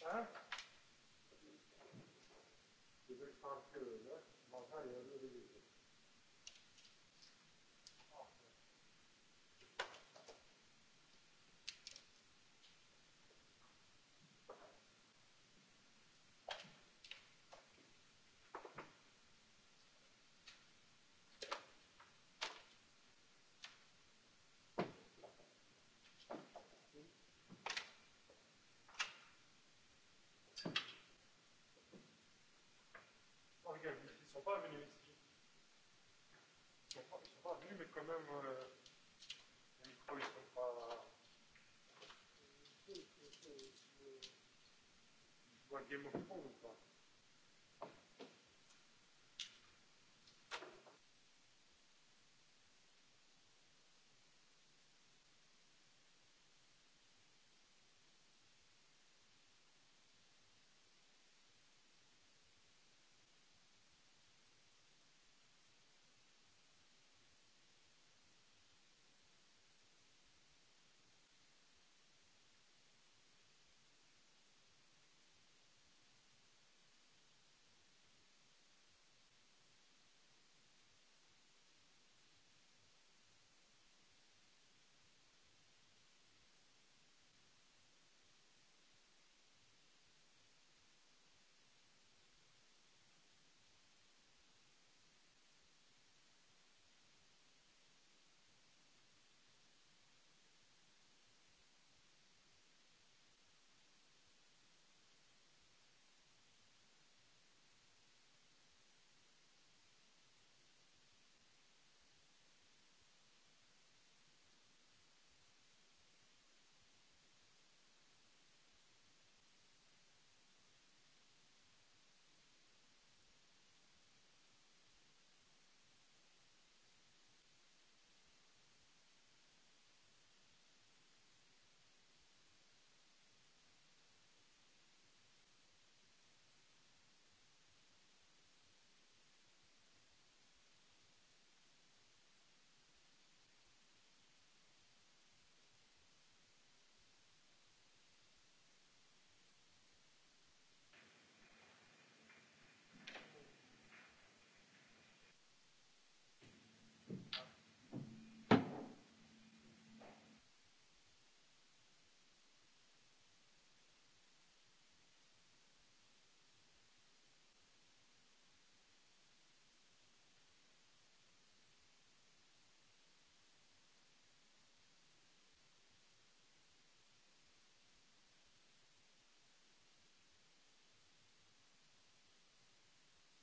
Huh? part venu ici. Ils sont pas, ils sont pas venus, mais quand même, euh, les micros, ils sont pas. Ils jouent à Game of Thrones ou pas